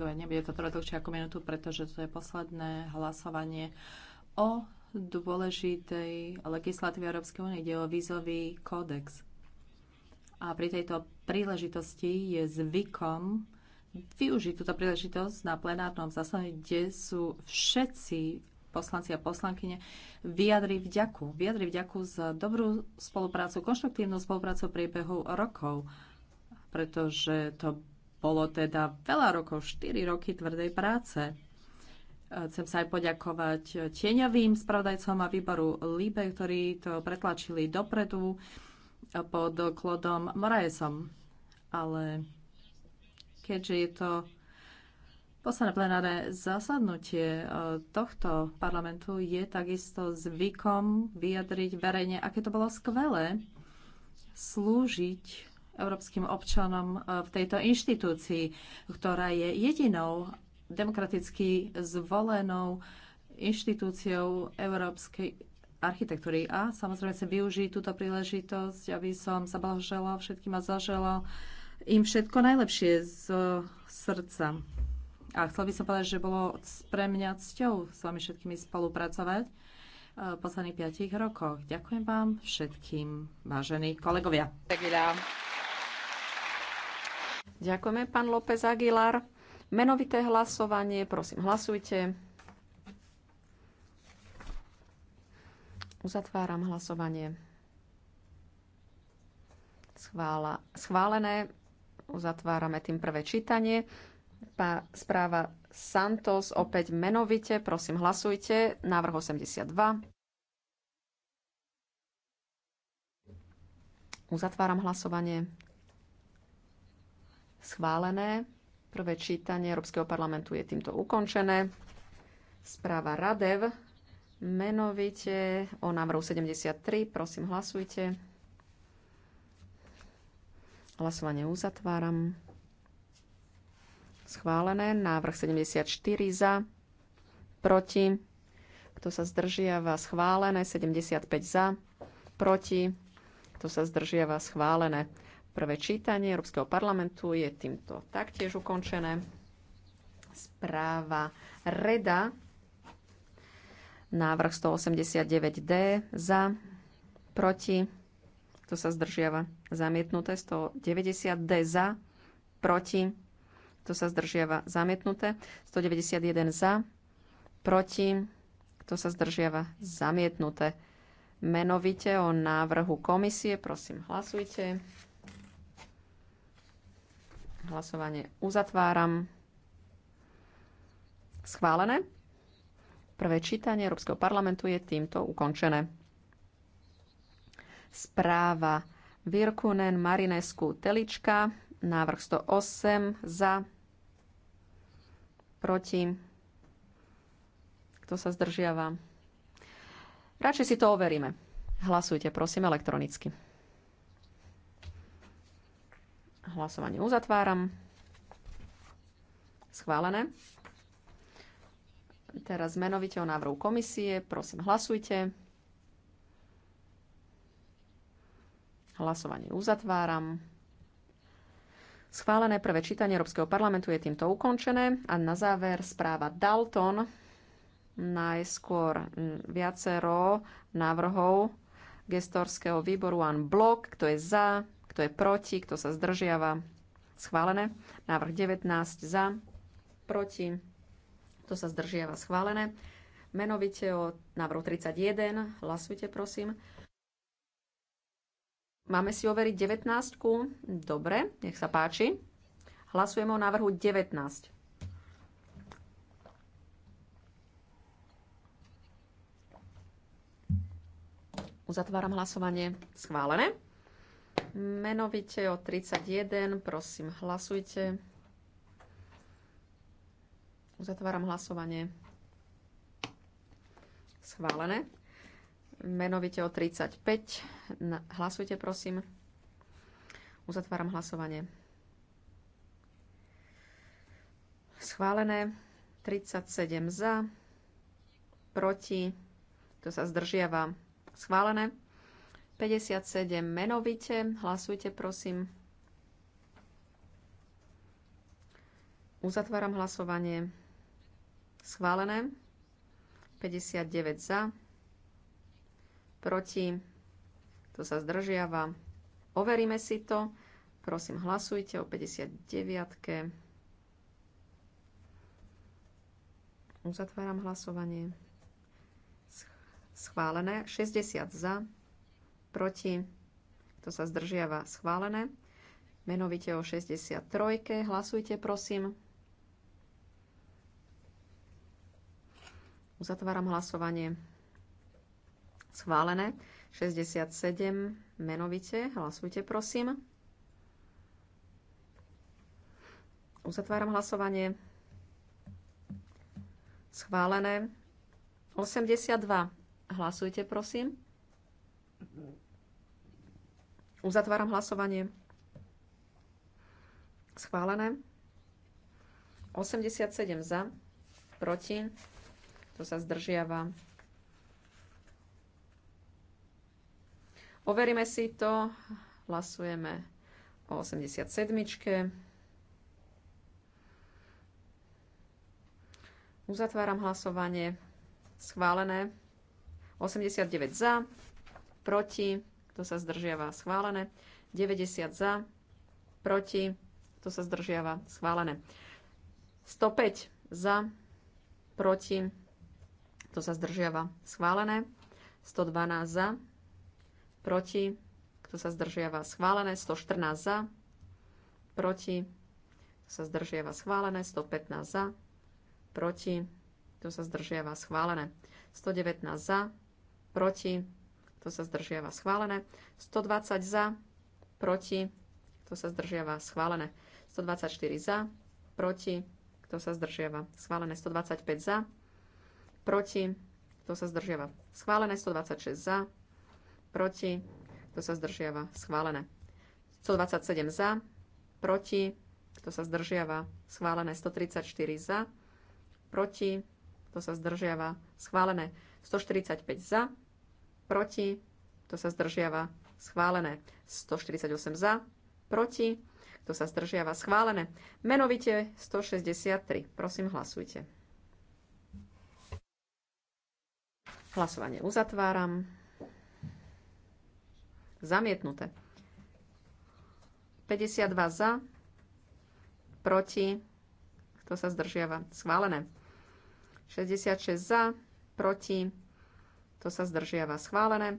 kolegovia, nebude to trvať dlhšie ako minútu, pretože to je posledné hlasovanie o dôležitej legislatíve Európskej únie, ide o vízový kódex. A pri tejto príležitosti je zvykom využiť túto príležitosť na plenárnom zasadení, kde sú všetci poslanci a poslankyne vyjadri vďaku. Vyjadri vďaku za dobrú spoluprácu, konštruktívnu spoluprácu v priebehu rokov, pretože to bolo teda veľa rokov, 4 roky tvrdej práce. Chcem sa aj poďakovať tieňovým spravodajcom a výboru Líbe, ktorí to pretlačili dopredu pod Klodom Moraesom. Ale keďže je to posledné plenárne zasadnutie e, tohto parlamentu, je takisto zvykom vyjadriť verejne, aké to bolo skvelé slúžiť európskym občanom e, v tejto inštitúcii, ktorá je jedinou demokraticky zvolenou inštitúciou európskej architektúry. A samozrejme chcem využiť túto príležitosť, aby som sa blahoželal všetkým a zaželal im všetko najlepšie z srdca. A chcel by som povedať, že bolo pre mňa cťou s vami všetkými spolupracovať e, v posledných 5 rokoch. Ďakujem vám všetkým, vážení kolegovia. Ďakujeme, pán López Aguilar. Menovité hlasovanie, prosím, hlasujte. Uzatváram hlasovanie. Schvála, schválené. Uzatvárame tým prvé čítanie. Pá, správa Santos, opäť menovite, prosím, hlasujte. Návrh 82. Uzatváram hlasovanie schválené. Prvé čítanie Európskeho parlamentu je týmto ukončené. Správa Radev, menovite o návrhu 73. Prosím, hlasujte. Hlasovanie uzatváram. Schválené. Návrh 74 za, proti. Kto sa zdržiava? Schválené. 75 za, proti. Kto sa zdržiava? Schválené. Prvé čítanie Európskeho parlamentu je týmto taktiež ukončené. Správa Reda, návrh 189D za, proti, to sa zdržiava, zamietnuté, 190D za, proti, to sa zdržiava, zamietnuté, 191 za, proti, to sa zdržiava, zamietnuté. Menovite o návrhu komisie, prosím, hlasujte. Hlasovanie uzatváram. Schválené. Prvé čítanie Európskeho parlamentu je týmto ukončené. Správa Virkunen Marinesku Telička, návrh 108 za, proti, kto sa zdržiava. Radšej si to overíme. Hlasujte prosím elektronicky. Hlasovanie uzatváram. Schválené. Teraz menovite o návrhu komisie. Prosím, hlasujte. Hlasovanie uzatváram. Schválené prvé čítanie Európskeho parlamentu je týmto ukončené. A na záver správa Dalton. Najskôr mm, viacero návrhov gestorského výboru an blok, kto je za, kto je proti? Kto sa zdržiava? Schválené. Návrh 19 za, proti. Kto sa zdržiava? Schválené. Menovite o návrhu 31. Hlasujte, prosím. Máme si overiť 19. Dobre, nech sa páči. Hlasujeme o návrhu 19. Uzatváram hlasovanie. Schválené menovite o 31. Prosím, hlasujte. Uzatváram hlasovanie. Schválené. Menovite o 35. Hlasujte, prosím. Uzatváram hlasovanie. Schválené. 37 za. Proti. To sa zdržiava. Schválené. 57 menovite. Hlasujte, prosím. Uzatváram hlasovanie. Schválené. 59 za. Proti. To sa zdržiava. Overíme si to. Prosím, hlasujte o 59. Uzatváram hlasovanie. Schválené. 60 za proti, kto sa zdržiava, schválené. Menovite o 63. Hlasujte, prosím. Uzatváram hlasovanie. Schválené. 67 menovite. Hlasujte, prosím. Uzatváram hlasovanie. Schválené. 82. Hlasujte, prosím. Uzatváram hlasovanie. Schválené. 87 za, proti, to sa zdržiava. Overíme si to, hlasujeme o 87. Uzatváram hlasovanie. Schválené. 89 za, proti, kto sa zdržiava, schválené. 90 za, proti, kto sa zdržiava, schválené. 105 za, proti, kto sa zdržiava, schválené. 112 za, proti, kto sa zdržiava, schválené. 114 za, proti, kto sa zdržiava, schválené. 115 za, proti, kto sa zdržiava, schválené. 119 za, proti, to sa zdržiava schválené. 120 za, proti, to sa zdržiava schválené. 124 za, proti, kto sa zdržiava schválené. 125 za, proti, to sa zdržiava schválené. 126 za, proti, to sa zdržiava schválené. 127 za, proti, to sa zdržiava schválené. 134 za, proti, to sa zdržiava schválené. 145 za, proti, kto sa zdržiava, schválené. 148 za, proti, kto sa zdržiava, schválené. Menovite 163. Prosím, hlasujte. Hlasovanie uzatváram. Zamietnuté. 52 za, proti, kto sa zdržiava, schválené. 66 za, proti, to sa zdržiava schválené.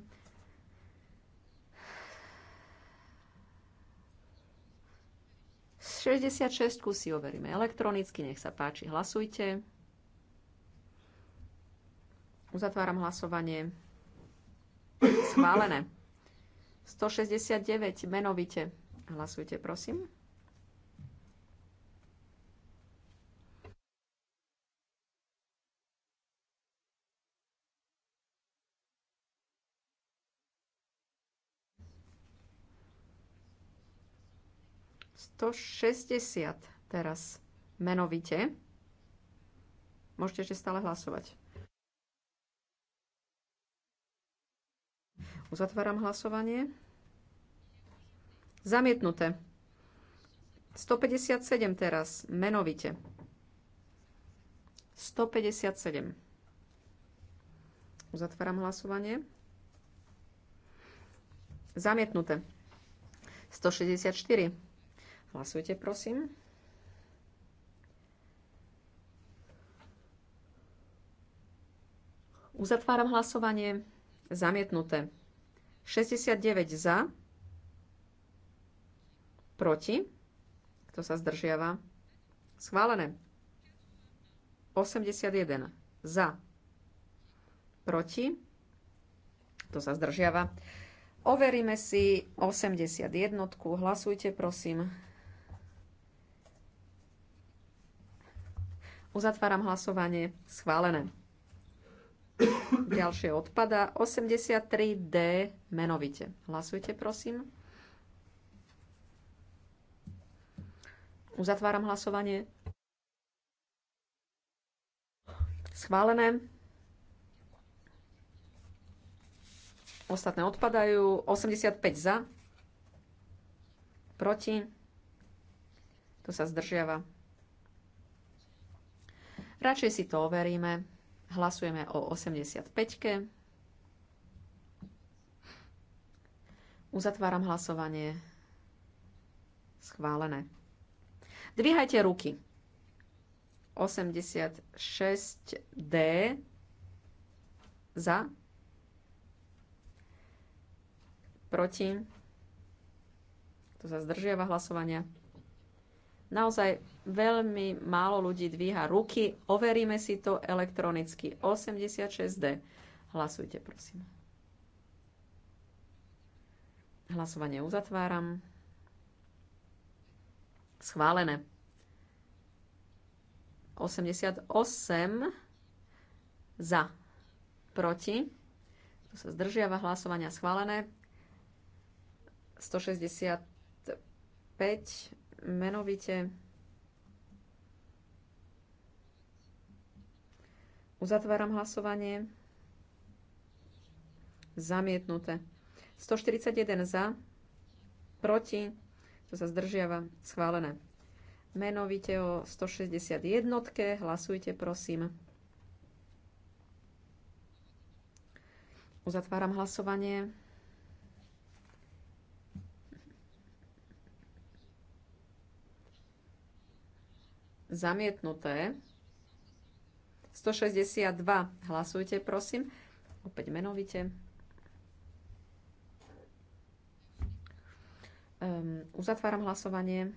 Z 66 si overíme elektronicky, nech sa páči, hlasujte. Uzatváram hlasovanie. Schválené. 169 menovite. Hlasujte, prosím. 160 teraz menovite. Môžete ešte stále hlasovať. Uzatváram hlasovanie. Zamietnuté. 157 teraz, menovite. 157. Uzatváram hlasovanie. Zamietnuté. 164. Hlasujte, prosím. Uzatváram hlasovanie. Zamietnuté. 69 za. Proti. Kto sa zdržiava? Schválené. 81 za. Proti. Kto sa zdržiava? Overíme si 81. Hlasujte, prosím. Uzatváram hlasovanie. Schválené. Ďalšie odpada. 83D menovite. Hlasujte, prosím. Uzatváram hlasovanie. Schválené. Ostatné odpadajú. 85 za. Proti. Tu sa zdržiava. Radšej si to overíme. Hlasujeme o 85-ke. Uzatváram hlasovanie. Schválené. Dvíhajte ruky. 86D za. Proti. To sa zdržiava hlasovania. Naozaj veľmi málo ľudí dvíha ruky. Overíme si to elektronicky. 86D. Hlasujte, prosím. Hlasovanie uzatváram. Schválené. 88 za, proti. Tu sa zdržiava hlasovania schválené. 165 menovite uzatváram hlasovanie zamietnuté 141 za proti čo sa zdržiava schválené menovite o 161 hlasujte prosím uzatváram hlasovanie zamietnuté. 162. Hlasujte, prosím. Opäť menovite. Ehm, uzatváram hlasovanie.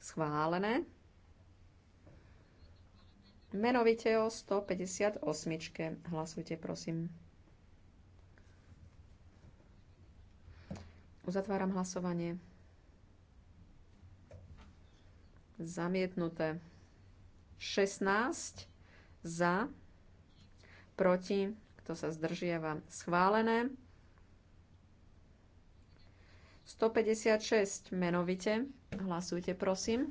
Schválené. Menovite o 158. Hlasujte, prosím. Uzatváram hlasovanie zamietnuté. 16 za, proti, kto sa zdržiava, schválené. 156 menovite, hlasujte prosím.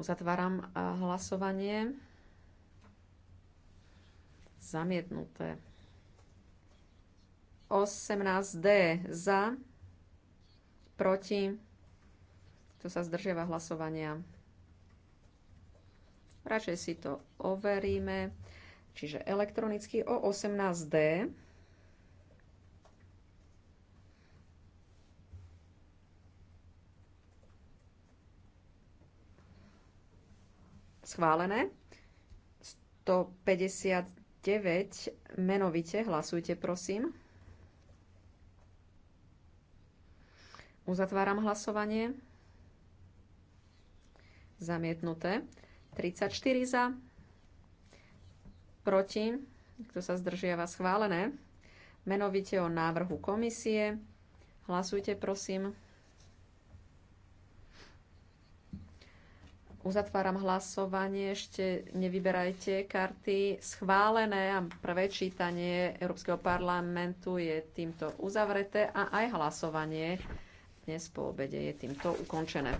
Uzatváram hlasovanie. Zamietnuté. 18D za, proti, kto sa zdržiava hlasovania? Radšej si to overíme. Čiže elektronicky o 18D. Schválené. 159 menovite. Hlasujte, prosím. Uzatváram hlasovanie zamietnuté. 34 za, proti, kto sa zdržiava schválené. Menovite o návrhu komisie. Hlasujte, prosím. Uzatváram hlasovanie, ešte nevyberajte karty. Schválené a prvé čítanie Európskeho parlamentu je týmto uzavreté a aj hlasovanie dnes po obede je týmto ukončené.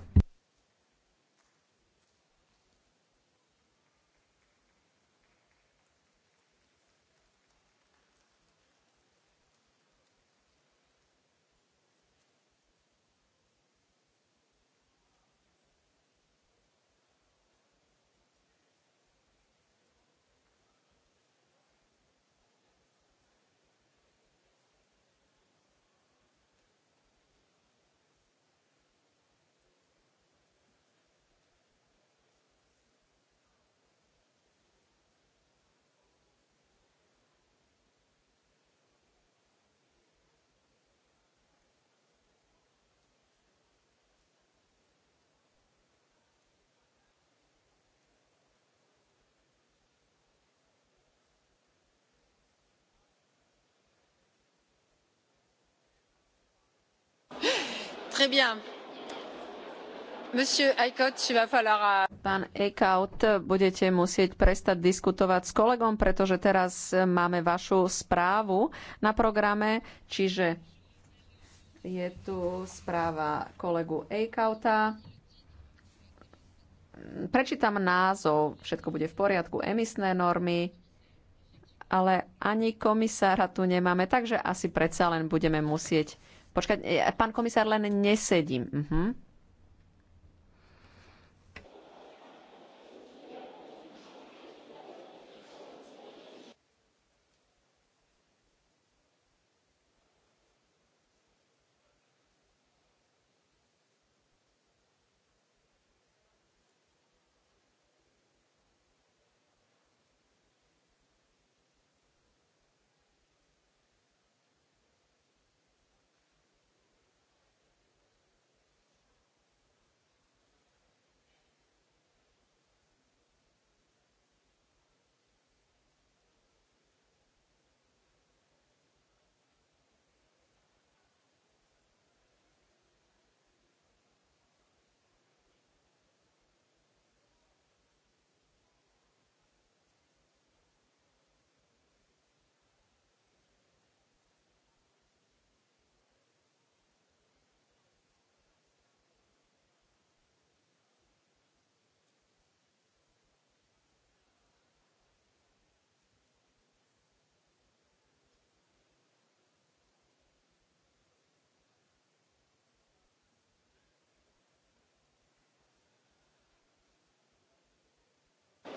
Euh, Pán Eickhout, budete musieť prestať diskutovať s kolegom, pretože teraz máme vašu správu na programe, čiže je tu správa kolegu Eickhouta. Prečítam názov, všetko bude v poriadku, emisné normy, ale ani komisára tu nemáme, takže asi predsa len budeme musieť Počkať, e, pán komisár, len nesedím. Uh-huh.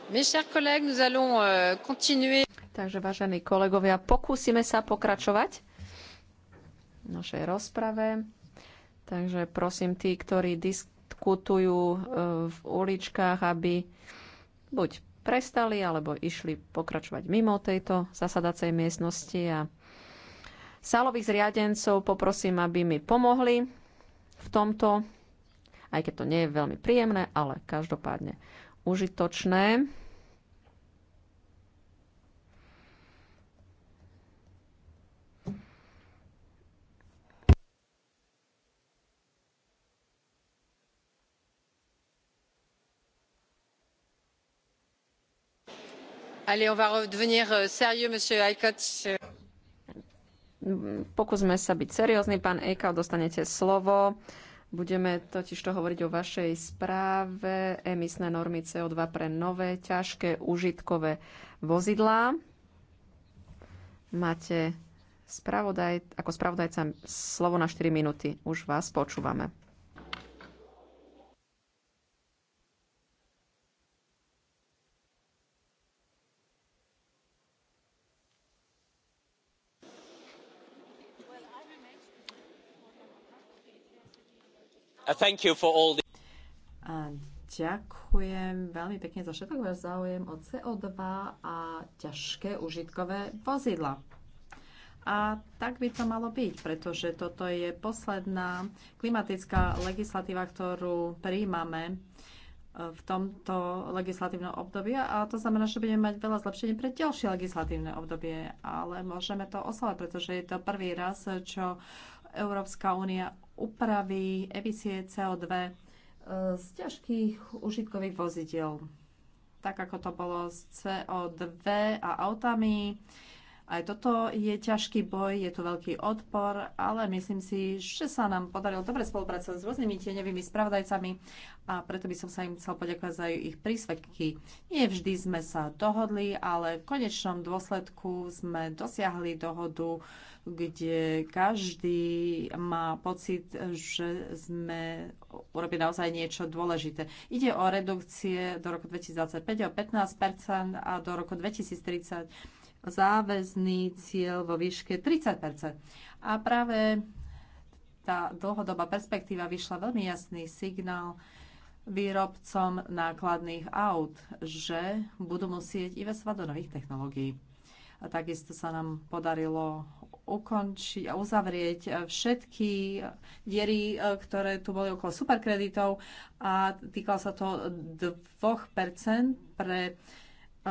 Euh, Takže, vážení kolegovia, pokúsime sa pokračovať v našej rozprave. Takže prosím tí, ktorí diskutujú e, v uličkách, aby buď prestali, alebo išli pokračovať mimo tejto zasadacej miestnosti. A sálových zriadencov poprosím, aby mi pomohli v tomto, aj keď to nie je veľmi príjemné, ale každopádne užitočné. Allez, on va redevenir euh, sérieux, monsieur Aikot. Pokúsme sa byť seriózni. Pán Eikau, dostanete slovo. Uh, Budeme totiž to hovoriť o vašej správe emisné normy CO2 pre nové ťažké užitkové vozidlá. Máte spravodaj, ako spravodajca slovo na 4 minúty. Už vás počúvame. Uh, a ďakujem veľmi pekne za všetok váš záujem o CO2 a ťažké užitkové vozidla. A tak by to malo byť, pretože toto je posledná klimatická legislatíva, ktorú príjmame uh, v tomto legislatívnom období a to znamená, že budeme mať veľa zlepšení pre ďalšie legislatívne obdobie, ale môžeme to oslovať, pretože je to prvý raz, čo Európska únia úpravy emisie CO2 e, z ťažkých užitkových vozidiel. Tak ako to bolo s CO2 a autami, aj toto je ťažký boj, je to veľký odpor, ale myslím si, že sa nám podarilo dobre spolupracovať s rôznymi tieňovými spravodajcami a preto by som sa im chcel poďakovať za ich prísvedky. Nie vždy sme sa dohodli, ale v konečnom dôsledku sme dosiahli dohodu, kde každý má pocit, že sme urobili naozaj niečo dôležité. Ide o redukcie do roku 2025 o 15 a do roku 2030 záväzný cieľ vo výške 30 A práve tá dlhodobá perspektíva vyšla veľmi jasný signál výrobcom nákladných aut, že budú musieť investovať do nových technológií. A takisto sa nám podarilo ukončiť a uzavrieť všetky diery, e, ktoré tu boli okolo superkreditov a týkalo sa to 2% pre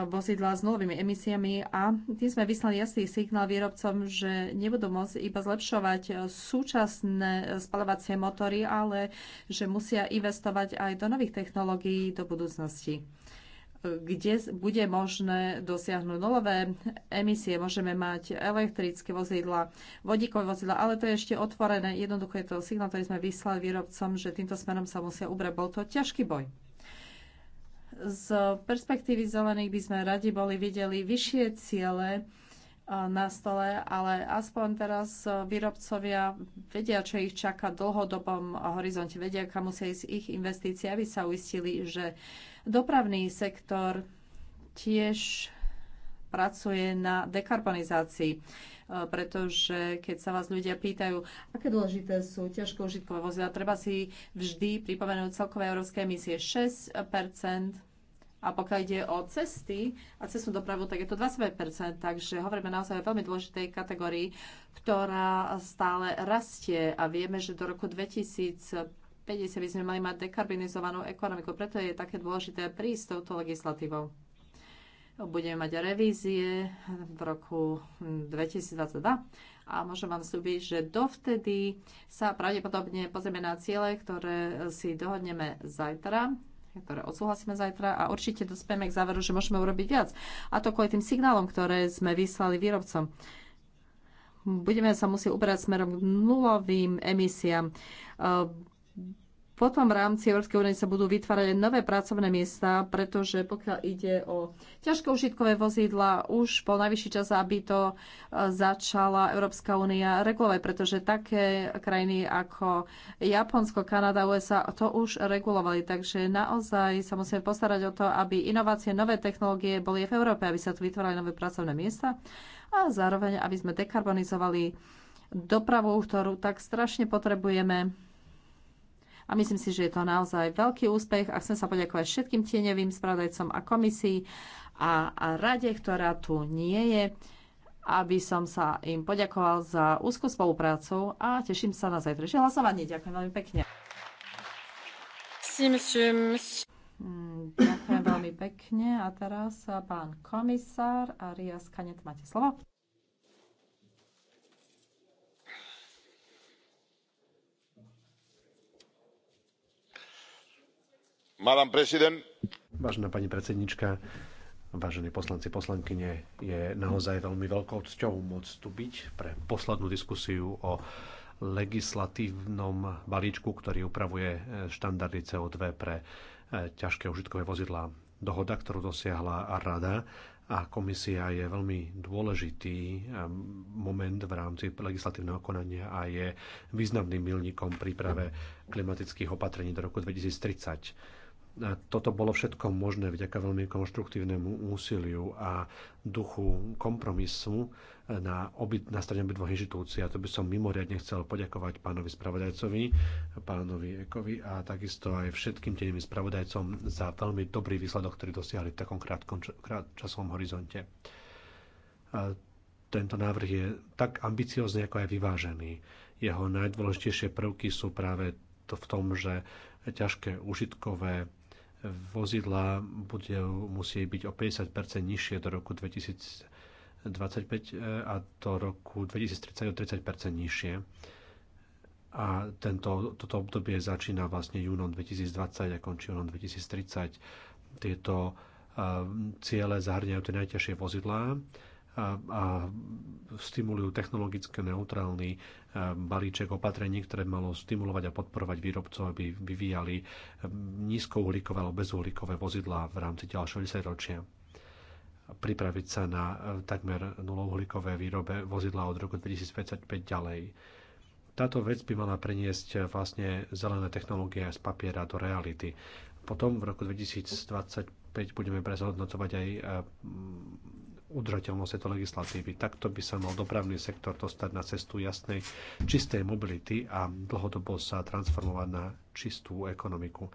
vozidla s nulovými emisiami a tým sme vyslali jasný signál výrobcom, že nebudú môcť iba zlepšovať súčasné spalovacie motory, ale že musia investovať aj do nových technológií do budúcnosti kde bude možné dosiahnuť nulové emisie. Môžeme mať elektrické vozidla, vodíkové vozidla, ale to je ešte otvorené. Jednoducho je to signál, ktorý sme vyslali výrobcom, že týmto smerom sa musia ubrať. Bol to ťažký boj. Z perspektívy zelených by sme radi boli videli vyššie ciele na stole, ale aspoň teraz e, výrobcovia vedia, čo ich čaká v dlhodobom horizonte, vedia, kam musia ísť ich investície, aby sa uistili, že dopravný sektor tiež pracuje na dekarbonizácii. E, pretože keď sa vás ľudia pýtajú, aké dôležité sú ťažko užitkové vozidla, treba si vždy pripomenúť celkové európske emisie 6 a pokiaľ ide o cesty a cestnú dopravu, tak je to 25%, takže hovoríme naozaj o veľmi dôležitej kategórii, ktorá stále rastie a vieme, že do roku 2050 by sme mali mať dekarbonizovanú ekonomiku, preto je také dôležité prísť s touto legislatívou budeme mať revízie v roku 2022 a môžem vám slúbiť, že dovtedy sa pravdepodobne pozrieme na ciele, ktoré si dohodneme zajtra ktoré odsúhlasíme zajtra a určite dospieme k záveru, že môžeme urobiť viac. A to kvôli tým signálom, ktoré sme vyslali výrobcom. Budeme sa musieť uberať smerom k nulovým emisiám potom v rámci Európskej únie sa budú vytvárať nové pracovné miesta, pretože pokiaľ ide o ťažké užitkové vozidla, už po najvyšší čas, aby to e, začala Európska únia regulovať, pretože také krajiny ako Japonsko, Kanada, USA to už regulovali. Takže naozaj sa musíme postarať o to, aby inovácie, nové technológie boli v Európe, aby sa tu vytvárali nové pracovné miesta a zároveň, aby sme dekarbonizovali dopravu, ktorú tak strašne potrebujeme a myslím si, že je to naozaj veľký úspech a chcem sa poďakovať všetkým tieňovým spravodajcom a komisii a, a rade, ktorá tu nie je, aby som sa im poďakoval za úzkú spoluprácu a teším sa na zajtrajšie hlasovanie. Ďakujem veľmi pekne. Hmm, ďakujem veľmi pekne. A teraz pán komisár Arias Kanet, máte slovo. Vážená pani predsednička, vážení poslanci, poslankyne, je naozaj veľmi veľkou cťou môcť tu byť pre poslednú diskusiu o legislatívnom balíčku, ktorý upravuje e, štandardy CO2 pre e, ťažké užitkové vozidlá. Dohoda, ktorú dosiahla Rada a komisia je veľmi dôležitý e, moment v rámci legislatívneho konania a je významným milníkom príprave klimatických opatrení do roku 2030 toto bolo všetko možné vďaka veľmi konštruktívnemu úsiliu a duchu kompromisu na, obi, na strane obidvoch inštitúcií. A to by som mimoriadne chcel poďakovať pánovi spravodajcovi, pánovi Ekovi a takisto aj všetkým tým spravodajcom za veľmi dobrý výsledok, ktorý dosiahli v takom krátkom časovom horizonte. A tento návrh je tak ambiciózny, ako aj vyvážený. Jeho najdôležitejšie prvky sú práve to v tom, že ťažké užitkové vozidla bude musieť byť o 50 nižšie do roku 2025 e, a do roku 2030 o 30 nižšie. A tento, toto obdobie začína vlastne júnom 2020 a končí júnom 2030. Tieto e, ciele zahrňajú tie najťažšie vozidlá, a stimulujú technologicky neutrálny e, balíček opatrení, ktoré malo stimulovať a podporovať výrobcov, aby vyvíjali e, nízkouhlíkové alebo bezuhlíkové vozidlá v rámci ďalšieho 10 ročia pripraviť sa na e, takmer nulouhlíkové výrobe vozidla od roku 2055 ďalej. Táto vec by mala preniesť vlastne zelené technológie z papiera do reality. Potom v roku 2025 budeme prezhodnocovať aj udržateľnosť tejto legislatívy. Takto by sa mal dopravný sektor dostať na cestu jasnej, čistej mobility a dlhodobo sa transformovať na čistú ekonomiku.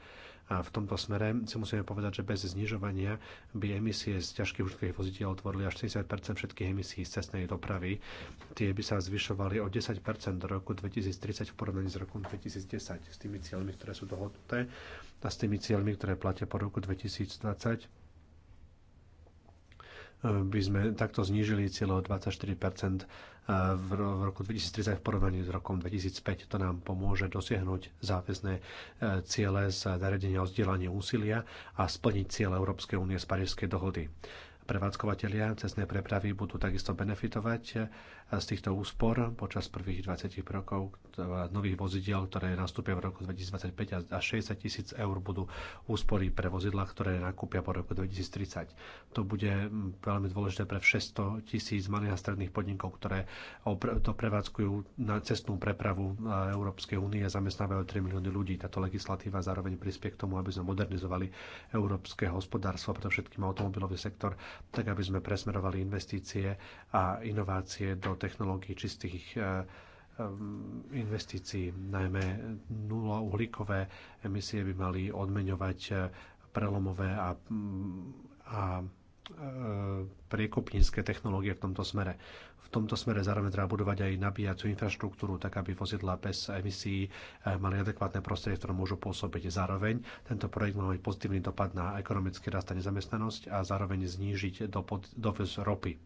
A v tomto smere si musíme povedať, že bez znižovania by emisie z ťažkých užitkových vozidiel otvorili až 60 všetkých emisí z cestnej dopravy. Tie by sa zvyšovali o 10 do roku 2030 v porovnaní s rokom 2010 s tými cieľmi, ktoré sú dohodnuté a s tými cieľmi, ktoré platia po roku 2020 by sme takto znížili cieľ o 24 eh, v roku 2030 v porovnaní s rokom 2005. To nám pomôže dosiahnuť záväzné eh, ciele z nariadenia o vzdielanie úsilia a splniť cieľ Európskej únie z Parížskej dohody. Prevádzkovateľia cestnej prepravy budú takisto benefitovať eh, z týchto úspor počas prvých 20 rokov nových vozidiel, ktoré nastúpia v roku 2025 a 60 tisíc eur budú úspory pre vozidla, ktoré nakúpia po roku 2030. To bude mm, veľmi dôležité pre 600 tisíc malých a stredných podnikov, ktoré to prevádzkujú na cestnú prepravu e, Európskej únie a zamestnávajú 3 milióny ľudí. Táto legislatíva zároveň prispie k tomu, aby sme modernizovali európske hospodárstvo, predovšetkým automobilový sektor, tak aby sme presmerovali investície a inovácie do technológií, čistých eh, eh, investícií, najmä nula uhlíkové emisie by mali odmeňovať eh, prelomové a, mm, a priekopnícke technológie v tomto smere v tomto smere zároveň treba budovať aj nabíjaciu infraštruktúru, tak aby vozidla bez emisí eh, mali adekvátne prostredie, ktoré môžu pôsobiť. Zároveň tento projekt má mať pozitívny dopad na ekonomický rast a nezamestnanosť a zároveň znížiť dovoz ropy.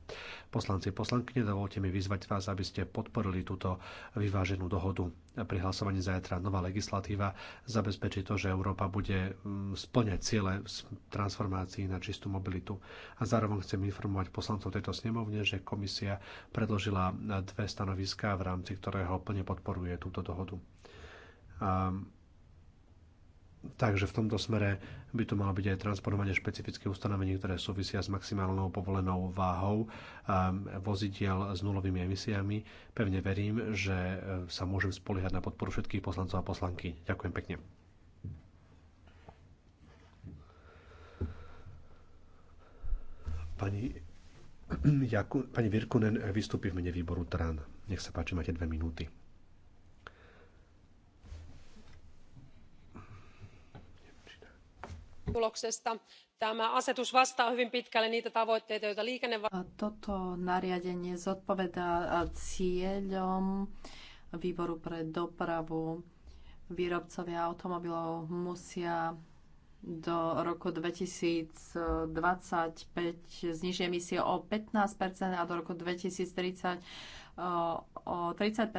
Poslanci, poslankyne, dovolte mi vyzvať vás, aby ste podporili túto vyváženú dohodu. Pri hlasovaní zajtra nová legislatíva zabezpečí to, že Európa bude mm, splňať ciele transformácií na čistú mobilitu. A zároveň chcem informovať poslancov tejto snemovne, že komisia predložila dve stanoviská, v rámci ktorého plne podporuje túto dohodu. A, takže v tomto smere by to malo byť aj transponovanie špecifické ustanovení, ktoré súvisia s maximálnou povolenou váhou um, vozidiel s nulovými emisiami. Pevne verím, že um, sa môžem spoliehať na podporu všetkých poslancov a poslanky. Ďakujem pekne. Pani Pani Virkunen eh, vystúpi v mene výboru TRAN. Nech sa páči, máte dve minúty. tuloksesta. Tämä asetus vastaa hyvin pitkälle niitä tavoitteita, joita liikenne... Toto nariadenie zodpovedá cieľom výboru pre dopravu. Výrobcovia automobilov musia do roku 2025 zniží emisie o 15 a do roku 2030 o 30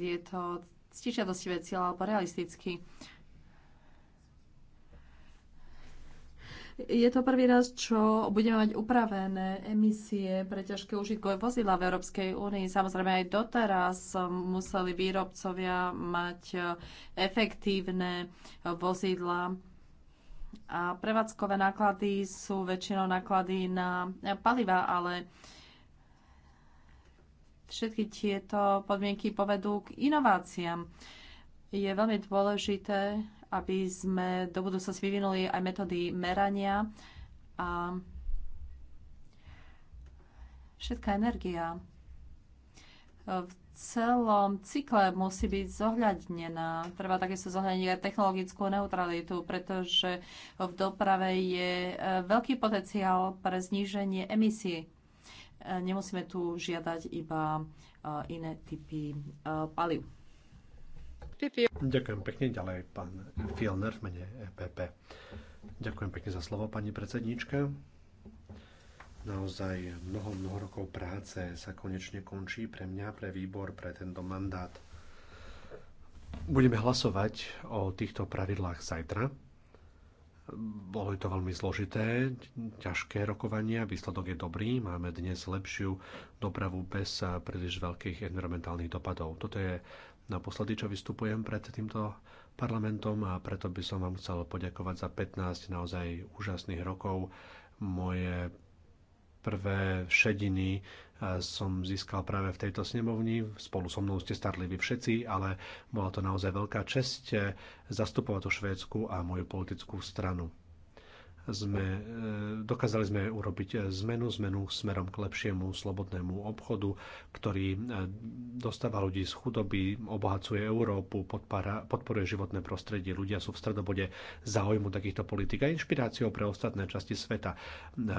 Je to stižiadostivé cieľ alebo realisticky. Je to prvý raz, čo budeme mať upravené emisie pre ťažké užitkové vozidla v Európskej únii. Samozrejme aj doteraz museli výrobcovia mať efektívne vozidla a prevádzkové náklady sú väčšinou náklady na paliva, ale všetky tieto podmienky povedú k inováciám. Je veľmi dôležité, aby sme do budúcnosti vyvinuli aj metódy merania a všetká energia v celom cykle musí byť zohľadnená. Treba takisto zohľadniť aj technologickú neutralitu, pretože v doprave je eh, veľký potenciál pre zníženie emisí. Eh, nemusíme tu žiadať iba eh, iné typy paliv. Ďakujem pekne. Ďalej pán Fielner v mene EPP. Ďakujem pekne za slovo, pani predsedníčka naozaj mnoho, mnoho rokov práce sa konečne končí pre mňa, pre výbor, pre tento mandát. Budeme hlasovať o týchto pravidlách zajtra. Bolo to veľmi zložité, ťažké rokovania, výsledok je dobrý, máme dnes lepšiu dopravu bez príliš veľkých environmentálnych dopadov. Toto je naposledy, čo vystupujem pred týmto parlamentom a preto by som vám chcel poďakovať za 15 naozaj úžasných rokov. Moje prvé šediny e, som získal práve v tejto snemovni. Spolu so mnou ste starli vy všetci, ale bola to naozaj veľká česť e, zastupovať tú Švédsku a moju politickú stranu sme, e, dokázali sme urobiť zmenu, zmenu smerom k lepšiemu slobodnému obchodu, ktorý e, dostáva ľudí z chudoby, obohacuje Európu, podpora, podporuje životné prostredie. Ľudia sú v stredobode záujmu takýchto politik a inšpiráciou pre ostatné časti sveta. E,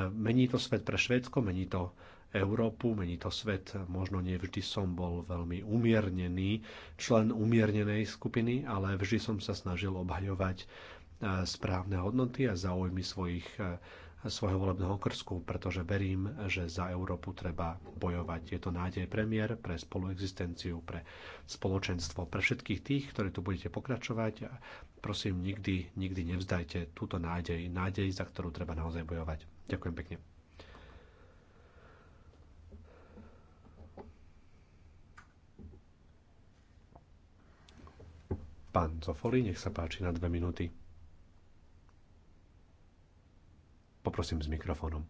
mení to svet pre Švédsko, mení to Európu, mení to svet. Možno nie vždy som bol veľmi umiernený, člen umiernenej skupiny, ale vždy som sa snažil obhajovať správne hodnoty a záujmy svojich, svojho volebného okrsku, pretože verím, že za Európu treba bojovať. Je to nádej premiér pre spoluexistenciu, pre spoločenstvo, pre všetkých tých, ktorí tu budete pokračovať. Prosím, nikdy, nikdy nevzdajte túto nádej, nádej, za ktorú treba naozaj bojovať. Ďakujem pekne. Pán Zofoli, nech sa páči na dve minúty. Poprosím s mikrofónom.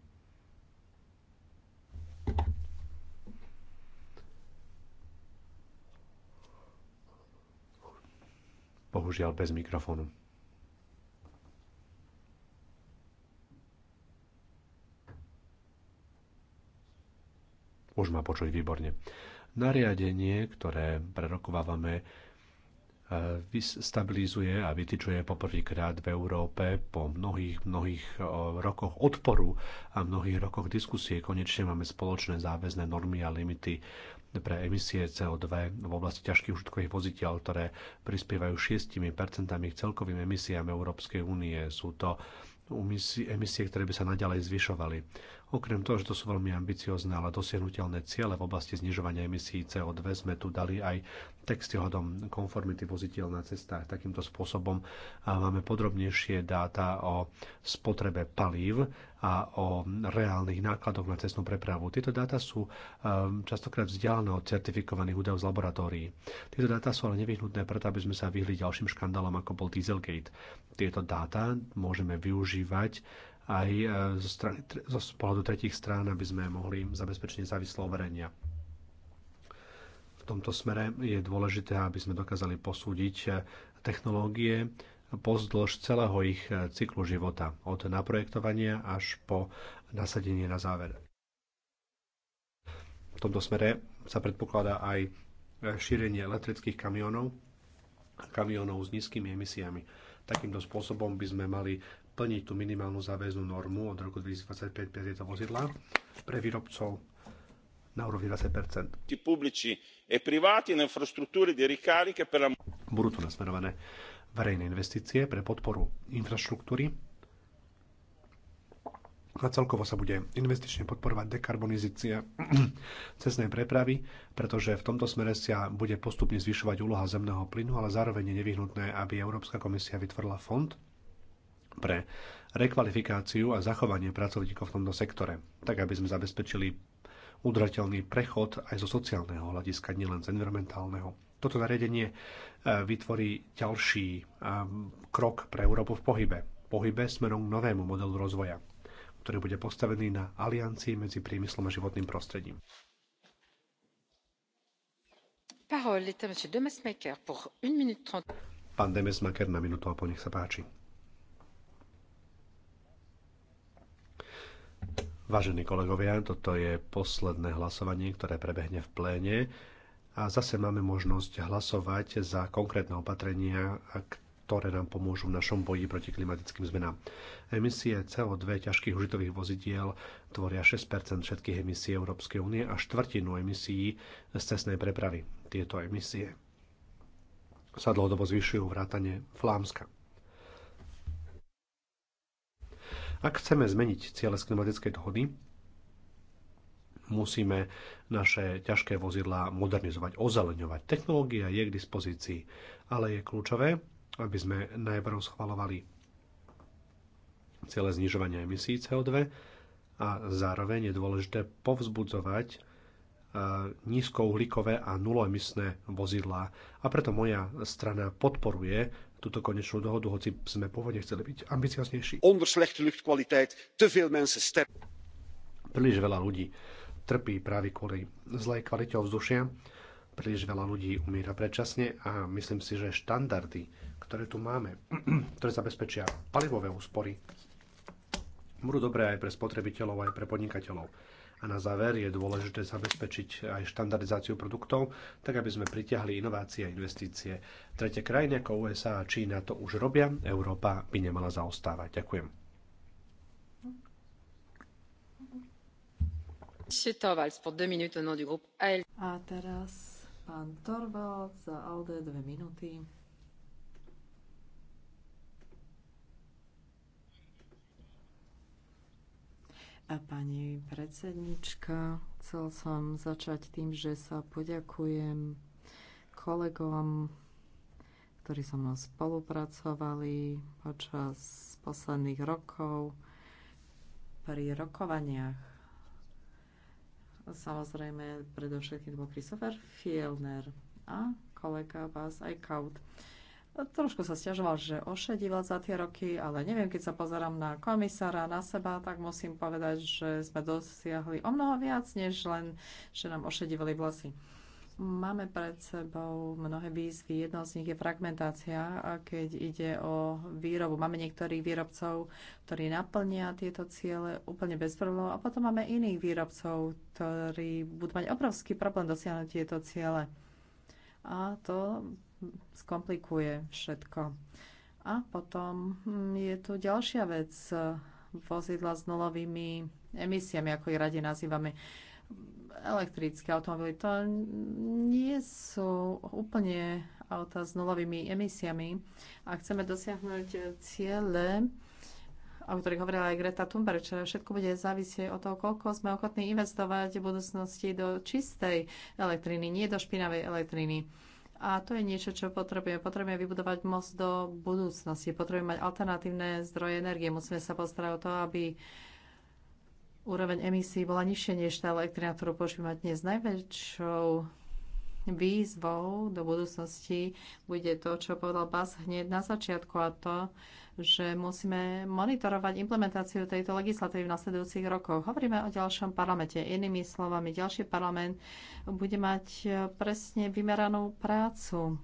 Bohužiaľ bez mikrofónu. Už ma počuť výborne. Nariadenie, ktoré prerokovávame, stabilizuje a vytýčuje poprvýkrát v Európe po mnohých, mnohých rokoch odporu a mnohých rokoch diskusie. Konečne máme spoločné záväzné normy a limity pre emisie CO2 v oblasti ťažkých užitkových vozidiel, ktoré prispievajú 6% k celkovým emisiám Európskej únie. Sú to emisie, ktoré by sa naďalej zvyšovali. Okrem toho, že to sú veľmi ambiciozne, ale dosiahnutelné ciele v oblasti znižovania emisí CO2 sme tu dali aj texty hodom konformity voziteľná na cestách. Takýmto spôsobom máme podrobnejšie dáta o spotrebe palív a o reálnych nákladoch na cestnú prepravu. Tieto dáta sú častokrát vzdialené od certifikovaných údajov z laboratórií. Tieto dáta sú ale nevyhnutné preto, aby sme sa vyhli ďalším škandálom, ako bol Dieselgate. Tieto dáta môžeme využívať aj e, zo, strany, zo pohľadu tretich strán, aby sme mohli zabezpečiť nezávislé overenia. V tomto smere je dôležité, aby sme dokázali posúdiť e, technológie pozdĺž celého ich e, cyklu života, od naprojektovania až po nasadenie na záver. V tomto smere sa predpokladá aj šírenie elektrických kamionov, kamionov s nízkymi emisiami. Takýmto spôsobom by sme mali plniť tú minimálnu záväznú normu od roku 2025 pre tieto vozidlá pre výrobcov na úrovni 20 e Budú tu nasmerované verejné investície pre podporu infraštruktúry a celkovo sa bude investične podporovať dekarbonizácia cestnej prepravy, pretože v tomto smere sa bude postupne zvyšovať úloha zemného plynu, ale zároveň je nevyhnutné, aby Európska komisia vytvorila fond pre rekvalifikáciu a zachovanie pracovníkov v tomto sektore, tak aby sme zabezpečili udržateľný prechod aj zo sociálneho hľadiska, nielen z environmentálneho. Toto nariadenie e, vytvorí ďalší e, krok pre Európu v pohybe. Pohybe smerom k novému modelu rozvoja, ktorý bude postavený na aliancii medzi priemyslom a životným prostredím. Pán Demesmaker na minútu a po nech sa páči. Vážení kolegovia, toto je posledné hlasovanie, ktoré prebehne v pléne a zase máme možnosť hlasovať za konkrétne opatrenia, ktoré nám pomôžu v našom boji proti klimatickým zmenám. Emisie CO2 ťažkých užitových vozidiel tvoria 6 všetkých emisí Európskej únie a štvrtinu emisí z cestnej prepravy. Tieto emisie sa dlhodobo zvyšujú vrátane Flámska. Ak chceme zmeniť ciele z klimatickej dohody, musíme naše ťažké vozidlá modernizovať, ozeleňovať. Technológia je k dispozícii, ale je kľúčové, aby sme najprv schvalovali ciele znižovania emisí CO2 a zároveň je dôležité povzbudzovať e, nízkouhlíkové a nuloemisné vozidlá. A preto moja strana podporuje túto konečnú dohodu, hoci sme pôvodne chceli byť ambicioznejší. Príliš veľa ľudí trpí práve kvôli zlej kvalite ovzdušia, príliš veľa ľudí umiera predčasne a myslím si, že štandardy, ktoré tu máme, ktoré zabezpečia palivové úspory, budú dobré aj pre spotrebiteľov, aj pre podnikateľov a na záver je dôležité zabezpečiť aj štandardizáciu produktov, tak aby sme pritiahli inovácie a investície. Tretie krajiny ako USA a Čína to už robia, Európa by nemala zaostávať. Ďakujem. A teraz pán Torvald za Alde dve minúty. A pani predsednička, chcel som začať tým, že sa poďakujem kolegom, ktorí so mnou spolupracovali počas posledných rokov pri rokovaniach. Samozrejme, predovšetkým bol Christopher Fielner a kolega Bas Eichhout trošku sa stiažoval, že ošedila za tie roky, ale neviem, keď sa pozerám na komisára, na seba, tak musím povedať, že sme dosiahli o mnoho viac, než len, že nám ošedivali vlasy. Máme pred sebou mnohé výzvy. Jedno z nich je fragmentácia, keď ide o výrobu. Máme niektorých výrobcov, ktorí naplnia tieto ciele úplne bez problémov a potom máme iných výrobcov, ktorí budú mať obrovský problém dosiahnuť tieto ciele. A to skomplikuje všetko. A potom hm, je tu ďalšia vec, vozidla s nulovými emisiami, ako ich radi nazývame, elektrické automobily. To nie sú úplne auta s nulovými emisiami. A chceme dosiahnuť ciele, o ktorých hovorila aj Greta Thunberg, čo všetko bude závisieť od toho, koľko sme ochotní investovať v budúcnosti do čistej elektriny, nie do špinavej elektriny a to je niečo, čo potrebujeme. Potrebujeme vybudovať most do budúcnosti. Potrebujeme mať alternatívne zdroje energie. Musíme sa postarať o to, aby úroveň emisí bola nižšia než tá elektrina, ktorú používame dnes. Najväčšou výzvou do budúcnosti bude to, čo povedal Bas hneď na začiatku a to, že musíme monitorovať implementáciu tejto legislatívy v nasledujúcich rokoch. Hovoríme o ďalšom parlamente. Inými slovami, ďalší parlament bude mať presne vymeranú prácu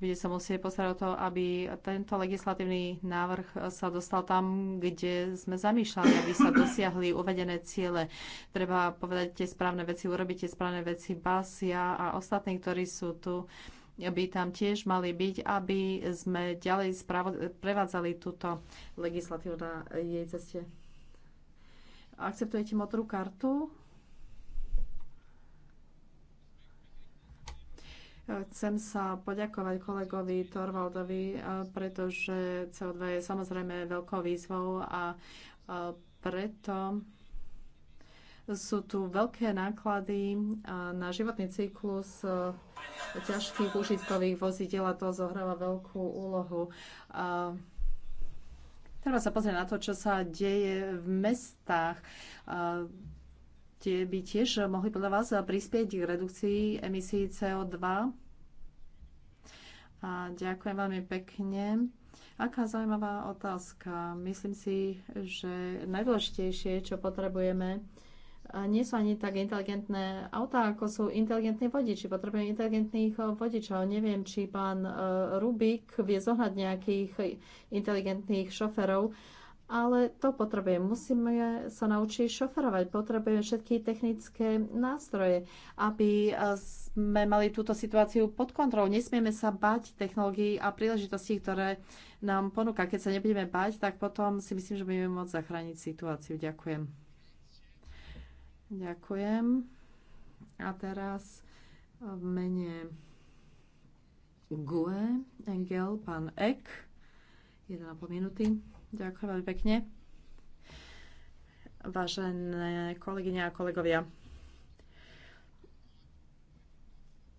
bude sa musieť postarať o to, aby tento legislatívny návrh sa dostal tam, kde sme zamýšľali, aby sa dosiahli uvedené ciele. Treba povedať tie správne veci, urobiť tie správne veci Basia a ostatní, ktorí sú tu by tam tiež mali byť, aby sme ďalej prevádzali túto legislatívu na jej ceste. Akceptujete modrú kartu? Chcem sa poďakovať kolegovi Torvaldovi, e, pretože CO2 je samozrejme veľkou výzvou a e, preto sú tu veľké náklady e, na životný cyklus ťažkých užitkových vozidiel a to zohráva veľkú úlohu. Treba sa pozrieť na to, čo sa deje v mestách ste by tiež mohli podľa vás prispieť k redukcii emisí CO2. A ďakujem veľmi pekne. Aká zaujímavá otázka. Myslím si, že najdôležitejšie, čo potrebujeme, nie sú ani tak inteligentné autá, ako sú inteligentní vodiči. Potrebujeme inteligentných vodičov. Neviem, či pán eh, Rubik vie zohľad nejakých inteligentných šoferov, ale to potrebujeme. Musíme sa naučiť šoferovať, potrebujeme všetky technické nástroje, aby eh, sme mali túto situáciu pod kontrolou. Nesmieme sa bať technológií a príležitostí, ktoré nám ponúka. Keď sa nebudeme bať, tak potom si myslím, že budeme môcť zachrániť situáciu. Ďakujem. Ďakujem. A teraz eh, v mene GUE, Engel, pán Ek, 1,5 minúty. Ďakujem veľmi pekne. Vážené kolegyne a kolegovia,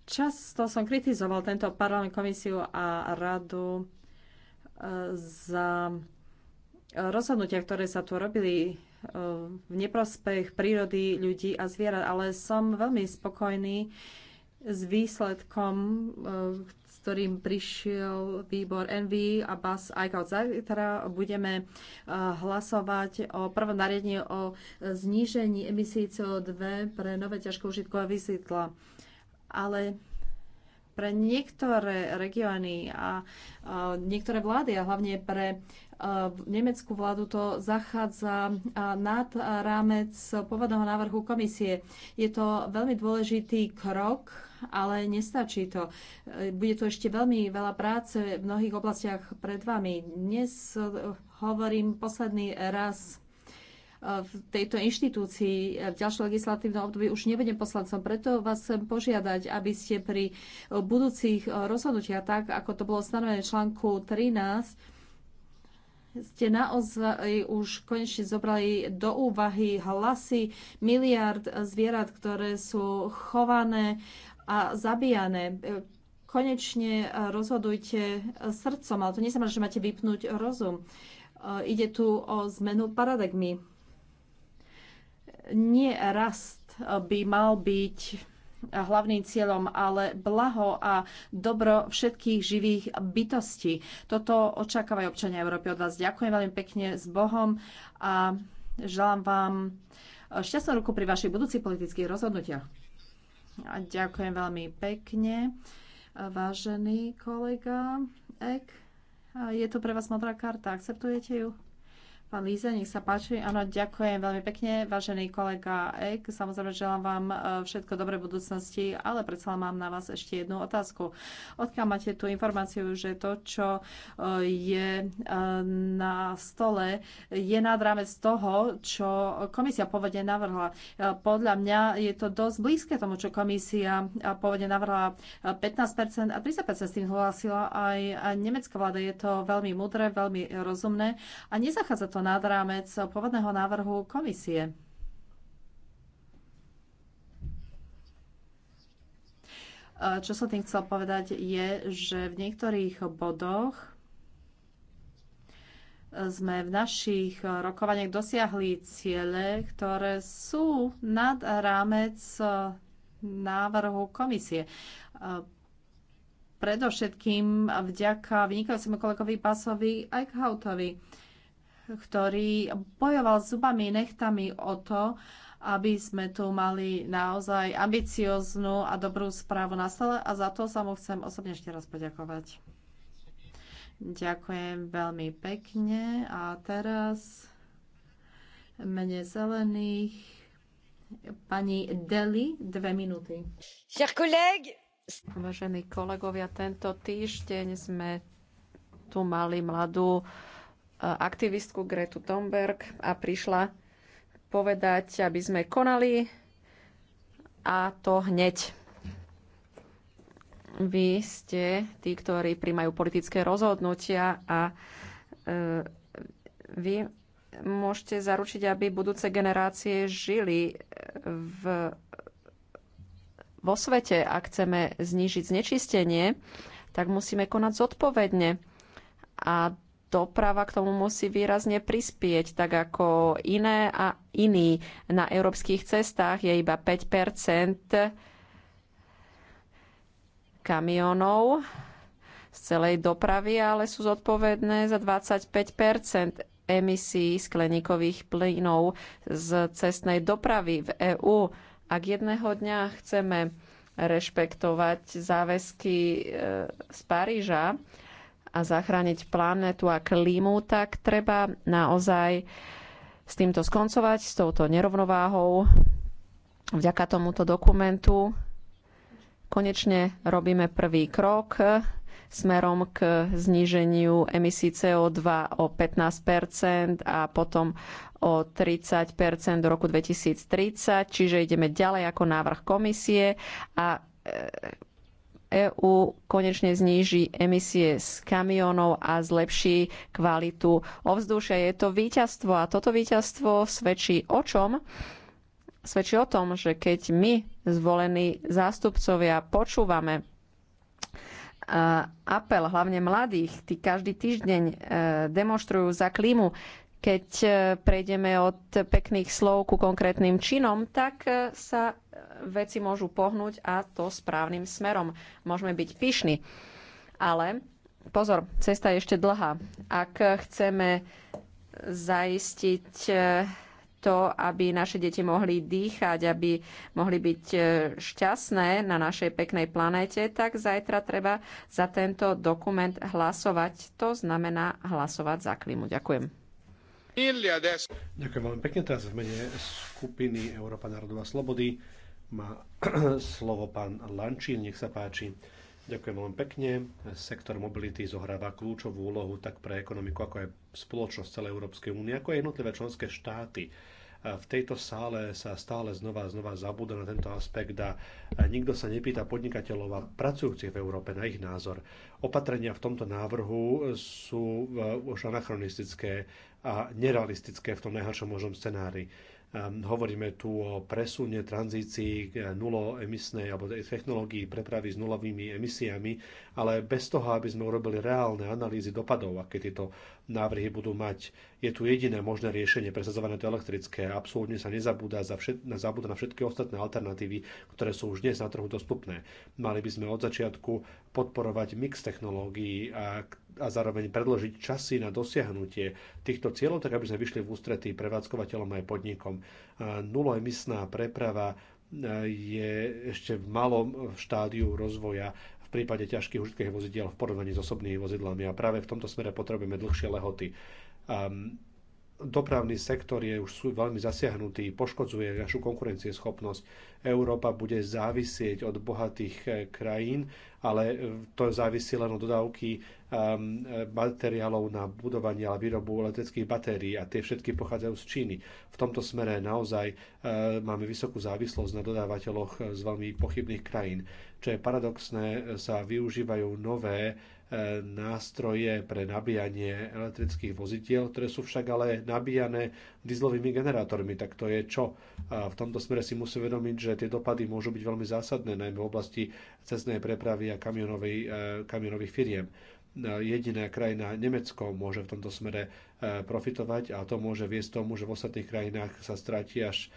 často som kritizoval tento parlament, komisiu a radu e, za rozhodnutia, ktoré sa tu robili e, v neprospech prírody, ľudí a zvierat, ale som veľmi spokojný s výsledkom, e, ktorým prišiel výbor NV a BAS ICAO. Zajtra budeme eh, hlasovať o prvom nariadení o znížení emisí CO2 pre nové ťažké užitkové vysvetla. Ale pre niektoré regióny a, a niektoré vlády a hlavne pre nemeckú vládu to zachádza nad rámec pôvodného návrhu komisie. Je to veľmi dôležitý krok, ale nestačí to. Bude tu ešte veľmi veľa práce v mnohých oblastiach pred vami. Dnes e, hovorím posledný raz e, v tejto inštitúcii e, v ďalšom legislatívnom období už nebudem poslancom. Preto vás chcem požiadať, aby ste pri budúcich rozhodnutiach, tak ako to bolo stanovené v článku 13, ste naozaj už konečne zobrali do úvahy hlasy miliard zvierat, ktoré sú chované a zabíjane. Konečne rozhodujte srdcom, ale to neznamená, že máte vypnúť rozum. Ide tu o zmenu paradigmy. Nie rast by mal byť a hlavným cieľom, ale blaho a dobro všetkých živých bytostí. Toto očakávajú občania Európy od vás. Ďakujem veľmi pekne s Bohom a želám vám šťastnú ruku pri vašich budúcich politických rozhodnutiach. A ďakujem veľmi pekne, vážený kolega Ek. Je to pre vás modrá karta, akceptujete ju? Pán Líze, nech sa páči. Áno, ďakujem veľmi pekne, vážený kolega Ek. Samozrejme, želám vám e, všetko dobré v budúcnosti, ale predsa mám na vás ešte jednu otázku. Odkiaľ máte tú informáciu, že to, čo e, je e, na stole, je nad rámec toho, čo komisia pôvodne navrhla. Podľa mňa je to dosť blízke tomu, čo komisia pôvodne navrhla 15% a 30% s tým hlasila aj nemecká vláda. Je to veľmi mudré, veľmi rozumné a nezachádza to nad rámec pôvodného návrhu komisie. Čo som tým chcel povedať je, že v niektorých bodoch sme v našich rokovaniach dosiahli ciele, ktoré sú nad rámec návrhu komisie. Predovšetkým vďaka vynikajúcemu kolegovi Pasovi aj ktorý bojoval zubami nechtami o to, aby sme tu mali naozaj ambicioznú a dobrú správu na stole a za to sa mu chcem osobne ešte raz poďakovať. Ďakujem veľmi pekne a teraz mene zelených pani Deli, dve minúty. Vážení kolegovia, tento týždeň sme tu mali mladú aktivistku Gretu Thunberg a prišla povedať, aby sme konali a to hneď. Vy ste tí, ktorí príjmajú politické rozhodnutia a e, vy môžete zaručiť, aby budúce generácie žili v, vo svete. Ak chceme znížiť znečistenie, tak musíme konať zodpovedne. A doprava k tomu musí výrazne prispieť, tak ako iné a iní. Na európskych cestách je iba 5 kamionov z celej dopravy, ale sú zodpovedné za 25 emisí skleníkových plynov z cestnej dopravy v EÚ. Ak jedného dňa chceme rešpektovať záväzky e, z Paríža, a zachrániť planetu a klímu, tak treba naozaj s týmto skoncovať, s touto nerovnováhou. Vďaka tomuto dokumentu konečne robíme prvý krok smerom k zníženiu emisí CO2 o 15 a potom o 30 do roku 2030, čiže ideme ďalej ako návrh komisie a e, EÚ konečne zníži emisie z kamionov a zlepší kvalitu ovzdušia. Je to víťazstvo a toto víťazstvo svedčí o čom? Svedčí o tom, že keď my, zvolení zástupcovia, počúvame e, apel hlavne mladých, tí každý týždeň e, demonstrujú za klímu, keď e, prejdeme od pekných slov ku konkrétnym činom, tak e, sa e, veci môžu pohnúť a to správnym smerom. Môžeme byť pyšní. Ale pozor, cesta je ešte dlhá. Ak chceme zaistiť to, aby naše deti mohli dýchať, aby mohli byť šťastné na našej peknej planéte, tak zajtra treba za tento dokument hlasovať. To znamená hlasovať za klimu. Ďakujem. Ďakujem veľmi pekne. Teraz v mene skupiny Európa národová slobody má slovo pán Lančín. Nech sa páči. Ďakujem veľmi pekne. Sektor mobility zohráva kľúčovú úlohu tak pre ekonomiku, ako aj spoločnosť celej Európskej únie, ako aj jednotlivé členské štáty. V tejto sále sa stále znova a znova zabúda na tento aspekt a nikto sa nepýta podnikateľov a pracujúcich v Európe na ich názor. Opatrenia v tomto návrhu sú už anachronistické a nerealistické v tom najhoršom možnom scenári. Ehm, hovoríme tu o presune tranzícii k nuloemisnej alebo technológii prepravy s nulovými emisiami, ale bez toho, aby sme urobili reálne analýzy dopadov, aké tieto návrhy budú mať, je tu jediné možné riešenie presadzované to elektrické. Absolútne sa nezabúda, za všet, zabúda na všetky ostatné alternatívy, ktoré sú už dnes na trhu dostupné. Mali by sme od začiatku podporovať mix technológií, a a zároveň predložiť časy na dosiahnutie týchto cieľov, tak aby sme vyšli v ústretí prevádzkovateľom aj podnikom. Nuloemisná preprava e, je ešte v malom štádiu rozvoja v prípade ťažkých užitkých vozidiel v porovnaní s osobnými vozidlami a práve v tomto smere potrebujeme dlhšie lehoty. Um, dopravný sektor je už veľmi zasiahnutý, poškodzuje našu konkurencieschopnosť. Európa bude závisieť od bohatých e, krajín ale e, to závisí len od dodávky e, e, materiálov na budovanie a výrobu leteckých batérií a tie všetky pochádzajú z Číny. V tomto smere naozaj máme vysokú závislosť na dodávateľoch z veľmi pochybných krajín. Čo je paradoxné, sa využívajú nové nástroje pre nabíjanie elektrických vozitiel, ktoré sú však ale nabíjane dizlovými generátormi. Tak to je čo? V tomto smere si musí vedomiť, že tie dopady môžu byť veľmi zásadné, najmä v oblasti cestnej prepravy a e, kamionových firiem e, jediná krajina Nemecko môže v tomto smere e, profitovať a to môže viesť tomu, že v ostatných krajinách sa stráti až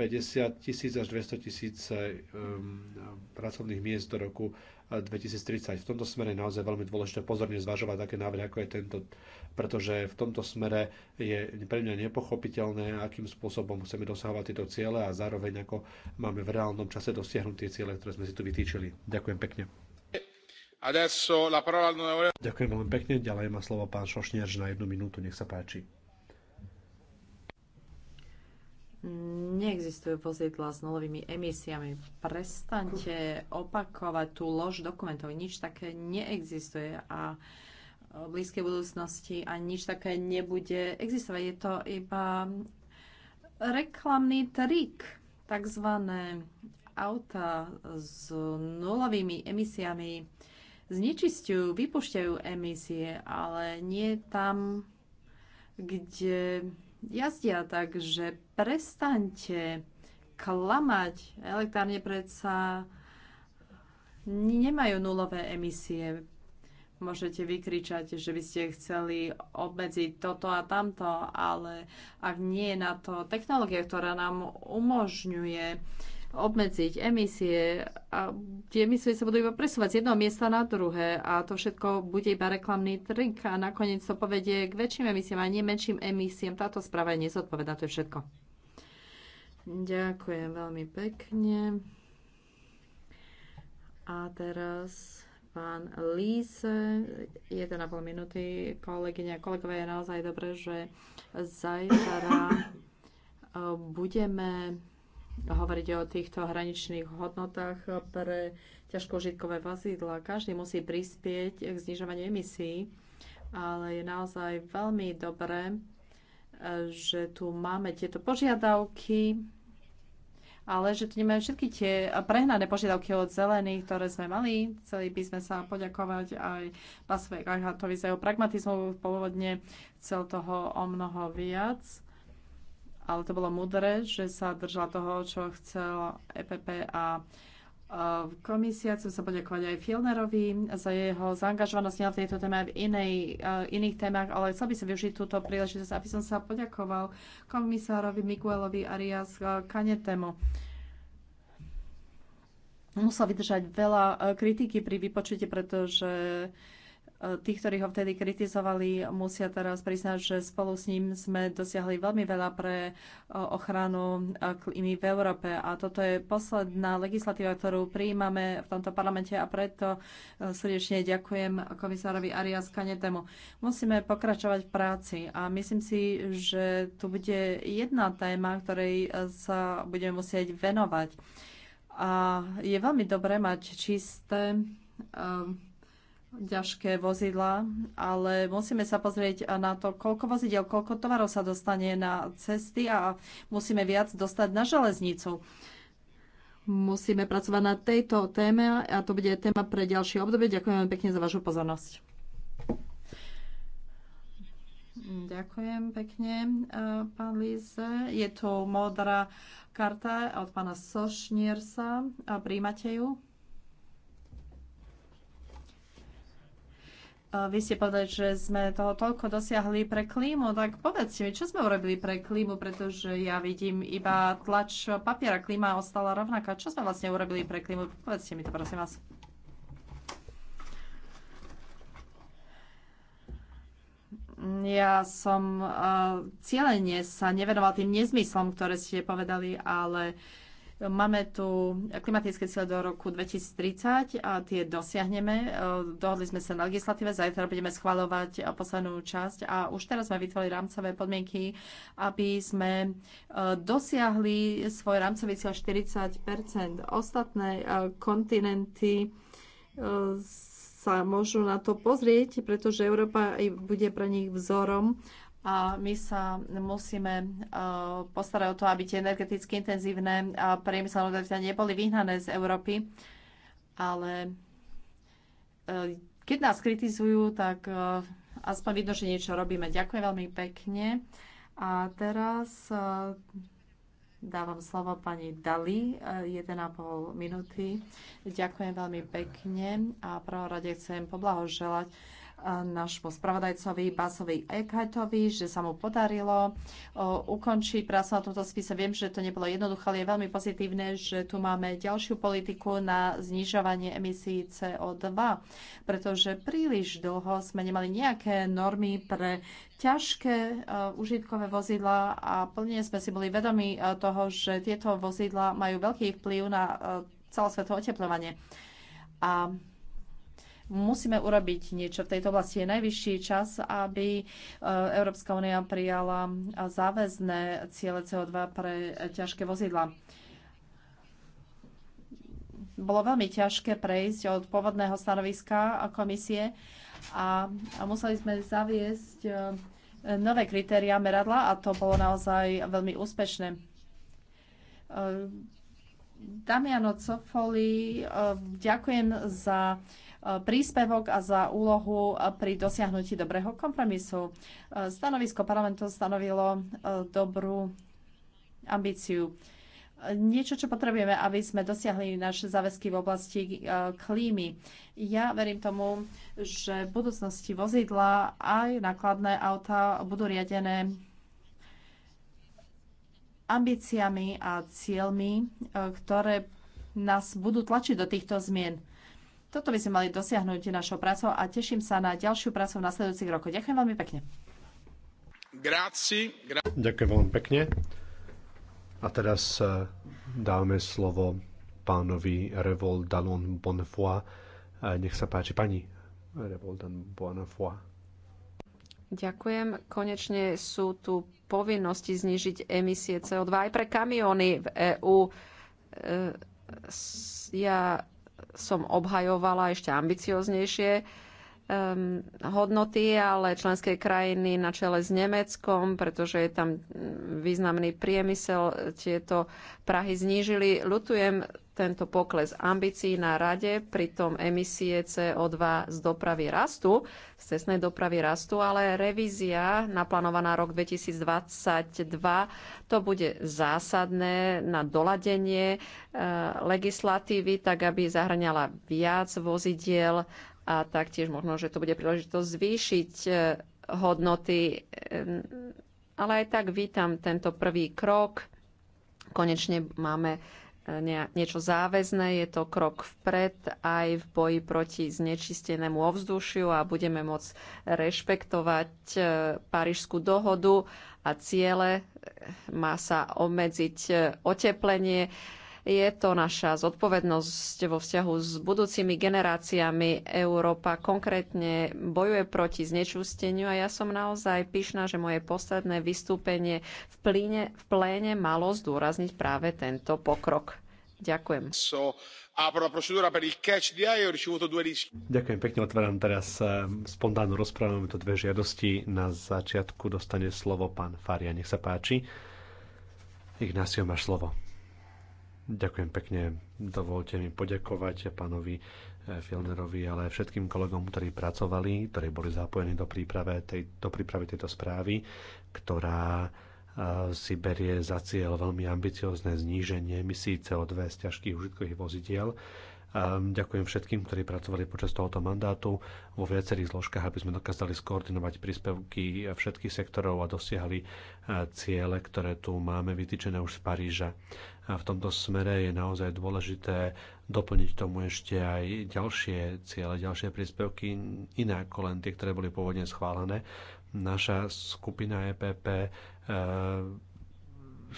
50 tisíc až 200 tisíc ehm, pracovných miest do roku 2030. Eh, v tomto smere je naozaj veľmi dôležité pozorne zvažovať také návrhy, ako je tento, pretože v tomto smere je pre mňa nepochopiteľné, akým spôsobom chceme dosahovať tieto ciele a zároveň ako máme v reálnom čase dosiahnuť tie ciele, ktoré sme si tu vytýčili. Ďakujem pekne. Ďakujem veľmi pekne. Ďalej má slovo pán Šošniarž na jednu minútu. Nech sa páči. Neexistujú vozidla s nulovými emisiami. Prestaňte opakovať tú lož dokumentov. Nič také neexistuje a v blízkej budúcnosti ani nič také nebude existovať. Je to iba reklamný trik, takzvané auta s nulovými emisiami znečistujú, vypušťajú emisie, ale nie tam, kde jazdia, takže prestaňte klamať. Elektrárne predsa nemajú nulové emisie. Môžete vykričať, že by ste chceli obmedziť toto a tamto, ale ak nie je na to technológia, ktorá nám umožňuje obmedziť emisie a tie emisie sa budú iba presúvať z jedného miesta na druhé a to všetko bude iba reklamný trik a nakoniec to povedie k väčším emisiám a nie menším emisiám. Táto správa je nezodpovedná, to je všetko. Ďakujem veľmi pekne. A teraz pán Líse, 1,5 minúty. Kolegyňa, kolegovia, je naozaj dobré, že zajtra eh, budeme hovoriť o týchto hraničných hodnotách pre ťažkožitkové vozidla. Každý musí prispieť k znižovaniu emisí, ale je naozaj veľmi dobré, e, že tu máme tieto požiadavky, ale že tu nemáme všetky tie prehnané požiadavky od zelených, ktoré sme mali. Chceli by sme sa poďakovať aj Pasvek Agatovi za jeho pragmatizmu. Pôvodne chcel toho o mnoho viac ale to bolo mudré, že sa držala toho, čo chcela EPP a e, komisia. Chcem sa poďakovať aj Filnerovi za jeho zaangažovanosť na tejto téme aj v inej, e, iných témach, ale chcel by som využiť túto príležitosť, aby som sa poďakoval komisárovi Miguelovi Arias e, Kanetemu. Musel vydržať veľa kritiky pri vypočute, pretože Eh, tí, ktorí ho vtedy kritizovali, musia teraz priznať, že spolu s ním sme dosiahli veľmi veľa pre eh, ochranu eh, klímy v Európe. A toto je posledná legislatíva, ktorú prijímame v tomto parlamente a preto srdečne ďakujem komisárovi Arias Kanetemu. Musíme pokračovať v práci a myslím si, že tu bude jedna téma, ktorej sa budeme musieť venovať. A je veľmi dobré mať čisté um, ťažké vozidla, ale musíme sa pozrieť na to, koľko vozidel, koľko tovarov sa dostane na cesty a musíme viac dostať na železnicu. Musíme pracovať na tejto téme a to bude téma pre ďalšie obdobie. Ďakujem pekne za vašu pozornosť. Ďakujem pekne, pán Líze. Je tu modrá karta od pána Sošniersa. Príjmate ju? Vy ste povedali, že sme toho toľko dosiahli pre klímu, tak povedzte mi, čo sme urobili pre klímu, pretože ja vidím iba tlač papiera, klíma ostala rovnaká. Čo sme vlastne urobili pre klímu? Povedzte mi to, prosím vás. ja som uh, cieľene sa nevenoval tým nezmyslom, ktoré ste povedali, ale Máme tu klimatické cieľe do roku 2030 a tie dosiahneme. E, dohodli sme sa na legislatíve, zajtra budeme schvalovať e, poslednú časť a už teraz sme vytvorili rámcové podmienky, aby sme e, dosiahli svoj rámcový cieľ 40 Ostatné kontinenty sa môžu na to pozrieť, pretože Európa bude pre nich vzorom a my sa musíme e, postarať o to, aby tie energeticky intenzívne e, priemyselné odvetvia neboli vyhnané z Európy. Ale e, keď nás kritizujú, tak aspoň vidno, že niečo robíme. Ďakujem veľmi pekne. A teraz dávam slovo pani Dali, 1,5 minúty. Ďakujem veľmi pekne a prvom rade chcem poblahoželať nášmu spravodajcovi Basovi Eckhatovi, že sa mu podarilo ukončiť prácu na tomto spise. Viem, že to nebolo jednoduché, ale je veľmi pozitívne, že tu máme ďalšiu politiku na znižovanie emisí CO2, pretože príliš dlho sme nemali nejaké normy pre ťažké e, užitkové vozidla a plne sme si boli vedomi e, toho, že tieto vozidla majú veľký vplyv na e, celosvetové oteplovanie. A musíme urobiť niečo v tejto oblasti. Je najvyšší čas, aby e, Európska únia prijala záväzné ciele CO2 pre ťažké vozidla. Bolo veľmi ťažké prejsť od pôvodného stanoviska komisie a museli sme zaviesť e, nové kritéria meradla a to bolo naozaj veľmi úspešné. E, Damiano Cofoli, ďakujem za E, príspevok a za úlohu e, pri dosiahnutí dobrého kompromisu. E, stanovisko parlamentu stanovilo dobrú ambíciu. Niečo, čo potrebujeme, aby sme dosiahli naše záväzky v oblasti klímy. Ja verím tomu, že v budúcnosti vozidla aj nákladné auta budú riadené ambíciami a cieľmi, ktoré nás budú tlačiť do týchto zmien. Toto by sme mali dosiahnuť našou prácou a teším sa na ďalšiu prácu v nasledujúcich rokoch. Ďakujem veľmi pekne. Grazie. Gra- Ďakujem veľmi pekne. A teraz e, dáme slovo pánovi Revol Dalon Bonnefoy. E, nech sa páči, pani Revol Dalon Bonnefoy. Ďakujem. Konečne sú tu povinnosti znižiť emisie CO2 aj pre kamióny v EÚ. E, ja som obhajovala ešte ambicioznejšie um, hodnoty, ale členské krajiny na čele s Nemeckom, pretože je tam mm, významný priemysel, tieto Prahy znížili. Lutujem tento pokles ambícií na rade, pritom emisie CO2 z dopravy rastu, z cestnej dopravy rastu, ale revízia naplánovaná rok 2022, to bude zásadné na doladenie e, legislatívy, tak aby zahrňala viac vozidiel a taktiež možno, že to bude príležitosť zvýšiť e, hodnoty. E, ale aj tak vítam tento prvý krok. Konečne máme niečo záväzné, je to krok vpred aj v boji proti znečistenému ovzdušiu a budeme môcť rešpektovať e, Parížskú dohodu a ciele. E, má sa obmedziť e, oteplenie, je to naša zodpovednosť vo vzťahu s budúcimi generáciami. Európa konkrétne bojuje proti znečusteniu a ja som naozaj pyšná, že moje posledné vystúpenie v, plíne, v pléne malo zdôrazniť práve tento pokrok. Ďakujem. Ďakujem pekne, otváram teraz eh, spontánnu rozprávu, máme tu dve žiadosti. Na začiatku dostane slovo pán Faria, nech sa páči. Ignácio, máš slovo. Ďakujem pekne. Dovolte mi poďakovať pánovi eh, Filnerovi, ale aj všetkým kolegom, ktorí pracovali, ktorí boli zapojení do, príprave tej, do prípravy tejto správy, ktorá eh, si berie za cieľ veľmi ambiciozne zníženie emisí CO2 z ťažkých užitkových vozidiel. Ehm, ďakujem všetkým, ktorí pracovali počas tohoto mandátu vo viacerých zložkách, aby sme dokázali skoordinovať príspevky všetkých sektorov a dosiahli eh, ciele, ktoré tu máme vytýčené už z Paríža. A v tomto smere je naozaj dôležité doplniť tomu ešte aj ďalšie ciele, ďalšie príspevky, iné ako len tie, ktoré boli pôvodne schválené. Naša skupina EPP e,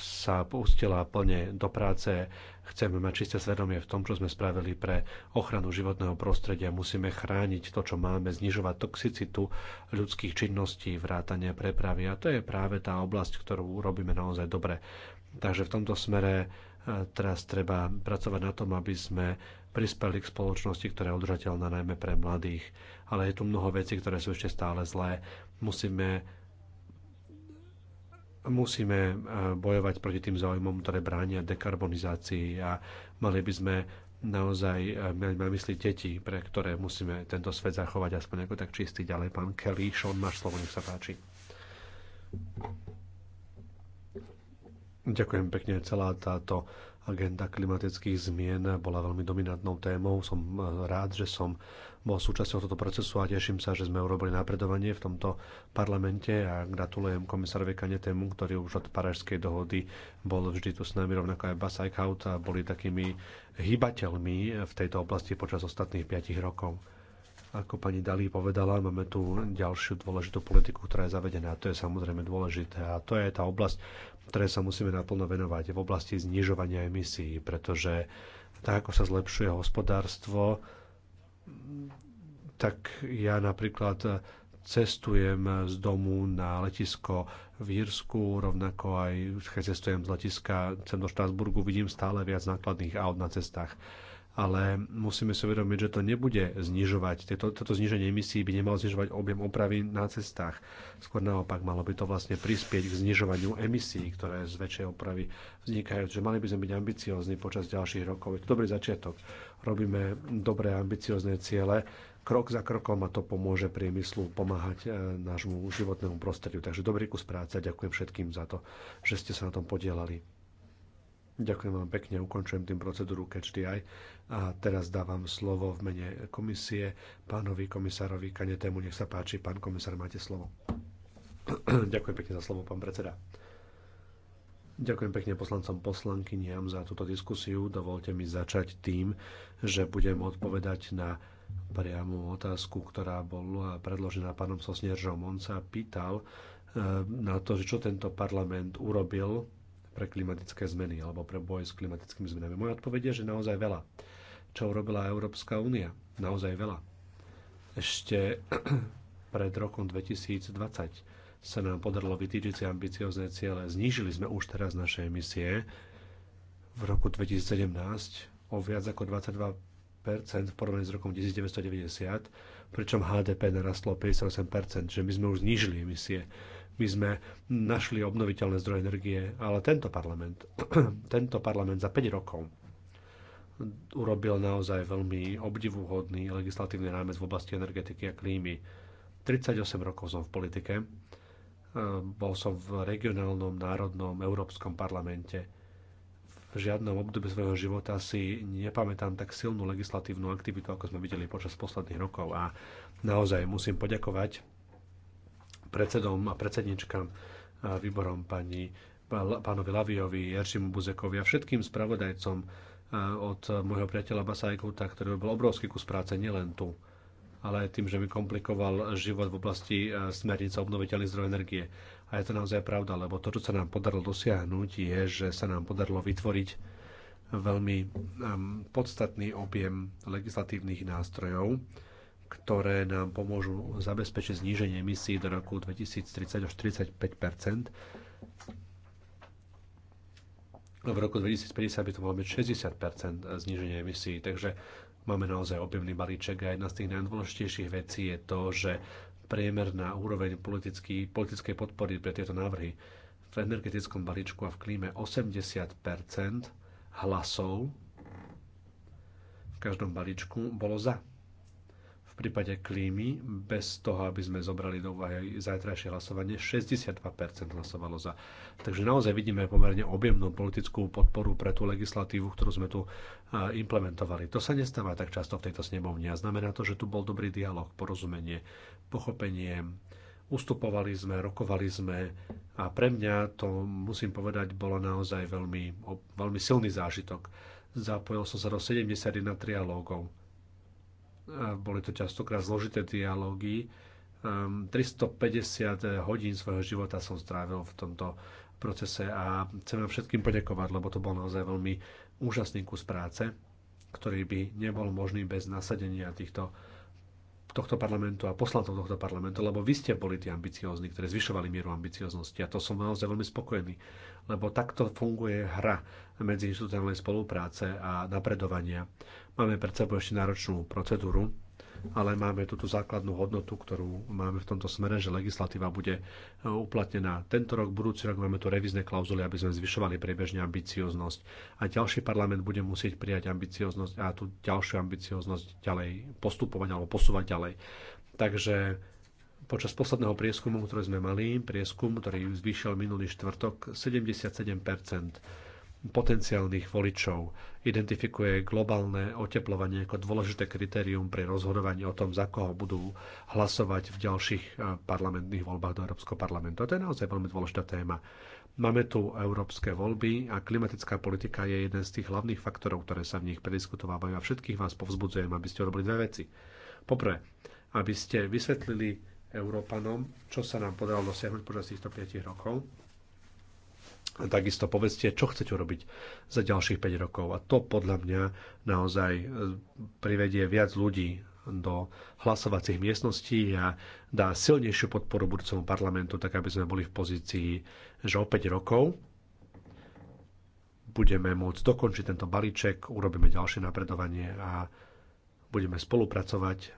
sa pustila plne do práce. Chceme mať čisté svedomie v tom, čo sme spravili pre ochranu životného prostredia. Musíme chrániť to, čo máme, znižovať toxicitu ľudských činností, vrátania prepravy. A to je práve tá oblasť, ktorú robíme naozaj dobre. Takže v tomto smere e, teraz treba pracovať na tom, aby sme prispeli k spoločnosti, ktorá je udržateľná najmä pre mladých. Ale je tu mnoho vecí, ktoré sú ešte stále zlé. Musíme musíme e, bojovať proti tým záujmom, ktoré bránia dekarbonizácii a mali by sme naozaj e, mať na mysli deti, pre ktoré musíme tento svet zachovať aspoň ako tak čistý. Ďalej pán Kelly, Sean, máš slovo, nech sa páči. Ďakujem pekne. Celá táto agenda klimatických zmien bola veľmi dominantnou témou. Som eh, rád, že som bol súčasťou tohto procesu a teším sa, že sme urobili napredovanie v tomto parlamente a gratulujem komisárovi Kanetému, ktorý už od paražskej dohody bol vždy tu s nami, rovnako aj Bas Eichhout a boli takými hýbateľmi v tejto oblasti počas ostatných 5 rokov. Ako pani Dalí povedala, máme tu ďalšiu dôležitú politiku, ktorá je zavedená. To je samozrejme dôležité a to je tá oblasť, ktoré sa musíme naplno venovať v oblasti znižovania emisí, pretože tak, ako sa zlepšuje hospodárstvo, tak ja napríklad cestujem z domu na letisko v Írsku, rovnako aj keď cestujem z letiska sem do Štrasburgu, vidím stále viac nákladných aut na cestách ale musíme si uvedomiť, že to nebude znižovať. Tieto, toto zniženie emisí by nemalo znižovať objem opravy na cestách. Skôr naopak, malo by to vlastne prispieť k znižovaniu emisí, ktoré z väčšej opravy vznikajú. Čiže mali by sme byť ambiciózni počas ďalších rokov. Je to dobrý začiatok. Robíme dobré ambiciózne ciele, krok za krokom a to pomôže priemyslu pomáhať e, nášmu životnému prostrediu. Takže dobrý kus práce a ďakujem všetkým za to, že ste sa na tom podielali. Ďakujem vám pekne, ukončujem tým procedúru eye. A teraz dávam slovo v mene komisie pánovi komisárovi Kanetému. Nech sa páči, pán komisár, máte slovo. Ďakujem pekne za slovo, pán predseda. Ďakujem pekne poslancom poslankyniam za túto diskusiu. Dovolte mi začať tým, že budem odpovedať na priamu otázku, ktorá bola predložená pánom Sosnieržom. On sa pýtal eh, na to, čo tento parlament urobil pre klimatické zmeny alebo pre boj s klimatickými zmenami. Moja odpoveď je, že naozaj veľa čo urobila Európska únia. Naozaj veľa. Ešte pred rokom 2020 sa nám podarilo vytýčiť si ambiciozne ciele. Znížili sme už teraz naše emisie v roku 2017 o viac ako 22 v porovnaní s rokom 1990, pričom HDP narastlo 58 že my sme už znížili emisie. My sme našli obnoviteľné zdroje energie, ale tento parlament, tento parlament za 5 rokov urobil naozaj veľmi obdivuhodný legislatívny rámec v oblasti energetiky a klímy. 38 rokov som v politike. E, bol som v regionálnom, národnom, európskom parlamente. V žiadnom období svojho života si nepamätám tak silnú legislatívnu aktivitu, ako sme videli počas posledných rokov. A naozaj musím poďakovať predsedom a predsedničkám e, výborom pani, pánovi Laviovi, Jeršimu Buzekovi a všetkým spravodajcom Eh, od môjho priateľa Masajkuta, ktorý robil obrovský kus práce nielen tu, ale aj tým, že mi komplikoval život v oblasti eh, smernice obnoviteľných zdrojov energie. A je to naozaj pravda, lebo to, čo sa nám podarilo dosiahnuť, je, že sa nám podarilo vytvoriť veľmi podstatný objem legislatívnych nástrojov, ktoré nám pomôžu zabezpečiť zníženie emisí do roku 2030 až 35 No, v roku 2050 by to malo byť 60 zníženie emisí, takže máme naozaj objemný balíček a jedna z tých najdôležitejších vecí je to, že priemerná úroveň politickej podpory pre tieto návrhy v energetickom balíčku a v klíme 80 hlasov v každom balíčku bolo za v prípade klímy, bez toho, aby sme zobrali do úvahy zajtrajšie hlasovanie, 62% hlasovalo za. Takže naozaj vidíme pomerne objemnú politickú podporu pre tú legislatívu, ktorú sme tu implementovali. To sa nestáva tak často v tejto snemovni a znamená to, že tu bol dobrý dialog, porozumenie, pochopenie, ustupovali sme, rokovali sme a pre mňa to, musím povedať, bolo naozaj veľmi, veľmi silný zážitok. Zapojil som sa do 71 trialógov Eh, boli to častokrát zložité dialógy. 350 ehm, eh, hodín svojho života som strávil v tomto procese a chcem vám všetkým poďakovať, lebo to bol naozaj veľmi úžasný kus práce, ktorý by nebol možný bez nasadenia týchto tohto parlamentu a poslancov tohto parlamentu, lebo vy ste boli tí ambiciózni, ktorí zvyšovali mieru ambicioznosti a to som naozaj veľmi spokojný, lebo takto funguje hra medzi inštitucionálnej spolupráce a napredovania. Máme pred sebou ešte náročnú procedúru, ale máme túto základnú hodnotu, ktorú máme v tomto smere, že legislatíva bude e, uplatnená tento rok, budúci rok máme tu revízne klauzuly, aby sme zvyšovali priebežne ambicioznosť a ďalší parlament bude musieť prijať ambicioznosť a tú ďalšiu ambicioznosť ďalej postupovať alebo posúvať ďalej. Takže počas posledného prieskumu, ktorý sme mali, prieskum, ktorý zvýšil minulý štvrtok, 77 potenciálnych voličov. Identifikuje globálne oteplovanie ako dôležité kritérium pri rozhodovaní o tom, za koho budú hlasovať v ďalších eh, parlamentných voľbách do Európskeho parlamentu. A to je naozaj veľmi dôležitá téma. Máme tu európske voľby a klimatická politika je jeden z tých hlavných faktorov, ktoré sa v nich prediskutovávajú a všetkých vás povzbudzujem, aby ste robili dve veci. Poprvé, aby ste vysvetlili Európanom, čo sa nám podarilo dosiahnuť počas týchto 5 rokov takisto povedzte, čo chcete robiť za ďalších 5 rokov. A to podľa mňa naozaj e, privedie viac ľudí do hlasovacích miestností a dá silnejšiu podporu budúcemu parlamentu, tak aby sme boli v pozícii, že o 5 rokov budeme môcť dokončiť tento balíček, urobíme ďalšie napredovanie a budeme spolupracovať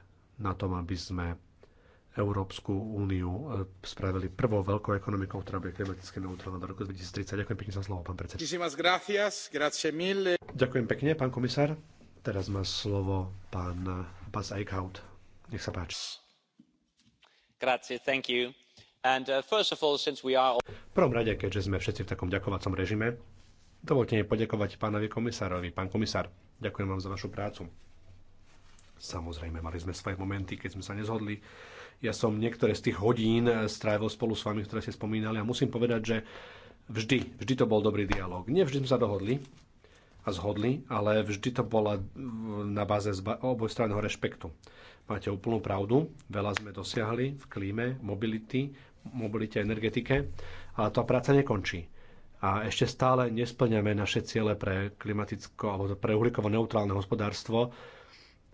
na tom, aby sme Európsku úniu e, spravili prvou veľkou ekonomikou, ktorá bude klimaticky neutrálna do roku 2030. Ďakujem pekne za slovo, pán predseda. Ďakujem pekne, pán komisár. Teraz má slovo pán Bas Eichhout. Nech sa páči. Grazie, thank you. And uh, first of all, since we are... V prvom rade, keďže sme všetci v takom ďakovacom režime, dovolte mi poďakovať pánovi komisárovi. Pán komisár, ďakujem vám za vašu prácu. Samozrejme, mali sme svoje momenty, keď sme sa nezhodli ja som niektoré z tých hodín eh, strávil spolu s vami, ktoré ste spomínali a musím povedať, že vždy, vždy to bol dobrý dialog. Nevždy sme sa dohodli a zhodli, ale vždy to bola eh, na báze obojstranného rešpektu. Máte úplnú pravdu, veľa sme dosiahli v klíme, mobility, mobilite, energetike, ale tá práca nekončí. A ešte stále nesplňame naše ciele pre klimaticko alebo pre uhlíkovo neutrálne hospodárstvo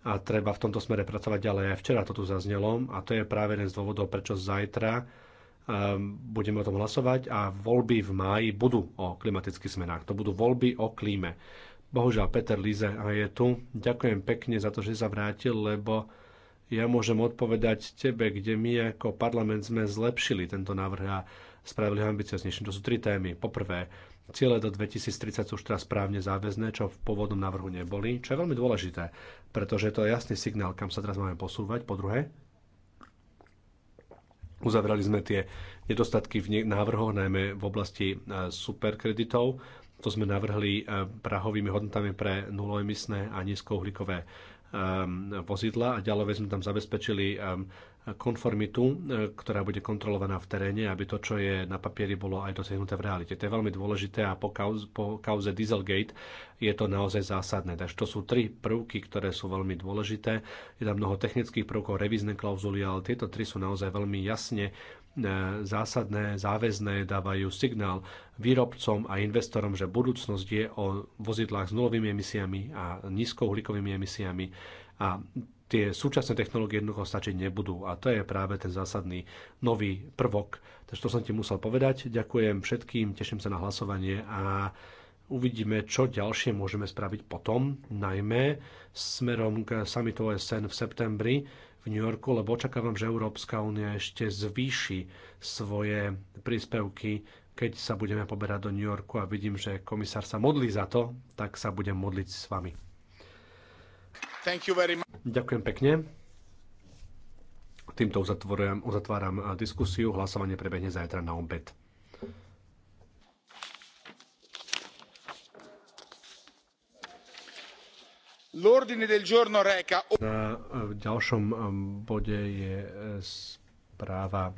a treba v tomto smere pracovať ďalej. Aj včera to tu zaznelo a to je práve jeden z dôvodov, prečo zajtra ehm, budeme o tom hlasovať a voľby v máji budú o klimatických zmenách. To budú voľby o klíme. Bohužiaľ, Peter Líze je tu. Ďakujem pekne za to, že sa vrátil, lebo ja môžem odpovedať tebe, kde my ako parlament sme zlepšili tento návrh a spravili ho ambicioznejším. To sú tri témy. Poprvé, Ciele do 2030 sú už teraz správne záväzné, čo v pôvodnom návrhu neboli, čo je veľmi dôležité, pretože to je jasný signál, kam sa teraz máme posúvať. Po druhé, uzavrali sme tie nedostatky v návrhoch, najmä v oblasti e, superkreditov. To sme navrhli e, prahovými hodnotami pre nuloemisné a nízkouhlíkové e, vozidla a ďalej sme tam zabezpečili konformitu, e, ktorá bude kontrolovaná v teréne, aby to, čo je na papieri, bolo aj dosiahnuté v realite. To je veľmi dôležité a po kauze, po kauze Dieselgate je to naozaj zásadné. Takže to sú tri prvky, ktoré sú veľmi dôležité. Je tam mnoho technických prvkov, revízne klauzuly, ale tieto tri sú naozaj veľmi jasne e, zásadné, záväzné, dávajú signál výrobcom a investorom, že budúcnosť je o vozidlách s nulovými emisiami a nízkouhlíkovými emisiami a tie súčasné technológie jednoducho stačiť nebudú. A to je práve ten zásadný nový prvok. Takže to som ti musel povedať. Ďakujem všetkým, teším sa na hlasovanie a uvidíme, čo ďalšie môžeme spraviť potom, najmä smerom k summitu OSN v septembri v New Yorku, lebo očakávam, že Európska únia ešte zvýši svoje príspevky, keď sa budeme poberať do New Yorku a vidím, že komisár sa modlí za to, tak sa budem modliť s vami. Ďakujem pekne. Týmto uzatváram, uzatváram eh, diskusiu. Hlasovanie prebehne zajtra na obed. L'ordine del giorno reca... Na eh, ďalšom eh, bode je správa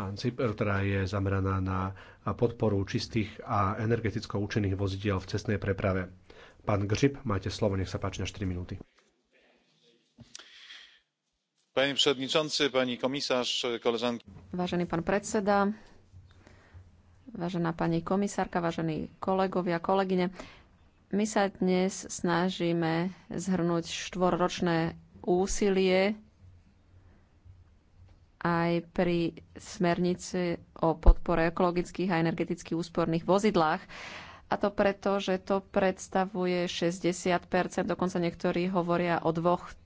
CIPER, ktorá je zameraná na podporu čistých a energeticko účinných vozidiel v cestnej preprave. Pán Gržip, máte slovo, nech sa páči na 4 minúty. Panie przewodniczący, pani komisarz, koleżanki. Vážený pán predseda, vážená pani komisárka, vážení kolegovia, kolegyne, my sa dnes snažíme zhrnúť štvorročné úsilie aj pri smernici o podpore ekologických a energeticky úsporných vozidlách. A to preto, že to predstavuje 60 dokonca niektorí hovoria o dvoch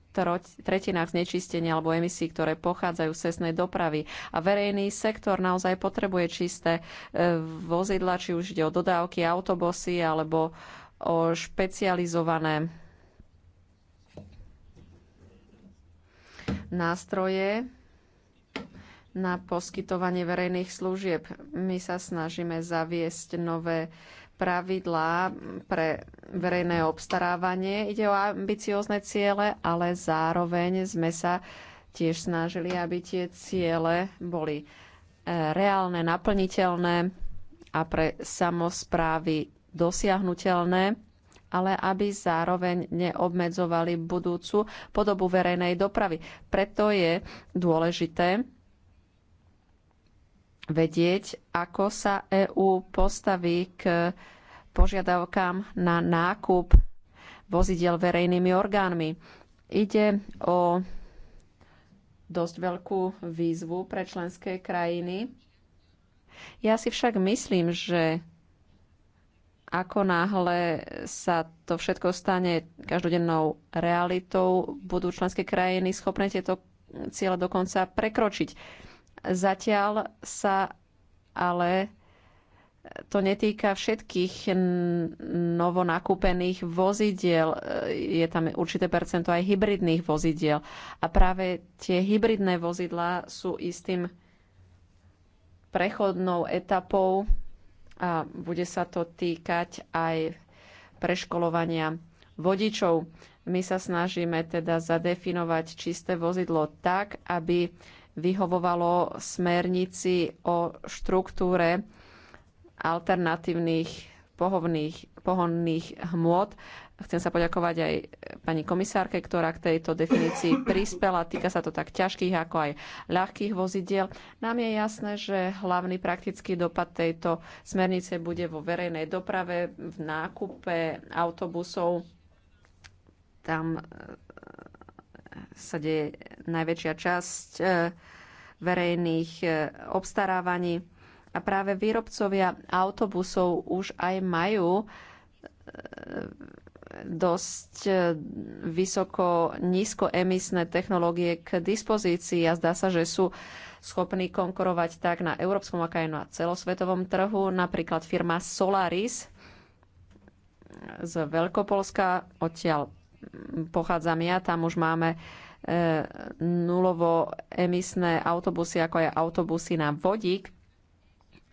tretinách znečistenia alebo emisí, ktoré pochádzajú z cestnej dopravy. A verejný sektor naozaj potrebuje čisté e, vozidla, či už ide o dodávky, autobusy alebo o špecializované nástroje na poskytovanie verejných služieb. My sa snažíme zaviesť nové pravidlá pre verejné obstarávanie. Ide o ambiciózne ciele, ale zároveň sme sa tiež snažili, aby tie ciele boli e, reálne, naplniteľné a pre samozprávy dosiahnutelné, ale aby zároveň neobmedzovali budúcu podobu verejnej dopravy. Preto je dôležité vedieť, ako sa EÚ postaví k požiadavkám na nákup vozidel verejnými orgánmi. Ide o dosť veľkú výzvu pre členské krajiny. Ja si však myslím, že ako náhle sa to všetko stane každodennou realitou, budú členské krajiny schopné tieto ciele dokonca prekročiť. Zatiaľ sa ale to netýka všetkých novonakúpených vozidiel. Je tam určité percento aj hybridných vozidiel. A práve tie hybridné vozidlá sú istým prechodnou etapou a bude sa to týkať aj preškolovania vodičov. My sa snažíme teda zadefinovať čisté vozidlo tak, aby vyhovovalo smernici o štruktúre alternatívnych pohovných, pohonných hmôt. Chcem sa poďakovať aj pani komisárke, ktorá k tejto definícii prispela. Týka sa to tak ťažkých ako aj ľahkých vozidiel. Nám je jasné, že hlavný praktický dopad tejto smernice bude vo verejnej doprave, v nákupe autobusov. Tam sa deje najväčšia časť e, verejných e, obstarávaní. A práve výrobcovia autobusov už aj majú e, dosť vysoko nízkoemisné technológie k dispozícii a zdá sa, že sú schopní konkurovať tak na európskom, ako aj na celosvetovom trhu. Napríklad firma Solaris z Veľkopolska odtiaľ pochádzam ja, tam už máme e, nulovo emisné autobusy, ako aj autobusy na vodík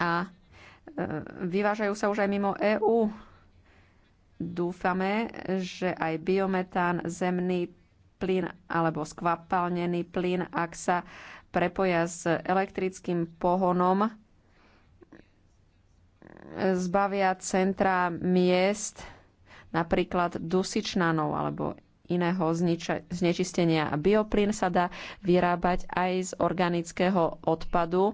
a e, vyvážajú sa už aj mimo EÚ. Dúfame, že aj biometán, zemný plyn alebo skvapalnený plyn, ak sa prepoja s elektrickým pohonom, e, zbavia centra miest napríklad dusičnanov alebo iného znečistenia. A bioplyn sa dá vyrábať aj z organického odpadu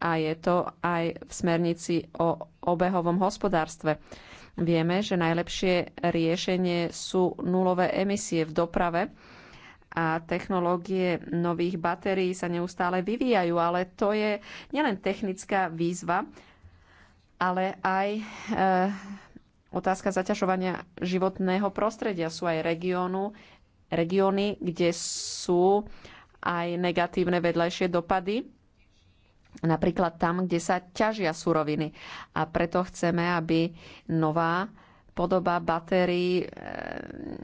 a je to aj v smernici o obehovom hospodárstve. Vieme, že najlepšie riešenie sú nulové emisie v doprave a technológie nových batérií sa neustále vyvíjajú, ale to je nielen technická výzva, ale aj e, otázka zaťažovania životného prostredia. Sú aj regiónu, regióny, kde sú aj negatívne vedľajšie dopady, napríklad tam, kde sa ťažia suroviny. A preto chceme, aby nová podoba batérií e,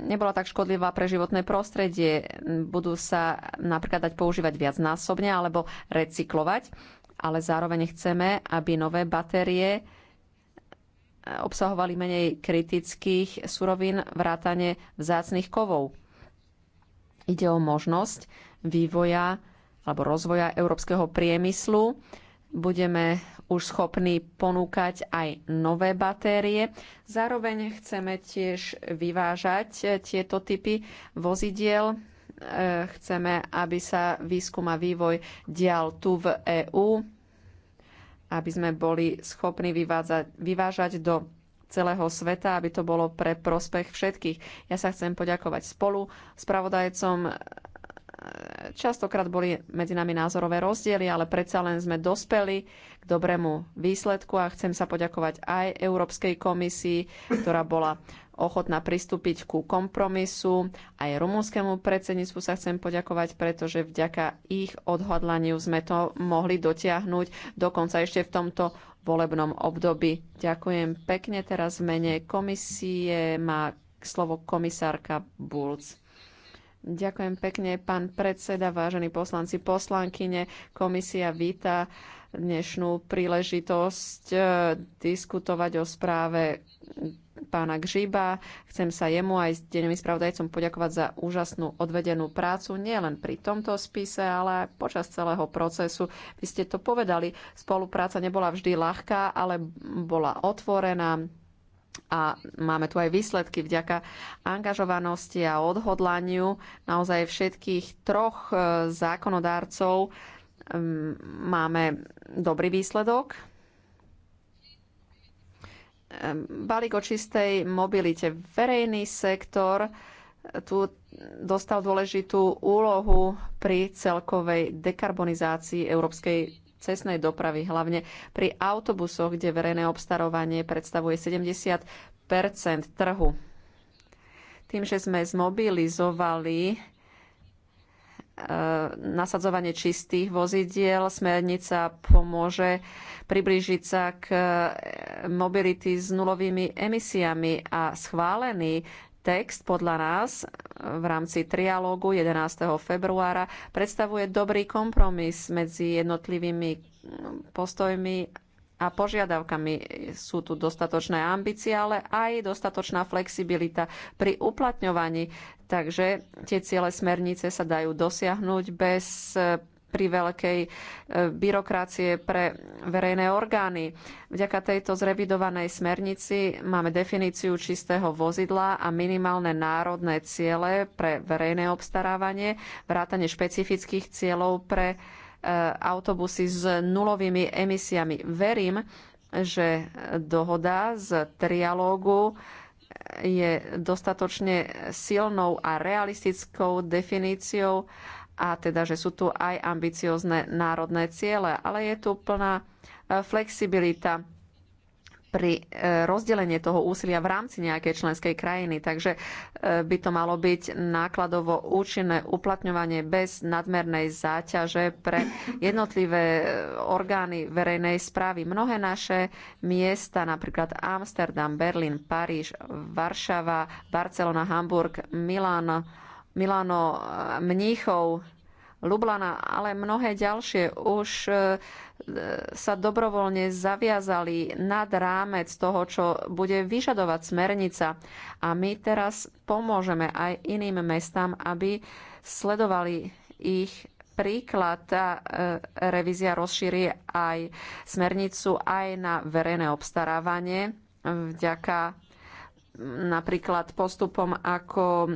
nebola tak škodlivá pre životné prostredie. Budú sa napríklad dať používať viacnásobne alebo recyklovať, ale zároveň chceme, aby nové batérie obsahovali menej kritických surovín vrátane vzácnych kovov. Ide o možnosť vývoja alebo rozvoja európskeho priemyslu. Budeme už schopní ponúkať aj nové batérie. Zároveň chceme tiež vyvážať tieto typy vozidiel. E, chceme, aby sa výskum a vývoj dial tu v EÚ aby sme boli schopní vyvádzať, vyvážať do celého sveta, aby to bolo pre prospech všetkých. Ja sa chcem poďakovať spolu spravodajcom. Častokrát boli medzi nami názorové rozdiely, ale predsa len sme dospeli k dobrému výsledku a chcem sa poďakovať aj Európskej komisii, ktorá bola ochotná pristúpiť ku kompromisu. Aj rumúnskému predsedníctvu sa chcem poďakovať, pretože vďaka ich odhodlaniu sme to mohli dotiahnuť dokonca ešte v tomto volebnom období. Ďakujem pekne. Teraz v mene komisie má slovo komisárka Bulc. Ďakujem pekne, pán predseda, vážení poslanci, poslankyne. Komisia víta dnešnú príležitosť e, diskutovať o správe pána Gžiba. Chcem sa jemu aj s deňovým spravodajcom poďakovať za úžasnú odvedenú prácu, nielen pri tomto spise, ale aj počas celého procesu. Vy ste to povedali, spolupráca nebola vždy ľahká, ale bola otvorená, a máme tu aj výsledky vďaka angažovanosti a odhodlaniu naozaj všetkých troch e, zákonodárcov máme dobrý výsledok. Balík o čistej mobilite. Verejný sektor tu dostal dôležitú úlohu pri celkovej dekarbonizácii európskej cestnej dopravy, hlavne pri autobusoch, kde verejné obstarovanie predstavuje 70 trhu. Tým, že sme zmobilizovali E, nasadzovanie čistých vozidiel. Smernica pomôže priblížiť sa k e, mobility s nulovými emisiami a schválený text podľa nás v rámci trialógu 11. februára predstavuje dobrý kompromis medzi jednotlivými postojmi a požiadavkami. Sú tu dostatočné ambície, ale aj dostatočná flexibilita pri uplatňovaní. Takže tie ciele smernice sa dajú dosiahnuť bez eh, pri veľkej eh, byrokracie pre verejné orgány. Vďaka tejto zrevidovanej smernici máme definíciu čistého vozidla a minimálne národné ciele pre verejné obstarávanie, vrátanie špecifických cieľov pre E, autobusy s nulovými emisiami. Verím, že dohoda z trialógu je dostatočne silnou a realistickou definíciou a teda, že sú tu aj ambiciozne národné ciele, ale je tu plná e, flexibilita pri e, rozdelenie toho úsilia v rámci nejakej členskej krajiny. Takže e, by to malo byť nákladovo účinné uplatňovanie bez nadmernej záťaže pre jednotlivé e, orgány verejnej správy. Mnohé naše miesta, napríklad Amsterdam, Berlin, Paríž, Varšava, Barcelona, Hamburg, Milán, Milano, Mníchov, Lublana, ale mnohé ďalšie už sa dobrovoľne zaviazali nad rámec toho, čo bude vyžadovať smernica. A my teraz pomôžeme aj iným mestám, aby sledovali ich príklad. Tá e, revízia rozšíri aj smernicu aj na verejné obstarávanie vďaka napríklad postupom ako e,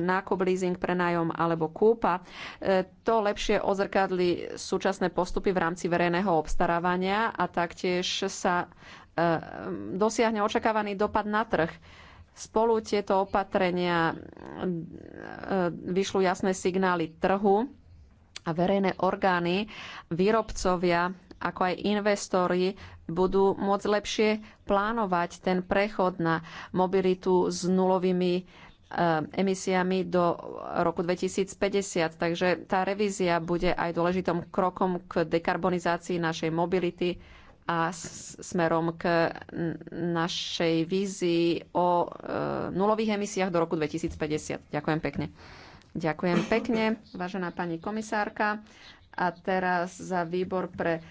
nákup, leasing, prenájom alebo kúpa. E, to lepšie ozrkadli súčasné postupy v rámci verejného obstarávania a taktiež sa e, dosiahne očakávaný dopad na trh. Spolu tieto opatrenia vyšľú jasné signály trhu a verejné orgány, výrobcovia ako aj investori budú môcť lepšie plánovať ten prechod na mobilitu s nulovými e, emisiami do roku 2050. Takže tá revízia bude aj dôležitým krokom k dekarbonizácii našej mobility a smerom k našej vízii o e, nulových emisiách do roku 2050. Ďakujem pekne. Ďakujem pekne, vážená pani komisárka. A teraz za výbor pre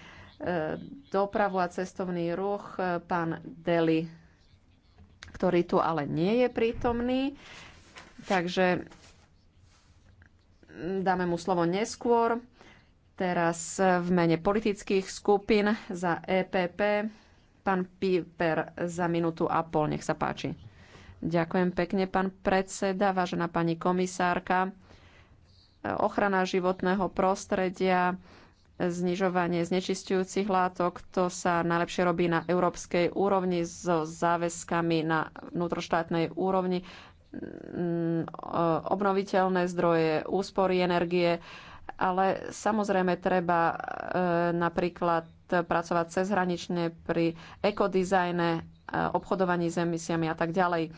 dopravu a cestovný ruch e, pán Deli, ktorý tu ale nie je prítomný. Takže dáme mu slovo neskôr. Teraz v mene politických skupín za EPP pán Piper za minútu a pol. Nech sa páči. Ďakujem pekne, pán predseda, vážená pani komisárka. E, ochrana životného prostredia znižovanie znečistujúcich látok. To sa najlepšie robí na európskej úrovni so záväzkami na vnútroštátnej úrovni mm, obnoviteľné zdroje, úspory energie, ale samozrejme treba e, napríklad pracovať cezhranične pri ekodizajne, e, obchodovaní s emisiami a tak ďalej. E,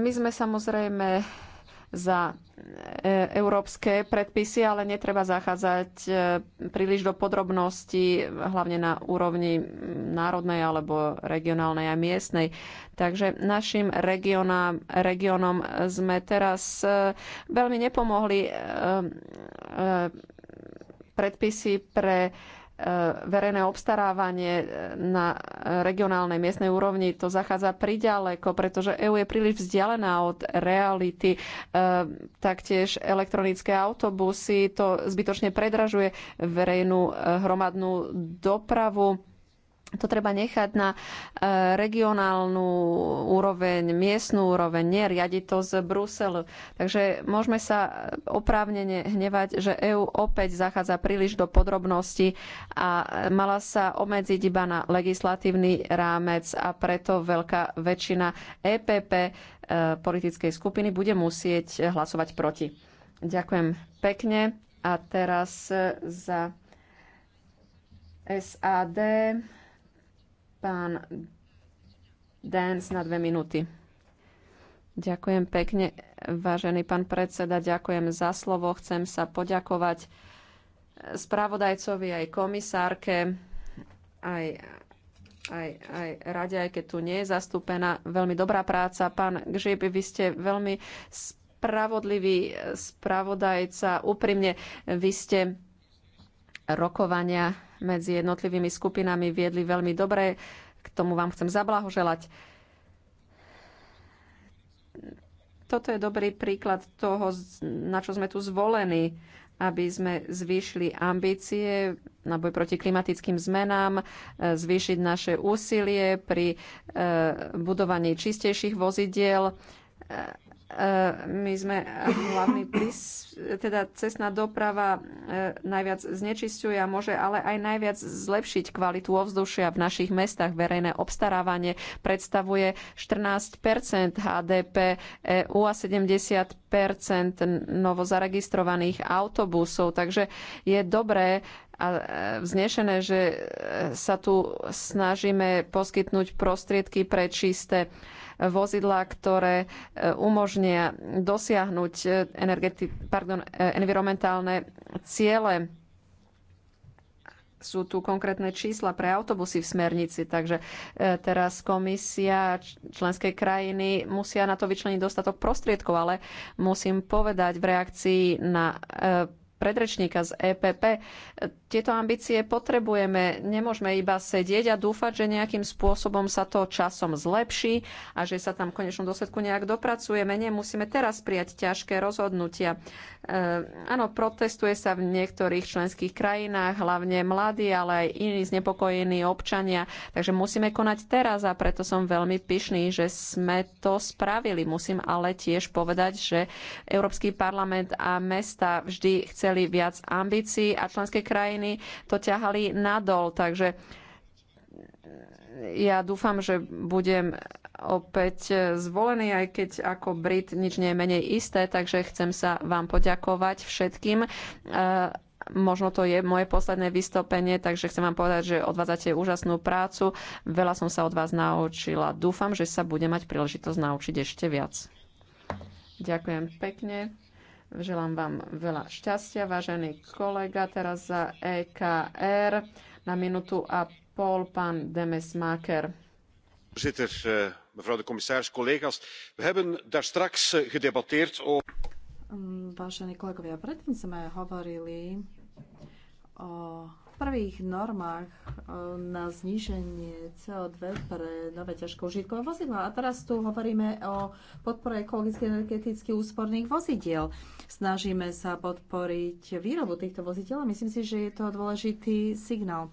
my sme samozrejme za e, európske predpisy, ale netreba zachádzať e, príliš do podrobností, hlavne na úrovni národnej alebo regionálnej a miestnej. Takže našim regionám, regionom sme teraz e, veľmi nepomohli predpisy pre E, verejné obstarávanie e, na regionálnej miestnej úrovni to zachádza priďaleko, pretože EU je príliš vzdialená od reality. E, taktiež elektronické autobusy to zbytočne predražuje verejnú hromadnú dopravu to treba nechať na e, regionálnu úroveň, miestnú úroveň, nie riadiť to z Bruselu. Takže môžeme sa oprávnene hnevať, že EÚ opäť zachádza príliš do podrobností a mala sa obmedziť iba na legislatívny rámec a preto veľká väčšina EPP e, politickej skupiny bude musieť hlasovať proti. Ďakujem pekne a teraz za SAD Pán Dance na dve minúty. Ďakujem pekne, vážený pán predseda, ďakujem za slovo. Chcem sa poďakovať spravodajcovi aj komisárke, aj, aj, aj rade, aj keď tu nie je zastúpená. Veľmi dobrá práca. Pán Gžib, vy ste veľmi spravodlivý spravodajca. Úprimne, vy ste rokovania medzi jednotlivými skupinami viedli veľmi dobre. K tomu vám chcem zablahoželať. Toto je dobrý príklad toho, na čo sme tu zvolení, aby sme zvýšili ambície na boj proti klimatickým zmenám, e, zvýšiť naše úsilie pri e, budovaní čistejších vozidiel e, Eh, my sme hlavný prís, teda cestná doprava eh, najviac znečisťuje a môže ale aj najviac zlepšiť kvalitu ovzdušia v našich mestách. Verejné obstarávanie predstavuje 14 HDP EU a 70 novozaregistrovaných autobusov. Takže je dobré a eh, vznešené, že sa tu snažíme poskytnúť prostriedky pre čisté vozidlá, ktoré e, umožnia dosiahnuť e, pardon, e, environmentálne ciele sú tu konkrétne čísla pre autobusy v smernici, takže teraz komisia, členské krajiny musia na to vyčleniť dostatok prostriedkov, ale musím povedať v reakcii na predrečníka z EPP. Tieto ambície potrebujeme, nemôžeme iba sedieť a dúfať, že nejakým spôsobom sa to časom zlepší a že sa tam v konečnom dôsledku nejak dopracujeme. Nie, musíme teraz prijať ťažké rozhodnutia. E, áno, protestuje sa v niektorých členských krajinách, hlavne mladí, ale aj iní znepokojení občania. Takže musíme konať teraz a preto som veľmi pyšný, že sme to spravili. Musím ale tiež povedať, že Európsky parlament a mesta vždy chce chceli viac ambícií a členské krajiny to ťahali nadol. Takže ja dúfam, že budem opäť zvolený, aj keď ako Brit nič nie je menej isté, takže chcem sa vám poďakovať všetkým e, možno to je moje posledné vystúpenie, takže chcem vám povedať, že odvádzate úžasnú prácu. Veľa som sa od vás naučila. Dúfam, že sa bude mať príležitosť naučiť ešte viac. Ďakujem pekne. Želám vám veľa šťastia, vážený kolega. Teraz za EKR na minútu a pol pán Demesmaker. Voorzitter, eh, mevrouw de commissaris, collega's. We hebben daar straks eh, gedebatteerd over... Hm, vážení kolegovia, predtým sme hovorili o prvých normách e, na zníženie CO2 pre nové ťažké užitkové vozidla. A teraz tu hovoríme o podpore ekologicky energeticky úsporných vozidiel. Snažíme sa podporiť výrobu týchto vozidiel a myslím si, že je to dôležitý signál.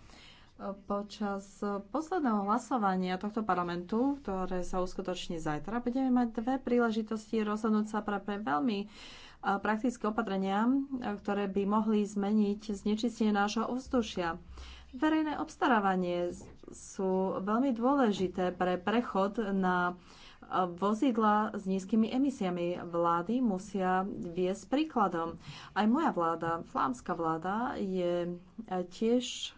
E, počas posledného hlasovania tohto parlamentu, ktoré sa uskutoční zajtra, budeme mať dve príležitosti rozhodnúť sa pre veľmi praktické opatrenia, e, ktoré by mohli zmeniť znečistenie nášho ovzdušia. Verejné obstarávanie sú veľmi dôležité pre prechod na e, vozidla s nízkymi emisiami. Vlády musia viesť príkladom. Aj moja vláda, flámska vláda, je e, tiež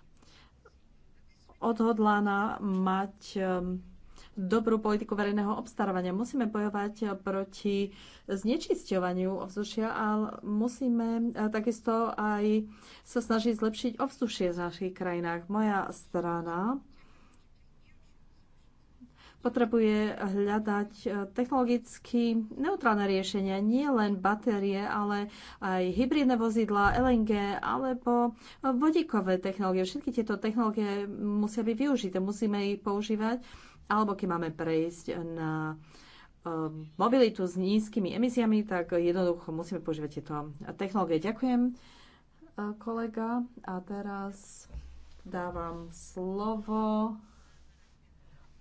odhodlaná mať dobrú politiku verejného obstarávania. Musíme bojovať proti znečisťovaniu ovzdušia a musíme e, takisto aj sa snažiť zlepšiť ovzdušie v našich krajinách. Moja strana potrebuje hľadať e, technologicky neutrálne riešenia, nie len batérie, ale aj hybridné vozidla, LNG alebo vodíkové technológie. Všetky tieto technológie musia byť využité, musíme ich používať alebo keď máme prejsť na e, mobilitu s nízkymi emisiami, tak jednoducho musíme používať tieto technológie. Ďakujem, e, kolega. A teraz dávam slovo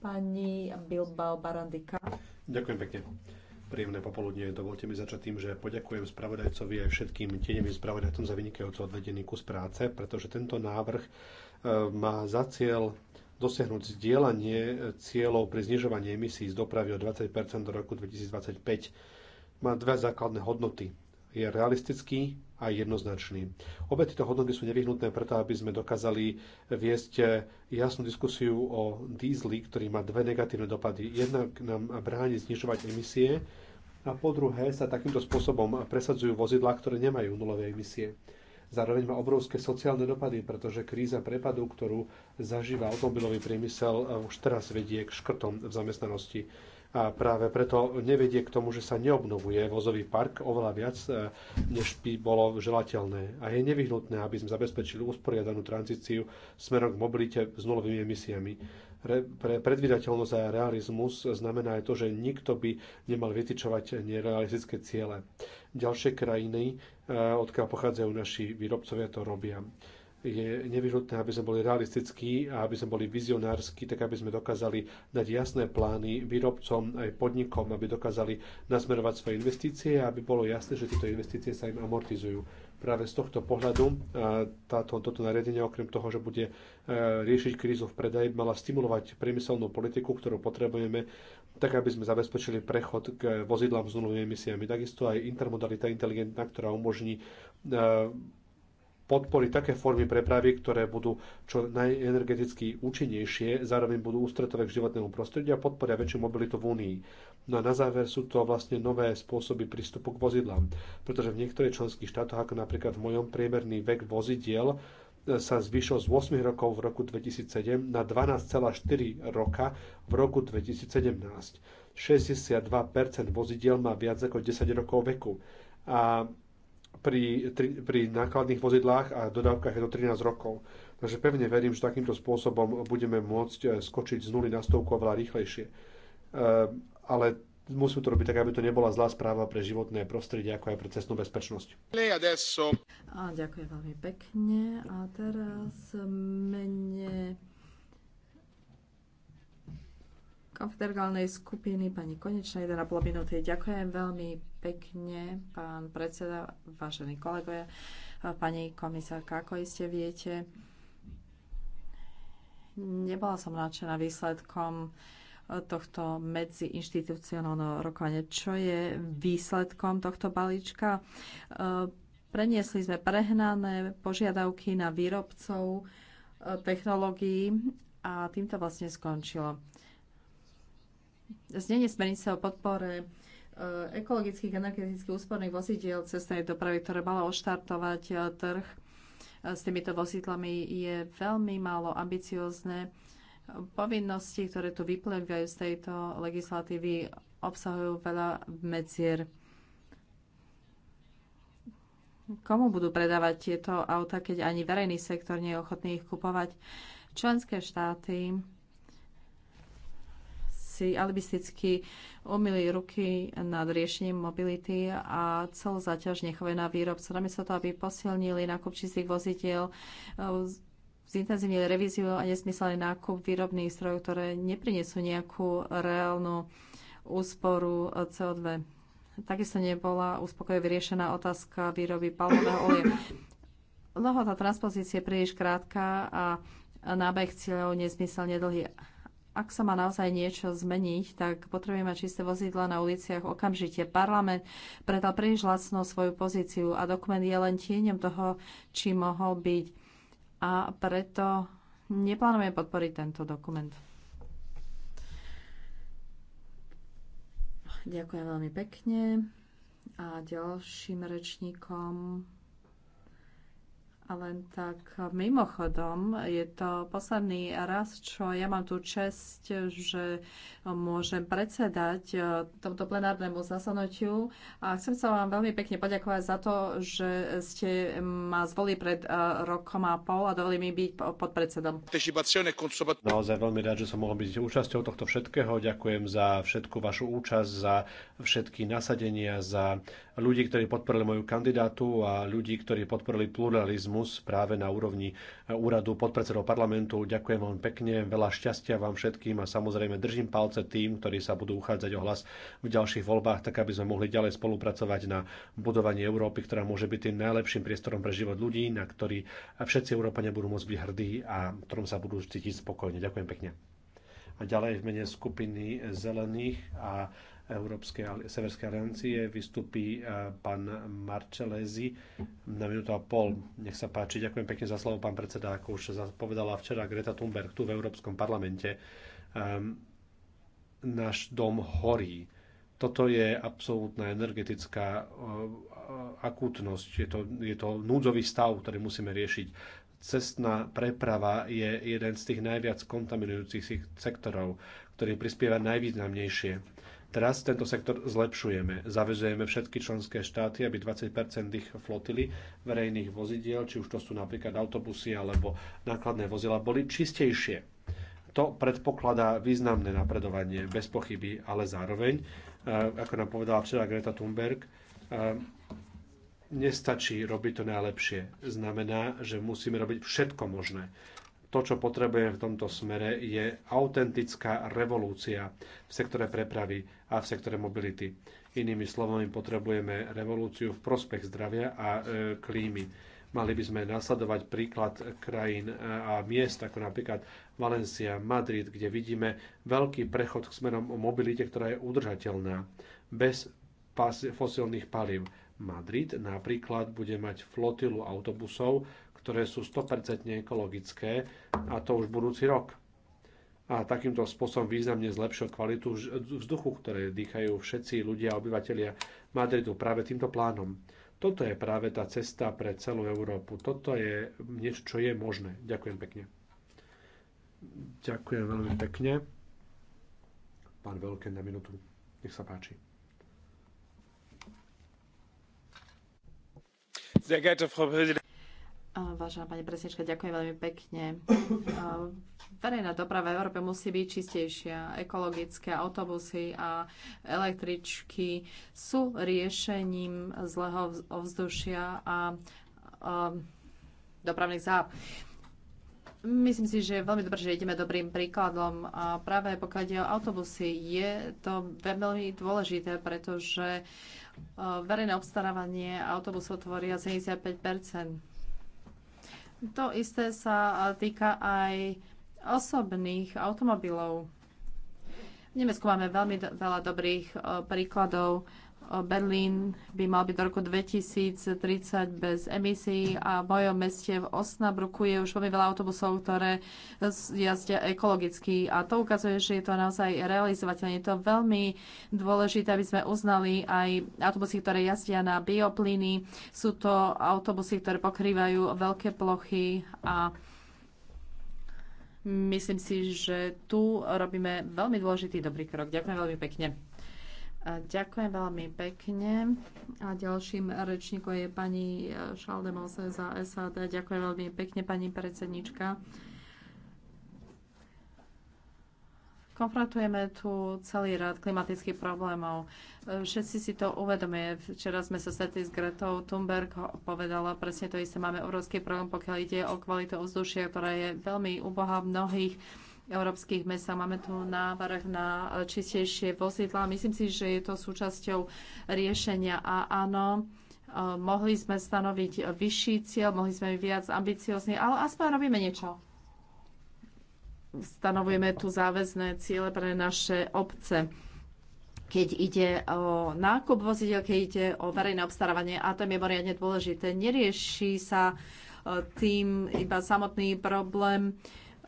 pani Bilbao Barandika. Ďakujem pekne. Príjemné popoludne. Dovolte mi začať tým, že poďakujem spravodajcovi aj všetkým tieňovým spravodajcom za vynikajúco odvedený kus práce, pretože tento návrh e, má za cieľ dosiahnuť zdieľanie cieľov pri znižovaní emisí z dopravy o 20 do roku 2025. Má dve základné hodnoty. Je realistický a jednoznačný. Obe tieto hodnoty sú nevyhnutné preto, aby sme dokázali viesť jasnú diskusiu o dízli, ktorý má dve negatívne dopady. Jednak nám bráni znižovať emisie a po druhé sa takýmto spôsobom presadzujú vozidlá, ktoré nemajú nulové emisie. Zároveň má obrovské sociálne dopady, pretože kríza prepadu, ktorú zažíva automobilový priemysel, eh, už teraz vedie k škrtom v zamestnanosti. A práve preto nevedie k tomu, že sa neobnovuje vozový park oveľa viac, eh, než by bolo želateľné. A je nevyhnutné, aby sme zabezpečili usporiadanú tranzíciu smerom k mobilite s nulovými emisiami pre, pre predvydateľnosť a realizmus znamená aj to, že nikto by nemal vytičovať nerealistické ciele. Ďalšie krajiny, eh, odkiaľ pochádzajú naši výrobcovia, to robia. Je nevyhnutné, aby sme boli realistickí a aby sme boli vizionársky, tak aby sme dokázali dať jasné plány výrobcom aj podnikom, aby dokázali nasmerovať svoje investície a aby bolo jasné, že tieto investície sa im amortizujú práve z tohto pohľadu e, táto, toto nariadenie, okrem toho, že bude e, riešiť krízu v predaji, mala stimulovať priemyselnú politiku, ktorú potrebujeme, tak aby sme zabezpečili prechod k vozidlám s nulovými emisiami. Takisto aj intermodalita inteligentná, ktorá umožní e, podporiť také formy prepravy, ktoré budú čo najenergeticky účinnejšie, zároveň budú ústretové k životnému prostrediu a podporia väčšiu mobilitu v Únii. No a na záver sú to vlastne nové spôsoby prístupu k vozidlám, pretože v niektorých členských štátoch, ako napríklad v mojom priemerný vek vozidiel, e, sa zvyšil z 8 rokov v roku 2007 na 12,4 roka v roku 2017. 62% vozidiel má viac ako 10 rokov veku a pri, tri, pri nákladných vozidlách a dodávkach je do 13 rokov. Takže pevne verím, že takýmto spôsobom budeme môcť e, skočiť z nuly na stovku oveľa rýchlejšie. E, ale musíme to robiť tak, aby to nebola zlá správa pre životné prostredie, ako aj pre cestnú bezpečnosť. A ďakujem veľmi pekne. A teraz mene konfederálnej skupiny pani Konečná 1,5 minúty. Ďakujem veľmi pekne, pán predseda, vážení kolegovia, pani komisárka, ako iste viete. Nebola som nadšená výsledkom tohto medziinstitucionálneho rokovania. Čo je výsledkom tohto balíčka? Preniesli sme prehnané požiadavky na výrobcov eh, technológií a týmto vlastne skončilo znenie smernice o podpore e, ekologických energetických úsporných vozidiel cestnej dopravy, ktoré malo oštartovať e, trh e, s týmito vozidlami, je veľmi málo ambiciozne. Povinnosti, ktoré tu vyplývajú z tejto legislatívy, obsahujú veľa medzier komu budú predávať tieto auta, keď ani verejný sektor nie je ochotný ich kupovať. Členské štáty si alibisticky umýli ruky nad riešením mobility a celú zaťaž nechávajú na výrobcu. Namiesto toho, aby posilnili nákup čistých vozidiel, eh, zintenzívnili revíziu a nesmyselný nákup výrobných strojov, ktoré neprinesú nejakú reálnu úsporu eh, CO2. Takisto nebola uspokojivo vyriešená otázka výroby palového oleja. tá transpozície je príliš krátka a nábeh cieľov nezmyselne dlhý ak sa má naozaj niečo zmeniť, tak potrebujeme čisté vozidla na uliciach okamžite. Parlament predal príliš lacno svoju pozíciu a dokument je len tieňom toho, či mohol byť. A preto neplánujeme podporiť tento dokument. Ďakujem veľmi pekne. A ďalším rečníkom len tak eh, mimochodom, je to posledný raz, čo ja mám tú čest, že eh, môžem predsedať eh, tomto plenárnemu zasadnutiu. A chcem sa vám veľmi pekne poďakovať za to, že ste ma zvolili pred rokom a pol a dovolili mi byť podpredsedom. Naozaj veľmi rád, že som mohol byť účasťou tohto všetkého. Ďakujem za všetku vašu účasť, za všetky nasadenia, za ľudí, ktorí podporili moju kandidátu a ľudí, ktorí podporili pluralizmus práve na úrovni eh, úradu podpredsedov parlamentu. Ďakujem vám pekne, veľa šťastia vám všetkým a samozrejme držím palce tým, ktorí sa budú uchádzať o hlas v ďalších voľbách, tak aby sme mohli ďalej spolupracovať na budovaní Európy, ktorá môže byť tým najlepším priestorom pre život ľudí, na ktorý všetci Európania budú môcť byť hrdí a ktorom sa budú cítiť spokojne. Ďakujem pekne a ďalej v mene skupiny zelených a Európskej Severskej aliancie vystupí e, pán Marčelezi na minútu a pol. Nech sa páči, ďakujem pekne za slovo, pán predseda, ako už povedala včera Greta Thunberg tu v Európskom parlamente. Um, náš dom horí. Toto je absolútna energetická e, akútnosť, je to, je to núdzový stav, ktorý musíme riešiť cestná preprava je jeden z tých najviac kontaminujúcich sektorov, ktorý prispieva najvýznamnejšie Teraz tento sektor zlepšujeme. Zavezujeme všetky členské štáty, aby 20 ich flotily verejných vozidiel, či už to sú napríklad autobusy alebo nákladné vozidla, boli čistejšie. To predpokladá významné napredovanie, bez pochyby, ale zároveň, e, ako nám povedala včera Greta Thunberg, e, nestačí robiť to najlepšie. Znamená, že musíme robiť všetko možné to, čo potrebujeme v tomto smere, je autentická revolúcia v sektore prepravy a v sektore mobility. Inými slovami, potrebujeme revolúciu v prospech zdravia a e, klímy. Mali by sme nasledovať príklad krajín a miest, ako napríklad Valencia, Madrid, kde vidíme veľký prechod k smerom o mobilite, ktorá je udržateľná, bez fosilných palív. Madrid napríklad bude mať flotilu autobusov, ktoré sú 100% ekologické a to už budúci rok. A takýmto spôsobom významne zlepšil kvalitu vzduchu, ktoré dýchajú všetci ľudia a obyvateľia Madridu práve týmto plánom. Toto je práve tá cesta pre celú Európu. Toto je niečo, čo je možné. Ďakujem pekne. Ďakujem veľmi pekne. Pán Veľké na minútu. Nech sa páči. Sehr geehrte Frau Präsidentin! Vážená pani presnička, ďakujem veľmi pekne. Verejná doprava v Európe musí byť čistejšia. Ekologické autobusy a električky sú riešením zlého ovzdušia a, a dopravných záp. Myslím si, že je veľmi dobré, že ideme dobrým príkladom. A práve pokiaľ ide o autobusy, je to veľmi dôležité, pretože verejné obstarávanie autobusov tvoria 75 to isté sa týka aj osobných automobilov. V Nemecku máme veľmi do, veľa dobrých príkladov Berlín by mal byť do roku 2030 bez emisí a v mojom meste v Osnabruku je už veľmi veľa autobusov, ktoré jazdia ekologicky a to ukazuje, že je to naozaj realizovateľné. Je to veľmi dôležité, aby sme uznali aj autobusy, ktoré jazdia na bioplyny. Sú to autobusy, ktoré pokrývajú veľké plochy a myslím si, že tu robíme veľmi dôležitý dobrý krok. Ďakujem veľmi pekne. Ďakujem veľmi pekne. A ďalším rečníkom je pani e, Šaldemose za SAD. Ďakujem veľmi pekne, pani predsednička. Konfrontujeme tu celý rad klimatických problémov. E, Všetci si to uvedomuje. Včera sme sa stretli s Gretou Thunberg, povedala presne to isté. Máme obrovský problém, pokiaľ ide o kvalitu ovzdušia, ktorá je veľmi ubohá v mnohých európskych a Máme tu návrh na čistejšie vozidla. Myslím si, že je to súčasťou riešenia. A áno, eh, mohli sme stanoviť vyšší cieľ, mohli sme byť viac ambiciozní, ale aspoň robíme niečo. Stanovujeme tu záväzné ciele pre naše obce keď ide o nákup vozidel, keď ide o verejné obstarávanie a to je mimoriadne dôležité. Nerieši sa eh, tým iba samotný problém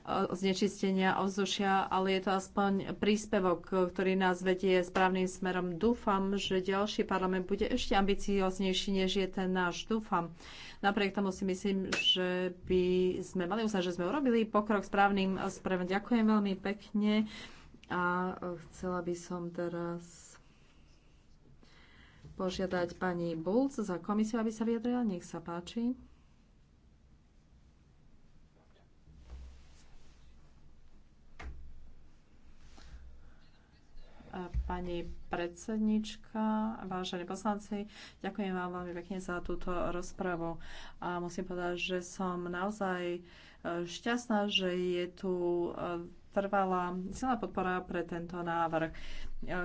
Eh, znečistenia ovzdušia, ale je to aspoň príspevok, ktorý nás vedie správnym smerom. Dúfam, že ďalší parlament bude ešte ambicioznejší, než je ten náš. Dúfam. Napriek tomu si myslím, že by sme mali uznať, že sme urobili pokrok správnym smerom. Ďakujem veľmi pekne a chcela by som teraz požiadať pani Bulc za komisiu, aby sa vyjadrila. Nech sa páči. pani predsednička, vážení poslanci. Ďakujem vám veľmi pekne za túto rozpravu. A musím povedať, že som naozaj e, šťastná, že je tu e, trvala silná podpora pre tento návrh. E,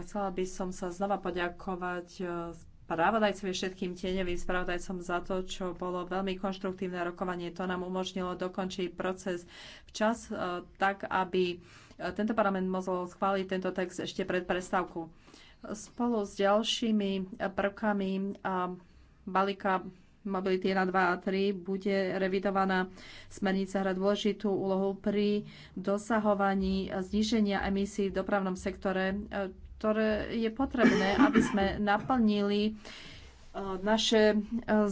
chcela by som sa znova poďakovať spravodajcovi, všetkým tieňovým spravodajcom za to, čo bolo veľmi konštruktívne rokovanie. To nám umožnilo dokončiť proces včas, tak aby tento parlament mohol schváliť tento text ešte pred prestávku. Spolu s ďalšími prvkami balíka Mobility 1, 2 a 3 bude revidovaná smernica hra dôležitú úlohu pri dosahovaní zníženia emisí v dopravnom sektore, e, ktoré je potrebné, aby sme naplnili e, naše e,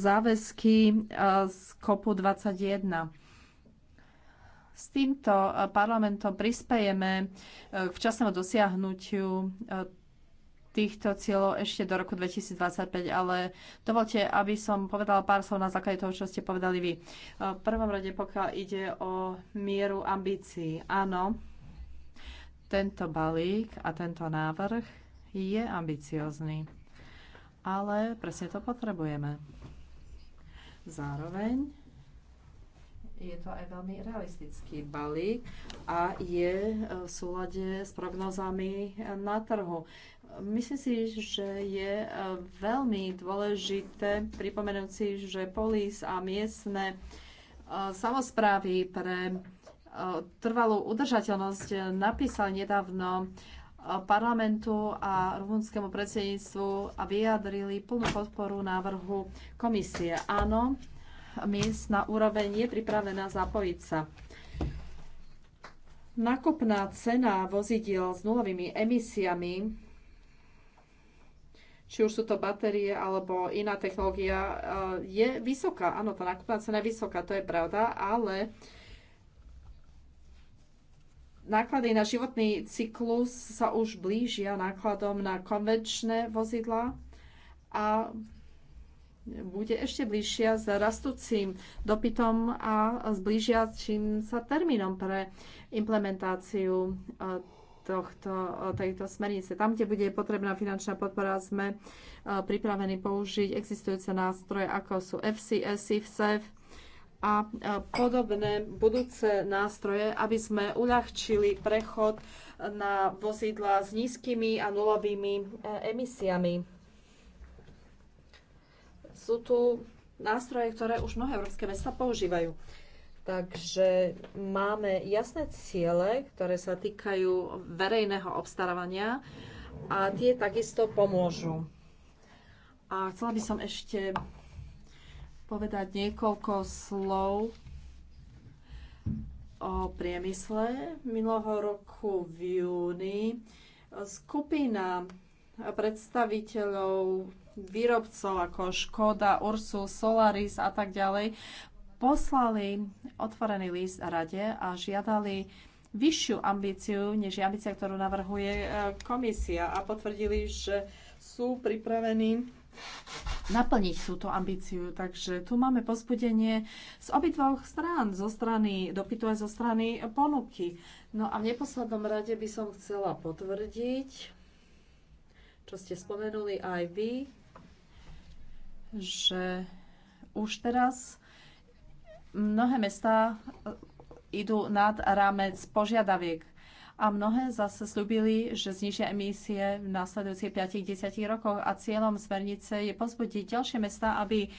záväzky z COPu 21. S týmto eh, parlamentom prispejeme eh, k včasnému dosiahnutiu eh, týchto cieľov ešte do roku 2025, ale dovolte, aby som povedala pár slov na základe toho, čo ste povedali vy. V prvom rade, pokiaľ ide o mieru ambícií, áno, tento balík a tento návrh je ambiciózny, ale presne to potrebujeme. Zároveň je to aj veľmi realistický balík a je e, v súlade s prognozami e, na trhu. Myslím si, že je e, veľmi dôležité pripomenúť si, že polis a miestne samozprávy pre trvalú udržateľnosť napísali nedávno parlamentu a rumunskému predsedníctvu a vyjadrili plnú podporu návrhu komisie. Áno, miestna úroveň je pripravená zapojiť sa. Nakupná cena vozidiel s nulovými emisiami, či už sú to batérie alebo iná technológia, e, je vysoká. Áno, tá nakupná cena je vysoká, to je pravda, ale náklady na životný cyklus sa už blížia nákladom na konvenčné vozidla a bude ešte bližšia s rastúcim dopytom a s blížiacim sa termínom pre implementáciu e, tohto, e, tejto smernice. Tam, kde bude potrebná finančná podpora, sme e, pripravení použiť existujúce nástroje, ako sú FCS, FCEF a podobné budúce nástroje, aby sme uľahčili prechod na vozidla s nízkymi a nulovými emisiami sú tu nástroje, ktoré už mnohé európske mesta používajú. Takže máme jasné ciele, ktoré sa týkajú verejného obstarávania a tie takisto pomôžu. A chcela by som ešte povedať niekoľko slov o priemysle. Minulého roku v júni skupina predstaviteľov výrobcov ako Škoda, Ursus, Solaris a tak ďalej poslali otvorený list rade a žiadali vyššiu ambíciu, než je ambícia, ktorú navrhuje e, komisia a potvrdili, že sú pripravení naplniť túto ambíciu. Takže tu máme pozbudenie z obidvoch strán, zo strany dopytu a zo strany ponuky. No a v neposlednom rade by som chcela potvrdiť, čo ste spomenuli aj vy, že už teraz mnohé mesta e, idú nad rámec požiadaviek a mnohé zase slúbili, že znižia emisie v následujúcich 5-10 rokoch a cieľom smernice je pozbudiť ďalšie mesta, aby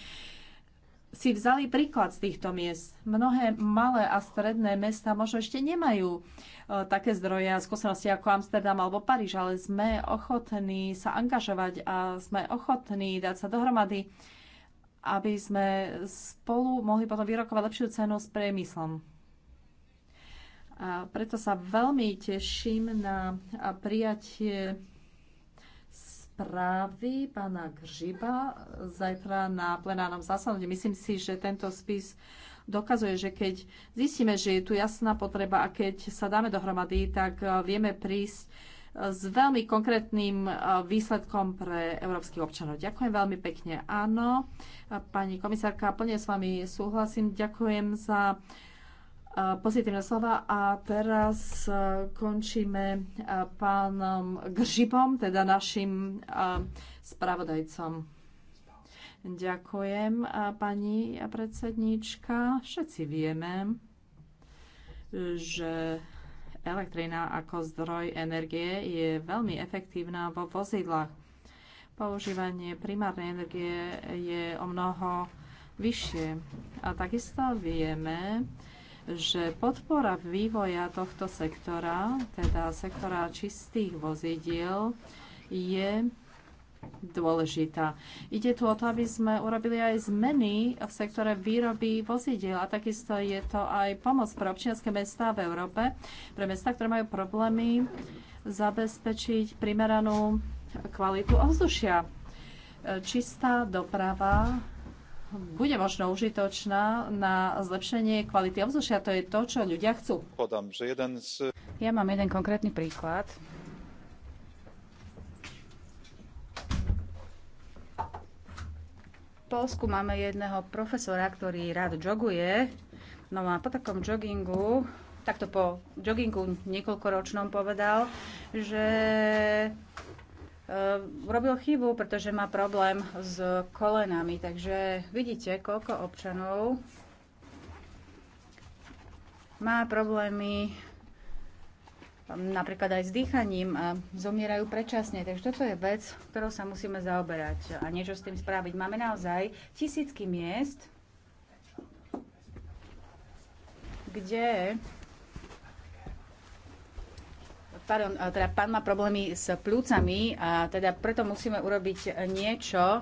si vzali príklad z týchto miest. Mnohé malé a stredné mesta možno ešte nemajú e, také zdroje a skúsenosti ako Amsterdam alebo Paríž, ale sme ochotní sa angažovať a sme ochotní dať sa dohromady, aby sme spolu mohli potom vyrokovať lepšiu cenu s priemyslom. A preto sa veľmi teším na prijatie správy pána Gržiba zajtra na plenárnom zásadne. Myslím si, že tento spis dokazuje, že keď zistíme, že je tu jasná potreba a keď sa dáme dohromady, tak e, vieme prísť e, s veľmi konkrétnym e, výsledkom pre európskych občanov. Ďakujem veľmi pekne. Áno, pani komisárka, plne s vami súhlasím. Ďakujem za pozitívne slova a teraz e, končíme e, pánom Gržibom, teda našim e, spravodajcom. Ďakujem, pani predsednička. Všetci vieme, že elektrina ako zdroj energie je veľmi efektívna vo vozidlách. Používanie primárnej energie je o mnoho vyššie. A takisto vieme, že podpora vývoja tohto sektora, teda sektora čistých vozidiel, je dôležitá. Ide tu o to, aby sme urobili aj zmeny v sektore výroby vozidiel a takisto je to aj pomoc pre občianské mesta v Európe, pre mesta, ktoré majú problémy zabezpečiť primeranú kvalitu ovzdušia. Čistá doprava bude možno užitočná na zlepšenie kvality ovzdušia. To je to, čo ľudia chcú. Podám, že jeden z... Ja mám jeden konkrétny príklad. V Polsku máme jedného profesora, ktorý rád joguje. No a po takom jogingu, takto po joggingu niekoľkoročnom povedal, že Eh, robil chybu, pretože má problém s kolenami. Takže vidíte, koľko občanov má problémy ehm, napríklad aj s dýchaním a zomierajú predčasne. Takže toto je vec, ktorou sa musíme zaoberať a niečo s tým spraviť. Máme naozaj tisícky miest, kde pardon, teda pán má problémy s plúcami a teda preto musíme urobiť niečo e,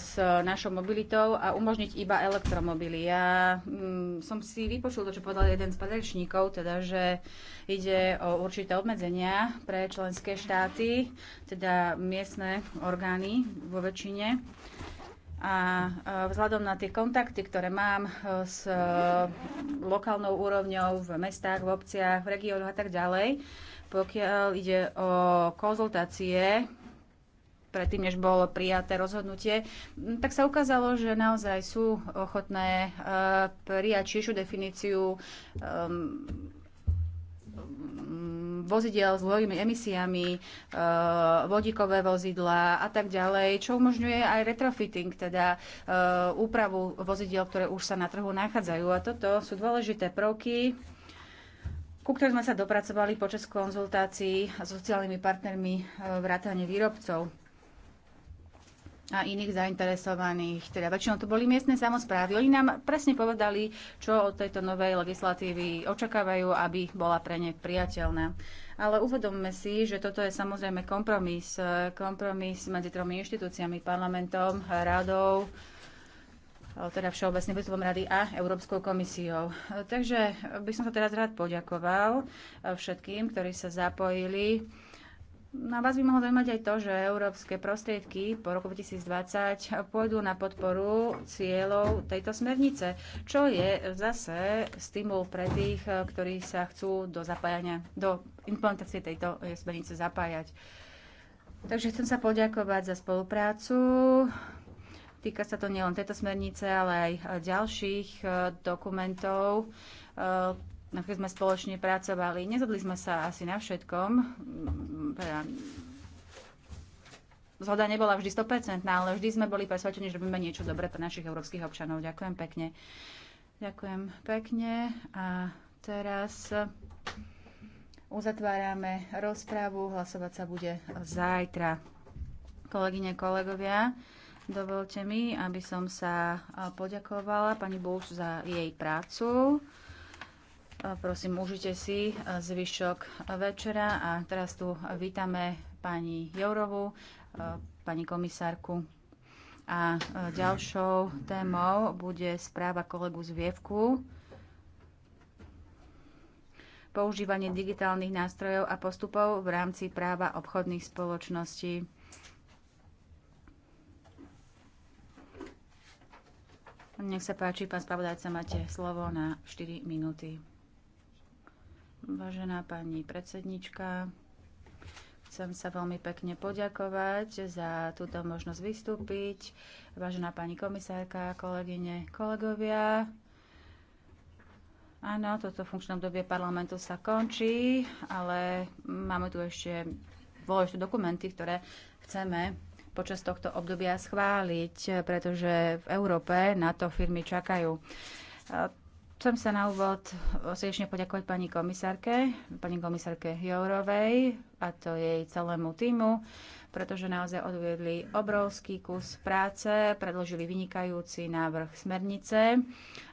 s našou mobilitou a umožniť iba elektromobily. Ja mm, som si vypočul to, čo povedal jeden z predrečníkov, teda, že ide o určité obmedzenia pre členské štáty, teda miestne orgány vo väčšine. A e, vzhľadom na tie kontakty, ktoré mám e, s lokálnou úrovňou v mestách, v obciach, v regiónoch a tak ďalej, pokiaľ ide o konzultácie, predtým, než bolo prijaté rozhodnutie, tak sa ukázalo, že naozaj sú ochotné eh, prijať širšiu definíciu ehm, vozidel s dlhými emisiami, eh, vodíkové vozidla a tak ďalej, čo umožňuje aj retrofitting, teda eh, úpravu vozidiel, ktoré už sa na trhu nachádzajú. A toto sú dôležité prvky, ku ktorým sme sa dopracovali počas konzultácií s sociálnymi partnermi e, vrátane výrobcov a iných zainteresovaných. Teda väčšinou to boli miestne samozprávy. Oni nám presne povedali, čo od tejto novej legislatívy očakávajú, aby bola pre ne priateľná. Ale uvedomme si, že toto je samozrejme kompromis. E, kompromis medzi tromi inštitúciami, parlamentom, radou, teda Všeobecným výzvom rady a Európskou komisiou. Takže by som sa teraz rád poďakoval všetkým, ktorí sa zapojili. Na no vás by mohlo zaujímať aj to, že európske prostriedky po roku 2020 pôjdu na podporu cieľov tejto smernice, čo je zase stimul pre tých, ktorí sa chcú do zapájania, do implementácie tejto e, smernice zapájať. Takže chcem sa poďakovať za spoluprácu Týka sa to nielen tejto smernice, ale aj e, ďalších e, dokumentov, e, na ktorých sme spoločne pracovali. Nezhodli sme sa asi na všetkom. Mm, teda, zhoda nebola vždy 100%, ale vždy sme boli presvedčení, že robíme niečo dobré pre našich európskych občanov. Ďakujem pekne. Ďakujem pekne. A teraz uzatvárame rozprávu. Hlasovať sa bude zajtra. Kolegyne, kolegovia. Dovolte mi, aby som sa poďakovala pani Búš za jej prácu. Prosím, užite si zvyšok večera a teraz tu vítame pani Jourovu, pani komisárku. A ďalšou témou bude správa kolegu z Vievku. Používanie digitálnych nástrojov a postupov v rámci práva obchodných spoločností. Nech sa páči, pán spravodajca, máte slovo na 4 minúty. Vážená pani predsednička, chcem sa veľmi pekne poďakovať za túto možnosť vystúpiť. Vážená pani komisárka, kolegyne, kolegovia, Áno, toto funkčné obdobie parlamentu sa končí, ale máme tu ešte dôležité dokumenty, ktoré chceme počas tohto obdobia schváliť, pretože v Európe na to firmy čakajú. Chcem sa na úvod srdečne poďakovať pani komisárke, pani komisárke Jourovej a to jej celému týmu, pretože naozaj odviedli obrovský kus práce, predložili vynikajúci návrh smernice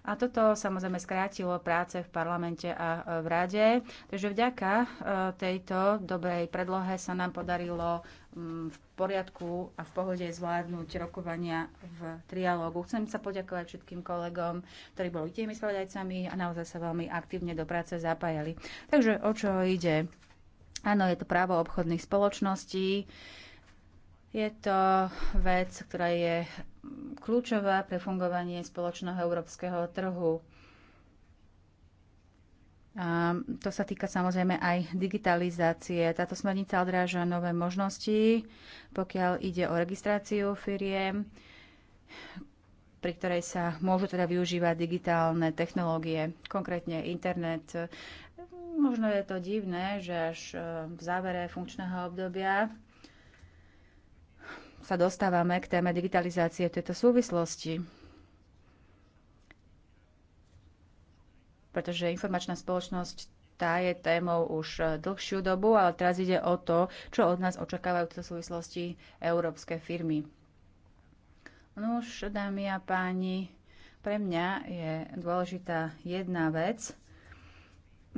a toto samozrejme skrátilo práce v parlamente a v rade. Takže vďaka e, tejto dobrej predlohe sa nám podarilo e, Mm, v poriadku a v pohode zvládnuť rokovania v trialógu. Chcem sa poďakovať všetkým kolegom, ktorí boli tými spravodajcami a naozaj sa veľmi aktívne do práce zapájali. Takže o čo ide? Áno, je to právo obchodných spoločností. Je to vec, ktorá je kľúčová pre fungovanie spoločného európskeho trhu to sa týka samozrejme aj digitalizácie. Táto smernica odráža nové možnosti, pokiaľ ide o registráciu firiem, pri ktorej sa môžu teda využívať digitálne technológie, konkrétne internet. Možno je to divné, že až e, v závere funkčného obdobia sa dostávame k téme digitalizácie v tejto súvislosti. pretože informačná spoločnosť tá je témou už e, dlhšiu dobu, ale teraz ide o to, čo od nás očakávajú v súvislosti európske firmy. No už, dámy a páni, pre mňa je dôležitá jedna vec.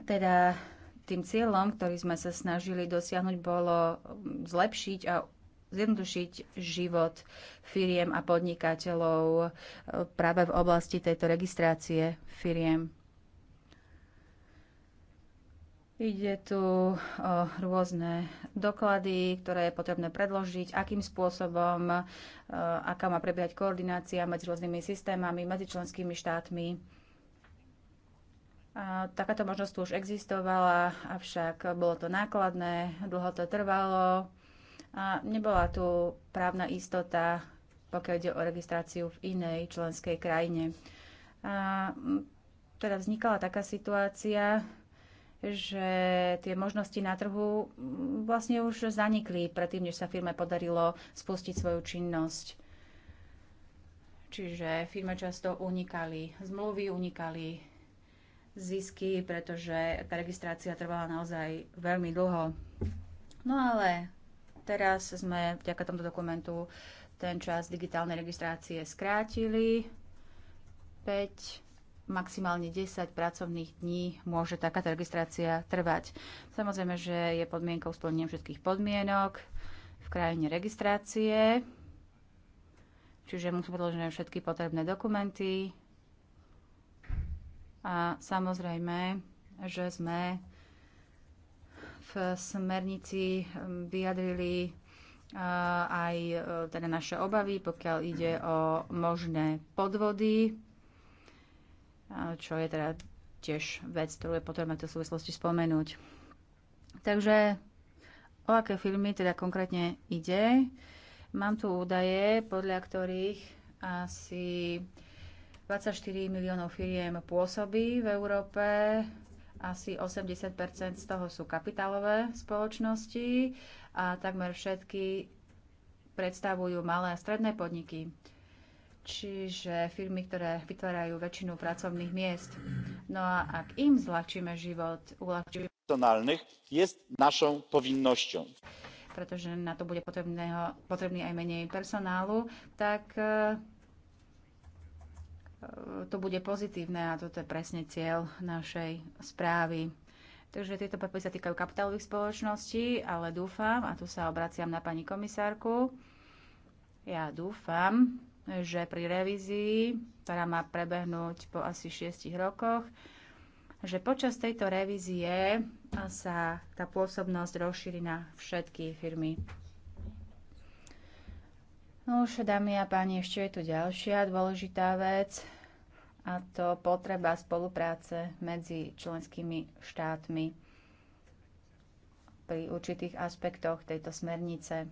Teda tým cieľom, ktorý sme sa snažili dosiahnuť, bolo zlepšiť a zjednodušiť život firiem a podnikateľov e, práve v oblasti tejto registrácie firiem. Ide tu o rôzne doklady, ktoré je potrebné predložiť, akým spôsobom, aká má prebiehať koordinácia medzi rôznymi systémami, medzi členskými štátmi. A takáto možnosť tu už existovala, avšak bolo to nákladné, dlho to trvalo a nebola tu právna istota, pokiaľ ide o registráciu v inej členskej krajine. A teda vznikala taká situácia, že tie možnosti na trhu vlastne už zanikli predtým, než sa firme podarilo spustiť svoju činnosť. Čiže firme často unikali, zmluvy unikali, zisky, pretože tá registrácia trvala naozaj veľmi dlho. No ale teraz sme vďaka tomto dokumentu ten čas digitálnej registrácie skrátili 5 maximálne 10 pracovných dní môže takáto registrácia trvať. Samozrejme, že je podmienkou splnenie všetkých podmienok v krajine registrácie, čiže musí podložené všetky potrebné dokumenty a samozrejme, že sme v smernici vyjadrili aj e, teda naše obavy, pokiaľ ide o možné podvody čo je teda tiež vec, ktorú je potrebné v tej súvislosti spomenúť. Takže o aké firmy teda konkrétne ide? Mám tu údaje, podľa ktorých asi 24 miliónov firiem pôsobí v Európe, asi 80 z toho sú kapitálové spoločnosti a takmer všetky predstavujú malé a stredné podniky čiže firmy, ktoré vytvárajú väčšinu pracovných miest. No a ak im zľahčíme život, uľahčíme personálnych, je našou povinnosťou. Pretože na to bude potrebný aj menej personálu, tak e, e, to bude pozitívne a toto je presne cieľ našej správy. Takže tieto papiery sa týkajú kapitálových spoločností, ale dúfam, a tu sa obraciam na pani komisárku, ja dúfam, že pri revízii, ktorá má prebehnúť po asi 6 rokoch, že počas tejto revízie sa tá pôsobnosť rozšíri na všetky firmy. No už, dámy a páni, ešte je tu ďalšia dôležitá vec a to potreba spolupráce medzi členskými štátmi pri určitých aspektoch tejto smernice.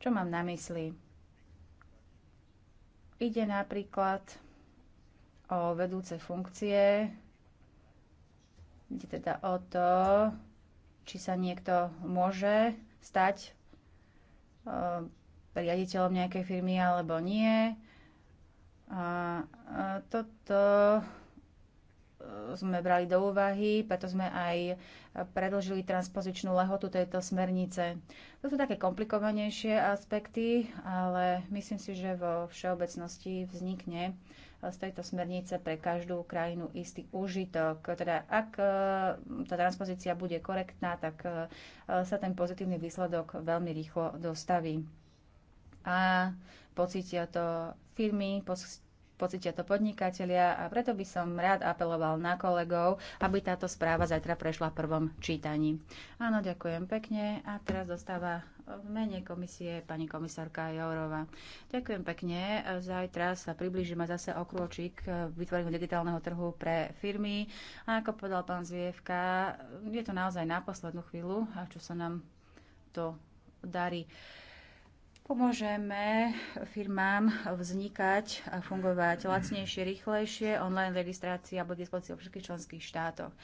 Čo mám na mysli? Ide napríklad o vedúce funkcie, ide teda o to, či sa niekto môže stať e, riaditeľom nejakej firmy alebo nie. A toto sme brali do úvahy, preto sme aj predlžili transpozičnú lehotu tejto smernice. To sú také komplikovanejšie aspekty, ale myslím si, že vo všeobecnosti vznikne z tejto smernice pre každú krajinu istý užitok. Teda ak e, tá transpozícia bude korektná, tak e, sa ten pozitívny výsledok veľmi rýchlo dostaví. A pocítia to firmy, pocitia to podnikatelia a preto by som rád apeloval na kolegov, aby táto správa zajtra prešla v prvom čítaní. Áno, ďakujem pekne a teraz dostáva v mene komisie pani komisárka Jourova. Ďakujem pekne. Zajtra sa priblížime zase okrôčik vytvoreniu digitálneho trhu pre firmy. A ako povedal pán Zvievka, je to naozaj na poslednú chvíľu, čo sa nám to darí. Pomôžeme firmám vznikať a fungovať lacnejšie, rýchlejšie. Online registrácia bude dispozícii vo všetkých členských štátoch.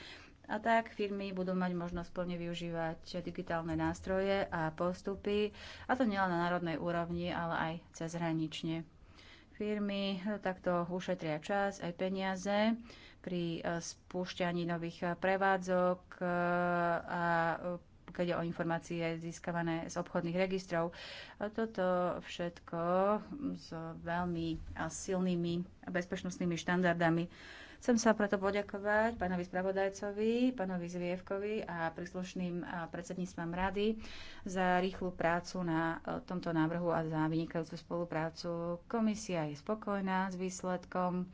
A tak firmy budú mať možnosť plne využívať digitálne nástroje a postupy, a to nielen na národnej úrovni, ale aj cezhranične. Firmy takto ušetria čas aj peniaze pri eh, spúšťaní nových prevádzok eh, a pokiaľ ide o informácie získavané z obchodných registrov. Toto všetko s veľmi silnými bezpečnostnými štandardami. Chcem sa preto poďakovať pánovi spravodajcovi, pánovi Zvievkovi a príslušným predsedníctvom rady za rýchlu prácu na e, tomto návrhu a za vynikajúcu spoluprácu. Komisia je spokojná s výsledkom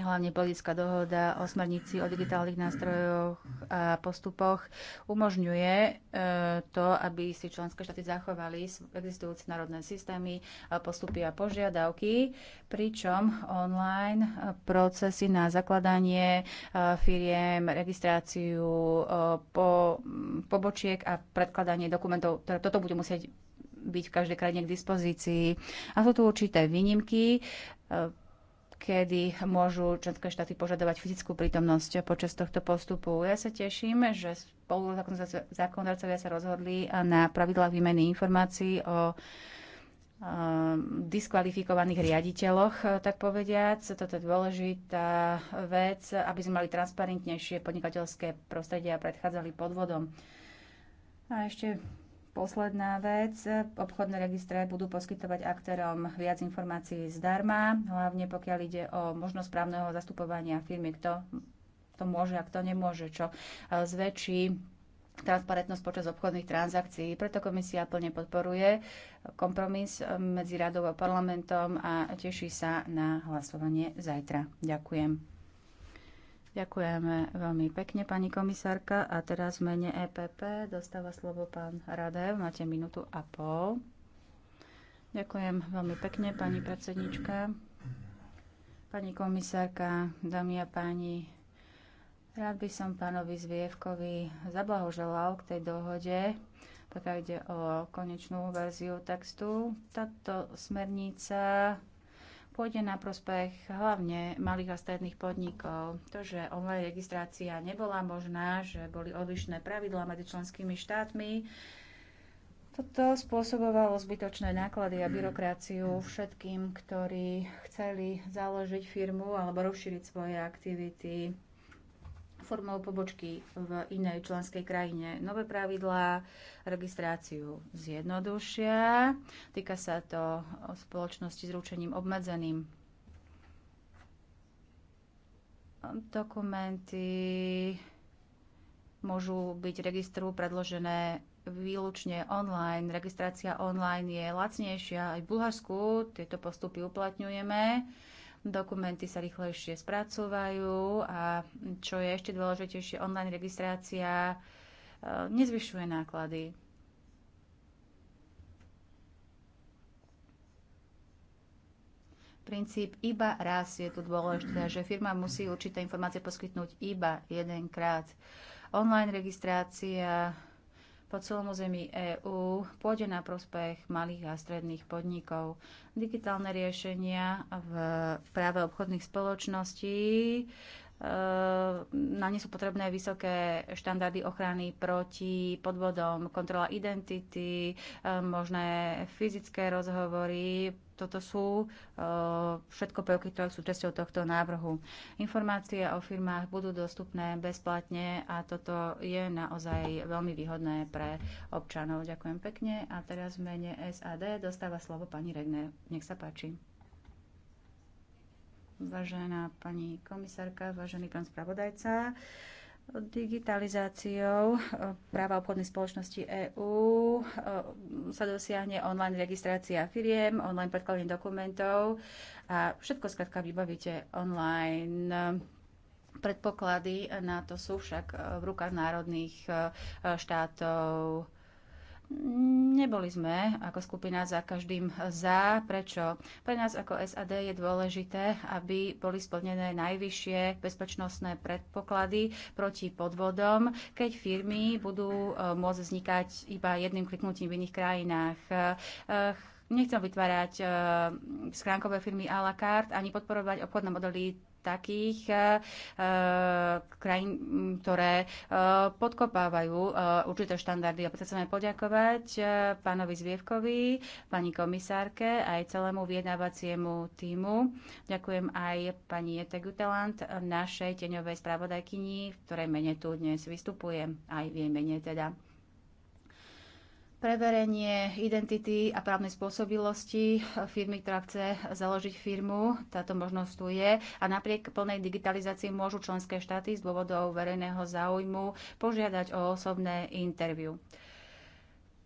hlavne politická dohoda o smernici o digitálnych nástrojoch a postupoch umožňuje e, to, aby si členské štáty zachovali existujúce národné systémy, e, postupy a požiadavky, pričom online e, procesy na zakladanie firiem, registráciu po, pobočiek a predkladanie dokumentov, toto bude musieť byť v každej krajine k dispozícii. A sú tu určité výnimky kedy môžu členské štáty požadovať fyzickú prítomnosť počas tohto postupu. Ja sa teším, že spolu zákonodarcovia sa rozhodli na pravidlách výmeny informácií o diskvalifikovaných riaditeľoch, tak povediac. Toto je dôležitá vec, aby sme mali transparentnejšie podnikateľské prostredie a predchádzali podvodom. A ešte Posledná vec, obchodné registre budú poskytovať aktérom viac informácií zdarma, hlavne pokiaľ ide o možnosť právneho zastupovania firmy, kto to môže a kto nemôže, čo e, zväčší transparentnosť počas obchodných transakcií. Preto komisia plne podporuje kompromis e, medzi radou a parlamentom a teší sa na hlasovanie zajtra. Ďakujem. Ďakujeme veľmi pekne, pani komisárka. A teraz v mene EPP dostáva slovo pán Radev. Máte minútu a pol. Ďakujem veľmi pekne, pani predsednička. Pani komisárka, dámy a páni, rád by som pánovi Zvievkovi zablahoželal k tej dohode, pokiaľ ide o konečnú verziu textu. Táto smernica pôjde na prospech hlavne malých a stredných podnikov. To, že online registrácia nebola možná, že boli odlišné pravidlá medzi členskými štátmi, toto spôsobovalo zbytočné náklady a byrokraciu všetkým, ktorí chceli založiť firmu alebo rozšíriť svoje aktivity formou pobočky v inej členskej krajine. Nové pravidlá registráciu zjednodušia. Týka sa to spoločnosti s ručením obmedzeným. Dokumenty môžu byť registru predložené výlučne online. Registrácia online je lacnejšia. Aj v Bulharsku tieto postupy uplatňujeme dokumenty sa rýchlejšie spracovajú a čo je ešte dôležitejšie, online registrácia e, nezvyšuje náklady. Princíp iba raz je tu dôležité, že firma musí určité informácie poskytnúť iba jedenkrát. Online registrácia po celom území EÚ pôjde na prospech malých a stredných podnikov. Digitálne riešenia v práve obchodných spoločností eh, na ne sú potrebné vysoké štandardy ochrany proti podvodom, kontrola identity, eh, možné fyzické rozhovory, toto sú e, všetko prvky, ktoré sú časťou tohto návrhu. Informácie o firmách budú dostupné bezplatne a toto je naozaj veľmi výhodné pre občanov. Ďakujem pekne. A teraz v mene SAD dostáva slovo pani Regner. Nech sa páči. Vážená pani komisárka, vážený pán spravodajca, Digitalizáciou e, práva obchodnej spoločnosti EÚ e, sa dosiahne online registrácia firiem, online predkladanie dokumentov a všetko skladka vybavíte online. Predpoklady na to sú však e, v rukách národných štátov Neboli sme ako skupina za každým za. Prečo? Pre nás ako SAD je dôležité, aby boli splnené najvyššie bezpečnostné predpoklady proti podvodom, keď firmy budú e, môcť vznikať iba jedným kliknutím v iných krajinách e, nechcem vytvárať uh, schránkové firmy à la carte ani podporovať obchodné modely takých eh, eh, krajín, ktoré eh, podkopávajú určité štandardy. A preto chceme poďakovať pánovi Zvievkovi, pani komisárke aj celému vyjednávaciemu týmu. Ďakujem aj pani Jete Gutelant, našej teňovej spravodajkyni, v ktorej mene tu dnes vystupujem, aj v jej mene teda. Preverenie identity a právnej spôsobilosti firmy, ktorá chce založiť firmu, táto možnosť tu je a napriek plnej digitalizácii môžu členské štáty z dôvodov verejného záujmu požiadať o osobné interviu.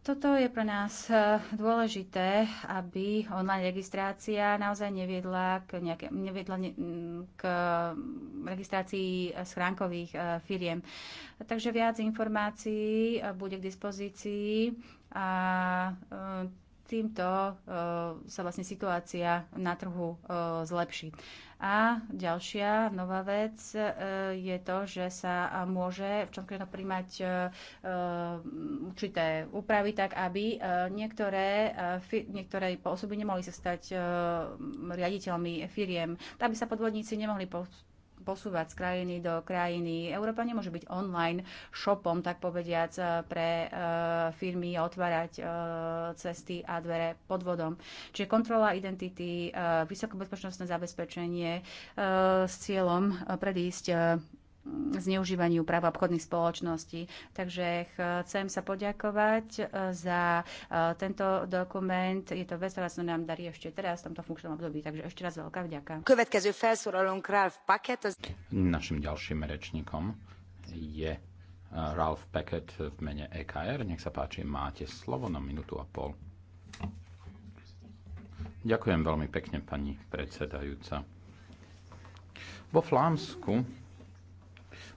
Toto je pre nás eh, dôležité, aby online registrácia naozaj neviedla k, nejaké, neviedla ne, k registrácii schránkových eh, firiem. Takže viac informácií eh, bude k dispozícii a e, týmto e, sa vlastne situácia na trhu e, zlepší. A ďalšia nová vec je to, že sa môže v čom príjmať určité úpravy tak, aby niektoré, niektoré osoby nemohli sa stať riaditeľmi firiem, aby sa podvodníci nemohli posúvať z krajiny do krajiny. Európa nemôže byť online shopom, tak povediac, e, pre e, firmy a otvárať e, cesty a dvere podvodom. Čiže kontrola identity, vysokobezpečnostné zabezpečenie s cieľom predísť zneužívaniu práva obchodných spoločností. Takže chcem sa poďakovať e, za e, tento dokument. Je to veselé, ktorá nám darí ešte teraz v tomto funkčnom období. Takže ešte raz veľká vďaka. Našim ďalším rečníkom je e, Ralph Packett v mene EKR. Nech sa páči, máte slovo na minútu a pol. Ďakujem veľmi pekne, pani predsedajúca. Vo Flámsku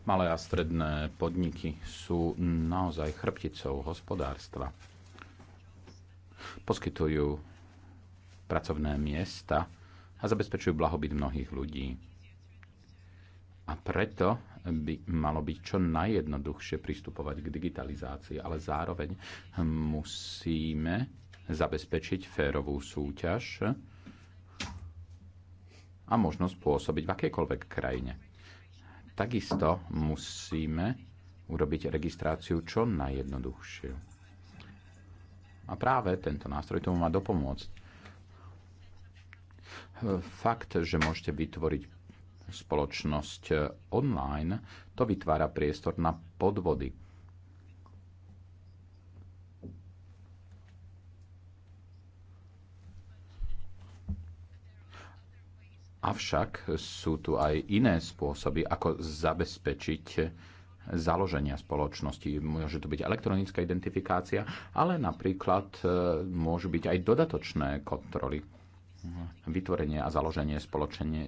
Malé a stredné podniky sú naozaj chrbticou hospodárstva. Poskytujú pracovné miesta a zabezpečujú blahobyt mnohých ľudí. A preto by malo byť čo najjednoduchšie pristupovať k digitalizácii, ale zároveň musíme zabezpečiť férovú súťaž a možnosť pôsobiť v akejkoľvek krajine. Takisto musíme urobiť registráciu čo najjednoduchšiu. A práve tento nástroj tomu má dopomôcť. Fakt, že môžete vytvoriť spoločnosť online, to vytvára priestor na podvody Avšak sú tu aj iné spôsoby, ako zabezpečiť založenia spoločnosti. Môže to byť elektronická identifikácia, ale napríklad e, môžu byť aj dodatočné kontroly. Vytvorenie a založenie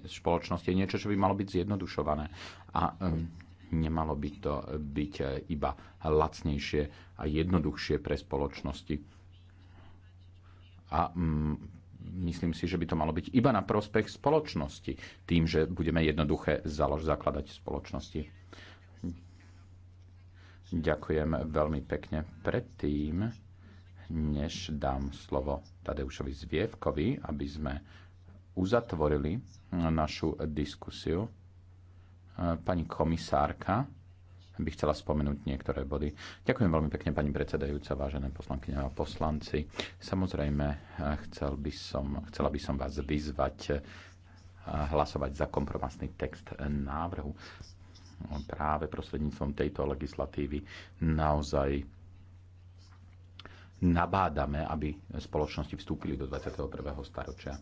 spoločnosti je niečo, čo by malo byť zjednodušované. A e, nemalo by to byť iba lacnejšie a jednoduchšie pre spoločnosti. A myslím si, že by to malo byť iba na prospech spoločnosti, tým, že budeme jednoduché založ zakladať spoločnosti. Ďakujem veľmi pekne. Predtým, než dám slovo Tadeušovi Zvievkovi, aby sme uzatvorili našu diskusiu, pani komisárka, by chcela spomenúť niektoré body. Ďakujem veľmi pekne, pani predsedajúca, vážené poslankyne a poslanci. Samozrejme, chcel by som, chcela by som vás vyzvať eh, hlasovať za kompromisný text návrhu. Práve prostredníctvom tejto legislatívy naozaj nabádame, aby spoločnosti vstúpili do 21. storočia.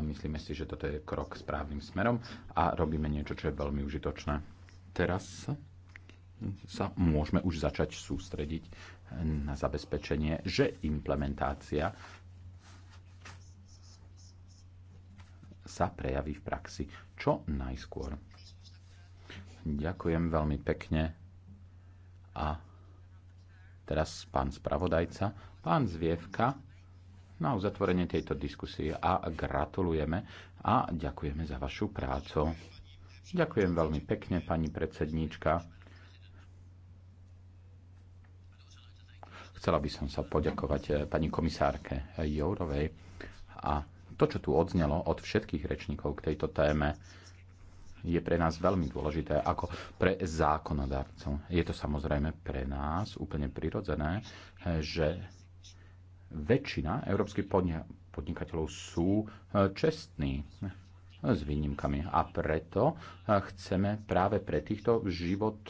Myslíme si, že toto je krok správnym smerom a robíme niečo, čo je veľmi užitočné. Teraz sa môžeme už začať sústrediť na zabezpečenie, že implementácia sa prejaví v praxi čo najskôr. Ďakujem veľmi pekne a teraz pán spravodajca, pán Zvievka na uzatvorenie tejto diskusie a gratulujeme a ďakujeme za vašu prácu. Ďakujem veľmi pekne, pani predsedníčka. Chcela by som sa poďakovať e, pani komisárke Jourovej a to, čo tu odznelo od všetkých rečníkov k tejto téme, je pre nás veľmi dôležité ako pre zákonodarcov. Je to samozrejme pre nás úplne prirodzené, e, že väčšina európskych podnikateľov sú e, čestní s výnimkami. A preto chceme práve pre týchto život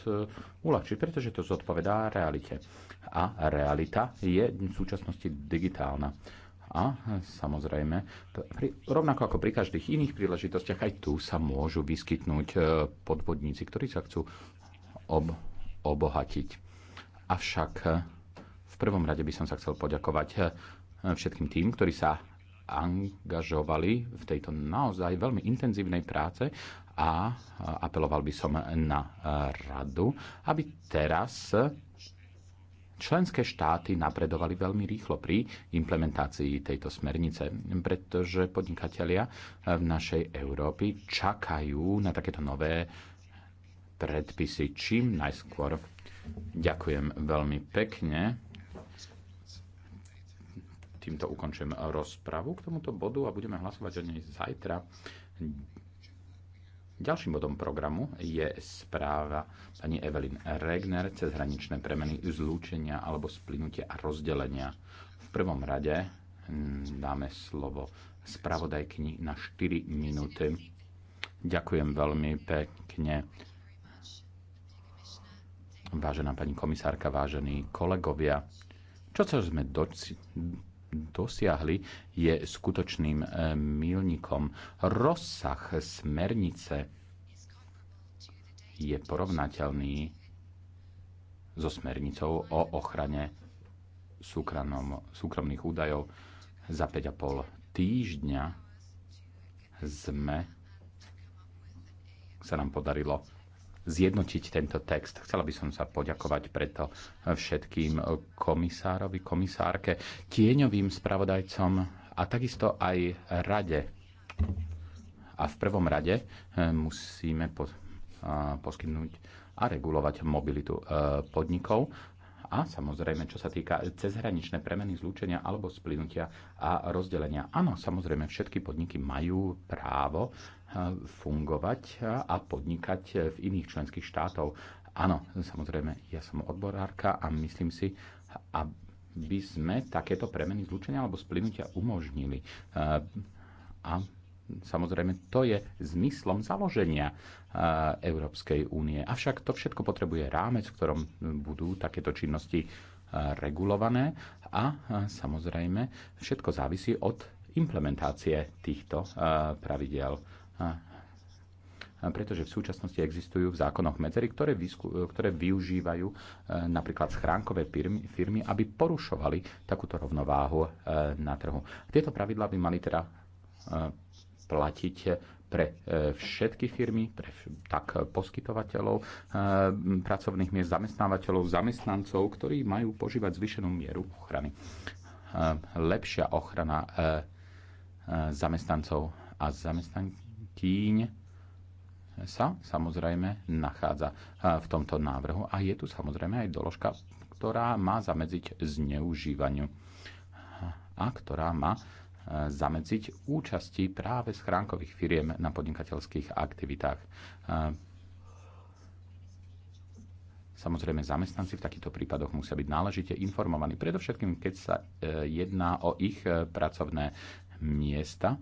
uľahčiť, pretože to zodpovedá realite a realita je v súčasnosti digitálna. A samozrejme, pri, rovnako ako pri každých iných príležitostiach, aj tu sa môžu vyskytnúť e, podvodníci, ktorí sa chcú ob, obohatiť. Avšak e, v prvom rade by som sa chcel poďakovať e, všetkým tým, ktorí sa angažovali v tejto naozaj veľmi intenzívnej práce a apeloval by som na radu, aby teraz Členské štáty napredovali veľmi rýchlo pri implementácii tejto smernice, pretože podnikatelia v našej Európy čakajú na takéto nové predpisy čím najskôr. Ďakujem veľmi pekne. Týmto ukončujem rozpravu k tomuto bodu a budeme hlasovať o nej zajtra. Ďalším bodom programu je správa pani Evelyn Regner cez hraničné premeny zlúčenia alebo splynutia a rozdelenia. V prvom rade dáme slovo spravodajkni na 4 minúty. Ďakujem veľmi pekne. Vážená pani komisárka, vážení kolegovia, čo sa sme doci- dosiahli, je skutočným e, milníkom. Rozsah smernice je porovnateľný so smernicou o ochrane súkromnom, súkromných údajov. Za 5,5 týždňa sme sa nám podarilo zjednotiť tento text. Chcela by som sa poďakovať preto všetkým komisárovi, komisárke, tieňovým spravodajcom a takisto aj rade. A v prvom rade eh, musíme po, a, eh, poskytnúť a regulovať mobilitu e, podnikov a samozrejme, čo sa týka cezhraničné premeny zlúčenia alebo splynutia a rozdelenia. Áno, samozrejme, všetky podniky majú právo fungovať a podnikať v iných členských štátov. Áno, samozrejme, ja som odborárka a myslím si, aby sme takéto premeny zlučenia alebo splynutia umožnili. Eh, a samozrejme, to je zmyslom založenia eh, Európskej únie. Avšak to všetko potrebuje rámec, v ktorom budú takéto činnosti eh, regulované a samozrejme všetko závisí od implementácie týchto pravidel pretože v súčasnosti existujú v zákonoch medzery, ktoré, vysku, ktoré využívajú e, napríklad schránkové firmy, firmy, aby porušovali takúto rovnováhu e, na trhu. Tieto pravidlá by mali teda e, platiť pre všetky firmy, pre tak poskytovateľov pracovných miest, zamestnávateľov, zamestnancov, ktorí majú požívať zvyšenú mieru ochrany. Lepšia ochrana zamestnancov a zamestnancov tíň sa samozrejme nachádza e, v tomto návrhu a je tu samozrejme aj doložka, ktorá má zamedziť zneužívaniu a ktorá má e, zamedziť účasti práve schránkových firiem na podnikateľských aktivitách. E, samozrejme, zamestnanci v takýchto prípadoch musia byť náležite informovaní, predovšetkým keď sa jedná o ich pracovné miesta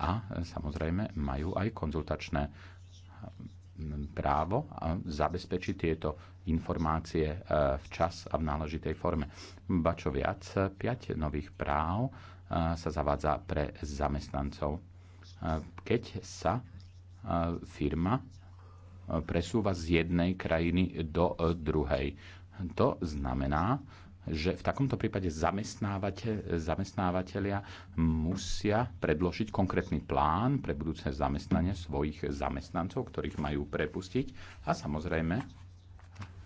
a samozrejme majú aj konzultačné právo zabezpečiť tieto informácie e, včas a v náležitej forme. Ba čo viac, 5 nových práv e, sa zavádza pre zamestnancov. E, keď sa firma presúva z jednej krajiny do druhej. To znamená, že v takomto prípade zamestnávateľ, zamestnávateľia musia predložiť konkrétny plán pre budúce zamestnanie svojich zamestnancov, ktorých majú prepustiť a samozrejme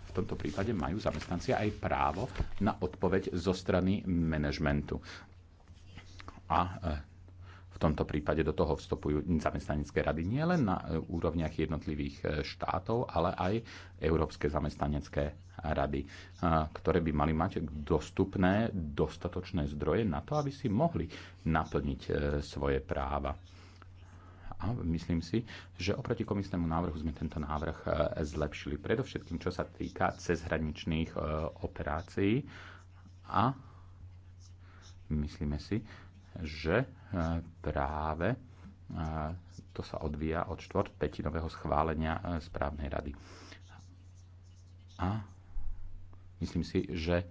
v tomto prípade majú zamestnanci aj právo na odpoveď zo strany manažmentu. A e, v tomto prípade do toho vstupujú zamestnanecké rady nielen na e, úrovniach jednotlivých e, štátov, ale aj európske zamestnanecké rady, ktoré by mali mať dostupné dostatočné zdroje na to, aby si mohli naplniť e, svoje práva. A myslím si, že oproti komisnému návrhu sme tento návrh zlepšili. Predovšetkým, čo sa týka cezhraničných operácií a myslíme si, že e, práve e, to sa odvíja od štvrtpetinového schválenia e, správnej rady. A myslím si, že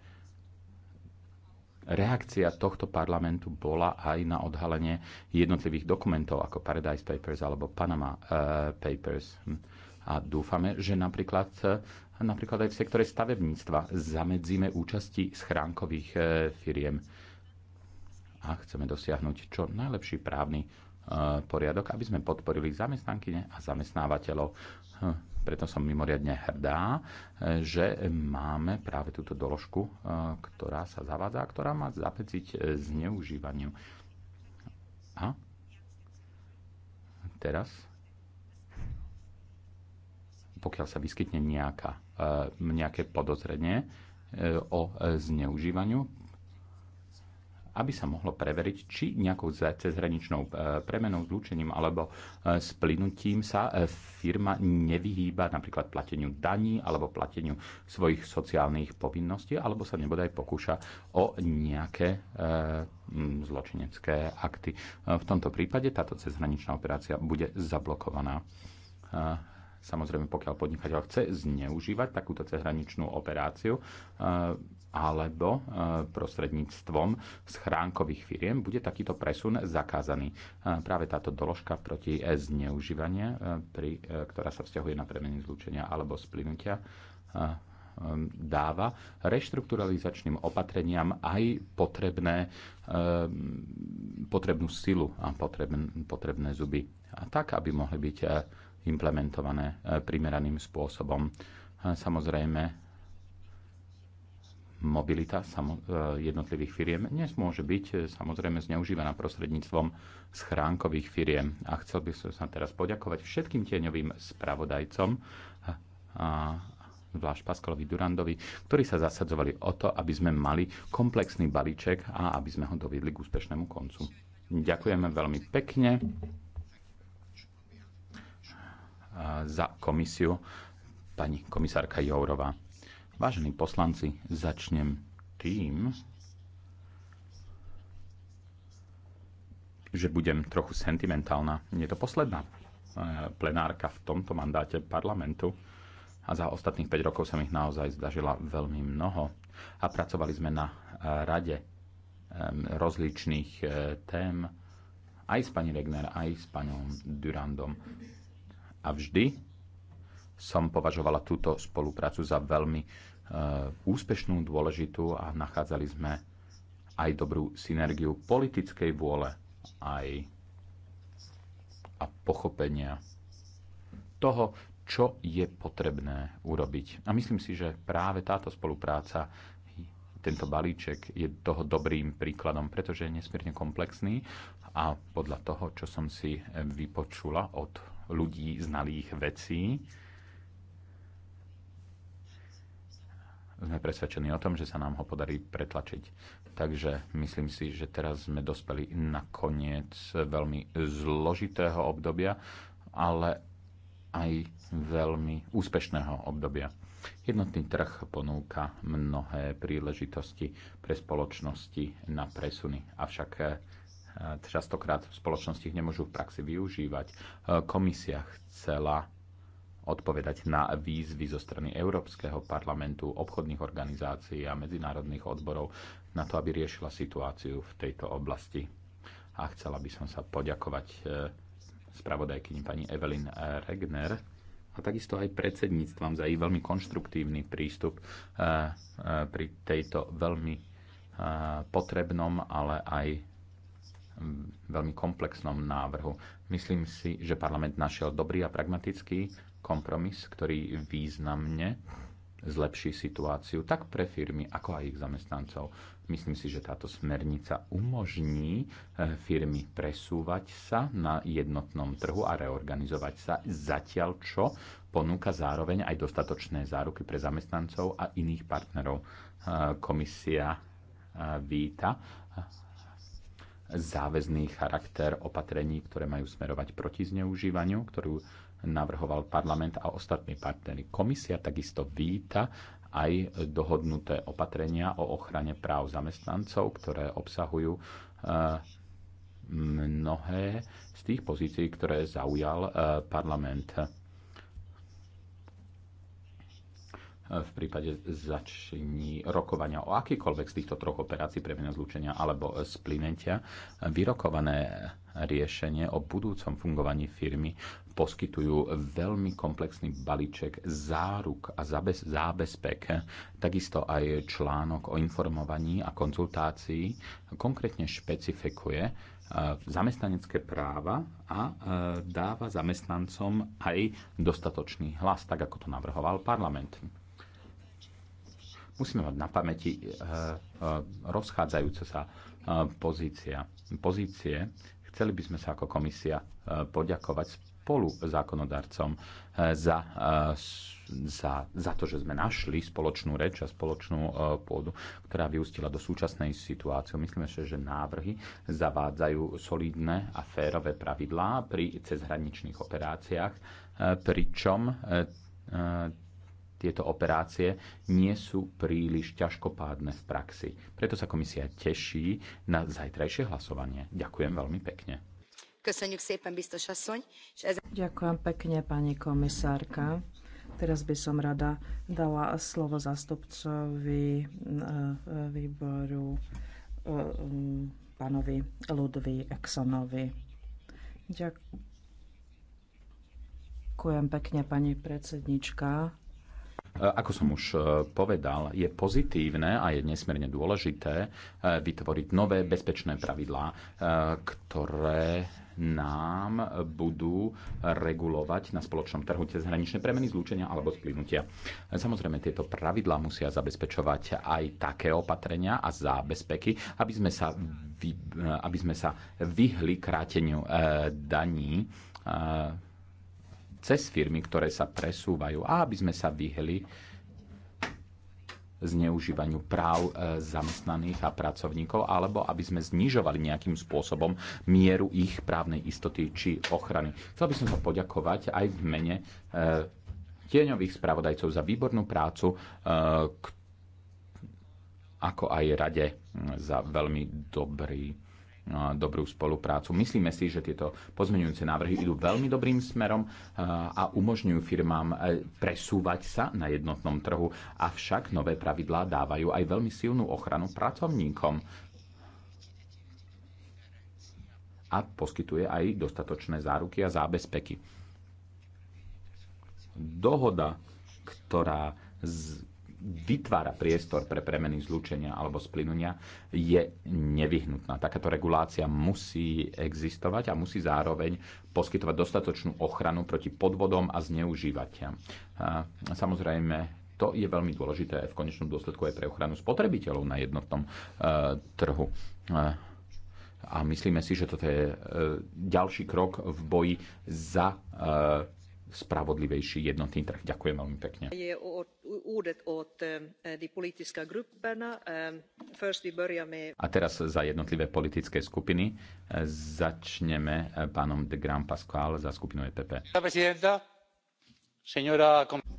reakcia tohto parlamentu bola aj na odhalenie jednotlivých dokumentov ako Paradise Papers alebo Panama Papers. A dúfame, že napríklad, napríklad aj v sektore stavebníctva zamedzíme účasti schránkových firiem a chceme dosiahnuť čo najlepší právny e, poriadok, aby sme podporili zamestnankyne a zamestnávateľov. Hm, preto som mimoriadne hrdá, e, že máme práve túto doložku, e, ktorá sa zavádza a ktorá má zapeciť zneužívaniu. A teraz, pokiaľ sa vyskytne nejaká, nejaké podozrenie o zneužívaniu, aby sa mohlo preveriť, či nejakou cezhraničnou e, premenou, zlúčením alebo e, splynutím sa e, firma nevyhýba napríklad plateniu daní alebo plateniu svojich sociálnych povinností, alebo sa nebodaj pokúša o nejaké zločinecké akty. V tomto prípade táto cezhraničná operácia bude zablokovaná samozrejme pokiaľ podnikateľ chce zneužívať takúto cezhraničnú operáciu, alebo e, prostredníctvom schránkových firiem bude takýto presun zakázaný. E, práve táto doložka proti zneužívania, e, pri, ktorá sa vzťahuje na premeny zlúčenia alebo splynutia, dáva reštrukturalizačným opatreniam aj potrebné, potrebnú silu a potrebné, potrebné zuby. A tak, aby mohli byť implementované primeraným spôsobom. Samozrejme, mobilita e, jednotlivých firiem dnes môže byť e, samozrejme zneužívaná prostredníctvom schránkových firiem. A chcel by som sa teraz poďakovať všetkým tieňovým spravodajcom, a zvlášť Paskalovi Durandovi, ktorí sa zasadzovali o to, aby sme mali komplexný balíček a aby sme ho doviedli k úspešnému koncu. Ďakujeme veľmi pekne za komisiu pani komisárka Jourová. Vážení poslanci, začnem tým, že budem trochu sentimentálna. Je to posledná eh, plenárka v tomto mandáte parlamentu a za ostatných 5 rokov som ich naozaj zdažila veľmi mnoho a pracovali sme na eh, rade rozličných eh, tém aj s pani Regner, aj s paniom Durandom. A vždy som považovala túto spoluprácu za veľmi e, úspešnú, dôležitú a nachádzali sme aj dobrú synergiu politickej vôle aj a pochopenia toho, čo je potrebné urobiť. A myslím si, že práve táto spolupráca, tento balíček je toho dobrým príkladom, pretože je nesmierne komplexný a podľa toho, čo som si vypočula od ľudí znalých vecí, sme presvedčení o tom, že sa nám ho podarí pretlačiť. Takže myslím si, že teraz sme dospeli na koniec veľmi zložitého obdobia, ale aj veľmi úspešného obdobia. Jednotný trh ponúka mnohé príležitosti pre spoločnosti na presuny, avšak eh, častokrát spoločnosti ich nemôžu v praxi využívať. Eh, komisia chcela odpovedať na výzvy zo strany Európskeho parlamentu, obchodných organizácií a medzinárodných odborov na to, aby riešila situáciu v tejto oblasti. A chcela by som sa poďakovať e, spravodajkyni pani Evelyn Regner a takisto aj predsedníctvam za jej veľmi konštruktívny prístup e, e, pri tejto veľmi potrebnom, ale aj veľmi komplexnom návrhu. Myslím si, že parlament našiel dobrý a pragmatický kompromis, ktorý významne zlepší situáciu tak pre firmy, ako aj ich zamestnancov. Myslím si, že táto smernica umožní e, firmy presúvať sa na jednotnom trhu a reorganizovať sa, zatiaľ čo ponúka zároveň aj dostatočné záruky pre zamestnancov a iných partnerov. E, komisia e, víta záväzný charakter opatrení, ktoré majú smerovať proti zneužívaniu, ktorú navrhoval parlament a ostatní partnery. Komisia takisto víta aj dohodnuté opatrenia o ochrane práv zamestnancov, ktoré obsahujú eh, mnohé z tých pozícií, ktoré zaujal eh, parlament v prípade začení rokovania o akýkoľvek z týchto troch operácií premena zlúčenia alebo splinentia vyrokované riešenie o budúcom fungovaní firmy poskytujú veľmi komplexný balíček záruk a zabez, zábezpek, takisto aj článok o informovaní a konzultácii konkrétne špecifikuje eh, zamestnanecké práva a eh, dáva zamestnancom aj dostatočný hlas, tak ako to navrhoval parlament. Musíme mať na pamäti e, e, rozchádzajúce sa e, pozícia. pozície. Chceli by sme sa ako komisia poďakovať spolu zákonodarcom za, za, za to, že sme našli spoločnú reč a spoločnú pôdu, ktorá vyústila do súčasnej situácie. Myslíme si, že návrhy zavádzajú solidné a férové pravidlá pri cezhraničných operáciách, pričom tieto operácie nie sú príliš ťažkopádne v praxi. Preto sa komisia teší na zajtrajšie hlasovanie. Ďakujem veľmi pekne. Ďakujem pekne, pani komisárka. Teraz by som rada dala slovo zastupcovi eh, výboru eh, pánovi Ludvi Exonovi. Ďakujem pekne, pani predsednička. E, ako som už e, povedal, je pozitívne a je nesmierne dôležité e, vytvoriť nové bezpečné pravidlá, ktoré nám budú regulovať na spoločnom trhu cez hraničné premeny, zlúčenia alebo splynutia. Samozrejme, tieto pravidlá musia zabezpečovať aj také opatrenia a zábezpeky, aby sme sa, vy, aby sme sa vyhli kráteniu e, daní e, cez firmy, ktoré sa presúvajú a aby sme sa vyhli zneužívaniu práv e, zamestnaných a pracovníkov, alebo aby sme znižovali nejakým spôsobom mieru ich právnej istoty či ochrany. Chcel by som sa poďakovať aj v mene e, tieňových spravodajcov za výbornú prácu, e, ako aj rade za veľmi dobrý dobrú spoluprácu. Myslíme si, že tieto pozmeňujúce návrhy idú veľmi dobrým smerom a umožňujú firmám e, presúvať sa na jednotnom trhu, avšak nové pravidlá dávajú aj veľmi silnú ochranu pracovníkom a poskytuje aj dostatočné záruky a zábezpeky. Dohoda, ktorá z vytvára priestor pre premeny zlúčenia alebo splynutia, je nevyhnutná. Takáto regulácia musí existovať a musí zároveň poskytovať dostatočnú ochranu proti podvodom a zneužívateľom. Samozrejme, to je veľmi dôležité v konečnom dôsledku aj pre ochranu spotrebiteľov na jednotnom e, trhu. E, a myslíme si, že toto je e, ďalší krok v boji za spravodlivejší jednotný trh. Ďakujem veľmi pekne. Eh, no, eh, a teraz za jednotlivé politické skupiny eh, začneme pánom de Grand Pascal za skupinu EPP.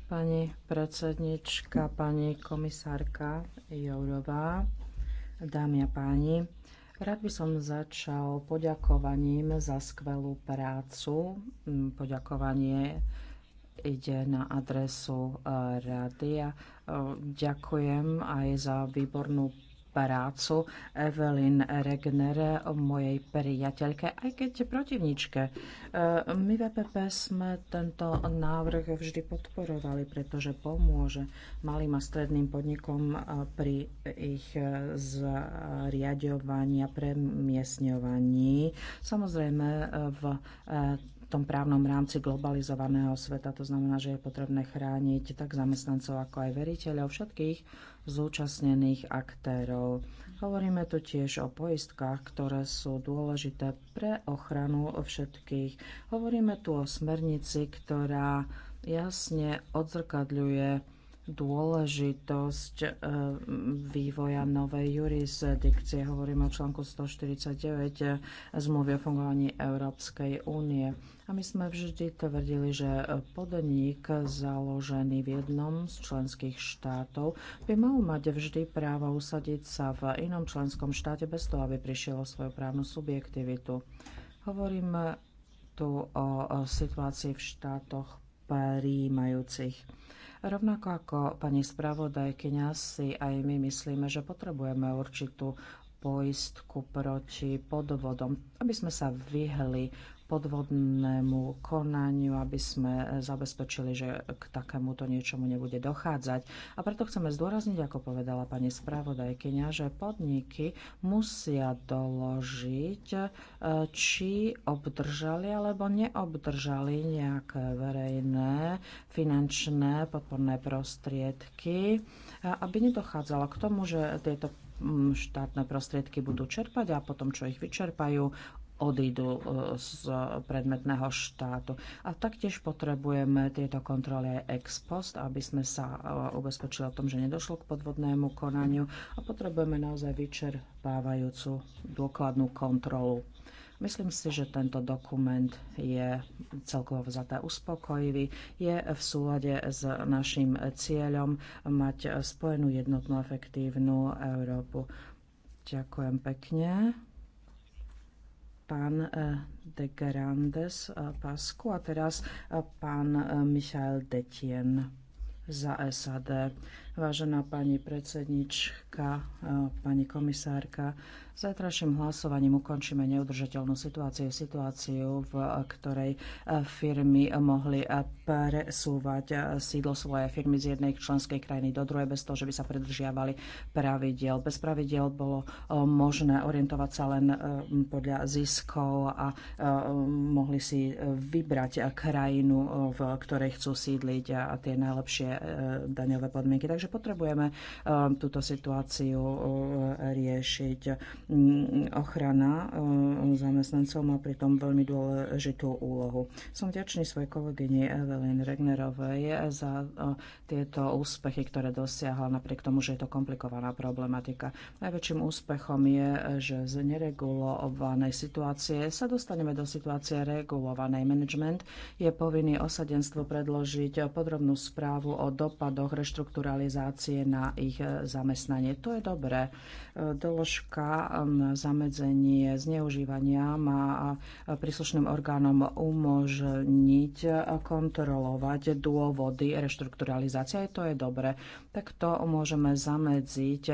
Pani predsednička, pani komisárka Jourová, dámy a páni, Rád by som začal poďakovaním za skvelú prácu. Mm, poďakovanie ide na adresu eh, rádia. Eh, ďakujem aj za výbornú prácu Evelyn Regner, mojej priateľke, aj keď protivničke. E, my v EPP sme tento návrh vždy podporovali, pretože pomôže malým a stredným podnikom e, pri ich e, zriadovaní a premiesňovaní. Samozrejme v v tom právnom rámci globalizovaného sveta. To znamená, že je potrebné chrániť tak zamestnancov, ako aj veriteľov, všetkých zúčastnených aktérov. Hovoríme tu tiež o poistkách, ktoré sú dôležité pre ochranu všetkých. Hovoríme tu o smernici, ktorá jasne odzrkadľuje dôležitosť eh, vývoja novej jurisdikcie. Hovoríme o článku 149 eh, zmluvy o fungovaní Európskej únie. A my sme vždy tvrdili, že podnik založený v jednom z členských štátov by mal mať vždy právo usadiť sa v inom členskom štáte bez toho, aby prišiel o svoju právnu subjektivitu. Hovoríme tu o situácii v štátoch príjmajúcich. Rovnako ako pani spravodajkyňa si aj my myslíme, že potrebujeme určitú poistku proti podvodom, aby sme sa vyhli podvodnému konaniu, aby sme e, zabezpečili, že k takémuto niečomu nebude dochádzať. A preto chceme zdôrazniť, ako povedala pani spravodajkyňa, že podniky musia doložiť, e, či obdržali alebo neobdržali nejaké verejné finančné podporné prostriedky, aby nedochádzalo k tomu, že tieto štátne prostriedky budú čerpať a potom, čo ich vyčerpajú, odídu e, z predmetného štátu. A taktiež potrebujeme tieto kontroly aj ex post, aby sme sa e, ubezpečili o tom, že nedošlo k podvodnému konaniu a potrebujeme naozaj vyčerpávajúcu dôkladnú kontrolu. Myslím si, že tento dokument je celkovo vzaté uspokojivý, je v súlade s našim cieľom mať spojenú jednotnú efektívnu Európu. Ďakujem pekne pán eh, de Grandes eh, Pasku a teraz eh, pán Michael Detien za SAD. Vážená pani predsednička, e, pani komisárka, Zajtrajším hlasovaním ukončíme neudržateľnú situáciu, situáciu, v ktorej e, firmy mohli e, presúvať sídlo svoje firmy z jednej členskej krajiny do druhej bez toho, že by sa predržiavali pravidiel. Bez pravidiel bolo možné orientovať sa len podľa ziskov a mohli si vybrať krajinu, v ktorej chcú sídliť a tie najlepšie daňové podmienky. Takže že potrebujeme um, túto situáciu uh, riešiť. Mm, ochrana um, zamestnancov má pritom veľmi dôležitú úlohu. Som vďačný svojej kolegyni Evelyn Regnerovej za uh, tieto úspechy, ktoré dosiahla napriek tomu, že je to komplikovaná problematika. Najväčším úspechom je, že z neregulovanej situácie sa dostaneme do situácie regulovanej. Management je povinný osadenstvo predložiť podrobnú správu o dopadoch reštrukturalizácie kompenzácie na ich eh, zamestnanie. To je dobré. Eh, doložka mm, zamedzenie zneužívania má eh, príslušným orgánom umožniť kontrolovať dôvody reštrukturalizácie. To je dobré. Takto môžeme zamedziť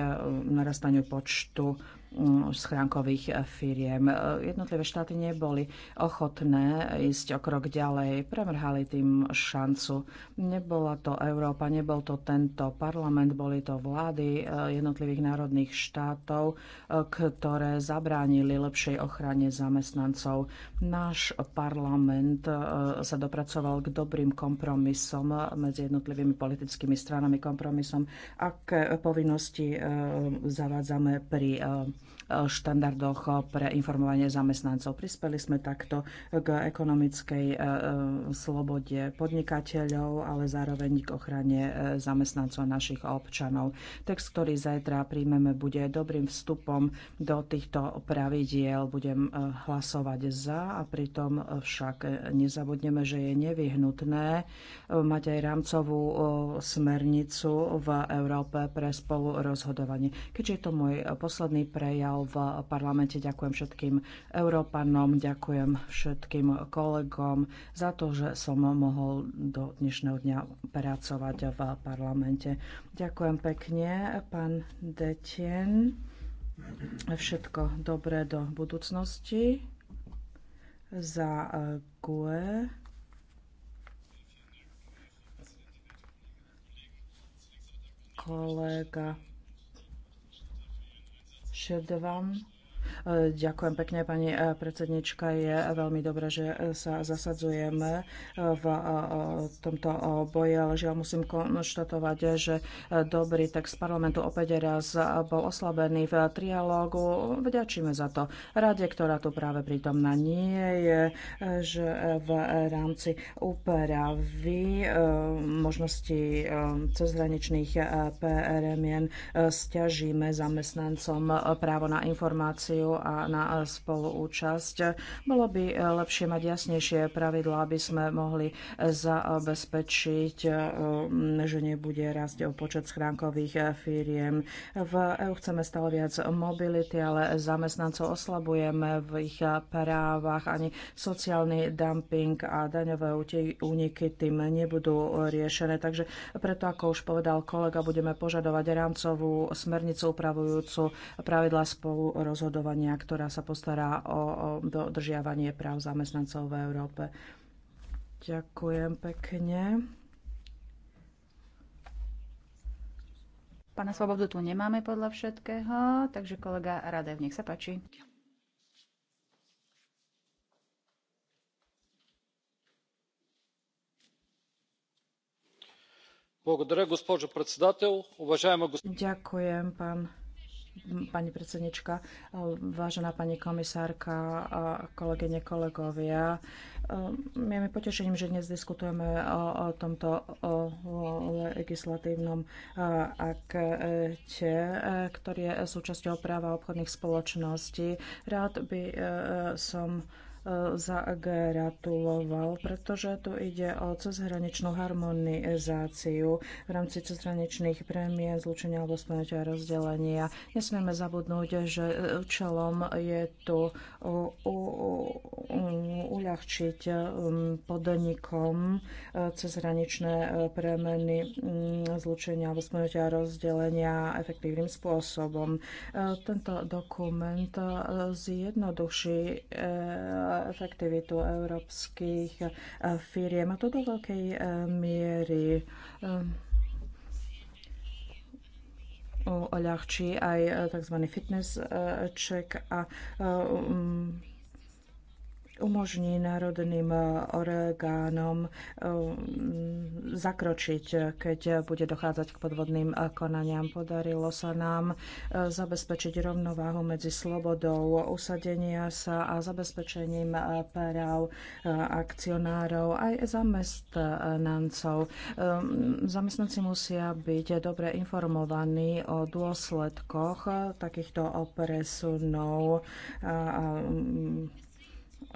narastaniu počtu Mm, schránkových eh, firiem. Eh, jednotlivé štáty neboli ochotné ísť o krok ďalej, premrhali tým šancu. Nebola to Európa, nebol to tento parlament, boli to vlády eh, jednotlivých národných štátov, ktoré zabránili lepšej ochrane zamestnancov. Náš parlament sa dopracoval k dobrým kompromisom medzi jednotlivými politickými stranami, kompromisom, aké povinnosti zavádzame pri štandardoch pre informovanie zamestnancov. Prispeli sme takto k ekonomickej e, e, slobode podnikateľov, ale zároveň k ochrane e, zamestnancov našich občanov. Text, ktorý zajtra príjmeme, bude dobrým vstupom do týchto pravidiel. Budem hlasovať za a pritom však nezabudneme, že je nevyhnutné mať aj rámcovú smernicu v Európe pre spolurozhodovanie. Keďže je to môj posledný prejav, v parlamente. Ďakujem všetkým Európanom, ďakujem všetkým kolegom za to, že som mohol do dnešného dňa pracovať v parlamente. Ďakujem pekne, pán Detien. Všetko dobré do budúcnosti za eh, GUE. kolega Šerdovan E, ďakujem pekne, pani e, predsednička. Je veľmi dobré, že e, sa zasadzujeme v tomto boji, ale žiaľ musím konštatovať, že dobrý text parlamentu opäť raz bol oslabený v trialógu. Vďačíme za to rade, ktorá tu práve prítomná nie je, že v rámci úpravy možnosti cezhraničných PRMien stiažíme zamestnancom právo na informáciu diskusiu a na spoluúčasť. Bolo by eh, lepšie mať jasnejšie pravidlá, aby sme mohli zabezpečiť, eh, že nebude rásť počet schránkových eh, firiem. V EU chceme stále viac mobility, ale zamestnancov oslabujeme v ich právach. Ani sociálny dumping a daňové úniky tým nebudú riešené. Takže preto, ako už povedal kolega, budeme požadovať rámcovú smernicu upravujúcu pravidla spolu rozhodovať vzdelávania, ktorá sa postará o, o dodržiavanie práv zamestnancov v Európe. Ďakujem pekne. Pána Svobodu tu nemáme podľa všetkého, takže kolega Radev, nech sa páči. Ďakujem, pán pani predsednička, vážená pani komisárka, kolegyne, kolegovia. Je mi potešením, že dnes diskutujeme o, o tomto o, legislatívnom akte, ktorý je súčasťou práva obchodných spoločností. Rád by e, som E, zagratuloval, pretože tu ide o cezhraničnú harmonizáciu v rámci cezhraničných premien, zlučenia alebo spomenutia rozdelenia. Nesmieme zabudnúť, že účelom je tu uľahčiť podnikom e, cezhraničné e, premeny zlučenia alebo spomenutia rozdelenia efektívnym spôsobom. Tento dokument zjednoduší efektivitu európskych eh, firiem. A to do veľkej eh, miery uľahčí eh, aj tzv. fitness check a um, umožní národným orgánom eh, zakročiť, keď bude dochádzať k podvodným konaniam. Podarilo sa nám eh, zabezpečiť rovnováhu medzi slobodou usadenia sa a zabezpečením eh, práv akcionárov aj zamestnancov. Zamestnanci musia byť dobre informovaní o dôsledkoch takýchto presunov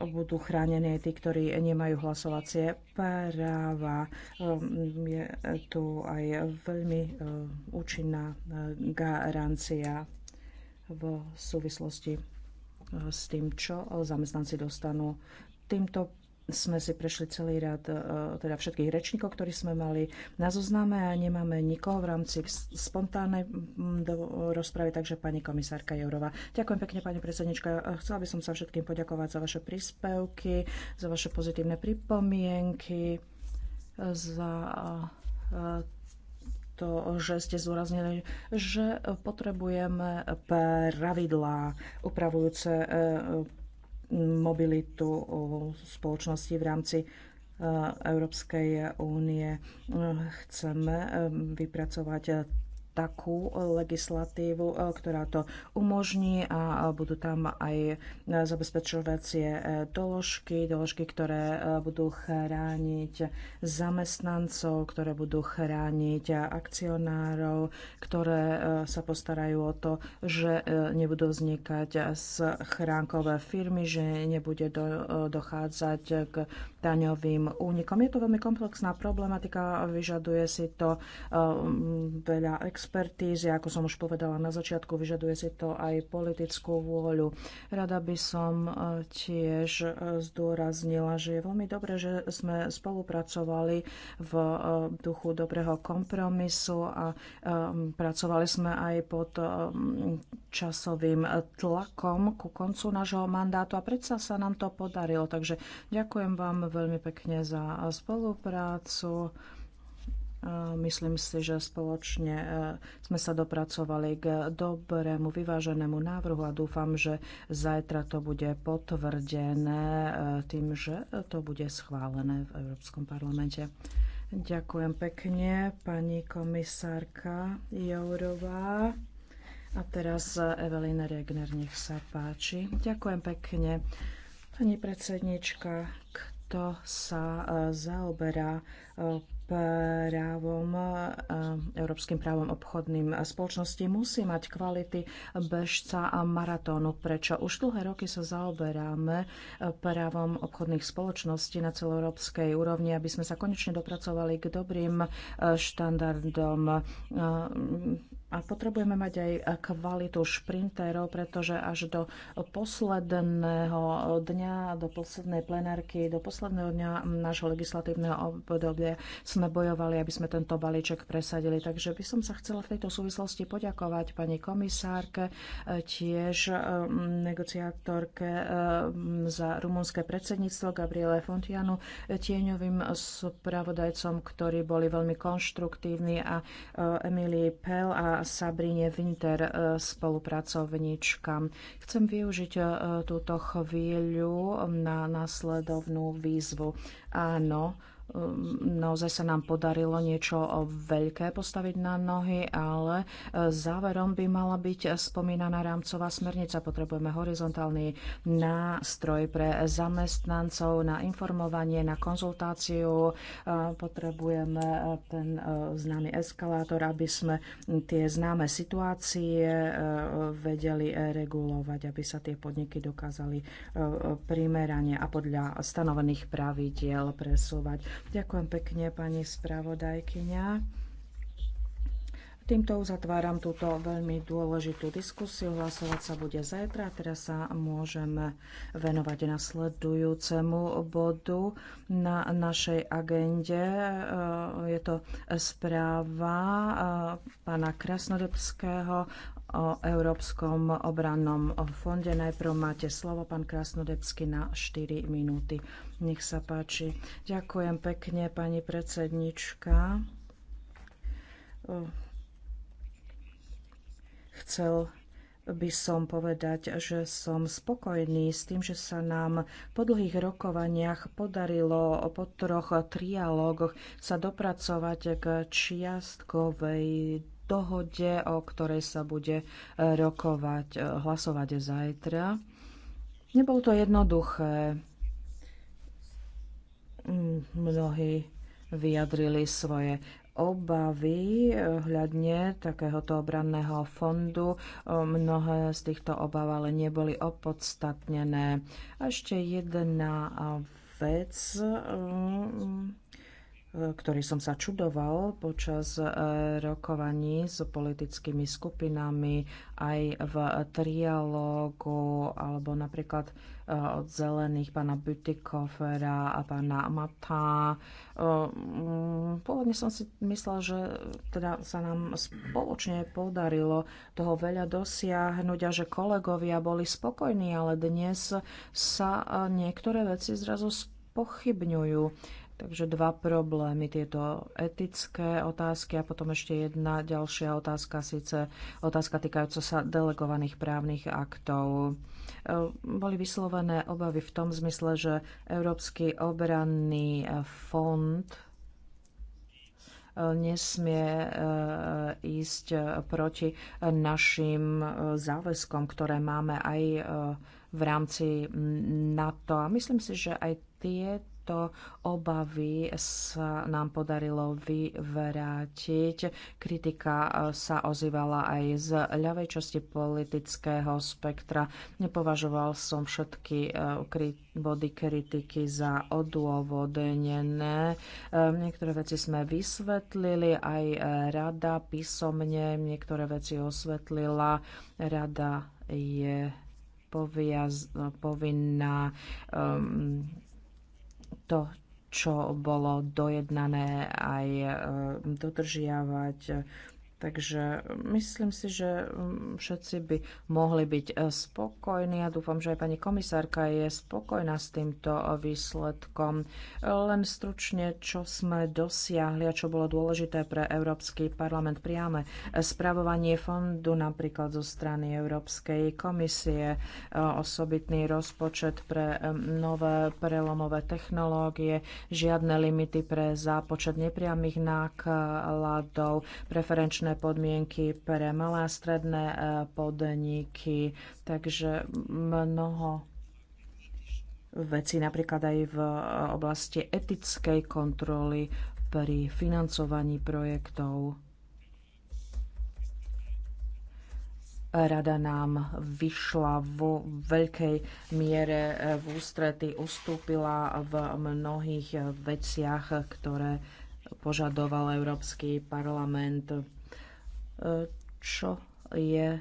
budú chránení tí, ktorí nemajú hlasovacie práva. Ehm, je tu aj veľmi ehm, účinná e, garancia v súvislosti e, s tým, čo zamestnanci dostanú. Týmto sme si prešli celý rad, e, teda všetkých rečníkov, ktorí sme mali na zozname a nemáme nikoho v rámci spontánnej rozpravy, takže pani komisárka Jourova. Ďakujem pekne, pani predsednička. E, chcela by som sa všetkým poďakovať za vaše príspevky, za vaše pozitívne pripomienky, e, za to, že ste zúraznili, že potrebujeme pravidlá upravujúce mobilitu spoločnosti v rámci e, Európskej únie. Chceme e, vypracovať e, takú e, legislatívu, e, ktorá to umožní a budú tam aj e, zabezpečovacie doložky, doložky, ktoré budú chrániť zamestnancov, ktoré budú chrániť akcionárov, ktoré sa postarajú o to, že nebudú vznikať schránkové firmy, že nebude dochádzať k daňovým únikom. Je to veľmi komplexná problematika, vyžaduje si to eh, veľa expertízy, ako som už povedala na začiatku, vyžaduje si to aj politickú vôľu. Rada by som eh, tiež eh, zdôraznila, že je veľmi dobré, že sme spolupracovali v duchu dobrého kompromisu a pracovali sme aj pod časovým tlakom ku koncu nášho mandátu a predsa sa nám to podarilo. Takže ďakujem vám veľmi pekne za spoluprácu. Myslím si, že spoločne e, sme sa dopracovali k dobrému, vyváženému návrhu a dúfam, že zajtra to bude potvrdené e, tým, že to bude schválené v Európskom parlamente. Ďakujem pekne, pani komisárka Jourová. A teraz e, Evelina Regner, nech sa páči. Ďakujem pekne. Pani predsednička, to sa e, zaoberá e, právom, e, európskym právom obchodným spoločnosti musí mať kvality bežca a maratónu. Prečo? Už dlhé roky sa zaoberáme právom obchodných spoločností na celoeurópskej úrovni, aby sme sa konečne dopracovali k dobrým štandardom a potrebujeme mať aj kvalitu šprinterov, pretože až do posledného dňa, do poslednej plenárky, do posledného dňa nášho legislatívneho obdobia sme bojovali, aby sme tento balíček presadili. Takže by som sa chcela v tejto súvislosti poďakovať pani komisárke, tiež mm, negociátorke mm, za rumunské predsedníctvo Gabriele Fontianu, tieňovým spravodajcom, ktorí boli veľmi konštruktívni a e, Emilii Pell a Sabrine Winter, e, spolupracovnička. Chcem využiť e, túto chvíľu na nasledovnú výzvu. Áno, Ehm, naozaj sa nám podarilo niečo eh, veľké postaviť na nohy, ale eh, záverom by mala byť spomínaná rámcová smernica. Potrebujeme horizontálny nástroj pre zamestnancov na informovanie, na konzultáciu. Eh, potrebujeme ten známy eskalátor, aby sme tie známe situácie vedeli regulovať, aby sa tie podniky dokázali primerane a podľa stanovených pravidiel presúvať. Ďakujem pekne, pani spravodajkyňa. Týmto uzatváram túto veľmi dôležitú diskusiu. Hlasovať sa bude zajtra. Teraz sa môžeme venovať nasledujúcemu bodu na našej agende. E, je to správa e, pána Krasnodebského o Európskom obrannom fonde. Najprv máte slovo, pán Krasnodebský, na 4 minúty. Nech sa páči. Ďakujem pekne, pani predsednička. Chcel by som povedať, že som spokojný s tým, že sa nám po dlhých rokovaniach podarilo po troch trialógoch sa dopracovať k čiastkovej dohode, o ktorej sa bude e, rokovať, e, hlasovať zajtra. Nebolo to jednoduché. Mnohí vyjadrili svoje obavy hľadne takéhoto obranného fondu. Mnohé z týchto obav ale neboli opodstatnené. Ešte jedna vec ktorý som sa čudoval počas e, rokovaní s politickými skupinami aj v trialógu alebo napríklad e, od zelených pána Butikofera a pána Mata. E, pôvodne som si myslela, že teda sa nám spoločne podarilo toho veľa dosiahnuť a že kolegovia boli spokojní, ale dnes sa niektoré veci zrazu pochybňujú. Takže dva problémy, tieto etické otázky a potom ešte jedna ďalšia otázka, síce otázka týkajúca sa delegovaných právnych aktov. E, boli vyslovené obavy v tom zmysle, že Európsky obranný e, fond e, nesmie ísť proti našim záväzkom, ktoré máme aj v rámci NATO. A myslím si, že aj tieto tieto obavy sa nám podarilo vyvrátiť. Kritika e, sa ozývala aj z ľavej časti politického spektra. Nepovažoval som všetky e, body kritiky za odôvodnené. E, niektoré veci sme vysvetlili, aj rada písomne niektoré veci osvetlila. Rada je povinná um, to, čo bolo dojednané, aj e, dodržiavať Takže mm, myslím si, že mm, všetci by mohli byť e, spokojní. Ja dúfam, že aj pani komisárka je spokojná s týmto e, výsledkom. E, len stručne, čo sme dosiahli a čo bolo dôležité pre Európsky parlament priame. Spravovanie fondu napríklad zo strany Európskej komisie, osobitný rozpočet pre nové prelomové technológie, žiadne limity pre zápočet nepriamých nákladov, preferenčné rovnačné podmienky pre malé a stredné e, podniky, takže mnoho veci, napríklad aj v e, oblasti etickej kontroly pri financovaní projektov. Rada nám vyšla vo veľkej miere e, v ústrety, ustúpila v mnohých veciach, ktoré požadoval Európsky parlament čo je e,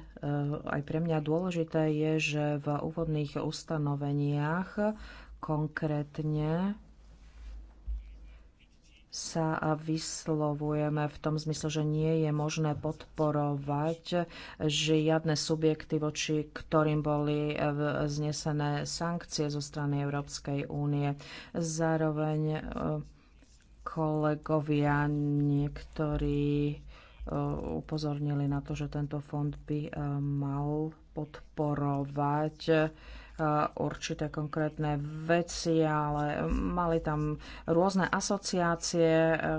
aj pre mňa dôležité, je, že v úvodných ustanoveniach konkrétne sa vyslovujeme v tom zmysle, že nie je možné podporovať žiadne subjekty, voči ktorým boli e, znesené sankcie zo strany Európskej únie. Zároveň e, kolegovia niektorí Eh, upozornili na to, že tento fond by eh, mal podporovať eh, určité konkrétne veci, ale mali tam rôzne asociácie,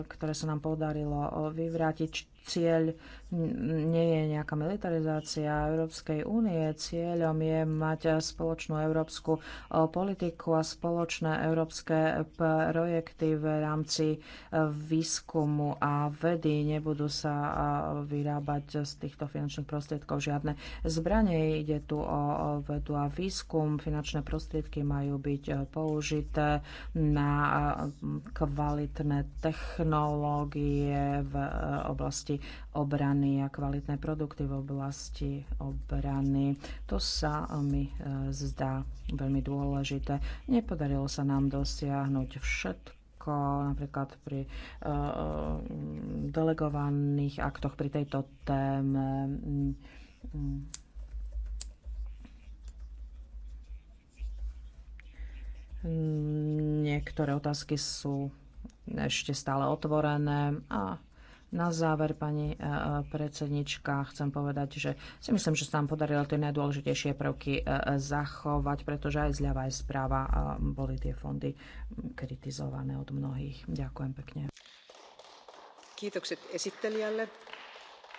ktoré sa nám podarilo vyvrátiť. Cieľ nie je nejaká militarizácia Európskej únie. Cieľom je mať spoločnú európsku eh, politiku a spoločné európske projekty v rámci eh, výskumu a vedy. Nebudú sa eh, vyrábať z týchto finančných prostriedkov žiadne zbranie. Ide tu o vedu a výskum. Finančné prostriedky majú byť použité na kvalitné technológie v oblasti obrany a kvalitné produkty v oblasti obrany. To sa mi e, zdá veľmi dôležité. Nepodarilo sa nám dosiahnuť všetko napríklad pri uh, delegovaných aktoch pri tejto téme. Niektoré otázky sú ešte stále otvorené a na záver, pani e, e, predsednička, chcem povedať, že si myslím, že sa nám podarilo tie najdôležitejšie prvky e, zachovať, pretože aj zľava, aj správa boli tie fondy kritizované od mnohých. Ďakujem pekne.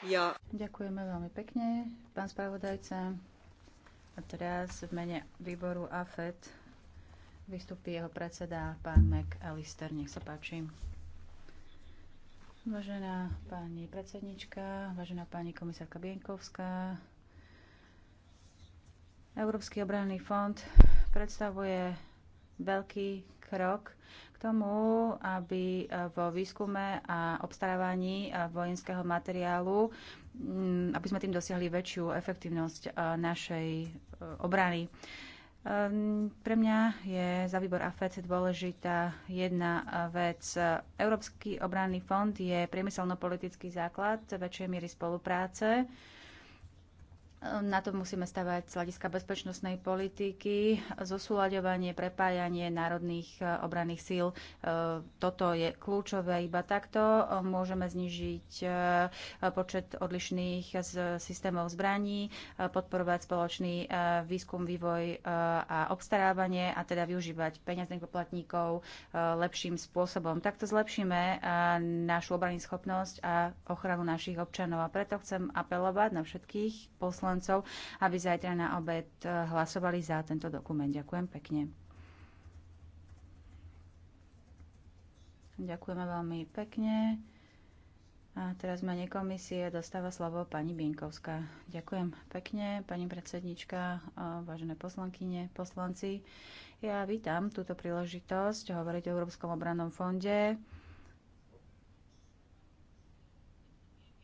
Ja... Ďakujeme veľmi pekne, pán spravodajca. A teraz v mene výboru AFET vystupí jeho predseda, pán Mac Alistair. Nech sa páči. Vážená pani predsednička, vážená pani komisárka Bienkovská, Európsky obranný fond predstavuje veľký krok k tomu, aby vo výskume a obstarávaní vojenského materiálu, mm, aby sme tým dosiahli väčšiu efektívnosť eh, našej eh, obrany. Ehm, pre mňa je za výbor AFEC dôležitá jedna eh, vec. Európsky obranný fond je priemyselno-politický základ väčšej miery spolupráce Ehm, na to musíme stavať z hľadiska bezpečnostnej politiky, zosúľaďovanie, prepájanie národných e, obranných síl. E, toto je kľúčové. Iba takto e, môžeme znižiť počet odlišných systémov zbraní, podporovať spoločný výskum, vývoj a obstarávanie a teda využívať peňazných poplatníkov lepším spôsobom. Takto zlepšíme našu obranný schopnosť a ochranu našich občanov. A preto chcem apelovať na všetkých poslancov, poslancov, aby zajtra na obed eh, hlasovali za tento dokument. Ďakujem pekne. Ďakujeme veľmi pekne. A teraz menej komisie dostáva slovo pani Bienkovská. Ďakujem pekne, pani predsednička, eh, vážené poslankyne, poslanci. Ja vítam túto príležitosť hovoriť o Európskom obrannom fonde.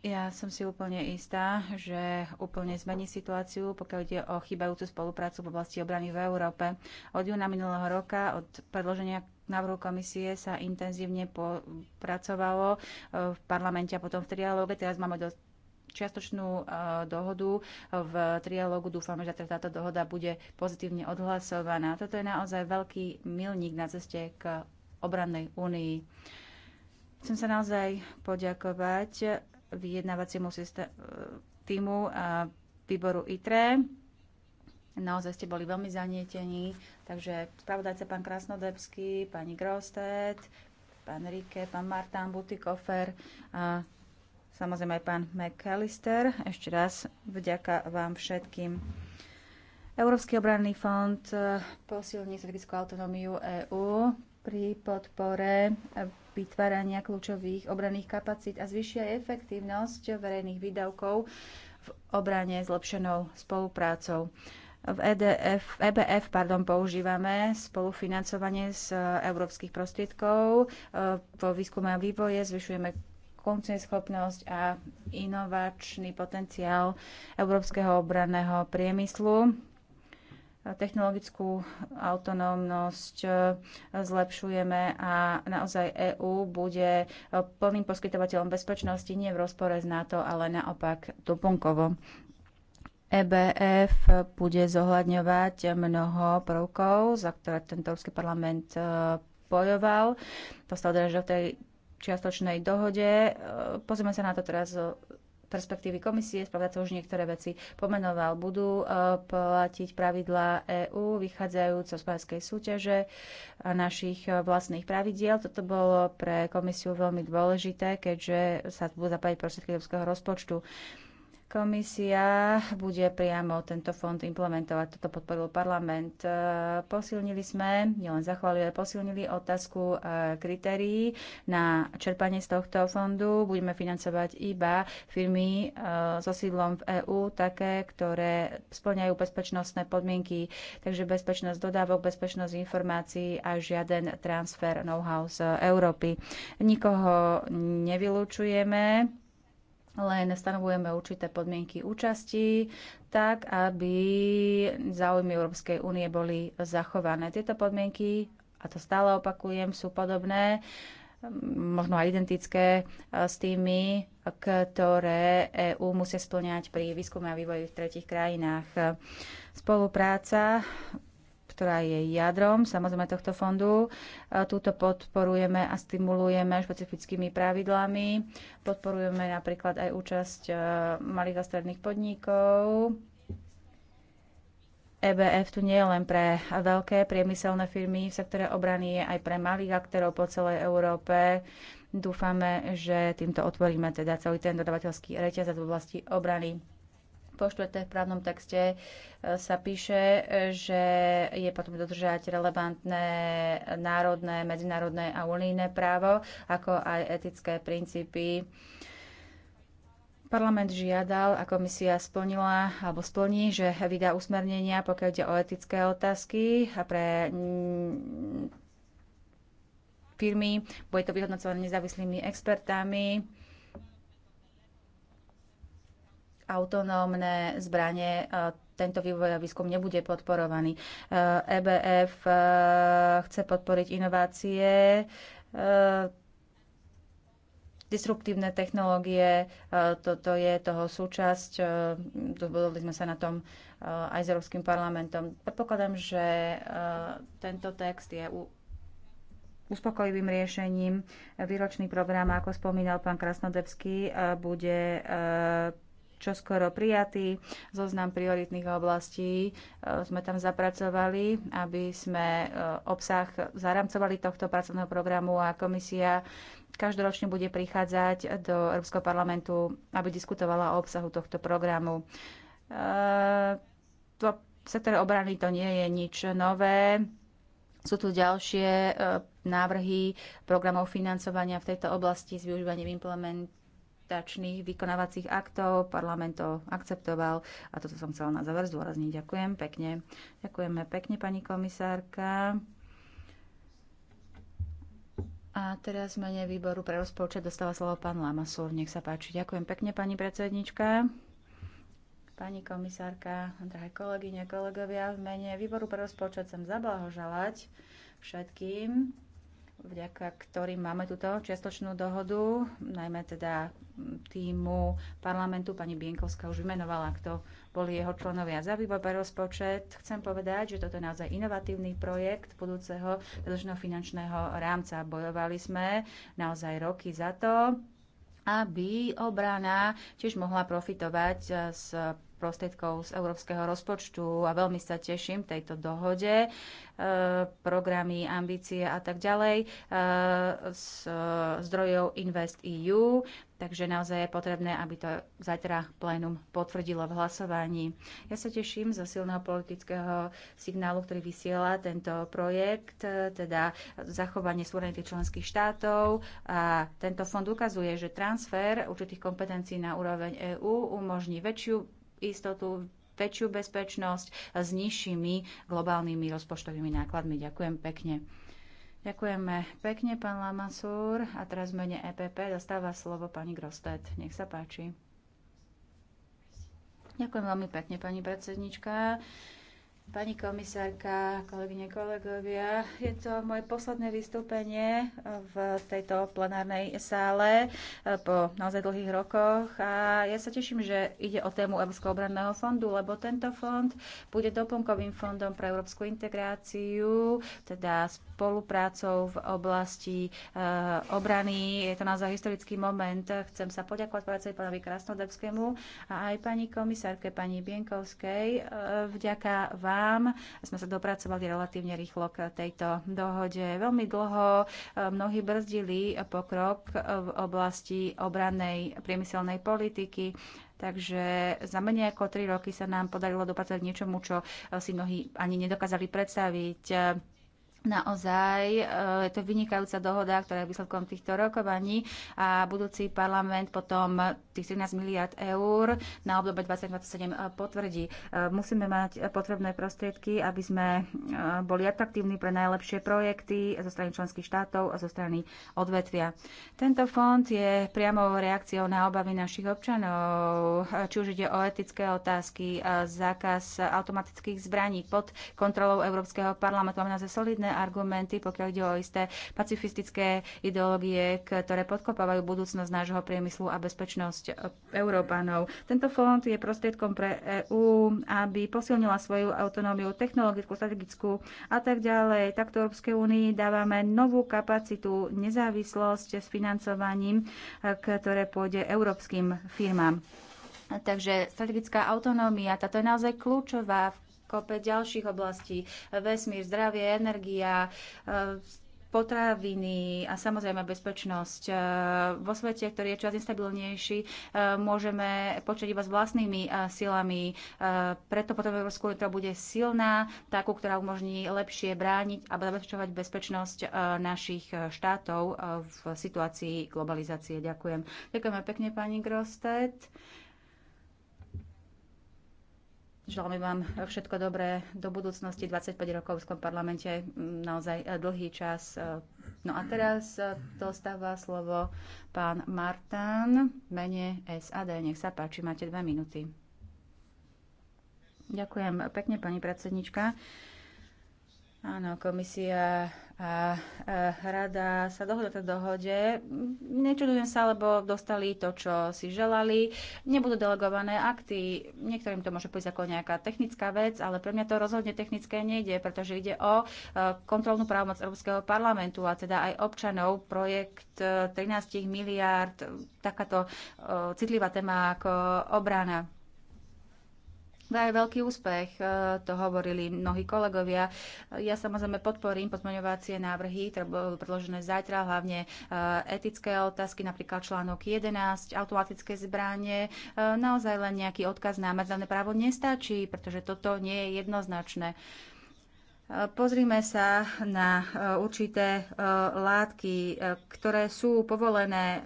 Ja som si úplne istá, že úplne zmení situáciu, pokiaľ ide o chýbajúcu spoluprácu v oblasti obrany v Európe. Od júna minulého roka, od predloženia návrhu komisie sa intenzívne pracovalo e, v parlamente a potom v trialóge. Teraz máme dosť čiastočnú e, dohodu v trialógu. Dúfame, že teda táto dohoda bude pozitívne odhlasovaná. Toto je naozaj veľký milník na ceste k obrannej únii. Chcem sa naozaj poďakovať vyjednávaciemu týmu a výboru ITRE. Naozaj ste boli veľmi zanietení, takže spravodajca pán Krasnodebský, pani Grostet, pán Rike, pán Martán Butikofer a samozrejme aj pán McAllister. Ešte raz vďaka vám všetkým. Európsky obranný fond e, posilní strategickú autonómiu EÚ pri podpore vytvárania kľúčových obranných kapacít a zvyšia efektívnosť verejných výdavkov v obrane zlepšenou spoluprácou. V EDF, EBF pardon, používame spolufinancovanie z európskych prostriedkov. vo výskume a vývoje zvyšujeme konkurencieschopnosť a inovačný potenciál európskeho obranného priemyslu technologickú autonómnosť e, zlepšujeme a naozaj EÚ bude e, plným poskytovateľom bezpečnosti nie v rozpore s NATO, ale naopak doplnkovo. EBF bude zohľadňovať mnoho prvkov, za ktoré tento Európsky parlament e, bojoval. To sa odráža v tej čiastočnej dohode. Pozrieme sa na to teraz perspektívy komisie, spravda to už niektoré veci pomenoval, budú e, platiť pravidlá EÚ vychádzajúc z páskej súťaže a našich e, vlastných pravidiel. Toto bolo pre komisiu veľmi dôležité, keďže sa budú zapájať prostriedky európskeho rozpočtu. Komisia bude priamo tento fond implementovať. Toto podporil parlament. E, posilnili sme, nielen zachválili, posilnili otázku e, kritérií na čerpanie z tohto fondu. Budeme financovať iba firmy e, so sídlom v EÚ, také, ktoré splňajú bezpečnostné podmienky, takže bezpečnosť dodávok, bezpečnosť informácií a žiaden transfer know-how z Európy. Nikoho nevylučujeme len stanovujeme určité podmienky účasti, tak aby záujmy Európskej únie boli zachované. Tieto podmienky, a to stále opakujem, sú podobné, možno aj identické e, s tými, ktoré EÚ musia splňať pri výskume a vývoji v tretich krajinách. Spolupráca ktorá je jadrom samozrejme tohto fondu. Túto podporujeme a stimulujeme špecifickými pravidlami. Podporujeme napríklad aj účasť e, malých a stredných podnikov. EBF tu nie je len pre veľké priemyselné firmy v sektore obrany, je aj pre malých aktérov po celej Európe. Dúfame, že týmto otvoríme teda celý ten dodavateľský reťazec v oblasti obrany. Po štvrté, v právnom texte e, sa píše, e, že je potom dodržať relevantné národné, medzinárodné a unijné právo, ako aj etické princípy. Parlament žiadal a komisia splnila alebo splní, že vydá usmernenia, pokiaľ ide o etické otázky a pre mm, firmy. Bude to vyhodnocované nezávislými expertami autonómne zbranie, e, tento vývoj a výskum nebude podporovaný. EBF e e, chce podporiť inovácie, disruptívne technológie, toto je toho súčasť, dohodli sme sa na tom aj s Európskym parlamentom. Predpokladám, že tento text je uspokojivým riešením. Výročný program, ako spomínal pán Krasnodebský, bude čoskoro prijatý. Zoznam prioritných oblastí e, sme tam zapracovali, aby sme e, obsah zaramcovali tohto pracovného programu a komisia každoročne bude prichádzať do Európskeho parlamentu, aby diskutovala o obsahu tohto programu. E, to sektor obrany to nie je nič nové. Sú tu ďalšie návrhy programov financovania v tejto oblasti s využívaním implement implementačných vykonávacích aktov. Parlament to akceptoval a toto som chcela na záver zdôrazniť. Ďakujem pekne. Ďakujeme pekne, pani komisárka. A teraz v mene výboru pre rozpočet dostáva slovo pán Lamasov. Nech sa páči. Ďakujem pekne, pani predsednička. Pani komisárka, drahé kolegyne, kolegovia, v mene výboru pre rozpočet chcem zablahoželať všetkým vďaka ktorým máme túto čiastočnú dohodu, najmä teda týmu parlamentu. Pani Bienkovská už vymenovala, kto boli jeho členovia za výbor pre rozpočet. Chcem povedať, že toto je naozaj inovatívny projekt budúceho dlžného finančného rámca. Bojovali sme naozaj roky za to, aby obrana tiež mohla profitovať z prostriedkov z európskeho rozpočtu a veľmi sa teším tejto dohode, e, programy, ambície a tak ďalej e, z e, zdrojov Invest EU. Takže naozaj je potrebné, aby to zajtra plénum potvrdilo v hlasovaní. Ja sa teším zo silného politického signálu, ktorý vysiela tento projekt, e, teda zachovanie suverenity členských štátov. A tento fond ukazuje, že transfer určitých kompetencií na úroveň EÚ umožní väčšiu istotu, väčšiu bezpečnosť s nižšími globálnymi rozpočtovými nákladmi. Ďakujem pekne. Ďakujeme pekne, pán Lamasúr. A teraz v mene EPP dostáva slovo pani Grostet. Nech sa páči. Ďakujem veľmi pekne, pani predsednička. Pani komisárka, kolegyne, kolegovia, je to moje posledné vystúpenie v tejto plenárnej sále eh, po naozaj dlhých rokoch a ja sa teším, že ide o tému Európskeho obranného fondu, lebo tento fond bude doplnkovým fondom pre európsku integráciu, teda spoluprácou v oblasti eh, obrany. Je to naozaj historický moment. Chcem sa poďakovať poradcovi pánovi Krasnodebskému a aj pani komisárke, pani Bienkovskej. Eh, vďaka vám sme sa dopracovali relatívne rýchlo k tejto dohode. Veľmi dlho eh, mnohí brzdili pokrok v oblasti obrannej priemyselnej politiky. Takže za menej ako tri roky sa nám podarilo dopracovať niečomu, čo si mnohí ani nedokázali predstaviť Naozaj e, je to vynikajúca dohoda, ktorá je výsledkom týchto rokovaní a budúci parlament potom tých 13 miliard eur na obdobie 2027 e, potvrdí. E, musíme mať potrebné prostriedky, aby sme boli atraktívni pre najlepšie projekty zo strany členských štátov a zo strany odvetvia. Tento fond je priamou reakciou na obavy našich občanov, či už ide o etické otázky, zákaz automatických zbraní pod kontrolou Európskeho parlamentu. Máme naozaj solidné argumenty, pokiaľ ide o isté pacifistické ideológie, ktoré podkopávajú budúcnosť nášho priemyslu a bezpečnosť Európanov. Tento fond je prostriedkom pre EÚ, aby posilnila svoju autonómiu technologickú, strategickú a tak ďalej. Takto Európskej únii dávame novú kapacitu, nezávislosť s financovaním, ktoré pôjde európskym firmám. Takže strategická autonómia, táto je naozaj kľúčová v kope ďalších oblastí. Vesmír, zdravie, energia, eh, potraviny a samozrejme bezpečnosť. Eh, vo svete, ktorý je čas nestabilnejší, eh, môžeme počať iba s vlastnými silami. Preto potom Európska únia bude silná, takú, ktorá umožní lepšie brániť a zabezpečovať bezpečnosť našich štátov v situácii globalizácie. Ďakujem. Ďakujeme pekne, pani Grostet. Želáme vám všetko dobré do budúcnosti. 25 rokov v Skom parlamente naozaj eh, dlhý čas. Eh. No a teraz eh, dostáva slovo pán Martán mene SAD. Nech sa páči, máte dve minúty. Ďakujem pekne, pani predsednička. Áno, komisia a rada sa dohodla v dohode. Nečudujem sa, lebo dostali to, čo si želali. Nebudú delegované akty. Niektorým to môže pôjsť ako nejaká technická vec, ale pre mňa to rozhodne technické nejde, pretože ide o e, kontrolnú právomoc Európskeho parlamentu a teda aj občanov. Projekt 13 e, miliárd, takáto e, citlivá téma ako obrana je veľký úspech, e, to hovorili mnohí kolegovia. E, ja samozrejme podporím pozmeňovacie návrhy, ktoré budú predložené zajtra, hlavne e, etické otázky, napríklad článok 11, automatické zbranie. Naozaj len nejaký odkaz na medzinárodné právo nestačí, pretože toto nie je jednoznačné. Pozrime sa na určité látky, ktoré sú povolené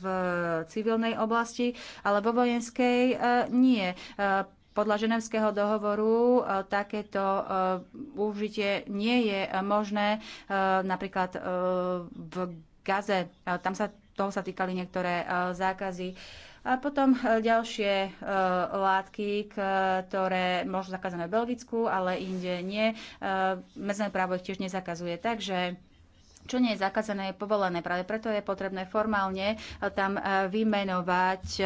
v civilnej oblasti, ale vo vojenskej nie. Podľa ženevského dohovoru e, takéto e, užitie nie je e, možné napríklad v Gaze. Tam sa, toho sa týkali niektoré zákazy. A potom ďalšie látky, ktoré možno zakázané v Belgicku, ale inde nie. Medzné právo ich tiež nezakazuje. Takže čo nie je zakázané, je povolené. Práve preto je potrebné formálne e, tam e, vymenovať e,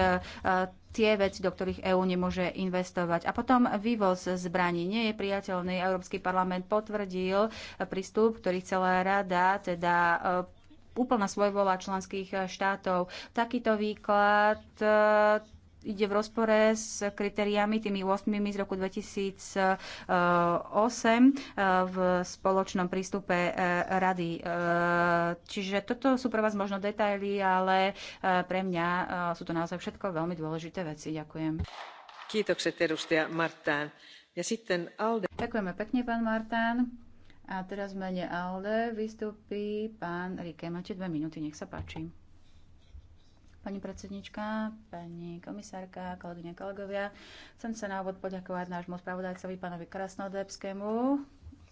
tie veci, do ktorých EÚ nemôže investovať. A potom vývoz zbraní nie je priateľný. Európsky parlament potvrdil prístup, ktorý chcela rada, teda úplná svojvola členských štátov. Takýto výklad ide v rozpore s kritériami, tými 8 z roku 2008 eh, v spoločnom prístupe eh, rady. Eh, čiže toto sú pre vás možno detaily, ale pre mňa sú to naozaj všetko veľmi dôležité veci. Ďakujem. edustaja Martán. Ja sitten Alde. Ďakujeme pekne, pán Martán. A teraz v mene Alde vystúpi pán Rike. Máte dve minúty, nech sa páči. Pani predsednička, pani komisárka, kolegyne, kolegovia, chcem sa na úvod poďakovať nášmu spravodajcovi, pánovi Krasnodebskému.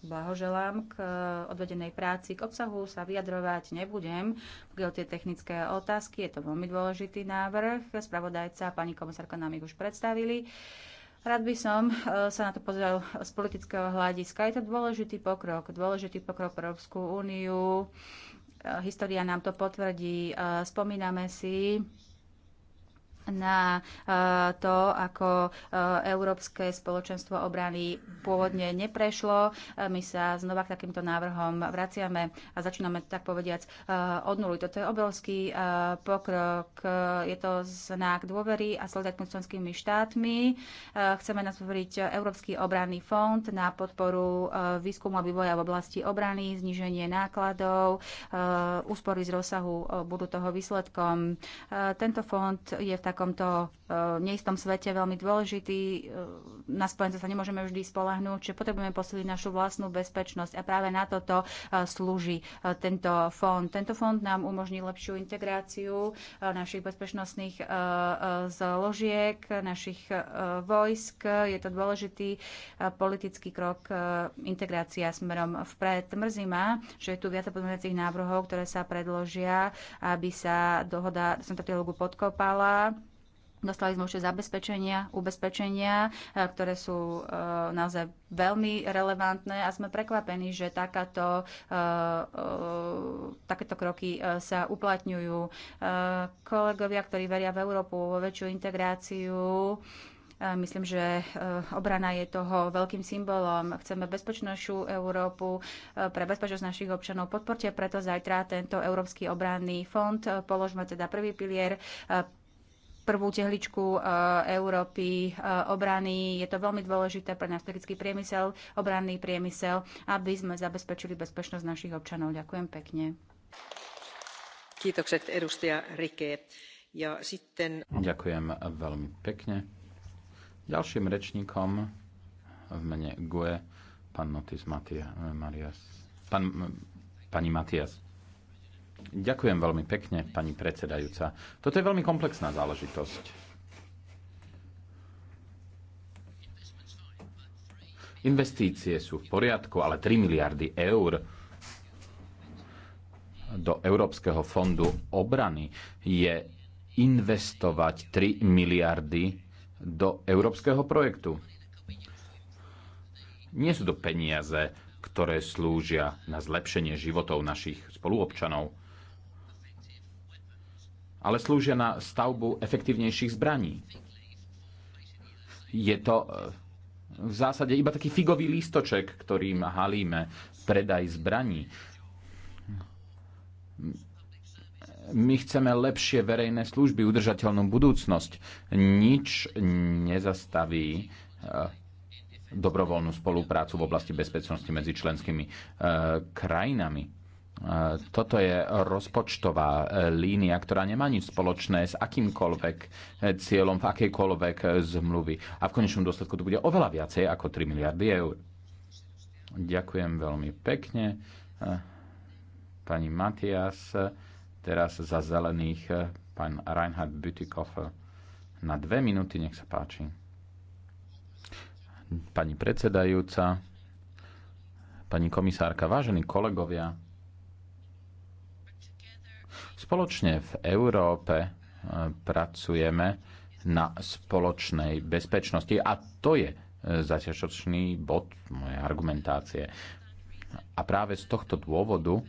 Blahoželám k eh, odvedenej práci. K obsahu sa vyjadrovať nebudem, pokiaľ tie technické otázky, je to veľmi dôležitý návrh. Spravodajca, pani komisárka nám ich už predstavili. Rád by som eh, sa na to pozrel z politického hľadiska. Je to dôležitý pokrok, dôležitý pokrok pre Európsku úniu, História nám to potvrdí. E, spomíname si, na eh, to, ako eh, Európske spoločenstvo obrany pôvodne neprešlo. Eh, my sa znova k takýmto návrhom vraciame a začíname, tak povediac, od nuly. Toto je obrovský pokrok. Je to znak dôvery a solidaritmi členskými štátmi. Chceme nasvoriť Európsky obranný fond na podporu výskumu a vývoja v oblasti obrany, zníženie nákladov, úspory z rozsahu budú toho výsledkom. Tento fond je v tak takomto e, neistom svete veľmi dôležitý. E, na spojence sa nemôžeme vždy spolahnúť, čiže potrebujeme posiliť našu vlastnú bezpečnosť a práve na toto e, slúži tento fond. Tento fond nám umožní lepšiu integráciu našich bezpečnostných zložiek, našich vojsk. Je to dôležitý politický krok integrácia smerom vpred. Mrzí ma, že je tu viac pozmeňovacích návrhov, ktoré sa predložia, aby sa dohoda som to podkopala Dostali sme určite zabezpečenia, ubezpečenia, e, ktoré sú e, naozaj veľmi relevantné a sme prekvapení, že takáto, e, takéto kroky sa uplatňujú. Kolegovia, ktorí veria v Európu, vo väčšiu integráciu, Myslím, že obrana je toho veľkým symbolom. Chceme bezpečnejšiu Európu pre bezpečnosť našich občanov. Podporte preto zajtra tento Európsky obranný fond. Položme teda prvý pilier, prvú tehličku e, Európy e, obrany. Je to veľmi dôležité pre náš strategický priemysel, obranný priemysel, aby sme zabezpečili bezpečnosť našich občanov. Ďakujem pekne. Kiitokset edustaja Rike. Ja sitten... Ďakujem veľmi pekne. Ďalším rečníkom v mene GUE pán Notis Matia, Marias, pán, pani Matias. Ďakujem veľmi pekne, pani predsedajúca. Toto je veľmi komplexná záležitosť. Investície sú v poriadku, ale 3 miliardy eur do Európskeho fondu obrany je investovať 3 miliardy do európskeho projektu. Nie sú to peniaze, ktoré slúžia na zlepšenie životov našich spoluobčanov ale slúžia na stavbu efektívnejších zbraní. Je to e, v zásade iba taký figový lístoček, ktorým halíme predaj zbraní. My chceme lepšie verejné služby, udržateľnú budúcnosť. Nič nezastaví e, dobrovoľnú spoluprácu v oblasti bezpečnosti medzi členskými e, krajinami toto je rozpočtová e, línia, ktorá nemá nič spoločné s akýmkoľvek e, cieľom v akejkoľvek e, zmluvy. A v konečnom dôsledku to bude oveľa viacej ako 3 miliardy eur. Ďakujem veľmi pekne. Pani Matias, teraz za zelených pán Reinhard Butikov, na dve minúty, nech sa páči. Pani predsedajúca, pani komisárka, vážení kolegovia, Spoločne v Európe e, pracujeme na spoločnej bezpečnosti a to je e, zaťažočný bod mojej argumentácie. A práve z tohto dôvodu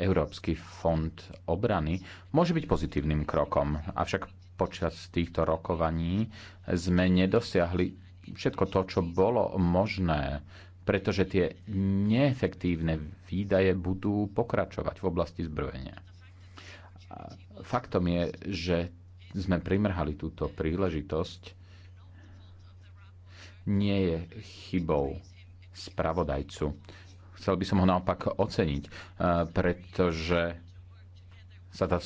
Európsky fond obrany môže byť pozitívnym krokom, avšak počas týchto rokovaní sme nedosiahli všetko to, čo bolo možné, pretože tie neefektívne výdaje budú pokračovať v oblasti zbrojenia faktom je, že sme primrhali túto príležitosť, nie je chybou spravodajcu. Chcel by som ho naopak oceniť, eh, pretože sa to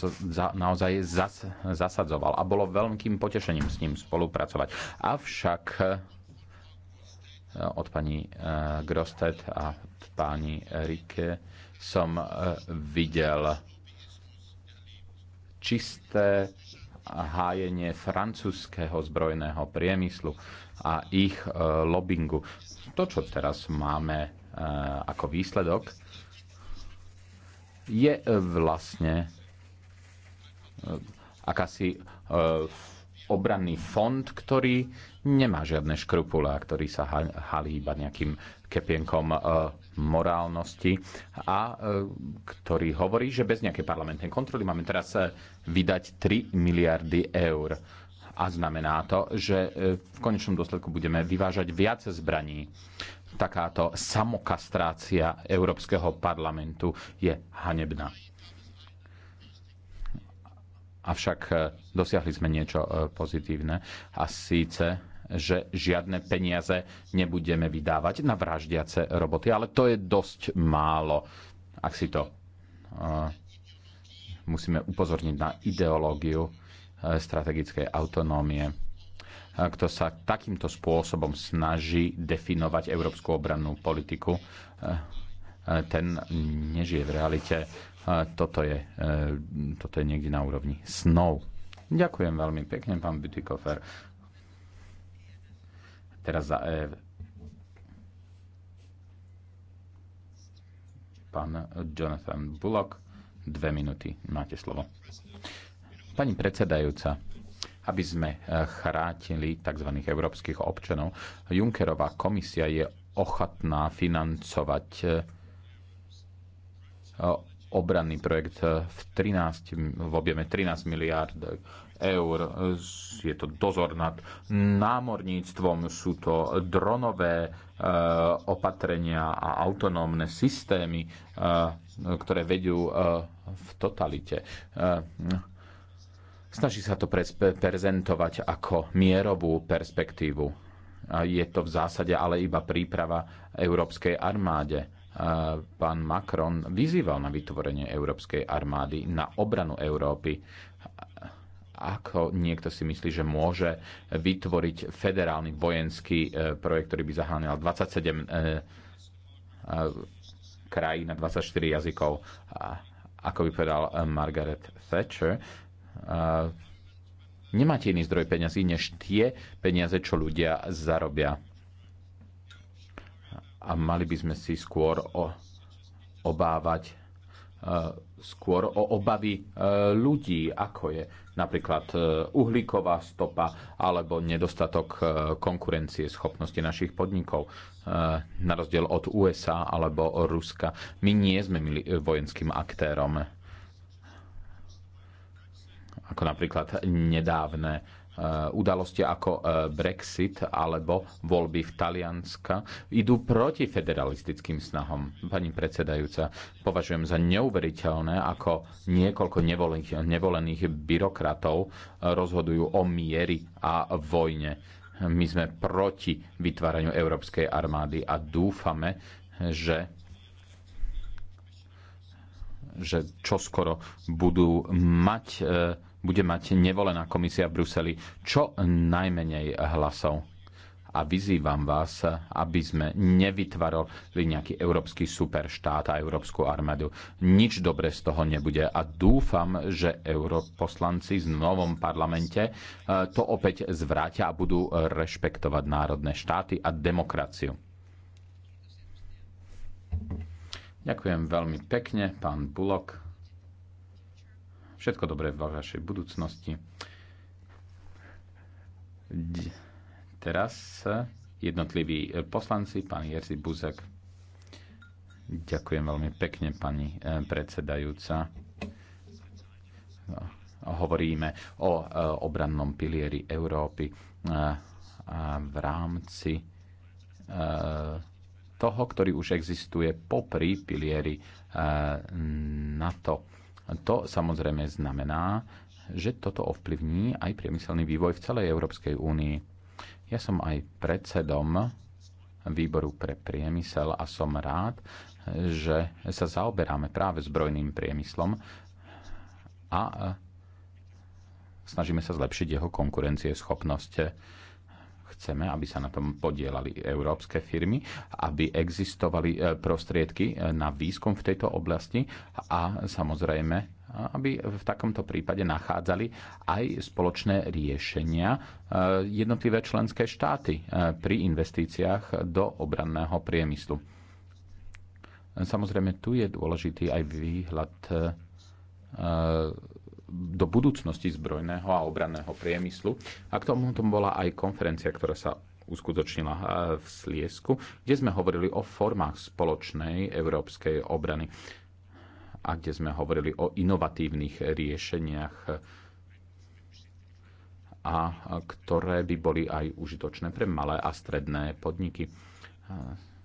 naozaj zas, zasadzoval a bolo veľkým potešením s ním spolupracovať. Avšak eh, od pani eh, Grostet a pani Rike som videl čisté hájenie francúzského zbrojného priemyslu a ich e, lobbingu. To, čo teraz máme e, ako výsledok, je e, vlastne akási obranný fond, ktorý nemá žiadne škrupule a ktorý sa halí iba nejakým kepienkom morálnosti a e, ktorý hovorí, že bez nejakej parlamentnej kontroly máme teraz e, vydať 3 miliardy eur. A znamená to, že e, v konečnom dôsledku budeme vyvážať viac zbraní. Takáto samokastrácia Európskeho parlamentu je hanebná. Avšak dosiahli sme niečo pozitívne a síce že žiadne peniaze nebudeme vydávať na vraždiace roboty, ale to je dosť málo, ak si to uh, musíme upozorniť na ideológiu uh, strategickej autonómie eh, kto sa takýmto spôsobom snaží definovať európsku obrannú politiku, ten nežije v realite. Toto je, toto je niekde na úrovni snov. Ďakujem veľmi pekne, pán Bytykofer. Teraz za EF. Pán Jonathan Bullock, dve minúty, máte slovo. Pani predsedajúca, aby sme eh, chrátili tzv. európskych občanov, Junckerová komisia je ochotná financovať eh, obranný projekt v, 13, v objeme 13 miliárd eur. Je to dozor nad námorníctvom, sú to dronové e, opatrenia a autonómne systémy, e, ktoré vedú e, v totalite. Snaží sa to prezentovať ako mierovú perspektívu. Je to v zásade ale iba príprava európskej armáde. Pán Macron vyzýval na vytvorenie európskej armády, na obranu Európy ako niekto si myslí, že môže vytvoriť federálny vojenský e, projekt, ktorý by zahánil 27 e, e, krajín na 24 jazykov. Ako by povedal Margaret Thatcher, nemáte iný zdroj peňazí, než tie peniaze, čo ľudia zarobia. A mali by sme si skôr o, obávať skôr o obavy ľudí, ako je napríklad e, uhlíková stopa alebo nedostatok e, konkurencie schopnosti našich podnikov e, na rozdiel od USA alebo Ruska. My nie sme vojenským aktérom. Ako napríklad nedávne Eh, udalosti ako eh, Brexit alebo voľby v Talianska idú proti federalistickým snahom. Pani predsedajúca, považujem za neuveriteľné, ako niekoľko nevolených, nevolených byrokratov eh, rozhodujú o miery a vojne. My sme proti vytváraniu Európskej armády a dúfame, že že čoskoro budú mať e, bude mať nevolená komisia v Bruseli čo najmenej hlasov. A vyzývam vás, aby sme nevytvarali nejaký európsky superštát a európsku armádu. Nič dobre z toho nebude. A dúfam, že europoslanci v novom parlamente eh, to opäť zvrátia a budú rešpektovať národné štáty a demokraciu. Ďakujem veľmi pekne, pán Bulok všetko dobré v vašej budúcnosti. Teraz jednotliví poslanci, pán Jerzy Buzek. Ďakujem veľmi pekne, pani eh, predsedajúca. Hovoríme o eh, obrannom pilieri Európy eh, v rámci toho, ktorý už existuje popri pilieri NATO to samozrejme znamená, že toto ovplyvní aj priemyselný vývoj v celej Európskej únii. Ja som aj predsedom výboru pre priemysel a som rád, že sa zaoberáme práve zbrojným priemyslom a e, snažíme sa zlepšiť jeho konkurencie schopnosti. Chceme, aby sa na tom podielali európske firmy, aby existovali e, prostriedky e, na výskum v tejto oblasti a samozrejme aby v takomto prípade nachádzali aj spoločné riešenia e, jednotlivé členské štáty pri investíciách do obranného priemyslu. Samozrejme, tu je dôležitý aj výhľad do budúcnosti zbrojného a obranného priemyslu. A k tomu tom bola aj konferencia, ktorá sa uskutočnila e, v Sliesku, kde sme hovorili o formách spoločnej európskej obrany a kde sme hovorili o inovatívnych riešeniach, a ktoré by boli aj užitočné pre malé a stredné podniky. E,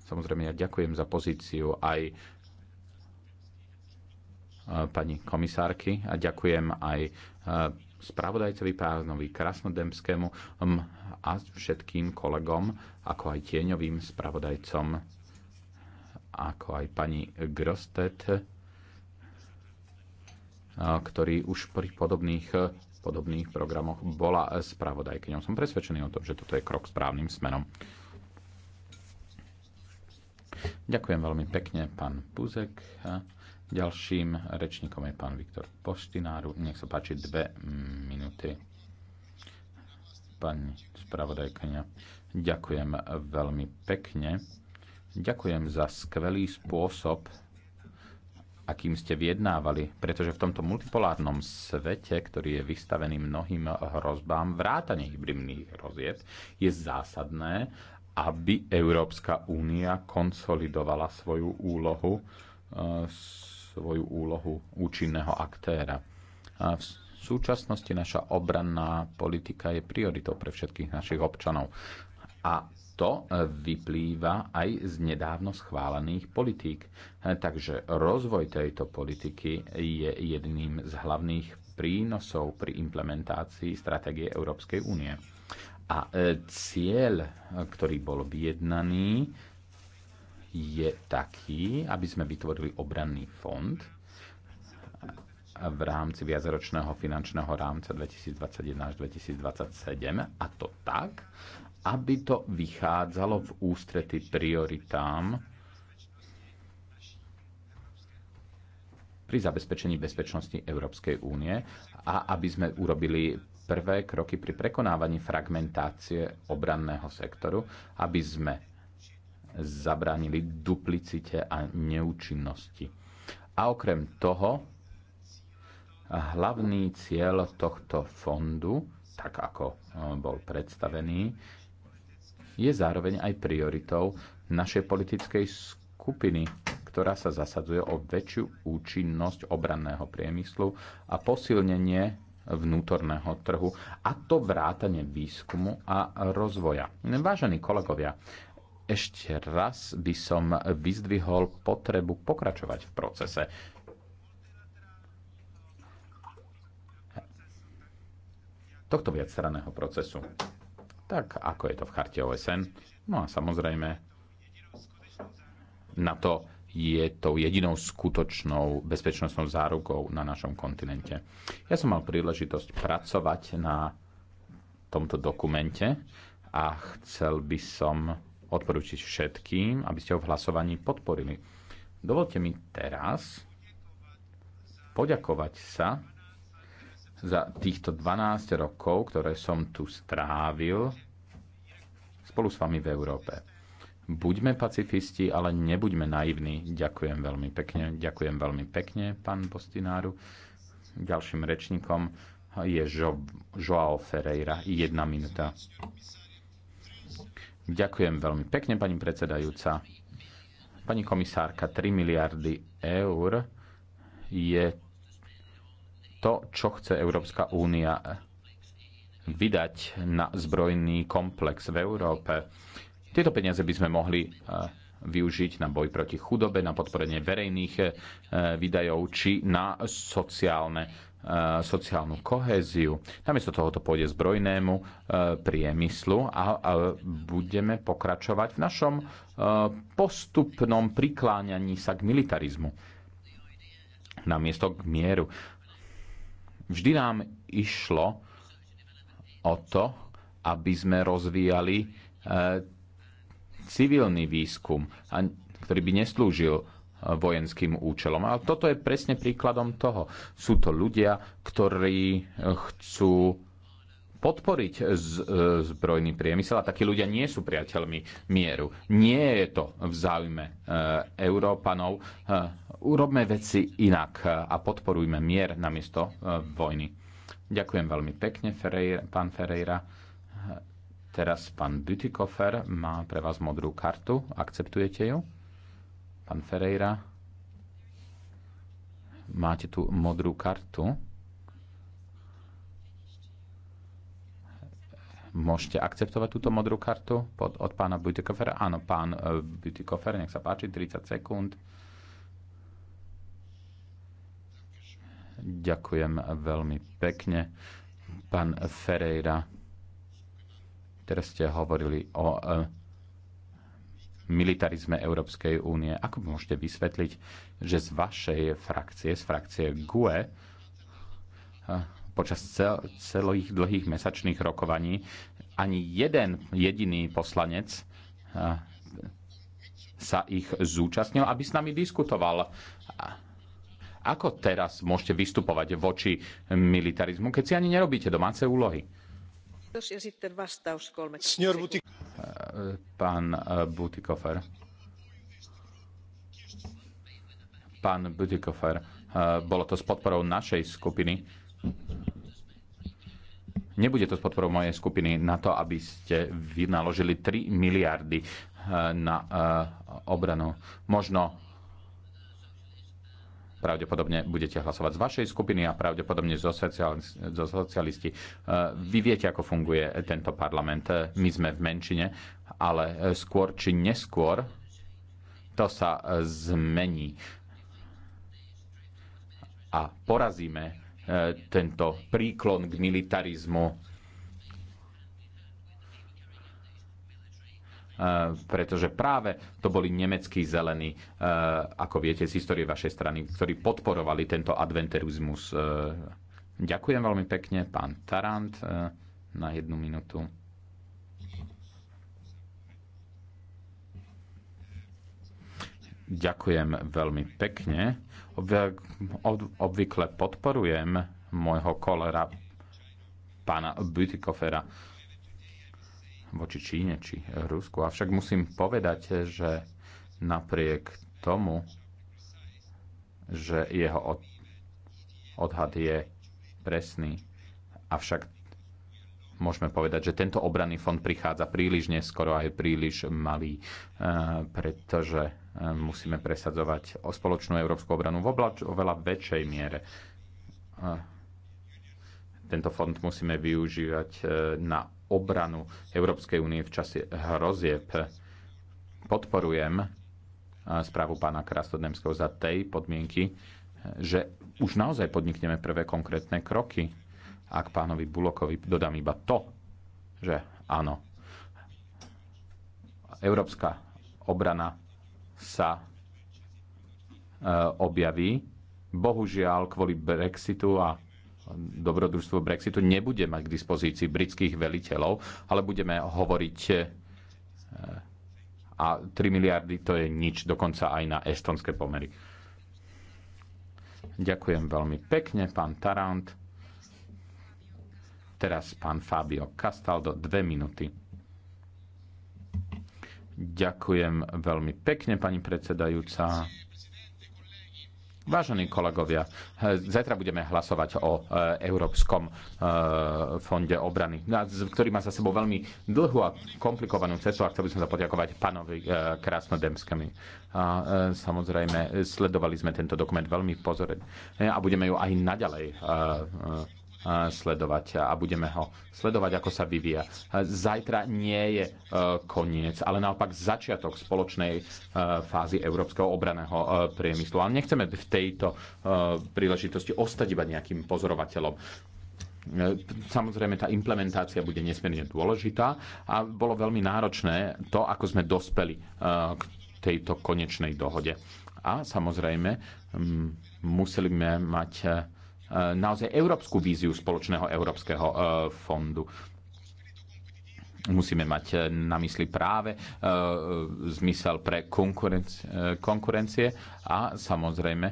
samozrejme, ja ďakujem za pozíciu aj pani komisárky a ďakujem aj e, spravodajcovi pánovi Krasnodemskému a všetkým kolegom, ako aj tieňovým spravodajcom, ako aj pani Grostet, e, ktorý už pri podobných e, podobných programoch bola spravodajkyňou. Som presvedčený o tom, že toto je krok správnym smerom. Ďakujem veľmi pekne, pán Puzek. Ďalším rečníkom je pán Viktor Poštináru. Nech sa páči dve minúty. Pani spravodajkania, ďakujem veľmi pekne. Ďakujem za skvelý spôsob, akým ste vyjednávali, pretože v tomto multipolárnom svete, ktorý je vystavený mnohým hrozbám vrátane hybridných hrozieb, je zásadné, aby Európska únia konsolidovala svoju úlohu eh, s svoju úlohu účinného aktéra. A v súčasnosti naša obranná politika je prioritou pre všetkých našich občanov. A to e, vyplýva aj z nedávno schválených politík. E, takže rozvoj tejto politiky je jedným z hlavných prínosov pri implementácii stratégie Európskej únie. A e, cieľ, ktorý bol vyjednaný, je taký, aby sme vytvorili obranný fond v rámci viacročného finančného rámca 2021 až 2027 a to tak, aby to vychádzalo v ústrety prioritám pri zabezpečení bezpečnosti Európskej únie a aby sme urobili prvé kroky pri prekonávaní fragmentácie obranného sektoru, aby sme zabránili duplicite a neúčinnosti. A okrem toho, hlavný cieľ tohto fondu, tak ako e, bol predstavený, je zároveň aj prioritou našej politickej skupiny, ktorá sa zasadzuje o väčšiu účinnosť obranného priemyslu a posilnenie vnútorného trhu, a to vrátane výskumu a rozvoja. Vážení kolegovia, ešte raz by som vyzdvihol potrebu pokračovať v procese. tohto straného procesu. Tak, ako je to v charte OSN. No a samozrejme, na to je tou jedinou skutočnou bezpečnostnou zárukou na našom kontinente. Ja som mal príležitosť pracovať na tomto dokumente a chcel by som odporúčiť všetkým, aby ste ho v hlasovaní podporili. Dovolte mi teraz poďakovať sa za týchto 12 rokov, ktoré som tu strávil spolu s vami v Európe. Buďme pacifisti, ale nebuďme naivní. Ďakujem veľmi pekne. Ďakujem veľmi pekne, pán Postináru. Ďalším rečníkom je jo- Joao Ferreira. Jedna minúta. Ďakujem veľmi pekne, pani predsedajúca. Pani komisárka, 3 miliardy eur je to, čo chce Európska únia vydať na zbrojný komplex v Európe. Tieto peniaze by sme mohli e, využiť na boj proti chudobe, na podporenie verejných e, výdajov či na sociálne sociálnu kohéziu. Namiesto to pôjde zbrojnému e, priemyslu a budeme pokračovať v našom e, postupnom prikláňaní sa k militarizmu namiesto k mieru. Vždy nám išlo o to, aby sme rozvíjali e, civilný výskum, ktorý by neslúžil vojenským účelom. A toto je presne príkladom toho. Sú to ľudia, ktorí chcú podporiť z, e, zbrojný priemysel a takí ľudia nie sú priateľmi mieru. Nie je to v záujme e, Európanov. E, urobme veci inak a podporujme mier namiesto vojny. Ďakujem veľmi pekne, Ferreira, pán Ferreira. Teraz pán Dutikofer má pre vás modrú kartu. Akceptujete ju? Pán Ferreira, máte tu modrú kartu. Môžete akceptovať túto modrú kartu pod, od pána Butikofera? Áno, pán uh, Butikofer, nech sa páči, 30 sekúnd. Ďakujem veľmi pekne. Pán Ferreira, teraz ste hovorili o uh, militarizme Európskej únie. Ako môžete vysvetliť, že z vašej frakcie, z frakcie GUE, eh, počas cel- celých dlhých mesačných rokovaní ani jeden jediný poslanec eh, sa ich zúčastnil, aby s nami diskutoval. Ako teraz môžete vystupovať voči militarizmu, keď si ani nerobíte domáce úlohy? Pán äh, äh, Butikofer. Pán Butikofer, äh, bolo to s podporou našej skupiny. Nebude to s podporou mojej skupiny na to, aby ste vynaložili 3 miliardy na obranu. Možno pravdepodobne budete hlasovať z vašej skupiny a pravdepodobne zo, sociál, zo socialisti. E, vy viete, ako funguje tento parlament. E, my sme v menšine, ale skôr či neskôr to sa e, zmení. A porazíme tento príklon k militarizmu Eh, pretože práve to boli nemeckí zelení, eh, ako viete z histórie vašej strany, ktorí podporovali tento adventerizmus. Eh, ďakujem veľmi pekne, pán Tarant, na jednu minútu. Ďakujem veľmi pekne. Obvykle podporujem môjho kolera pána Bütikofera voči Číne či Rusku. Avšak musím povedať, že napriek tomu, že jeho od, odhad je presný, avšak môžeme povedať, že tento obranný fond prichádza príliš neskoro a je príliš malý, e, pretože e, musíme presadzovať o spoločnú európsku obranu v oveľa väčšej miere. E, tento fond musíme využívať na obranu Európskej únie v čase hrozieb. Podporujem eh, správu pána Krastodemského za tej podmienky, eh, že už naozaj podnikneme prvé konkrétne kroky. ak pánovi Bulokovi dodám iba to, že áno, európska obrana sa eh, objaví. Bohužiaľ, kvôli Brexitu a dobrodružstvo Brexitu nebude mať k dispozícii britských veliteľov, ale budeme hovoriť e, a 3 miliardy to je nič, dokonca aj na estonské pomery. Ďakujem veľmi pekne, pán Tarant. Teraz pán Fabio Castaldo, dve minúty. Ďakujem veľmi pekne, pani predsedajúca. Vážení kolegovia, zajtra budeme hlasovať o e, Európskom e, fonde obrany, ktorý má za sebou veľmi dlhú a komplikovanú cestu a chcel by som sa poďakovať pánovi e, Krasnodemskému. A samozrejme, sledovali sme tento dokument veľmi pozorne a budeme ju aj naďalej sledovať a budeme ho sledovať, ako sa vyvíja. Zajtra nie je e, koniec, ale naopak začiatok spoločnej e, fázy európskeho obraného e, priemyslu. Ale nechceme v tejto príležitosti ostať iba nejakým pozorovateľom. Samozrejme, tá implementácia bude nesmierne dôležitá a bolo veľmi náročné to, ako sme dospeli k tejto konečnej dohode. A samozrejme, museli sme mať E, naozaj európsku víziu spoločného európskeho e, fondu. Musíme mať e, na mysli práve zmysel pre konkurencie, a samozrejme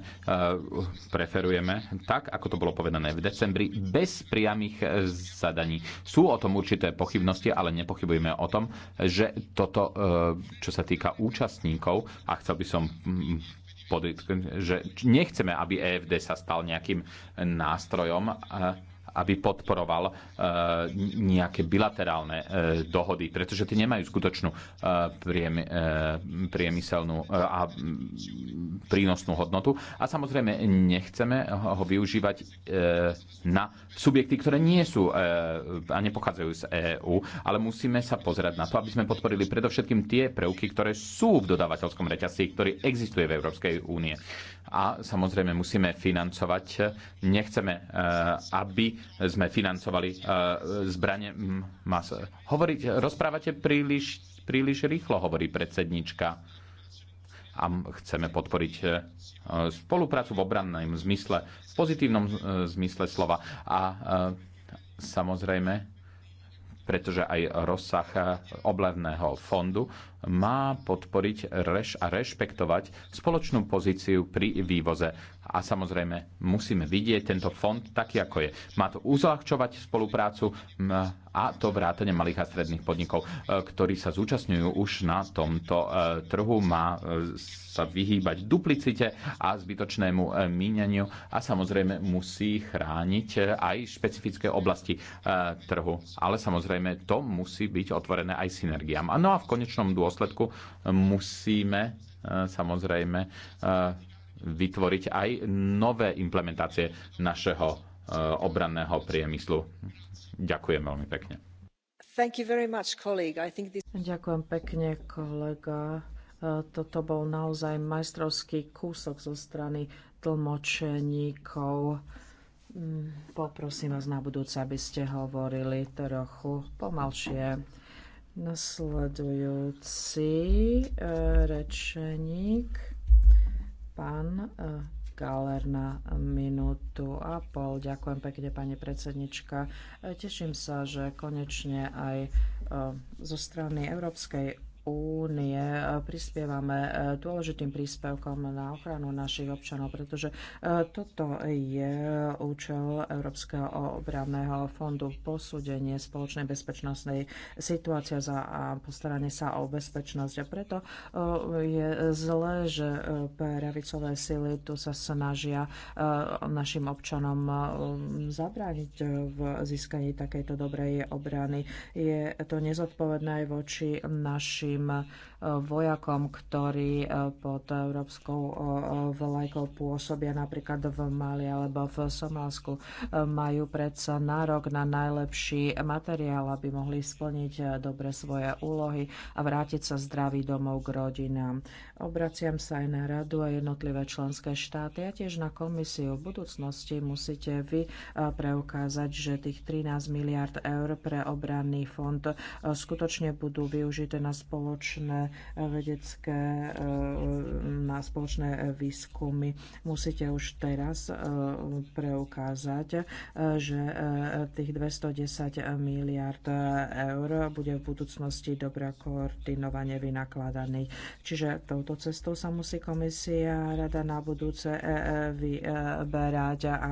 preferujeme, tak ako to bolo povedané v decembri, bez priamých zadaní. Sú o tom určité pochybnosti, ale nepochybujeme o tom, že toto, čo sa týka účastníkov, a chcel by som že nechceme, aby EFD sa stal nejakým nástrojom, aby podporoval e, nejaké bilaterálne e, dohody, pretože tie nemajú skutočnú e, priemyselnú a prínosnú hodnotu. A samozrejme nechceme ho využívať na subjekty, ktoré nie sú a nepochádzajú z EÚ, ale musíme sa pozerať na to, aby sme podporili predovšetkým tie prvky, ktoré sú v dodávateľskom reťazci, ktorý existuje v Európskej únie a samozrejme musíme financovať. Nechceme, e, aby sme financovali e, zbranie mas. Hovoriť, rozprávate príliš, príliš rýchlo, hovorí predsednička. A chceme podporiť e, spoluprácu v obrannom zmysle, v pozitívnom zmysle slova. A samozrejme, pretože aj rozsah eh, oblevného fondu má podporiť a rešpektovať spoločnú pozíciu pri vývoze a samozrejme musíme vidieť tento fond taký, ako je. Má to uzľahčovať spoluprácu a to vrátane malých a stredných podnikov, e, ktorí sa zúčastňujú už na tomto e, trhu. Má e, sa vyhýbať duplicite a zbytočnému míňaniu a samozrejme musí chrániť aj špecifické oblasti trhu. Ale samozrejme to musí byť otvorené aj synergiám. No a v konečnom dôsledku musíme samozrejme vytvoriť aj nové implementácie našeho e, obranného priemyslu. Ďakujem veľmi pekne. Much, this... Ďakujem pekne, kolega. E, toto bol naozaj majstrovský kúsok zo strany tlmočeníkov. Mm, poprosím vás na budúce, aby ste hovorili trochu pomalšie. Nasledujúci e, rečeník. Pán eh, Galer na minútu a pol. Ďakujem pekne, pani predsednička. Eh, teším sa, že konečne aj eh, zo strany Európskej únie prispievame e, dôležitým príspevkom na ochranu našich občanov, pretože e, toto je účel Európskeho obranného fondu posúdenie spoločnej bezpečnostnej situácie za postaranie sa o bezpečnosť. A preto e, je zlé, že pravicové sily tu sa snažia našim občanom zabrániť v získaní takejto dobrej obrany. Je to nezodpovedné aj voči našim našim vojakom, ktorí eh, pod európskou eh, vlajkou pôsobia napríklad v Mali alebo v Somálsku. Eh, majú predsa nárok na najlepší materiál, aby mohli splniť dobre svoje úlohy a vrátiť sa zdraví domov k rodinám. Obraciam sa aj na radu a jednotlivé členské štáty a tiež na komisiu. V budúcnosti musíte vy preukázať, že tých 13 miliard eur pre obranný fond skutočne budú využité na spoločné vedecké, eh, na spoločné výskumy. Musíte už teraz eh, preukázať, eh, že tých 210 miliard eur bude v budúcnosti dobre koordinovane vynakladaný. Čiže touto cestou sa musí komisia rada na budúce vyberať a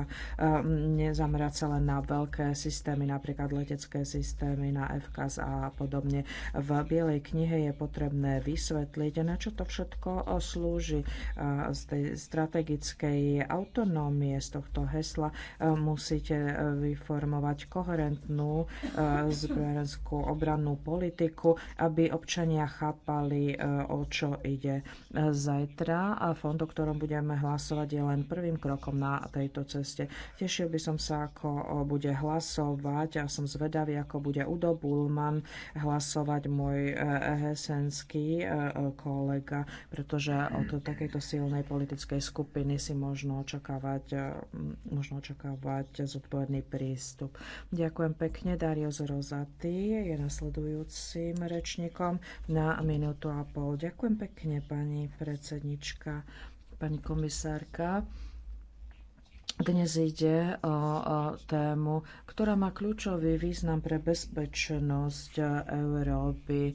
nezamerať sa len na veľké systémy, napríklad letecké systémy, na FKS a podobne. V Bielej knihe je potrebné potrebné vysvetliť, na čo to všetko slúži. Z tej strategickej autonómie, z tohto hesla e, musíte e, vyformovať koherentnú e, zberenskú obrannú politiku, aby občania chápali, o čo ide. Zajtra a fond, o ktorom budeme hlasovať, je len prvým krokom na tejto ceste. Tešil by som sa, ako bude hlasovať a ja som zvedavý, ako bude Udo Bulman hlasovať môj hesenský nemecký e, e, kolega, pretože od takejto silnej politickej skupiny si možno očakávať, e, možno očakávať zodpovedný prístup. Ďakujem pekne. Dario Zrozaty je nasledujúcim rečníkom na minútu a pol. Ďakujem pekne, pani predsednička, pani komisárka. Dnes ide o tému, ktorá má kľúčový význam pre bezpečnosť Európy, e,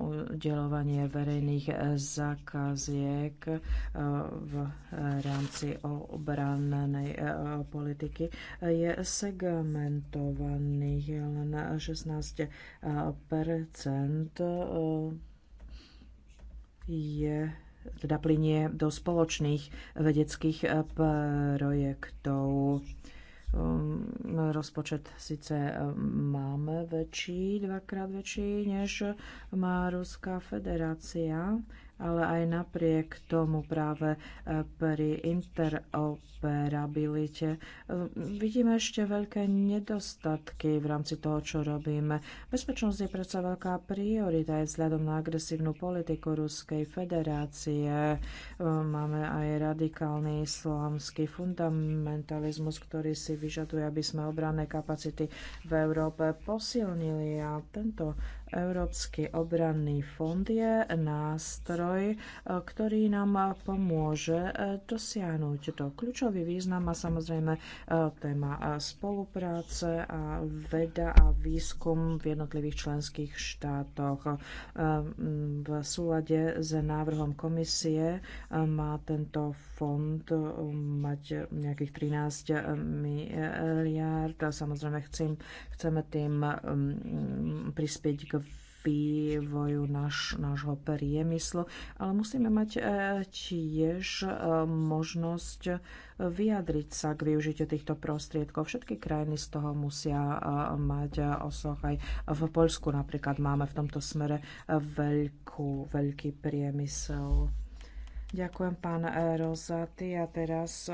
udelovanie verejných zákaziek e, v rámci obrannej e, politiky. Je segmentovaný len 16 je teda plinie do spoločných vedeckých eh, projektov. Um, rozpočet síce eh, máme väčší, dvakrát väčší, než má Ruská federácia, ale aj napriek tomu práve e, pri interoperabilite e, vidíme ešte veľké nedostatky v rámci toho, čo robíme. Bezpečnosť je predsa veľká priorita aj vzhľadom na agresívnu politiku Ruskej federácie. E, máme aj radikálny islamský fundamentalizmus, ktorý si vyžaduje, aby sme obranné kapacity v Európe posilnili a tento Európsky obranný fond je nástroj, e, ktorý nám pomôže e, dosiahnuť to. Kľúčový význam má samozrejme e, téma spolupráce a veda a výskum v jednotlivých členských štátoch. V súlade s návrhom komisie má tento fond mať nejakých 13 miliárd a samozrejme chcem, chceme tým prispieť k vývoju náš, nášho priemyslu, ale musíme mať e, tiež e, možnosť vyjadriť sa k využitiu týchto prostriedkov. Všetky krajiny z toho musia e, mať osoch. Aj v Poľsku napríklad máme v tomto smere veľkú, veľký priemysel. Ďakujem, pán Rozaty. A teraz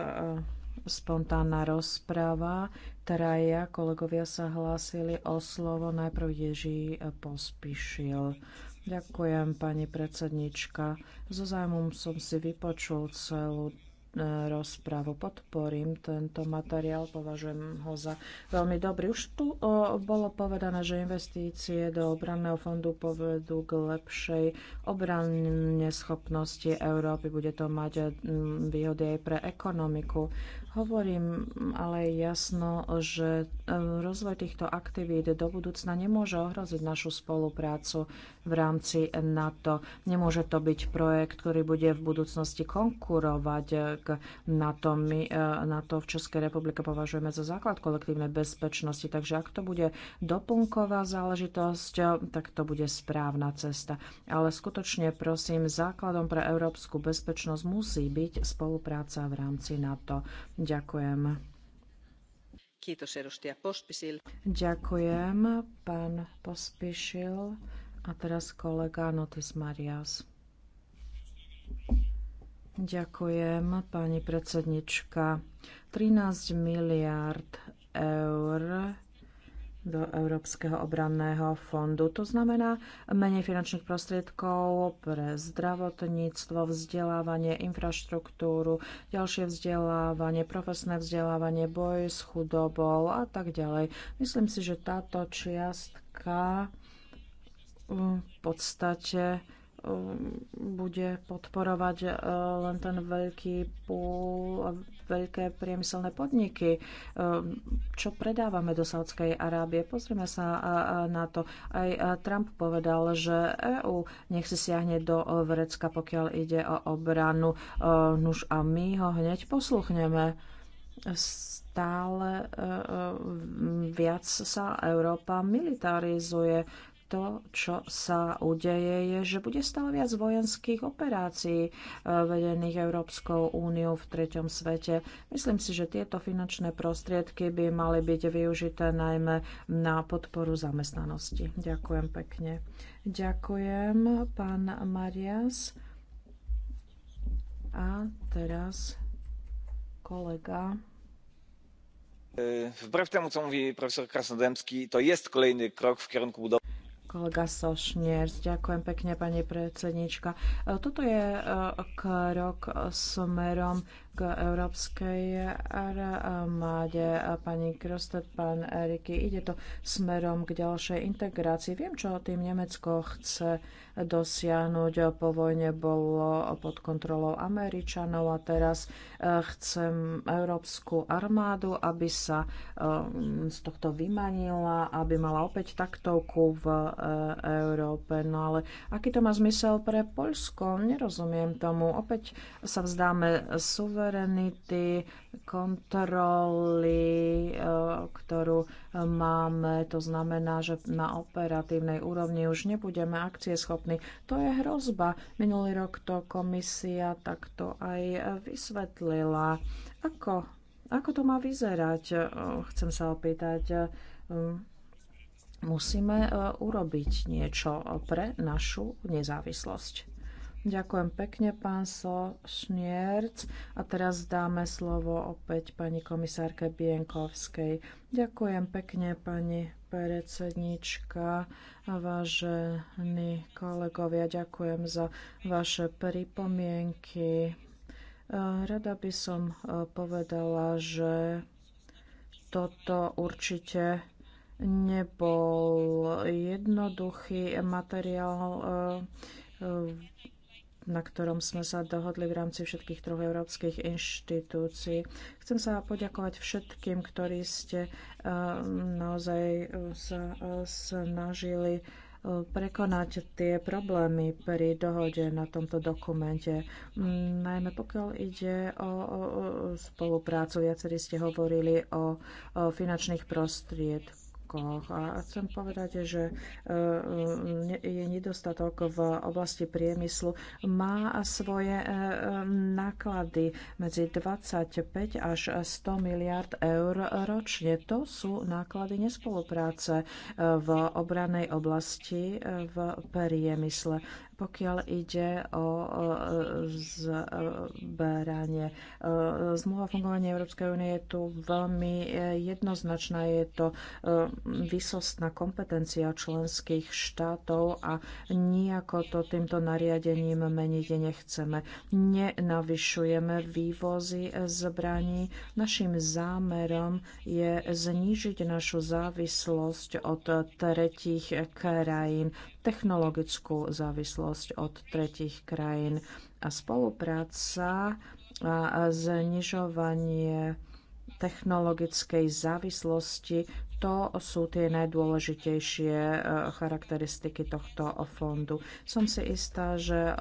spontánna rozprava. Traja kolegovia sa hlásili o slovo. Najprv Ježí pospíšil. Ďakujem, pani predsednička. So zájmom som si vypočul celú e, rozprávu. Podporím tento materiál, považujem ho za veľmi dobrý. Už tu o, e, bolo povedané, že investície do obranného fondu povedú k lepšej obranne schopnosti Európy. Bude to mať výhody aj pre ekonomiku. Hovorím ale jasno, že e, rozvoj týchto aktivít do budúcna nemôže ohroziť našu spoluprácu v rámci NATO. Nemôže to byť projekt, ktorý bude v budúcnosti konkurovať k NATO. My e, NATO v Českej republike považujeme za základ kolektívnej bezpečnosti, takže ak to bude doplnková záležitosť, e, tak to bude správna cesta. Ale skutočne prosím, základom pre európsku bezpečnosť musí byť spolupráca v rámci NATO. Ďakujem. Ďakujem, pán Pospišil. A teraz kolega Notis Marias. Ďakujem, pani predsednička. 13 miliard eur do Európskeho obranného fondu. To znamená menej finančných prostriedkov pre zdravotníctvo, vzdelávanie, infraštruktúru, ďalšie vzdelávanie, profesné vzdelávanie, boj s chudobou a tak ďalej. Myslím si, že táto čiastka v podstate Um, bude podporovať uh, len ten veľký púl a veľké priemyselné podniky. Um, čo predávame do Saudskej Arábie? Pozrieme sa uh, uh, na to. Aj Trump povedal, že EÚ nech si siahne do vrecka, pokiaľ ide o obranu. Nuž a my ho hneď posluchneme stále viac sa Európa militarizuje to, čo sa udeje, je, že bude stále viac vojenských operácií eh, vedených Európskou úniou v treťom svete. Myslím si, že tieto finančné prostriedky by mali byť využité najmä na podporu zamestnanosti. Ďakujem pekne. Ďakujem, pán Marias. A teraz kolega. Eh, wbrew temu, co mówi profesor Krasnodębski, to jest kolejny krok w kierunku budowy kolega Sošnier. Ďakujem pekne, pani predsednička. E, toto je e, krok smerom k Európskej armáde. E, pani Krostet, pán Eriky, ide to smerom k ďalšej integrácii. Viem, čo tým Nemecko chce dosiahnuť po vojne, bolo pod kontrolou Američanov a teraz eh, chcem Európsku armádu, aby sa eh, z tohto vymanila, aby mala opäť taktovku v eh, Európe. No ale aký to má zmysel pre Poľsko? Nerozumiem tomu. Opäť sa vzdáme suverenity, kontroly, eh, ktorú eh, máme. To znamená, že na operatívnej úrovni už nebudeme akcie schopní. To je hrozba. Minulý rok to komisia takto aj eh, vysvetlila. Ako, ako to má vyzerať? Chcem sa opýtať. Musíme urobiť niečo pre našu nezávislosť. Ďakujem pekne, pán Sošnierc. A teraz dáme slovo opäť pani komisárke Bienkovskej. Ďakujem pekne, pani predsednička, vážení kolegovia. Ďakujem za vaše pripomienky. Rada by som eh, povedala, že toto určite nebol jednoduchý materiál eh, na ktorom sme sa dohodli v rámci všetkých troch európskych inštitúcií. Chcem sa poďakovať všetkým, ktorí ste e, naozaj e, sa e, snažili prekonať tie problémy pri dohode na tomto dokumente. Mm, najmä pokiaľ ide o, spoluprácu, viacerí ste hovorili o finančných prostriedkoch rokoch. A chcem povedať, že e, e, je nedostatok v oblasti priemyslu. Má svoje e, náklady medzi 25 až 100 miliard eur ročne. To sú náklady nespolupráce v obranej oblasti v priemysle. Pokiaľ ide o e, zberanie. E, zmluva fungovania Európskej únie je tu veľmi e, jednoznačná. Je to vysostná kompetencia členských štátov a nejako to týmto nariadením meniť nechceme. Nenavyšujeme vývozy zbraní. Našim zámerom je znížiť našu závislosť od tretích krajín technologickú závislosť od tretich krajín a spolupráca a znižovanie technologickej závislosti to sú tie najdôležitejšie e, charakteristiky tohto fondu. Som si istá, že e,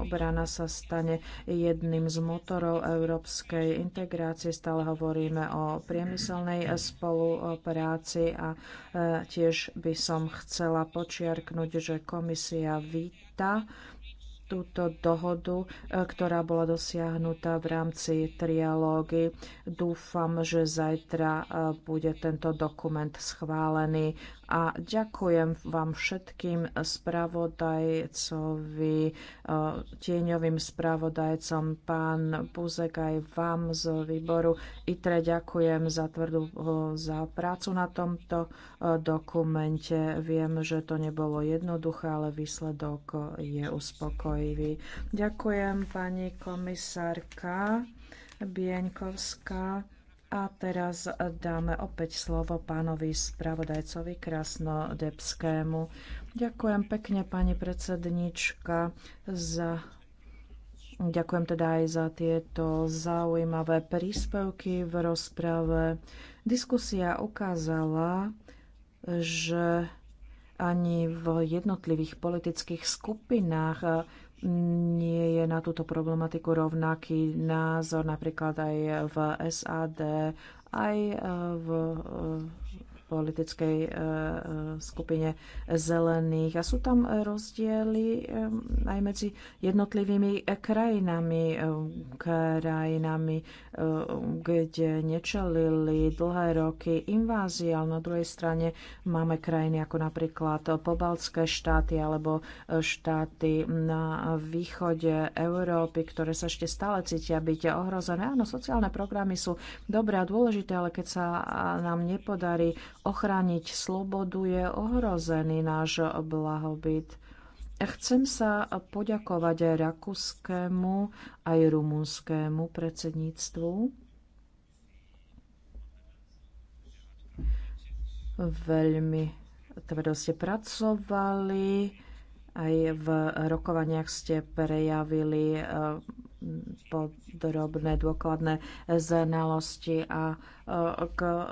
obrana sa stane jedným z motorov európskej integrácie. Stále hovoríme o priemyselnej spolupráci a e, tiež by som chcela počiarknúť, že komisia víta túto dohodu, e, ktorá bola dosiahnutá v rámci trialógy. Dúfam, že zajtra e, bude tento dokument schválený a ďakujem vám všetkým spravodajcovi, e, tieňovým spravodajcom, pán Buzek aj vám z výboru ITRE ďakujem za tvrdú e, za prácu na tomto e, dokumente. Viem, že to nebolo jednoduché, ale výsledok je uspokojivý. Ďakujem pani komisárka Bieňkovská. A teraz dáme opäť slovo pánovi spravodajcovi Krasnodebskému. Ďakujem pekne, pani predsednička, za Ďakujem teda aj za tieto zaujímavé príspevky v rozprave. Diskusia ukázala, že ani v jednotlivých politických skupinách nie je na túto problematiku rovnaký názor napríklad aj v SAD, aj eh, v politickej e, e, skupine zelených. A sú tam rozdiely e, aj medzi jednotlivými krajinami, krajinami, kde nečelili dlhé roky invázie, ale na druhej strane máme krajiny ako napríklad pobaltské štáty alebo štáty na východe Európy, ktoré sa ešte stále cítia byť ohrozené. Áno, sociálne programy sú dobré a dôležité, ale keď sa nám nepodarí ochrániť slobodu, je ohrozený náš blahobyt. Chcem sa poďakovať aj rakúskému, aj rumunskému predsedníctvu. Veľmi tvrdo pracovali, aj v rokovaniach ste prejavili e, podrobné, dôkladné znalosti a e, k e,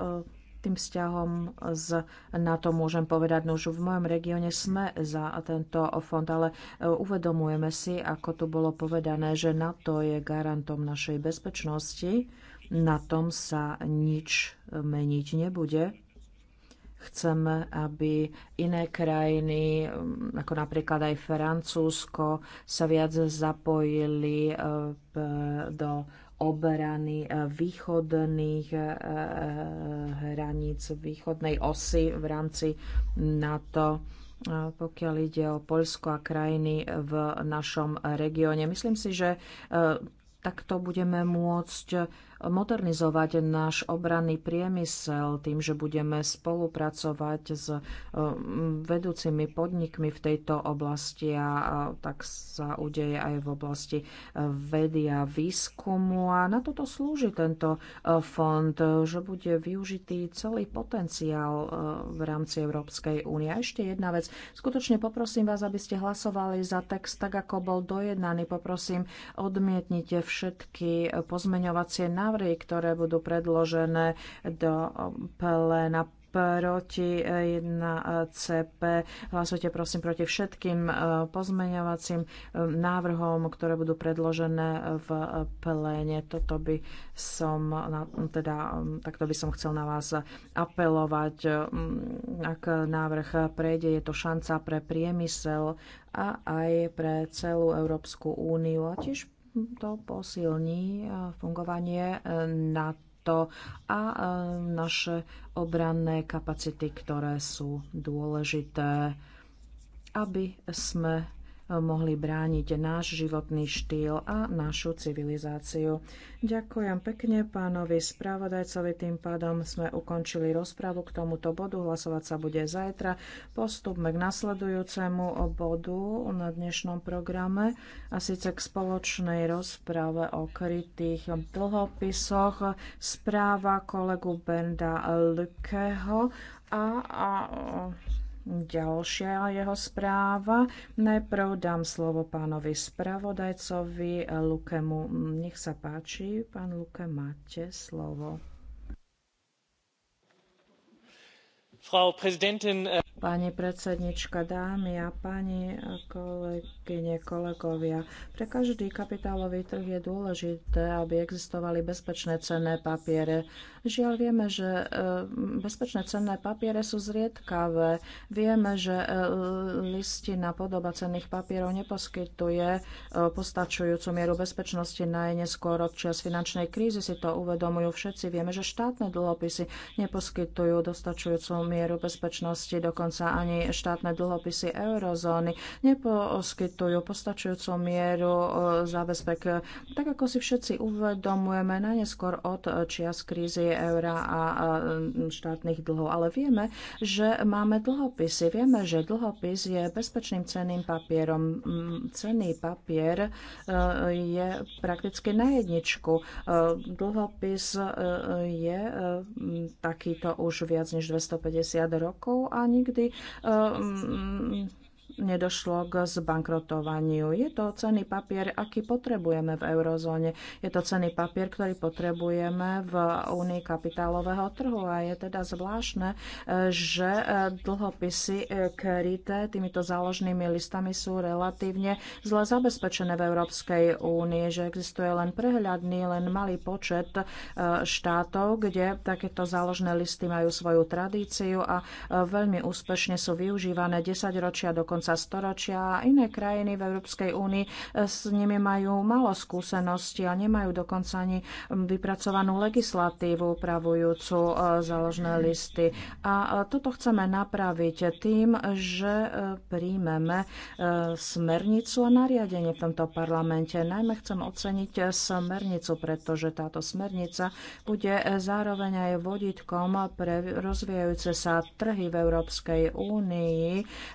tým vzťahom z NATO môžem povedať, no už v mojom regióne sme za tento fond, ale e, uvedomujeme si, ako tu bolo povedané, že NATO je garantom našej bezpečnosti. Na tom sa nič e, meniť nebude. Chceme, aby iné krajiny, mm, ako napríklad aj Francúzsko, sa viac zapojili e, do obrany e, východných e, e, hraníc, východnej osy v rámci NATO pokiaľ ide o Poľsko a krajiny v našom regióne. Myslím si, že takto budeme môcť modernizovať náš obranný priemysel tým, že budeme spolupracovať s e, vedúcimi podnikmi v tejto oblasti a tak sa udeje aj v oblasti e, vedy a výskumu. A na toto slúži tento e, fond, že bude využitý celý potenciál v rámci Európskej únie. A ešte jedna vec. Skutočne poprosím vás, aby ste hlasovali za text tak, ako bol dojednaný. Poprosím, odmietnite všetky pozmeňovacie návrhy návrhy, ktoré budú predložené do plena proti 1CP. Hlasujte prosím proti všetkým e, pozmeňovacím e, návrhom, ktoré budú predložené v pléne. Toto by som, teda, takto by som chcel na vás apelovať. Ak návrh prejde, je to šanca pre priemysel a aj pre celú Európsku úniu a tiež to posilní e, fungovanie e, NATO a e, naše obranné kapacity, ktoré sú dôležité, aby sme mohli brániť náš životný štýl a našu civilizáciu. Ďakujem pekne pánovi spravodajcovi. Tým pádom sme ukončili rozpravu k tomuto bodu. Hlasovať sa bude zajtra. Postupme k nasledujúcemu bodu na dnešnom programe a síce k spoločnej rozprave o krytých dlhopisoch. Správa kolegu Benda Lukeho a, a Ďalšia jeho správa. Najprv dám slovo pánovi spravodajcovi Lukemu. Nech sa páči, pán Luke, máte slovo. Frau äh Pani predsednička, dámy a pani kolegy kolegyne, kolegovia. Pre každý kapitálový trh je dôležité, aby existovali bezpečné cenné papiere. Žiaľ, vieme, že e, bezpečné cenné papiere sú zriedkavé. Vieme, že e, listina podoba cenných papierov neposkytuje e, postačujúcu mieru bezpečnosti najneskôr od čas finančnej krízy. Si to uvedomujú všetci. Vieme, že štátne dlhopisy neposkytujú dostačujúcu mieru bezpečnosti, dokonca ani štátne dlhopisy eurozóny neposkytujú poskytujú postačujúcu mieru e, zábezpek. Tak ako si všetci uvedomujeme, najneskôr od čias krízy eura a štátnych dlhov. Ale vieme, že máme dlhopisy. Vieme, že dlhopis je bezpečným cenným papierom. Cenný papier e, je prakticky na jedničku. E, dlhopis je takýto už viac než 250 rokov a nikdy nedošlo k zbankrotovaniu. Je to cenný papier, aký potrebujeme v eurozóne. Je to cenný papier, ktorý potrebujeme v únii kapitálového trhu a je teda zvláštne, že dlhopisy kryté týmito záložnými listami sú relatívne zle zabezpečené v Európskej únii, že existuje len prehľadný, len malý počet e, štátov, kde takéto záložné listy majú svoju tradíciu a e, veľmi úspešne sú využívané 10 ročia dokonca konca storočia a iné krajiny v Európskej únii eh, s nimi majú málo skúsenosti a nemajú dokonca ani mm, vypracovanú legislatívu upravujúcu eh, záložné listy. A eh, toto chceme napraviť tým, že príjmeme smernicu a nariadenie v tomto parlamente. Najmä chcem oceniť smernicu, pretože táto smernica bude zároveň aj vodítkom pre rozvíjajúce sa trhy v Európskej únii,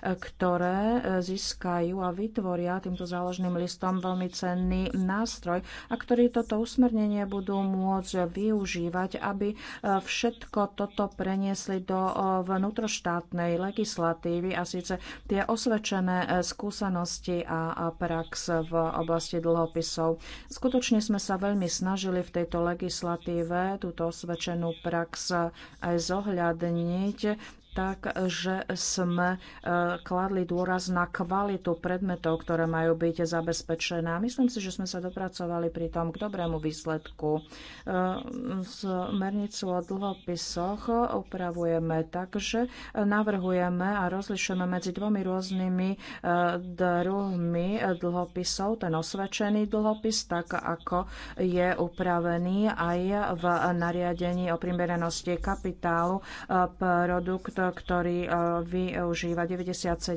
ktoré získajú a vytvoria týmto záložným listom veľmi cenný nástroj a ktorí toto usmernenie budú môcť využívať, aby e, všetko toto preniesli do e, vnútroštátnej legislatívy a síce tie osvedčené e, skúsenosti a prax v oblasti dlhopisov. Skutočne sme sa veľmi snažili v tejto legislatíve túto osvedčenú prax aj zohľadniť tak, že sme e, kladli dôraz na kvalitu predmetov, ktoré majú byť A Myslím si, že sme sa dopracovali pri tom k dobrému výsledku. E, smernicu o dlhopisoch upravujeme tak, že navrhujeme a rozlišujeme medzi dvomi rôznymi e, druhmi dlhopisov. Ten osvedčený dlhopis, tak ako je upravený aj v nariadení o primeranosti kapitálu produktov ktorý e, využíva 97 e,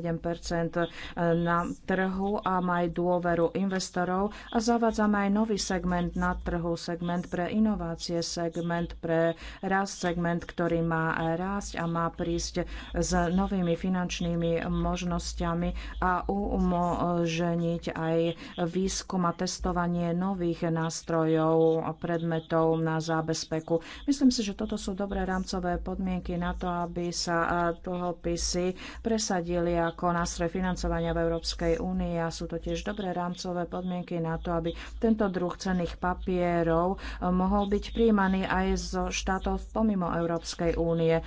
na trhu a má aj dôveru investorov a zavádzame aj nový segment na trhu, segment pre inovácie, segment pre rast, segment, ktorý má rásť a má prísť s novými finančnými možnosťami a umožniť aj výskum a testovanie nových nástrojov a predmetov na zábezpeku. Myslím si, že toto sú dobré rámcové podmienky na to, aby sa a dlhopisy presadili ako nástroj financovania v Európskej únii a sú to tiež dobré rámcové podmienky na to, aby tento druh cenných papierov e, mohol byť príjmaný aj zo štátov pomimo Európskej únie. E,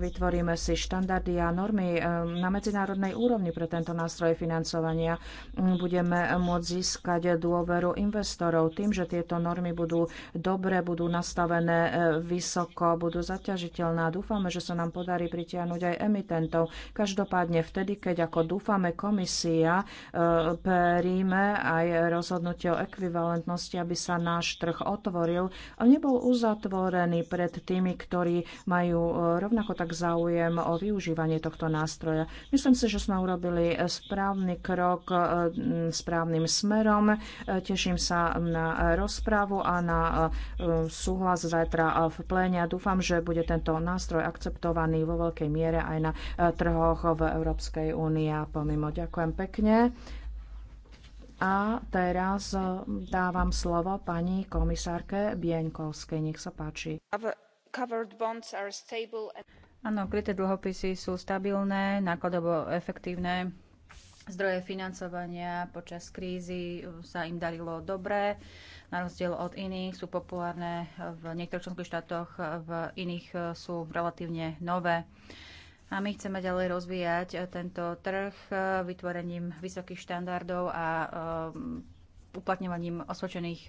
vytvoríme si štandardy a normy e, na medzinárodnej úrovni pre tento nástroj financovania. Mm, budeme môcť získať dôveru investorov tým, že tieto normy budú dobre, budú nastavené vysoko, budú zaťažiteľné a dúfame, že sa nám podarí pritiahnuť aj emitentov. Každopádne vtedy, keď ako dúfame komisia e, príjme aj rozhodnutie o ekvivalentnosti, aby sa náš trh otvoril a nebol uzatvorený pred tými, ktorí majú e, rovnako tak záujem o využívanie tohto nástroja. Myslím si, že sme urobili správny krok e, správnym smerom. Teším sa na rozprávu a na súhlas zajtra v pléne a dúfam, že bude tento nástroj akceptovaný vo veľkej miere aj na e, trhoch v Európskej únii a pomimo. Ďakujem pekne. A teraz e, dávam slovo pani komisárke Bieňkovskej. Nech sa páči. Áno, kryté dlhopisy sú stabilné, nákladovo efektívne. Zdroje financovania počas krízy sa im darilo dobre na rozdiel od iných, sú populárne v niektorých členských štátoch, v iných eh, sú relatívne nové. A my chceme ďalej rozvíjať eh, tento trh eh, vytvorením vysokých štandardov a uplatňovaním osvočených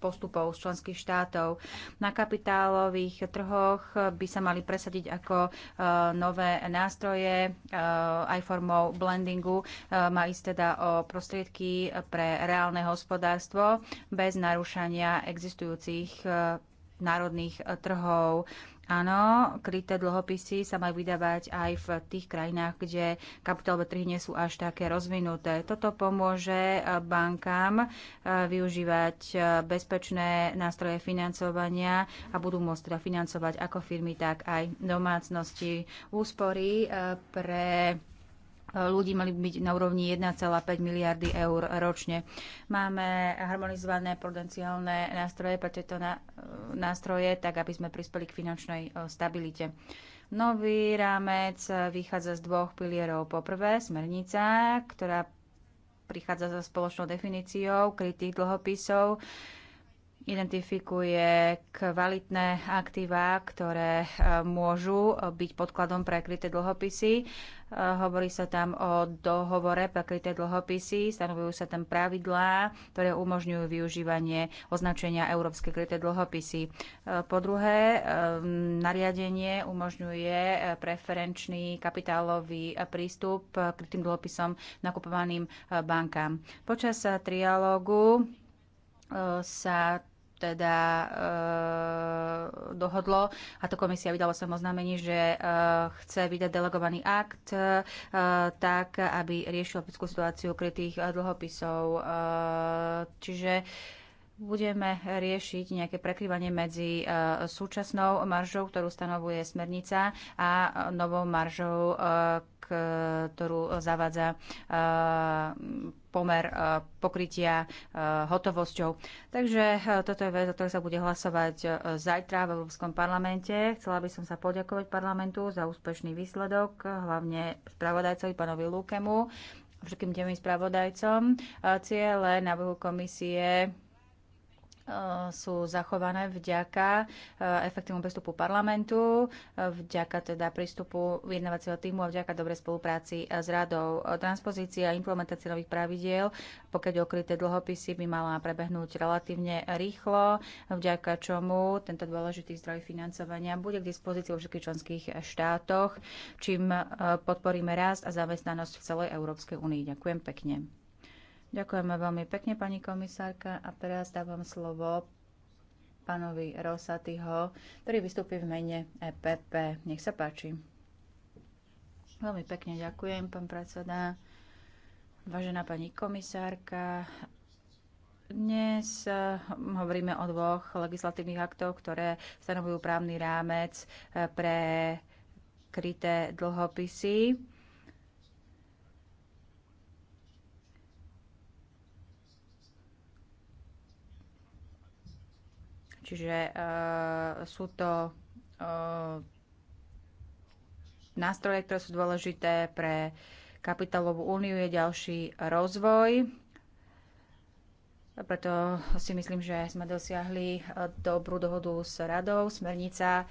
postupov z členských štátov. Na kapitálových trhoch by sa mali presadiť ako e, nové nástroje e, aj formou blendingu. E, má ísť teda o prostriedky pre reálne hospodárstvo bez narúšania existujúcich národných trhov. Áno, kryté dlhopisy sa majú vydávať aj v tých krajinách, kde kapitálové trhy nie sú až také rozvinuté. Toto pomôže eh, bankám eh, využívať eh, bezpečné nástroje financovania a budú môcť teda financovať ako firmy, tak aj domácnosti. Úspory pre ľudí mali byť na úrovni 1,5 miliardy eur ročne. Máme harmonizované prudenciálne nástroje pre tieto nástroje, tak aby sme prispeli k finančnej e, stabilite. Nový rámec vychádza z dvoch pilierov. Poprvé smernica, ktorá prichádza so spoločnou definíciou krytých dlhopisov, identifikuje kvalitné aktíva, ktoré e, môžu e, byť podkladom pre kryté dlhopisy. E, hovorí sa tam o dohovore pre kryté dlhopisy, stanovujú sa tam pravidlá, ktoré umožňujú využívanie označenia európske kryté dlhopisy. Po druhé, nariadenie umožňuje preferenčný kapitálový prístup k krytým dlhopisom nakupovaným bankám. Počas trialógu sa teda e, dohodlo a to komisia vydala som oznámení, že e, chce vydať delegovaný akt e, tak, aby riešil fiskú situáciu krytých e, dlhopisov. E, čiže e, budeme riešiť nejaké prekryvanie medzi e, súčasnou maržou, ktorú stanovuje smernica a novou maržou, e, ktorú zavádza e, pomer pokrytia hotovosťou. Takže toto je vec, o ktorej sa bude hlasovať zajtra v Európskom parlamente. Chcela by som sa poďakovať parlamentu za úspešný výsledok, hlavne spravodajcovi pánovi Lúkemu, všetkým tým spravodajcom. Ciele návrhu komisie Eh, sú zachované vďaka eh, efektívnemu prístupu parlamentu, eh, vďaka teda prístupu vyjednávacieho týmu a vďaka dobrej spolupráci s radou. Transpozícia a implementácia nových pravidiel, pokiaľ okryté dlhopisy by mala prebehnúť relatívne rýchlo, vďaka čomu tento dôležitý zdroj financovania bude k dispozícii vo všetkých členských štátoch, čím podporíme rast a zamestnanosť v celej Európskej únii. Ďakujem pekne. Ďakujeme veľmi pekne, pani komisárka. A teraz dávam slovo pánovi Rosatyho, ktorý vystúpi v mene EPP. Nech sa páči. Veľmi pekne ďakujem, pán predseda. Vážená pani komisárka, dnes eh, hovoríme o dvoch legislatívnych aktoch, ktoré stanovujú právny rámec eh, pre kryté dlhopisy Čiže e, sú to e, nástroje, ktoré sú dôležité pre kapitálovú úniu, je ďalší rozvoj. Preto si myslím, že sme dosiahli e, dobrú dohodu s radou. Smernica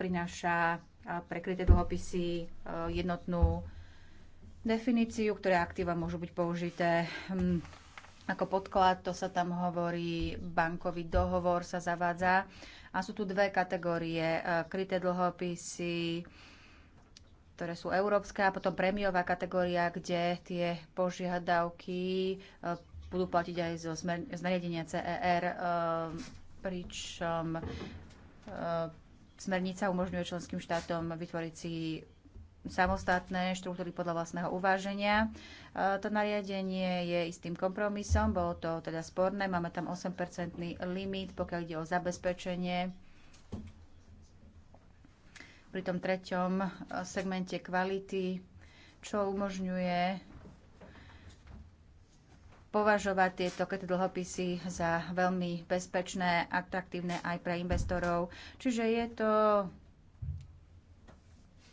prináša prekryté dlhopisy jednotnú definíciu, ktoré aktíva môžu byť použité ako podklad, to sa tam hovorí, bankový dohovor sa zavádza. A sú tu dve kategórie, e, kryté dlhopisy, ktoré sú európske a potom prémiová kategória, kde tie požiadavky e, budú platiť aj zo z CER, e, pričom smernica umožňuje členským štátom vytvoriť si samostatné štruktúry podľa vlastného uváženia. E, to nariadenie je istým kompromisom, bolo to teda sporné, máme tam 8-percentný limit, pokiaľ ide o zabezpečenie pri tom treťom e, segmente kvality, čo umožňuje považovať tieto kryté dlhopisy za veľmi bezpečné, atraktívne aj pre investorov. Čiže je to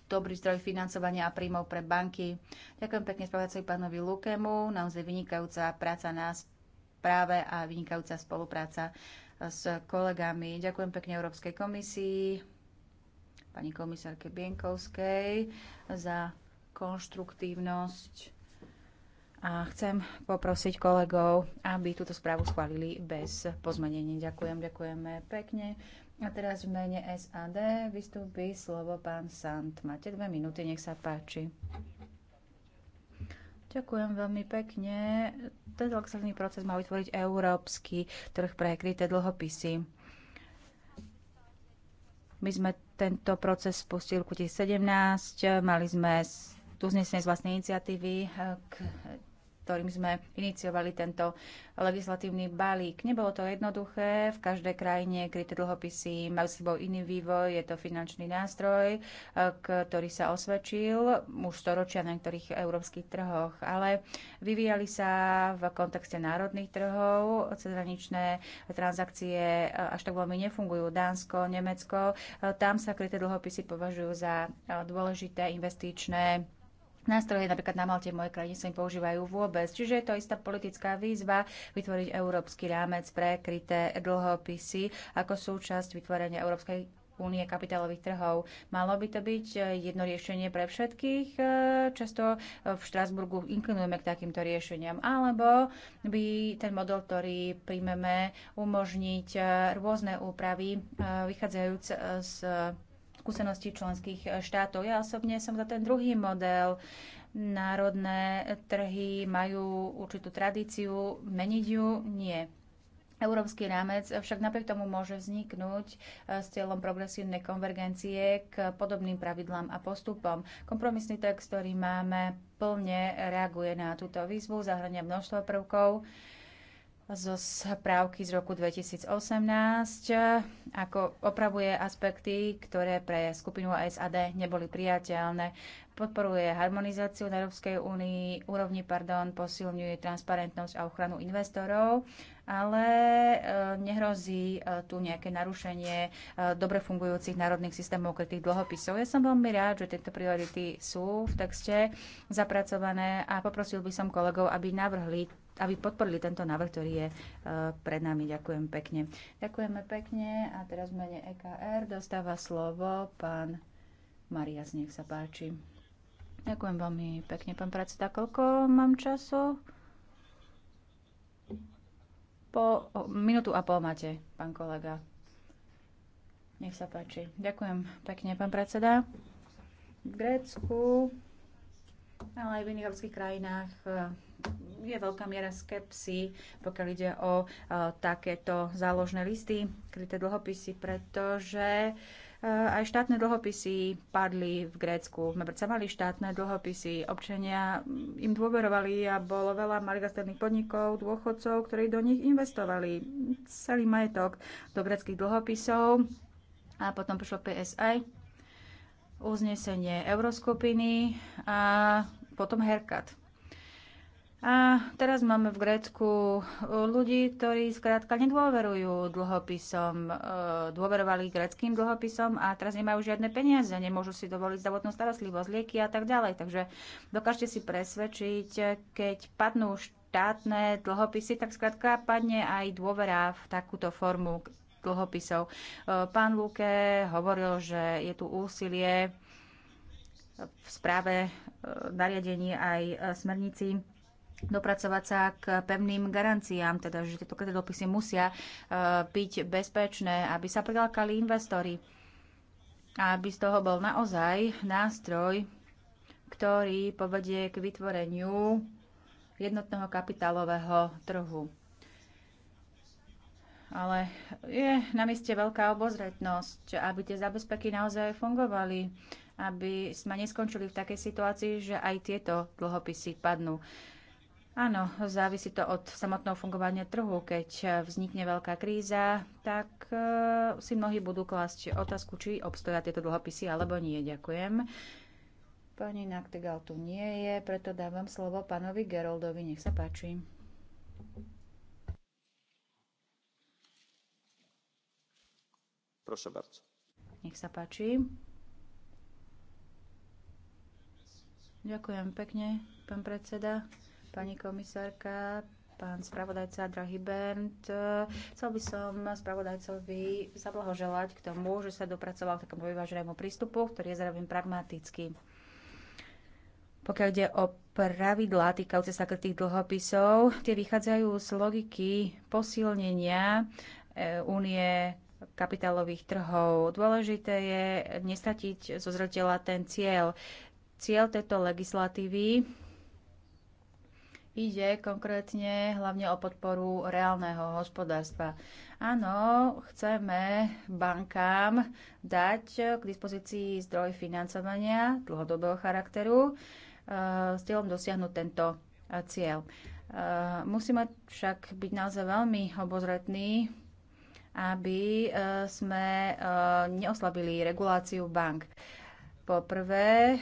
dobrý zdroj financovania a príjmov pre banky. Ďakujem pekne spravodajcovi pánovi Lukemu, naozaj vynikajúca práca na správe a vynikajúca spolupráca s kolegami. Ďakujem pekne Európskej komisii, pani komisárke Bienkovskej za konštruktívnosť a chcem poprosiť kolegov, aby túto správu schválili bez pozmenení. Ďakujem, ďakujeme pekne. A teraz v mene SAD vystúpi slovo pán Sant. Máte dve minúty, nech sa páči. Ďakujem veľmi pekne. Ten legislatívny proces má vytvoriť európsky trh pre kryté dlhopisy. My sme tento proces spustili v roku 2017. Mali sme tu znesenie z vlastnej iniciatívy, ktorým sme iniciovali tento legislatívny balík. Nebolo to jednoduché, v každej krajine kryté dlhopisy mali s sebou iný vývoj, je to finančný nástroj, eh, ktorý sa osvedčil už storočia na niektorých európskych trhoch, ale vyvíjali sa v kontexte národných trhov, cezhraničné transakcie eh, až tak veľmi nefungujú. Dánsko, Nemecko, eh, tam sa kryté dlhopisy považujú za dôležité investičné nástroje napríklad na Malte v mojej krajine sa im používajú vôbec. Čiže je to istá politická výzva vytvoriť európsky rámec pre kryté dlhopisy ako súčasť vytvorenia Európskej únie kapitálových trhov. Malo by to byť eh, jedno riešenie pre všetkých. Eh, Často eh, v Štrásburgu inklinujeme k takýmto riešeniam. Alebo by ten model, ktorý príjmeme, umožniť rôzne úpravy vychádzajúce z skúsenosti členských e, štátov. Ja osobne som za ten druhý model. Národné trhy majú určitú tradíciu, meniť ju nie. Európsky rámec však napriek tomu môže vzniknúť e, s cieľom progresívnej konvergencie k podobným pravidlám a postupom. Kompromisný text, ktorý máme, plne reaguje na túto výzvu, zahrania množstvo prvkov, zo správky z roku 2018, eh, ako opravuje aspekty, ktoré pre skupinu SAD neboli priateľné. Podporuje harmonizáciu na Európskej únii, úrovni, pardon, posilňuje transparentnosť a ochranu investorov, ale eh, nehrozí eh, tu nejaké narušenie dobre fungujúcich národných systémov krytých dlhopisov. Ja som veľmi rád, že tieto priority sú v texte zapracované a poprosil by som kolegov, aby navrhli aby podporili tento návrh, ktorý je e, pred nami. Ďakujem pekne. Ďakujeme pekne a teraz v mene EKR dostáva slovo pán Marias, nech sa páči. Ďakujem veľmi pekne, pán predseda. Koľko mám času? Po o, minútu a pol máte, pán kolega. Nech sa páči. Ďakujem pekne, pán predseda. V Grécku, ale aj v iných európskych krajinách je veľká miera skepsy, pokiaľ ide o e, takéto záložné listy, kryté dlhopisy, pretože e, aj štátne dlhopisy padli v Grécku. Sme predsa mali štátne dlhopisy, občania im dôverovali a bolo veľa malých stredných podnikov, dôchodcov, ktorí do nich investovali celý majetok do gréckých dlhopisov a potom prišlo PSI, uznesenie euroskupiny a potom Herkat. A teraz máme v Grécku e, ľudí, ktorí skrátka nedôverujú dlhopisom, e, dôverovali gréckým dlhopisom a teraz nemajú žiadne peniaze, nemôžu si dovoliť zdravotnú starostlivosť, lieky a tak ďalej. Takže dokážte si presvedčiť, keď padnú štátne dlhopisy, tak skrátka padne aj dôvera v takúto formu dlhopisov. E, pán Luke hovoril, že je tu úsilie v správe nariadení aj smernici dopracovať sa k pevným garanciám, teda že tieto kreditopisy musia e, byť bezpečné, aby sa prilákali investori a aby z toho bol naozaj nástroj, ktorý povedie k vytvoreniu jednotného kapitálového trhu. Ale je na mieste veľká obozretnosť, aby tie zabezpeky naozaj fungovali, aby sme neskončili v takej situácii, že aj tieto dlhopisy padnú. Áno, závisí to od samotného fungovania trhu. Keď vznikne veľká kríza, tak eh, si mnohí budú klásť otázku, či obstoja tieto dlhopisy alebo nie. Ďakujem. Pani Naktegal tu nie je, preto dávam slovo pánovi Geroldovi. Nech sa páči. Prosím bardzo. Nech sa páči. Ďakujem pekne, pán predseda pani komisárka, pán spravodajca Drahý Bernd. Chcel by som spravodajcovi zablahoželať k tomu, že sa dopracoval k takému vyváženému prístupu, ktorý je zároveň pragmatický. Pokiaľ ide o pravidlá týkajúce sa krytých dlhopisov, tie vychádzajú z logiky posilnenia e, únie kapitálových trhov. Dôležité je nestratiť zo zreteľa ten cieľ. Cieľ tejto legislatívy Ide konkrétne hlavne o podporu reálneho hospodárstva. Áno, chceme bankám dať k dispozícii zdroj financovania dlhodobého charakteru e, s cieľom dosiahnuť tento e, cieľ. E, musíme však byť naozaj veľmi obozretní, aby sme neoslabili reguláciu bank. Poprvé,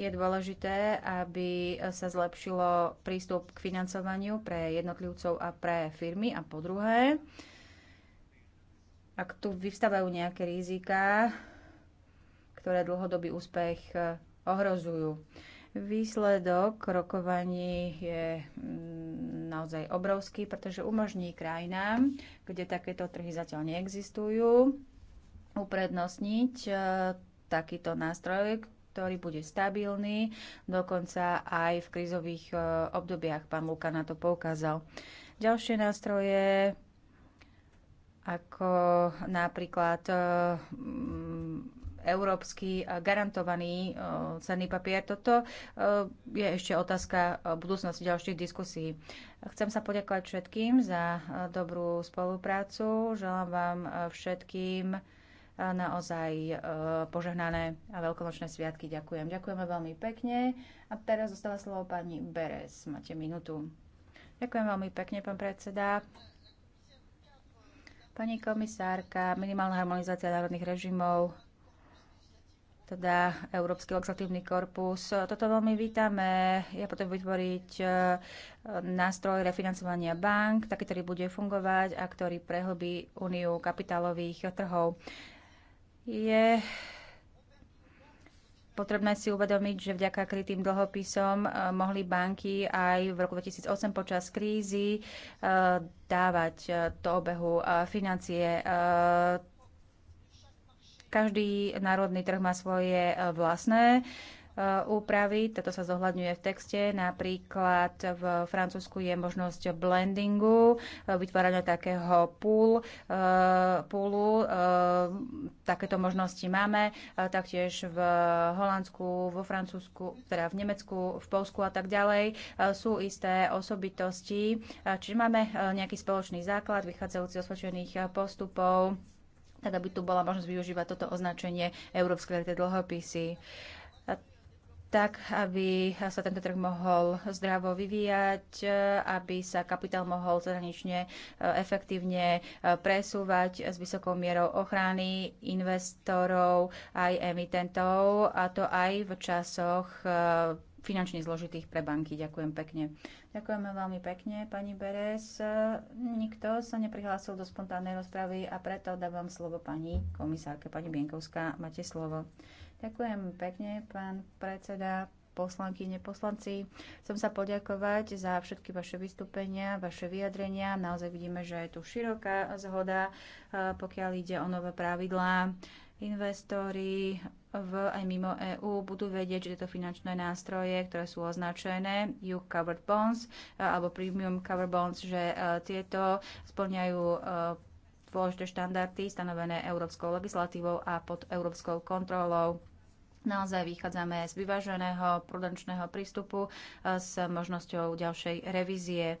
je dôležité, aby sa zlepšilo prístup k financovaniu pre jednotlivcov a pre firmy. A po druhé, ak tu vyvstávajú nejaké rizika, ktoré dlhodobý úspech e, ohrozujú. Výsledok rokovaní je mm, naozaj obrovský, pretože umožní krajinám, kde takéto trhy zatiaľ neexistujú, uprednostniť e, takýto nástroj, ktorý bude stabilný, dokonca aj v krízových e, obdobiach. Pán Luka na to poukázal. Ďalšie nástroje, ako napríklad e, európsky e, garantovaný cenný papier. Toto je ešte otázka budúcnosti ďalších diskusí. Chcem sa poďakovať všetkým za dobrú spoluprácu. Želám vám všetkým naozaj e, požehnané a veľkonočné sviatky. Ďakujem. Ďakujeme veľmi pekne. A teraz zostala slovo pani Beres. Máte minútu. Ďakujem veľmi pekne, pán predseda. Pani komisárka, minimálna harmonizácia národných režimov, teda Európsky legislatívny korpus. Toto veľmi vítame. Je potom vytvoriť e, nástroj refinancovania bank, taký, ktorý bude fungovať a ktorý prehlbí úniu kapitálových trhov je potrebné si uvedomiť, že vďaka krytým dlhopisom eh, mohli banky aj v roku 2008 počas krízy eh, dávať eh, do obehu financie. Každý národný trh má svoje vlastné Eh, úpravy. Toto sa zohľadňuje v texte. Napríklad v Francúzsku je možnosť blendingu, eh, vytvárania takého pool, eh, poolu. Takéto možnosti máme. Taktiež v Holandsku, vo Francúzsku, teda v Nemecku, v Polsku a tak ďalej sú isté osobitosti. Čiže máme nejaký spoločný základ vychádzajúci z osvedčených postupov tak aby tu bola možnosť využívať toto označenie európske teda dlhopisy. Uh, tak, aby sa tento trh mohol zdravo vyvíjať, e, aby sa kapitál mohol zahranične e, efektívne e, presúvať s vysokou mierou ochrany investorov aj emitentov, a to aj v časoch finančne zložitých pre banky. Ďakujem pekne. Ďakujeme veľmi pekne, pani Beres. Nikto sa neprihlásil do spontánnej rozpravy a preto dávam slovo pani komisárke. Pani Bienkovská, máte slovo. Ďakujem pekne, pán predseda, poslankyne, poslanci. Chcem sa poďakovať za všetky vaše vystúpenia, vaše vyjadrenia. Naozaj vidíme, že je tu široká zhoda, e, pokiaľ ide o nové pravidlá. Investori v aj mimo EÚ budú vedieť, že tieto finančné nástroje, ktoré sú označené EU Covered Bonds e, alebo Premium Covered Bonds, že e, tieto splňajú dôležité štandardy stanovené európskou legislatívou a pod európskou kontrolou. Naozaj vychádzame z vyváženého prudenčného prístupu e, s možnosťou ďalšej revízie.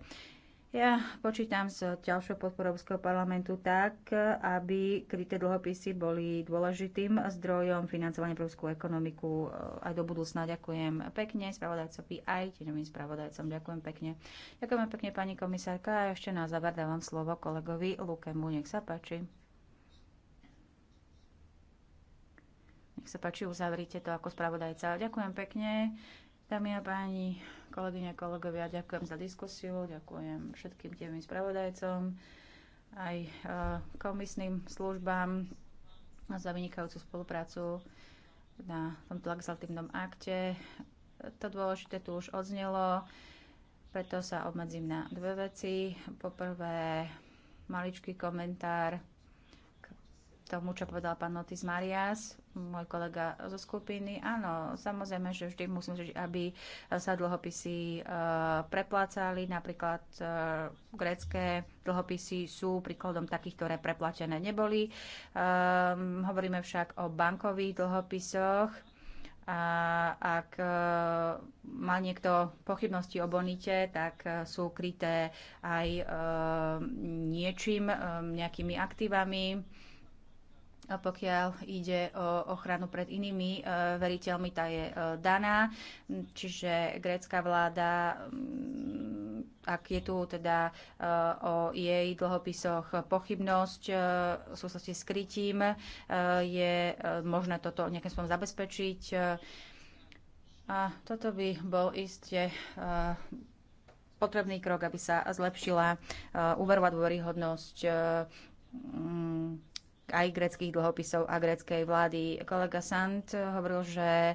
Ja počítam s ďalšou podporou Európskeho parlamentu tak, aby kryté dlhopisy boli dôležitým zdrojom financovania pre európsku ekonomiku e, aj do budúcna. Ďakujem pekne spravodajcovi aj tieňovým spravodajcom. Ďakujem pekne. Ďakujem pekne pani komisárka a ešte na záver dávam slovo kolegovi Lukemu. Nech sa páči. Nech sa páči, uzavrite to ako spravodajca. Ďakujem pekne. Dámy a páni, kolegyne, kolegovia, ďakujem za diskusiu, ďakujem všetkým tým spravodajcom, aj e, komisným službám za vynikajúcu spoluprácu na tomto legislatívnom akte. To dôležité tu už odznelo, preto sa obmedzím na dve veci. Poprvé, maličký komentár k tomu, čo povedal pán Notis Marias môj kolega zo skupiny. Áno, samozrejme, že vždy musím žiť, aby sa dlhopisy e, preplácali. Napríklad e, grécké dlhopisy sú príkladom takých, ktoré preplatené neboli. E, hovoríme však o bankových dlhopisoch. A ak má niekto pochybnosti o bonite, tak sú kryté aj niečím, nejakými aktívami pokiaľ ide o ochranu pred inými e, veriteľmi, tá je e, daná. Čiže grécka vláda, mm, ak je tu teda e, o jej dlhopisoch pochybnosť v súvislosti s krytím, je možné toto nejakým spôsobom zabezpečiť. A toto by bol iste potrebný krok, aby sa zlepšila úverová dôveryhodnosť mm, aj greckých dlhopisov a greckej vlády. Kolega Sant hovoril, že e,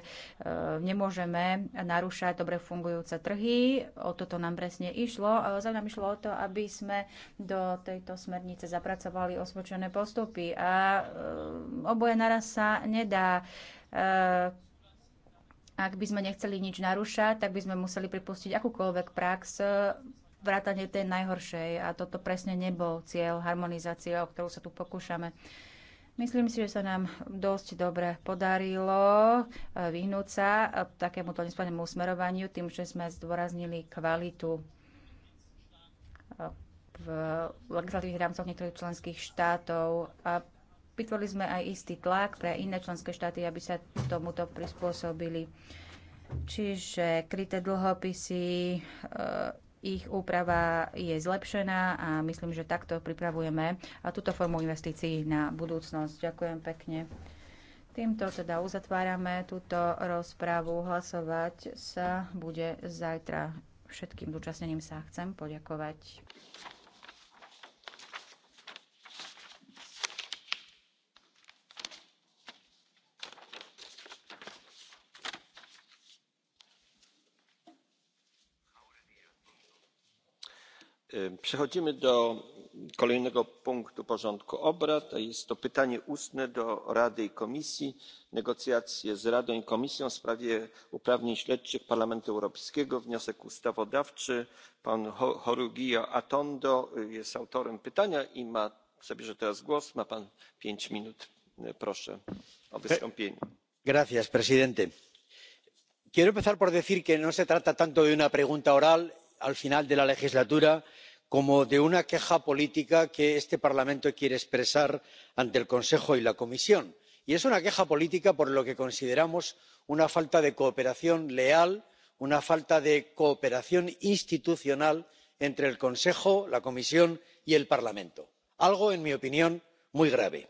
nemôžeme narúšať dobre fungujúce trhy. O toto nám presne išlo. E, za nám išlo o to, aby sme do tejto smernice zapracovali osvočené postupy. A e, oboje naraz sa nedá ak by sme nechceli nič narúšať, tak by sme museli pripustiť akúkoľvek prax vrátane tej najhoršej. A toto presne nebol cieľ harmonizácie, o ktorú sa tu pokúšame. Myslím si, že sa nám dosť dobre podarilo e, vyhnúť sa e, takémuto nesplnému smerovaniu tým, že sme zdôraznili kvalitu e, v legislatívnych rámcoch niektorých členských štátov a vytvorili sme aj istý tlak pre iné členské štáty, aby sa tomuto prispôsobili. Čiže kryté dlhopisy, ich úprava je zlepšená a myslím, že takto pripravujeme túto formu investícií na budúcnosť. Ďakujem pekne. Týmto teda uzatvárame túto rozprávu. Hlasovať sa bude zajtra. Všetkým zúčastneným sa chcem poďakovať. przechodzimy do kolejnego punktu porządku obrad a jest to pytanie ustne do rady i komisji negocjacje z radą i komisją w sprawie uprawnień śledczych parlamentu europejskiego wniosek ustawodawczy pan hrugia atondo jest autorem pytania i zabierze teraz głos ma pan pięć minut proszę o wystąpienie. gracias presidente quiero empezar por decir que no se trata tanto de una pregunta oral al final de la legislatura sino como de una queja política que este parlamento quiere expresar ante el consejo y la comisión y es una queja política por lo que consideramos una falta de cooperación leal una falta de cooperación institucional entre el consejo la comisión y el parlamento algo en mi opinión muy grave.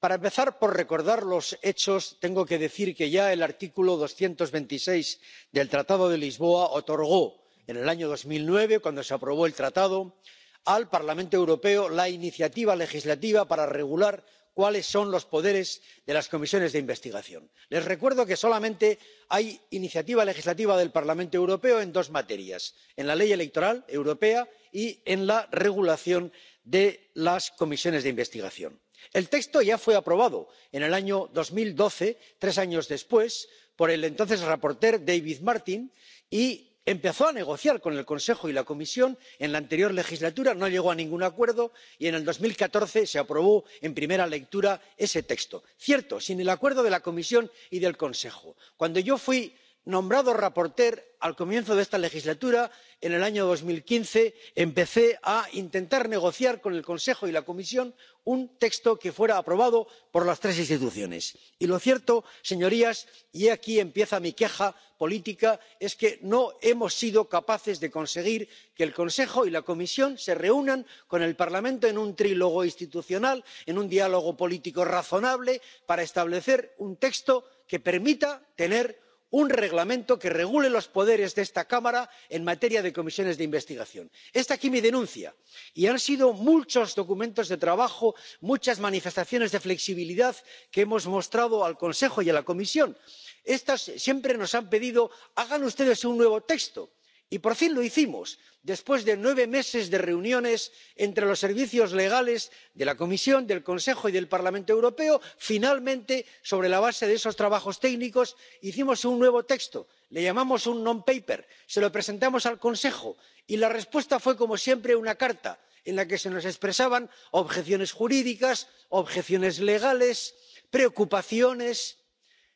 para empezar por recordar los hechos tengo que decir que ya el artículo doscientos veintiséis del tratado de lisboa otorgó en el año dos mil nueve cuando se aprobó el tratado al parlamento europeo la iniciativa legislativa para regular cuáles son los poderes de las comisiones de investigación. les recuerdo que solamente hay iniciativa legislativa del parlamento europeo en dos materias en la ley electoral europea y en la regulación de las comisiones de investigación. el texto ya fue aprobado en el año dos mil doce tres años después por el entonces ponente david martin y empezó a negociar con el consejo y la comisión en la anterior legislatura no llegó a ningún acuerdo y en dos mil catorce se aprobó en primera lectura ese texto cierto sin el acuerdo de la comisión y del consejo. cuando yo fui nombrado ponente al comienzo de esta legislatura en el año dos mil quince empecé a intentar negociar con el consejo y la comisión un texto que fuera aprobado por las tres instituciones y lo cierto señorías y aquí empieza mi queja política es que no hemos sido capaces de conseguir que el consejo y la comisión se reúnan con el parlamento en un trílogo institucional en un diálogo político razonable para establecer un texto que permita tener un reglamento que regule los poderes de esta cámara en materia de comisiones de investigación. Esta aquí mi denuncia y han sido muchos documentos de trabajo muchas manifestaciones de flexibilidad que hemos mostrado al consejo y a la comisión. estos siempre nos han pedido hagan ustedes un nuevo texto y por fin lo hicimos después de nueve meses de reuniones entre los servicios jurídicos de la comisión del consejo y del parlamento europeo finalmente sobre la base de esos trabajos técnicos hicimos un nuevo texto le llamamos un non paper se lo presentamos al consejo y la respuesta fue como siempre una carta en la que se nos expresaban objeciones jurídicas objeciones legales preocupaciones.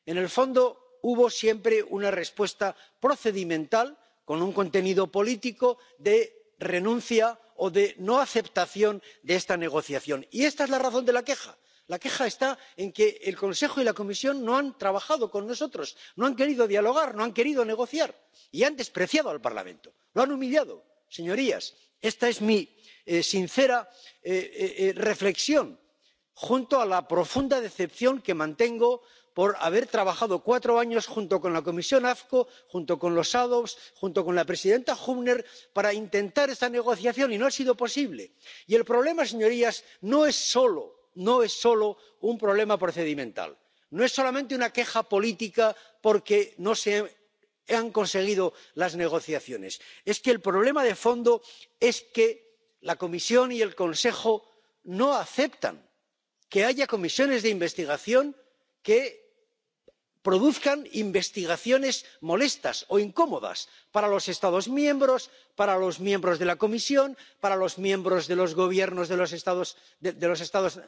en el fondo hubo siempre una respuesta procedimental con un contenido político de renuncia o de no aceptación de esta negociación. y esta es la razón de la queja la queja está en que el consejo y la comisión no han trabajado con nosotros no han querido dialogar no han querido negociar y han despreciado al parlamento lo han humillado. señorías esta es mi eh, sincera eh, eh, reflexión junto a la profunda decepción que mantengo por haber trabajado cuatro años junto con la comisión afco junto con los ponentes alternativos junto con la presidenta hübner para intentar esta negociación y no ha sido posible. y el problema señorías no, no es solo un problema procedimental no es solamente una queja política porque no se han conseguido las negociaciones es que el problema de fondo es que la comisión y el consejo no aceptan que haya comisiones de investigación que produzcan investigaciones molestas o incómodas para los estados miembros para los miembros de la comisión para los miembros de los gobiernos de los estados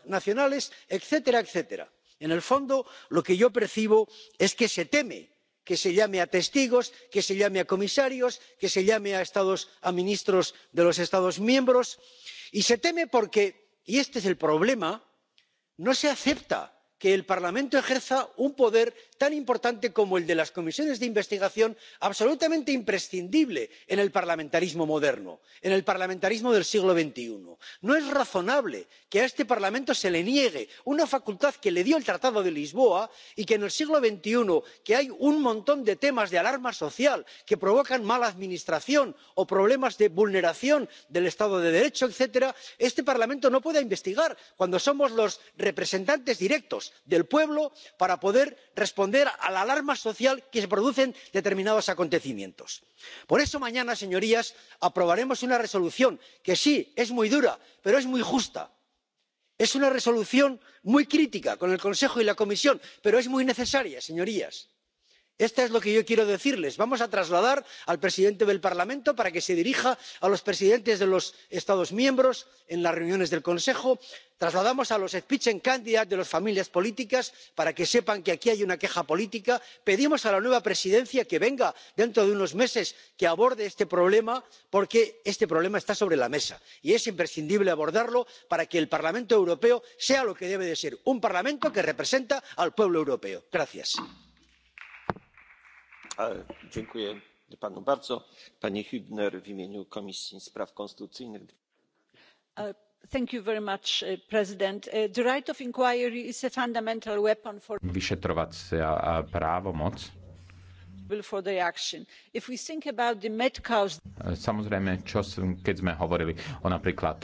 nacionales etcétera etcétera. en el fondo lo que yo percibo es que se teme que se llame a testigos que se llame a comisarios que se llame a ministros de los estados miembros y se teme porque y este es el problema no se acepta que el parlamento ejerza un poder tan importante como el de las comisiones de investigación absolutamente imprescindible en el parlamentarismo moderno en el parlamentarismo del siglo xxi. no es razonable que a este parlamento se le niegue una facultad que le dio el tratado de lisboa y que en el siglo xxi que hay un montón de temas de alarma social que provocan mala administración o problemas de vulneración del estado de derecho etcétera este parlamento no pueda investigar cuando somos los representantes directos políticos del pueblo para poder responder a la alarma social que producen determinados acontecimientos. por eso mañana señorías aprobaremos una resolución que sí es muy dura pero es muy justa. es una resolución muy crítica con el consejo y la comisión pero es muy necesaria señorías esto es lo que yo quiero decirles vamos a trasladar al presidente del parlamento para que se dirija a los presidentes de los estados miembros en las reuniones del consejo trasladamos a los spitzenkandidaten de las familias políticas para que sepan que aquí hay una queja política pedimos a la nueva presidencia que venga dentro de unos meses que aborde este problema porque este problema está sobre la mesa y es imprescindible abordarlo para que el parlamento europeo sea lo que debe ser un parlamento que representa al pueblo europeo. gracias ďakujem panu bardzo pani hbner v imieniu komisji spraw konstytucyjnych. Uh, uh, uh, vyšetrovacia právomoc samozrejme keď sme hovorili o napríklad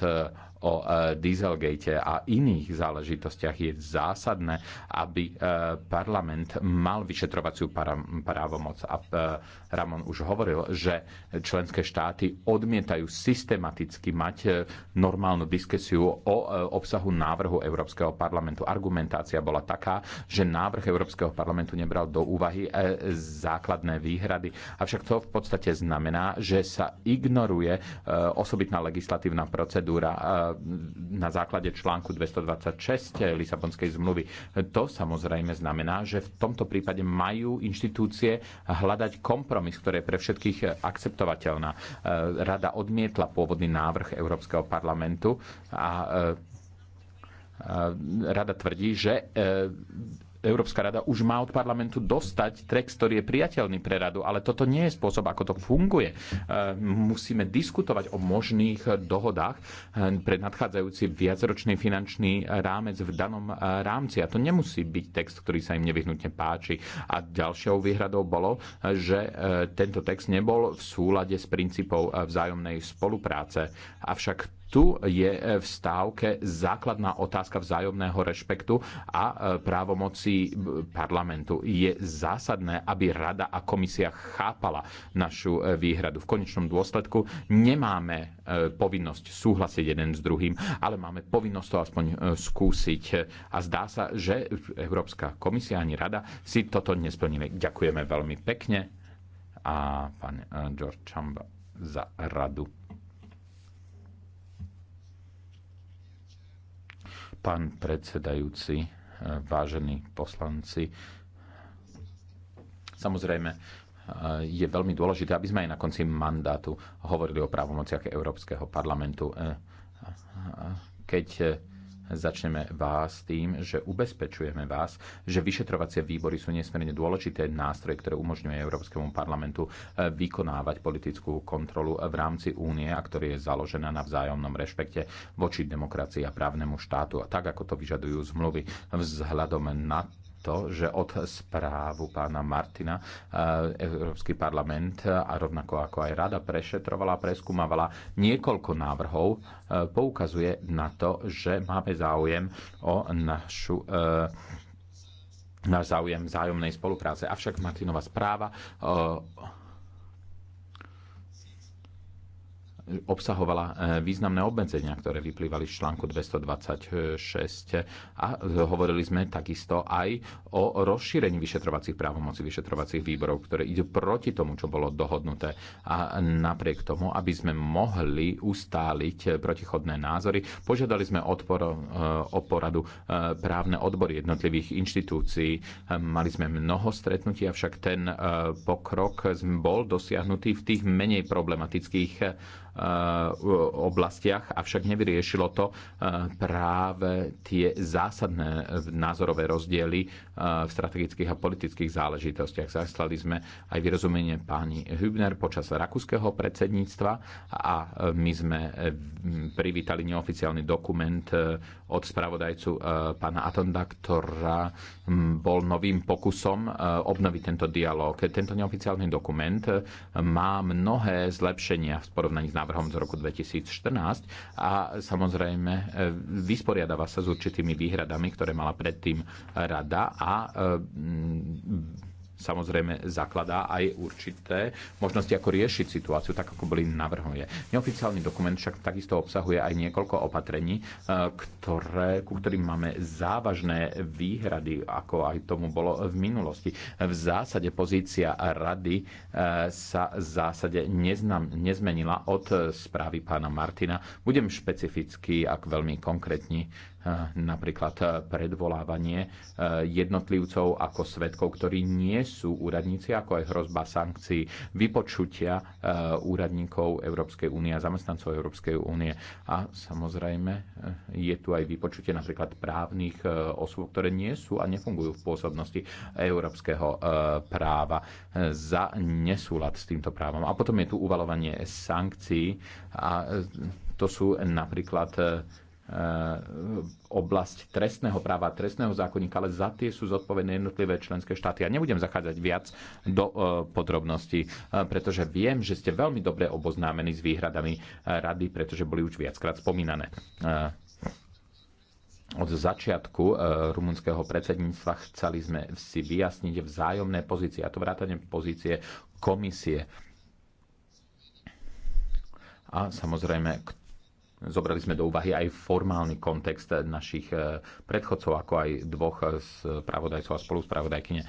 o e, Dieselgate a iných záležitostiach je zásadné, aby e, parlament mal vyšetrovaciu právomoc. A e, Ramon už hovoril, že členské štáty odmietajú systematicky mať normálnu diskusiu o obsahu návrhu Európskeho parlamentu. Argumentácia bola taká, že návrh Európskeho parlamentu nebral do úvahy základné výhrady. Avšak to v podstate znamená, že sa ignoruje osobitná legislatívna procedúra na základe článku 226 Lisabonskej zmluvy. To samozrejme znamená, že v tomto prípade majú inštitúcie hľadať kompromis, ktorý je pre všetkých akceptovateľná. E, Rada odmietla pôvodný návrh Európskeho parlamentu a e, e, Rada tvrdí, že Európska rada už má od parlamentu dostať text, ktorý je priateľný pre radu, ale toto nie je spôsob, ako to funguje. E, musíme diskutovať o možných dohodách e, pre nadchádzajúci viacročný finančný rámec v danom e, rámci. A to nemusí byť text, ktorý sa im nevyhnutne páči. A ďalšou výhradou bolo, že tento text nebol v súlade s princípou vzájomnej spolupráce. Avšak tu je e, v stávke základná otázka vzájomného rešpektu a e, právomocí parlamentu. Je zásadné, aby rada a komisia chápala našu e, výhradu. V konečnom dôsledku nemáme povinnosť súhlasiť jeden s druhým, ale máme povinnosť to aspoň skúsiť. A zdá sa, že Európska komisia ani rada si toto nesplníme. Ďakujeme veľmi pekne a pán George Chamba za radu. Pán predsedajúci, eh, vážení poslanci, samozrejme, eh, je veľmi dôležité, aby sme aj na konci mandátu hovorili o právomociach Európskeho parlamentu. Eh, keď Začneme vás tým, že ubezpečujeme vás, že vyšetrovacie výbory sú nesmierne dôležité nástroje, ktoré umožňuje Európskemu parlamentu eh, vykonávať politickú kontrolu v rámci únie a ktorý je založená na vzájomnom rešpekte voči demokracii a právnemu štátu, tak ako to vyžadujú zmluvy vzhľadom na to, že od správu pána Martina eh, Európsky parlament eh, a rovnako ako aj rada prešetrovala, preskúmavala niekoľko návrhov, eh, poukazuje na to, že máme záujem o našu náš záujem vzájomnej spolupráce. Avšak Martinová správa obsahovala e, významné obmedzenia, ktoré vyplývali z článku 226 a hovorili sme takisto aj o rozšírení vyšetrovacích právomocí vyšetrovacích výborov, ktoré idú proti tomu, čo bolo dohodnuté a napriek tomu, aby sme mohli ustáliť protichodné názory, požiadali sme odpor, e, o poradu e, právne odbory jednotlivých inštitúcií. Mali sme mnoho stretnutí, avšak ten pokrok bol dosiahnutý v tých menej problematických Eh, oblastiach, avšak nevyriešilo to eh, práve tie zásadné názorové rozdiely eh, v strategických a politických záležitostiach. Zastali sme aj vyrozumenie páni Hübner počas rakúskeho predsedníctva a my sme mm, privítali neoficiálny dokument od spravodajcu pána Atonda, ktorá mm, bol novým pokusom obnoviť tento dialog. Tento neoficiálny dokument má mnohé zlepšenia v porovnaní s návrhom z roku 2014 a samozrejme e, vysporiadáva sa s určitými výhradami, ktoré mala predtým rada a e, samozrejme zakladá aj určité možnosti, ako riešiť situáciu, tak ako boli navrhuje. Neoficiálny dokument však takisto obsahuje aj niekoľko opatrení, e, ktoré, ku ktorým máme závažné výhrady, ako aj tomu bolo v minulosti. V zásade pozícia rady e, sa v zásade neznam, nezmenila od správy pána Martina. Budem špecificky ak veľmi konkrétny napríklad e, predvolávanie e, jednotlivcov ako svetkov, ktorí nie sú úradníci, ako aj hrozba sankcií, vypočutia e, úradníkov Európskej únie a zamestnancov Európskej únie. A samozrejme je tu aj vypočutie napríklad právnych osôb, ktoré nie sú a nefungujú v pôsobnosti európskeho práva za nesúlad s týmto právom. A potom je tu uvalovanie sankcií a to sú napríklad Eh, oblasť trestného práva, trestného zákonníka, ale za tie sú zodpovedné jednotlivé členské štáty. Ja nebudem zachádzať viac do eh, podrobností, eh, pretože viem, že ste veľmi dobre oboznámení s výhradami rady, pretože boli už viackrát spomínané od začiatku rumunského predsedníctva chceli sme si vyjasniť vzájomné pozície, a to vrátane pozície komisie. A samozrejme k Zobrali sme do úvahy aj formálny kontext našich e, predchodcov, ako aj dvoch e, spravodajcov a spoluspravodajkyne. E,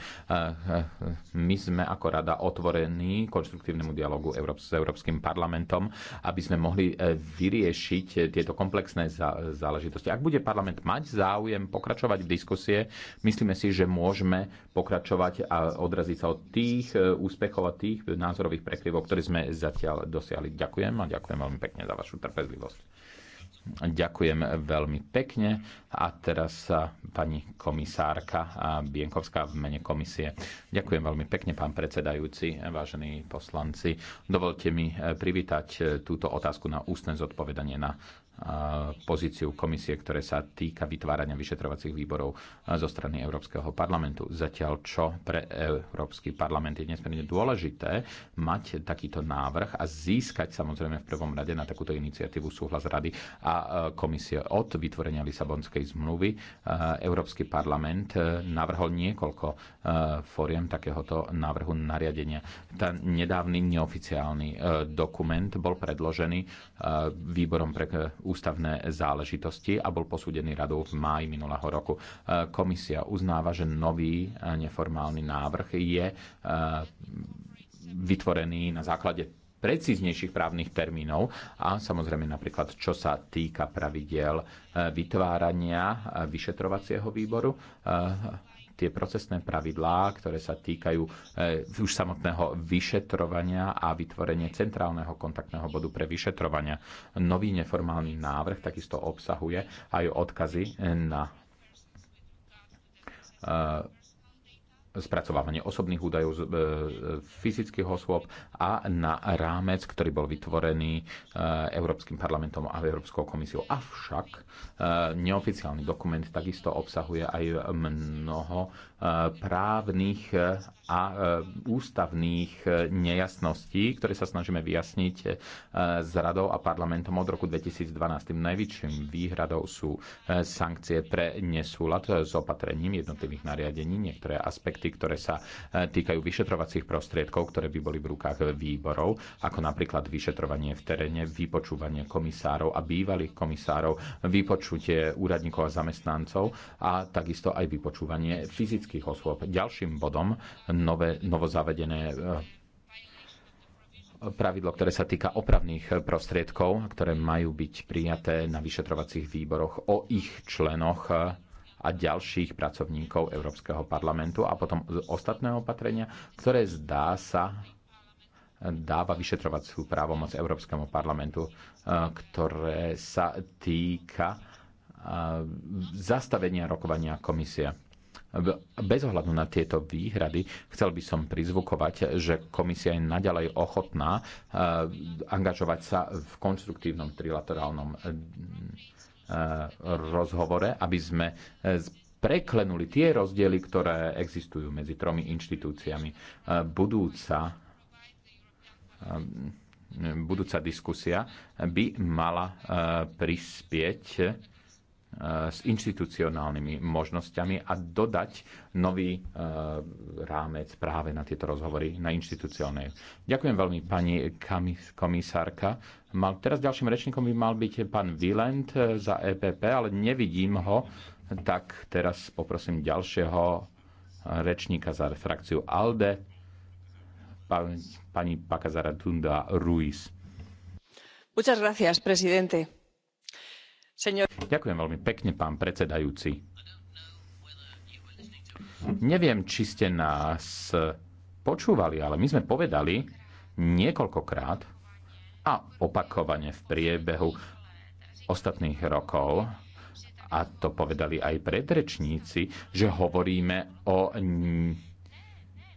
my sme ako rada otvorení konštruktívnemu dialogu s Európskym parlamentom, aby sme mohli vyriešiť tieto komplexné záležitosti. Ak bude parlament mať záujem pokračovať v diskusie, myslíme si, že môžeme pokračovať a odraziť sa od tých úspechov a tých názorových prekryvov, ktoré sme zatiaľ dosiahli. Ďakujem a ďakujem veľmi pekne za vašu trpezlivosť. Ďakujem veľmi pekne. A teraz pani komisárka Bienkovská v mene komisie. Ďakujem veľmi pekne, pán predsedajúci, vážení poslanci. Dovolte mi privítať túto otázku na ústne zodpovedanie na pozíciu komisie, ktoré sa týka vytvárania vyšetrovacích výborov zo strany Európskeho parlamentu. Zatiaľ čo pre Európsky parlament je nesmierne dôležité mať takýto návrh a získať samozrejme v prvom rade na takúto iniciatívu súhlas rady a komisie od vytvorenia Lisabonskej zmluvy. Európsky parlament e, navrhol niekoľko e, fóriem takéhoto návrhu nariadenia. Ten nedávny neoficiálny e, dokument bol predložený výborom pre ústavné záležitosti a bol posúdený radou v máji minulého roku. E, komisia uznáva, že nový e, neformálny návrh je e, vytvorený na základe precíznejších právnych termínov a samozrejme napríklad, čo sa týka pravidiel vytvárania vyšetrovacieho výboru tie procesné pravidlá, ktoré sa týkajú eh, už samotného vyšetrovania a vytvorenie centrálneho kontaktného bodu pre vyšetrovania. Nový neformálny návrh takisto obsahuje aj odkazy eh, na eh, spracovávanie osobných údajov e, z fyzických osôb a na rámec, ktorý bol vytvorený e, Európskym parlamentom a Európskou komisiou. Avšak e, neoficiálny dokument takisto obsahuje aj mnoho právnych a ústavných e, nejasností, ktoré sa snažíme vyjasniť e, s radou a parlamentom od roku 2012. Tým najväčším výhradou sú e, sankcie pre nesúlad s opatrením jednotlivých nariadení, niektoré aspekty, ktoré sa týkajú vyšetrovacích prostriedkov, ktoré by boli v rukách výborov, ako napríklad vyšetrovanie v teréne, vypočúvanie komisárov a bývalých komisárov, vypočutie úradníkov a zamestnancov a takisto aj vypočúvanie fyzických právnických osôb. Ďalším bodom nové, novozavedené e, pravidlo, ktoré sa týka opravných prostriedkov, ktoré majú byť prijaté na vyšetrovacích výboroch o ich členoch e, a ďalších pracovníkov Európskeho parlamentu a potom ostatné opatrenia, ktoré zdá sa e, dáva vyšetrovaciu právomoc Európskemu parlamentu, ktoré sa týka zastavenia rokovania komisie. Bez ohľadu na tieto výhrady chcel by som prizvukovať, že komisia je naďalej ochotná eh, angažovať sa v konstruktívnom trilaterálnom eh, rozhovore, aby sme eh, preklenuli tie rozdiely, ktoré existujú medzi tromi inštitúciami. Budúca budúca diskusia by mala prispieť E, s inštitucionálnymi možnosťami a dodať nový e, rámec práve na tieto rozhovory na inštitucionálnej. Ďakujem veľmi pani komisárka. Mal Teraz ďalším rečníkom by mal byť pán Vilent za EPP, ale nevidím ho, tak teraz poprosím ďalšieho e, rečníka za frakciu ALDE, pani Pakazara Tunda Ruiz. Muchas gracias, presidente Ďakujem veľmi pekne, pán predsedajúci. Neviem, či ste nás počúvali, ale my sme povedali niekoľkokrát a opakovane v priebehu ostatných rokov, a to povedali aj predrečníci, že hovoríme o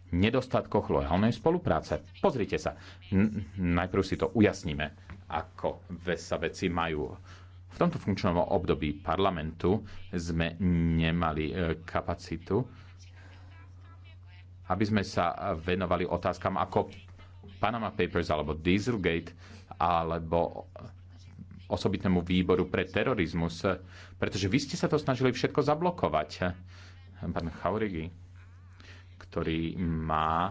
nedostatkoch lojálnej spolupráce. Pozrite sa, najprv si to ujasníme, ako sa veci majú v tomto funkčnom období parlamentu sme nemali e, kapacitu, aby sme sa venovali otázkam ako Panama Papers alebo Dieselgate alebo osobitnému výboru pre terorizmus, pretože vy ste sa to snažili všetko zablokovať. Pán Chaurigi, ktorý má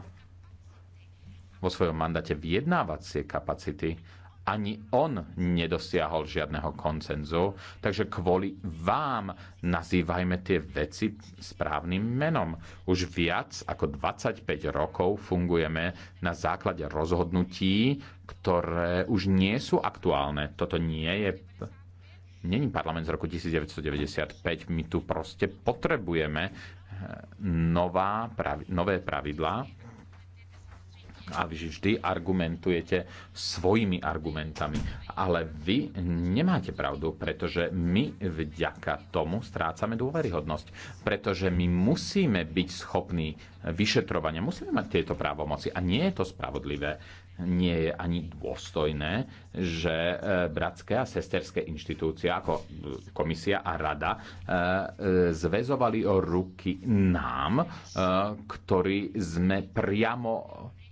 vo svojom mandáte vyjednávacie kapacity ani on nedosiahol žiadneho koncenzu, takže kvôli vám nazývajme tie veci správnym menom. Už viac ako 25 rokov fungujeme na základe rozhodnutí, ktoré už nie sú aktuálne. Toto nie je Není parlament z roku 1995. My tu proste potrebujeme eh, nová, pravi, nové pravidlá, a vy vždy argumentujete svojimi argumentami. Ale vy nemáte pravdu, pretože my vďaka tomu strácame dôveryhodnosť. Pretože my musíme byť schopní vyšetrovania, musíme mať tieto právomoci a nie je to spravodlivé nie je ani dôstojné, že e, bratské a sesterské inštitúcie ako e, komisia a rada e, zväzovali ruky nám, ktorí sme priamo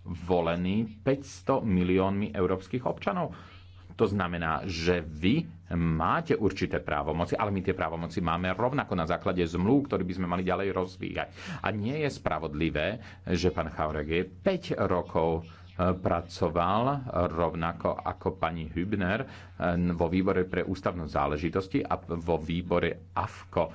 volený 500 miliónmi európskych občanov. To znamená, že vy máte určité právomoci, ale my tie právomoci máme rovnako na základe zmluv, ktorý by sme mali ďalej rozvíjať. A nie je spravodlivé, že pán Chaurek je 5 rokov pracoval rovnako ako pani Hübner eh, vo výbore pre ústavnú záležitosti a vo výbore AFKO. Eh,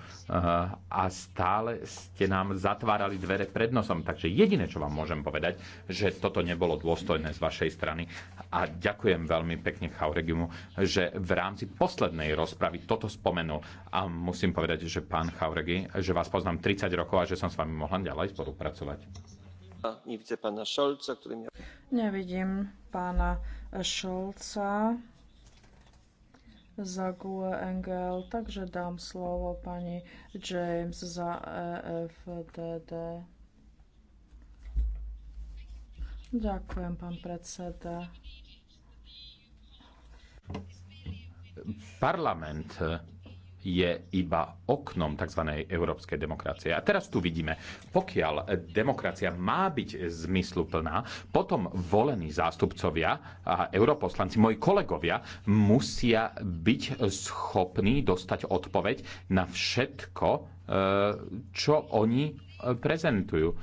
a stále ste nám zatvárali dvere pred nosom. Takže jediné, čo vám môžem povedať, že toto nebolo dôstojné z vašej strany. A ďakujem veľmi pekne Chauregimu, že v rámci poslednej rozpravy toto spomenul. A musím povedať, že pán Chauregi, že vás poznám 30 rokov a že som s vami mohla ďalej spolupracovať. Nevidím pána Šolca za GUE NGL, takže dám slovo pani James za EFDD. Ďakujem, pán predseda. Parlament je iba oknom tzv. európskej demokracie. A teraz tu vidíme, pokiaľ demokracia má byť zmysluplná, potom volení zástupcovia a europoslanci, moji kolegovia, musia byť schopní dostať odpoveď na všetko, e, čo oni prezentujú e,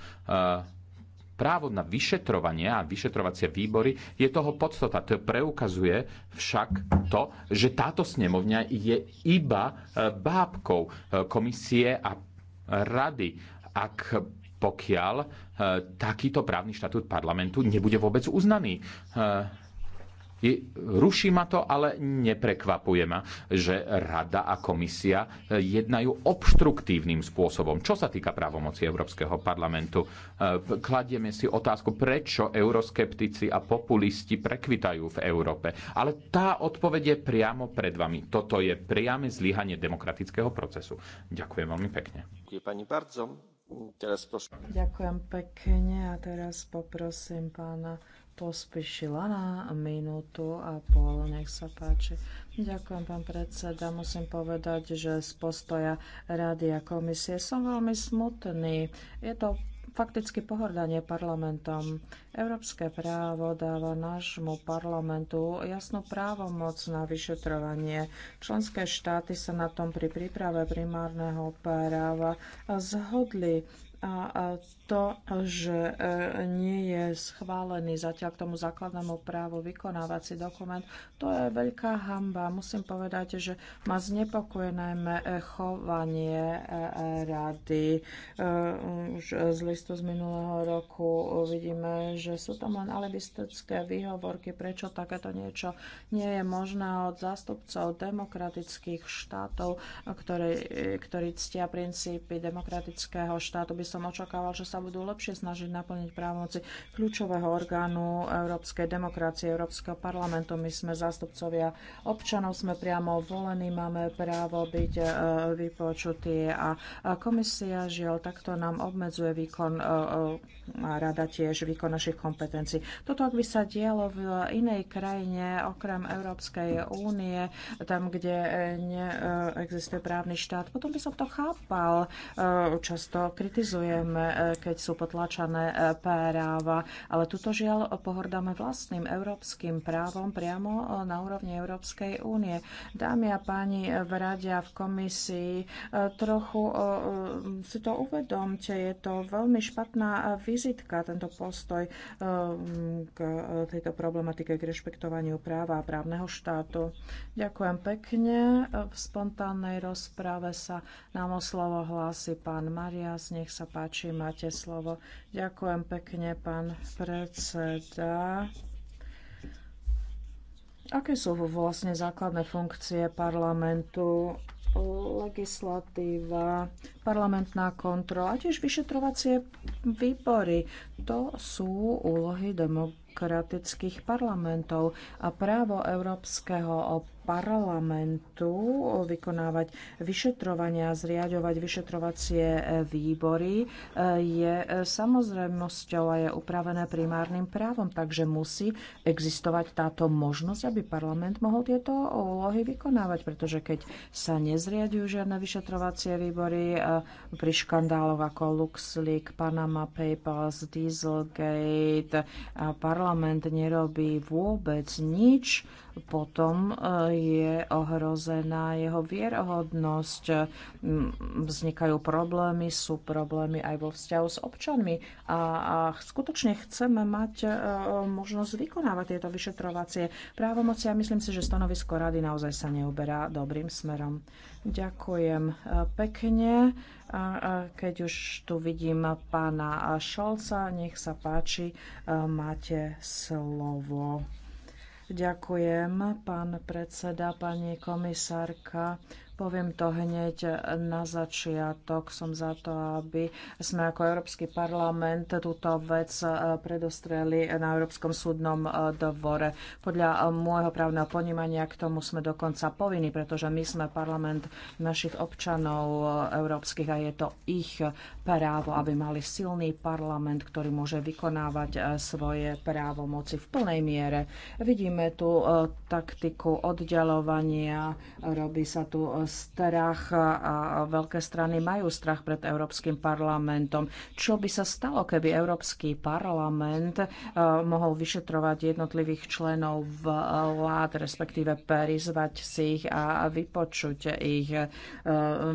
Právo na vyšetrovanie a vyšetrovacie výbory je toho podstata. To preukazuje však to, že táto snemovňa je iba e, bábkou e, komisie a rady, ak pokiaľ e, takýto právny štatút parlamentu nebude vôbec uznaný Ruší ma to, ale neprekvapuje ma, že Rada a komisia e, jednajú obštruktívnym spôsobom. Čo sa týka právomoci Európskeho parlamentu, e, kladieme si otázku, prečo euroskeptici a populisti prekvitajú v Európe. Ale tá odpoveď je priamo pred vami. Toto je priame zlyhanie demokratického procesu. Ďakujem veľmi pekne. Ďakujem Teraz Ďakujem pekne a teraz poprosím pána pospíšila na minútu a pol. Nech sa páči. Ďakujem, pán predseda. Musím povedať, že z postoja Rady a komisie som veľmi smutný. Je to fakticky pohordanie parlamentom. Európske právo dáva nášmu parlamentu jasnú právomoc na vyšetrovanie. Členské štáty sa na tom pri príprave primárneho práva zhodli. A to, že e, nie je schválený zatiaľ k tomu základnému právu vykonávací dokument, to je veľká hamba. Musím povedať, že ma znepokojené e, chovanie e, rady. Už z listu z minulého roku vidíme, že sú tam len alibistické výhovorky, prečo takéto niečo nie je možné od zástupcov demokratických štátov, ktorí, ktorí ctia princípy demokratického štátu by som očakával, že sa budú lepšie snažiť naplniť právomoci kľúčového orgánu európskej demokracie, Európskeho parlamentu. My sme zástupcovia občanov, sme priamo volení, máme právo byť e, vypočutí a komisia žiaľ takto nám obmedzuje výkon e, e, a rada tiež výkon našich kompetencií. Toto, ak by sa dialo v inej krajine, okrem Európskej únie, tam, kde neexistuje právny štát, potom by som to chápal. Často kritizoval kritizujeme, e, keď sú potlačané e, práva, ale tuto žiaľ pohordáme vlastným európskym právom priamo e, na úrovni Európskej únie. Dámy a páni v rade a v komisii, trochu si to uvedomte, je to veľmi špatná vizitka, tento postoj k tejto problematike, k rešpektovaniu práva a právneho štátu. Ďakujem pekne. V spontánnej rozprave sa nám o slovo hlási pán Marias. Nech sa páči, máte slovo. Ďakujem pekne, pán predseda. Aké sú vlastne základné funkcie parlamentu? Legislatíva, parlamentná kontrola, tiež vyšetrovacie výbory. To sú úlohy demokratických parlamentov a právo európskeho parlamentu vykonávať vyšetrovania, zriadovať vyšetrovacie e, výbory e, je samozrejmosťou a je upravené primárnym právom, takže musí existovať táto možnosť, aby parlament mohol tieto úlohy vykonávať, pretože keď sa nezriadujú žiadne vyšetrovacie výbory e, pri škandáloch ako LuxLeak, Panama Papers, Dieselgate, parlament nerobí vôbec nič, potom e, je ohrozená jeho vierohodnosť, vznikajú problémy, sú problémy aj vo vzťahu s občanmi a, a skutočne chceme mať e, možnosť vykonávať tieto vyšetrovacie právomoci a myslím si, že stanovisko rady naozaj sa neuberá dobrým smerom. Ďakujem e, pekne. A keď už tu vidím pána Šolca, nech sa páči, máte slovo. Ďakujem, pán predseda, pani komisárka. Poviem to hneď na začiatok. Som za to, aby sme ako Európsky parlament túto vec e, predostreli na Európskom súdnom e, dvore. Podľa e, môjho právneho ponímania k tomu sme dokonca povinní, pretože my sme parlament našich občanov európskych a je to ich právo, aby mali silný parlament, ktorý môže vykonávať svoje právomoci v plnej miere. Vidíme tu taktiku oddelovania, robí sa tu strach a veľké strany majú strach pred Európskym parlamentom. Čo by sa stalo, keby Európsky parlament eh, mohol vyšetrovať jednotlivých členov vlád, respektíve prizvať si ich a vypočuť ich. Eh,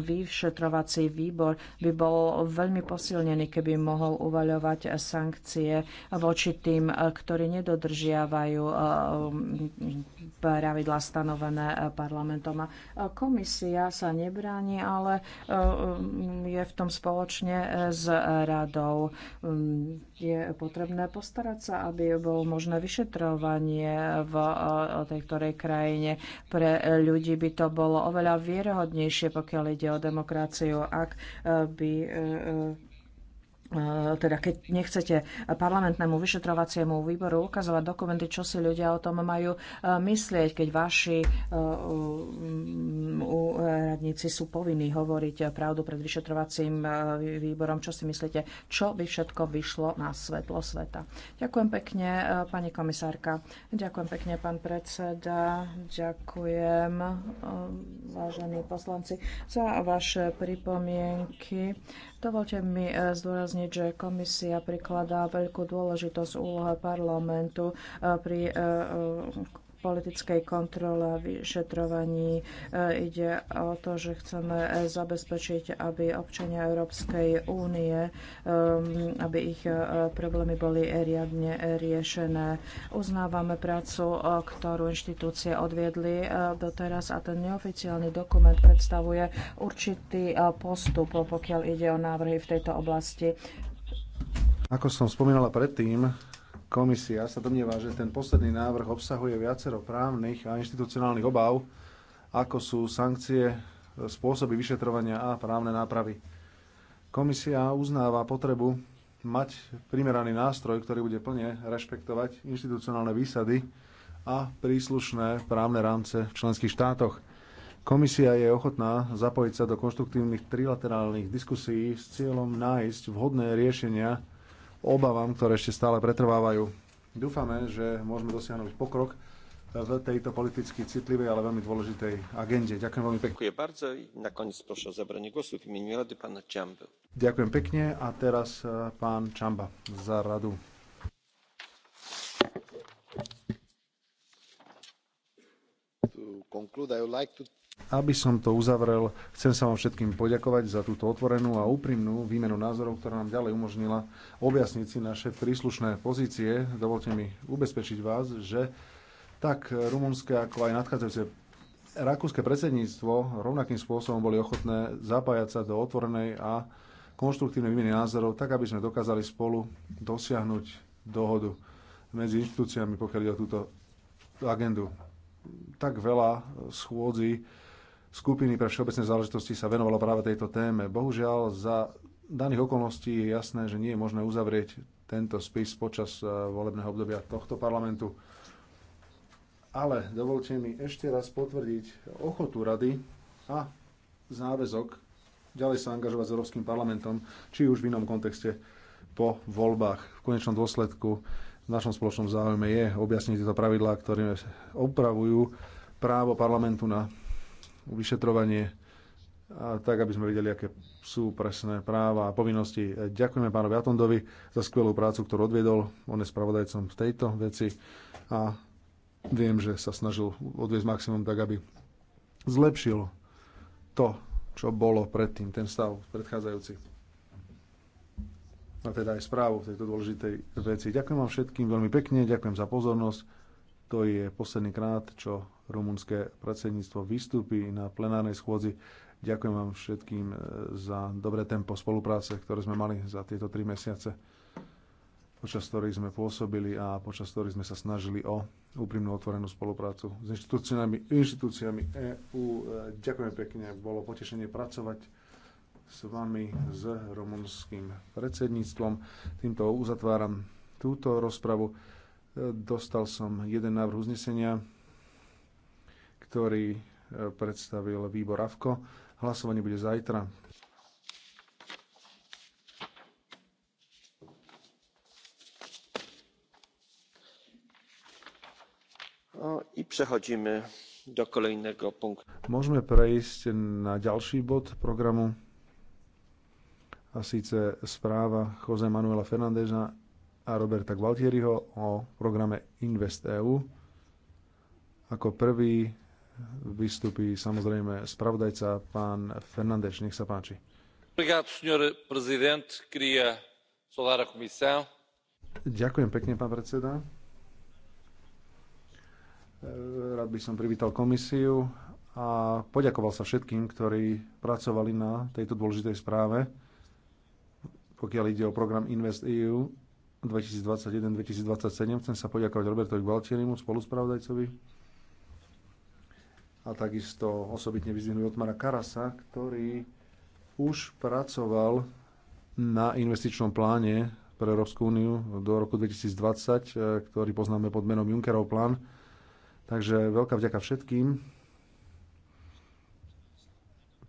vyšetrovací výbor by bol veľmi posilnený, keby mohol uvaľovať sankcie voči tým, ktorí nedodržiavajú eh, pravidla stanovené parlamentom a Komis komisia sa nebráni, ale e, um, je v tom spoločne e, s radou. Um, je potrebné postarať sa, aby bolo možné vyšetrovanie v e, tej ktorej krajine. Pre ľudí by to bolo oveľa vierohodnejšie, pokiaľ ide o demokraciu, ak by Eh, teda keď nechcete parlamentnému vyšetrovaciemu výboru ukazovať dokumenty, čo si ľudia o tom majú eh, myslieť, keď vaši úradníci eh, mm, sú povinní hovoriť pravdu pred vyšetrovacím výborom, čo si myslíte, čo by všetko vyšlo na svetlo sveta. Ďakujem pekne, pani komisárka. Ďakujem pekne, pán predseda. Ďakujem, vážení poslanci, za vaše pripomienky. Dovolte mi eh, zdôrazniť, že komisia prikladá veľkú dôležitosť úlohe parlamentu eh, pri eh, politickej kontrole a vyšetrovaní. E, ide o to, že chceme e, zabezpečiť, aby občania Európskej únie, e, aby ich problémy boli riadne riešené. Uznávame prácu, ktorú inštitúcie odviedli doteraz a ten neoficiálny dokument predstavuje určitý postup, pokiaľ ide o návrhy v tejto oblasti. Ako som spomínala predtým, Komisia sa domnieva, že ten posledný návrh obsahuje viacero právnych a inštitucionálnych obav, ako sú sankcie, spôsoby vyšetrovania a právne nápravy. Komisia uznáva potrebu mať primeraný nástroj, ktorý bude plne rešpektovať inštitucionálne výsady a príslušné právne rámce v členských štátoch. Komisia je ochotná zapojiť sa do konštruktívnych trilaterálnych diskusí s cieľom nájsť vhodné riešenia obavám, ktoré ešte stále pretrvávajú. Dúfame, že môžeme dosiahnuť pokrok v tejto politicky citlivej, ale veľmi dôležitej agende. Ďakujem veľmi pekne. Ďakujem bardzo i nakoniec prosím o zabranie głosu v imieniu Rady pána Čamba. Ďakujem pekne a teraz e, pán Čamba za radu. To conclude, I would like to aby som to uzavrel, chcem sa vám všetkým poďakovať za túto otvorenú a úprimnú výmenu názorov, ktorá nám ďalej umožnila objasniť si naše príslušné pozície. Dovolte mi ubezpečiť vás, že tak rumunské ako aj nadchádzajúce rakúske predsedníctvo rovnakým spôsobom boli ochotné zapájať sa do otvorenej a konštruktívnej výmeny názorov, tak aby sme dokázali spolu dosiahnuť dohodu medzi inštitúciami, pokiaľ ide o túto agendu. Tak veľa schôdzí skupiny pre všeobecné záležitosti sa venovalo práve tejto téme. Bohužiaľ, za daných okolností je jasné, že nie je možné uzavrieť tento spis počas eh, volebného obdobia tohto parlamentu. Ale dovolte mi ešte raz potvrdiť ochotu rady a záväzok ďalej sa angažovať s Európskym parlamentom, či už v inom kontexte po voľbách. V konečnom dôsledku v našom spoločnom záujme je objasniť tieto pravidlá, ktoré opravujú právo parlamentu na vyšetrovanie, a tak aby sme videli, aké sú presné práva a povinnosti. Ďakujeme pánovi Atondovi za skvelú prácu, ktorú odviedol. On je spravodajcom v tejto veci a viem, že sa snažil odviesť maximum tak, aby zlepšil to, čo bolo predtým, ten stav predchádzajúci. A teda aj správu v tejto dôležitej veci. Ďakujem vám všetkým veľmi pekne, ďakujem za pozornosť. To je posledný krát, čo rumunské predsedníctvo vystúpi na plenárnej schôdzi. Ďakujem vám všetkým e, za dobré tempo spolupráce, ktoré sme mali za tieto tri mesiace, počas ktorých sme pôsobili a počas ktorých sme sa snažili o úprimnú otvorenú spoluprácu s inštitúciami, inštitúciami e EÚ. Ďakujem pekne, bolo potešenie pracovať s vami, s rumunským predsedníctvom. Týmto uzatváram túto rozpravu. E, dostal som jeden návrh uznesenia ktorý e, predstavil výbor AVKO. Hlasovanie bude zajtra. I prechodzimy do kolejnego punktu. Môžeme prejsť na ďalší bod programu a síce správa Jose Manuela Fernandeza a Roberta Gualtieriho o programe InvestEU. Ako prvý vystúpi samozrejme spravodajca, pán Fernández, nech sa páči. Ďakujem pekne, pán predseda. Rád by som privítal komisiu a poďakoval sa všetkým, ktorí pracovali na tejto dôležitej správe, pokiaľ ide o program InvestEU 2021-2027. Chcem sa poďakovať Robertovi Gualtierimu, spoluspravodajcovi, a takisto osobitne vyzvihnúť Otmara Karasa, ktorý už pracoval na investičnom pláne pre Európsku úniu do roku 2020, eh, ktorý poznáme pod menom Junckerov plán. Takže veľká vďaka všetkým.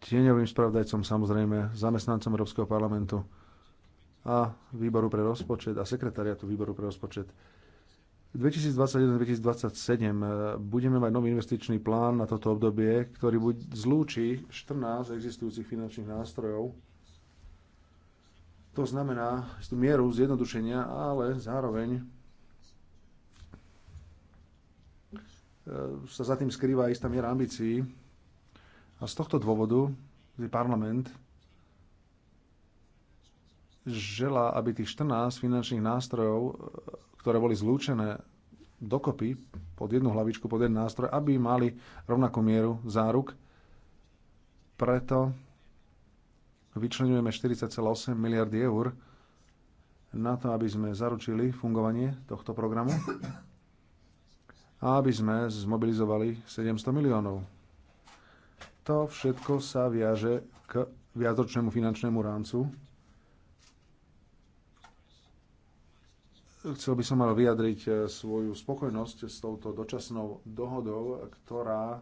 Tieňovým spravdajcom, samozrejme, zamestnancom Európskeho parlamentu a výboru pre rozpočet a sekretariatu výboru pre rozpočet. 2021-2027 eh, budeme mať nový investičný plán na toto obdobie, ktorý buď zlúči 14 existujúcich finančných nástrojov. To znamená istú mieru zjednodušenia, ale zároveň eh, sa za tým skrýva istá miera ambícií. A z tohto dôvodu parlament žela, aby tých 14 finančných nástrojov eh, ktoré boli zlúčené dokopy pod jednu hlavičku, pod jeden nástroj, aby mali rovnakú mieru záruk. Preto vyčlenujeme 40,8 miliardy eur na to, aby sme zaručili fungovanie tohto programu a aby sme zmobilizovali 700 miliónov. To všetko sa viaže k viacročnému finančnému rámcu Chcel by som ale vyjadriť eh, svoju spokojnosť s touto dočasnou dohodou, ktorá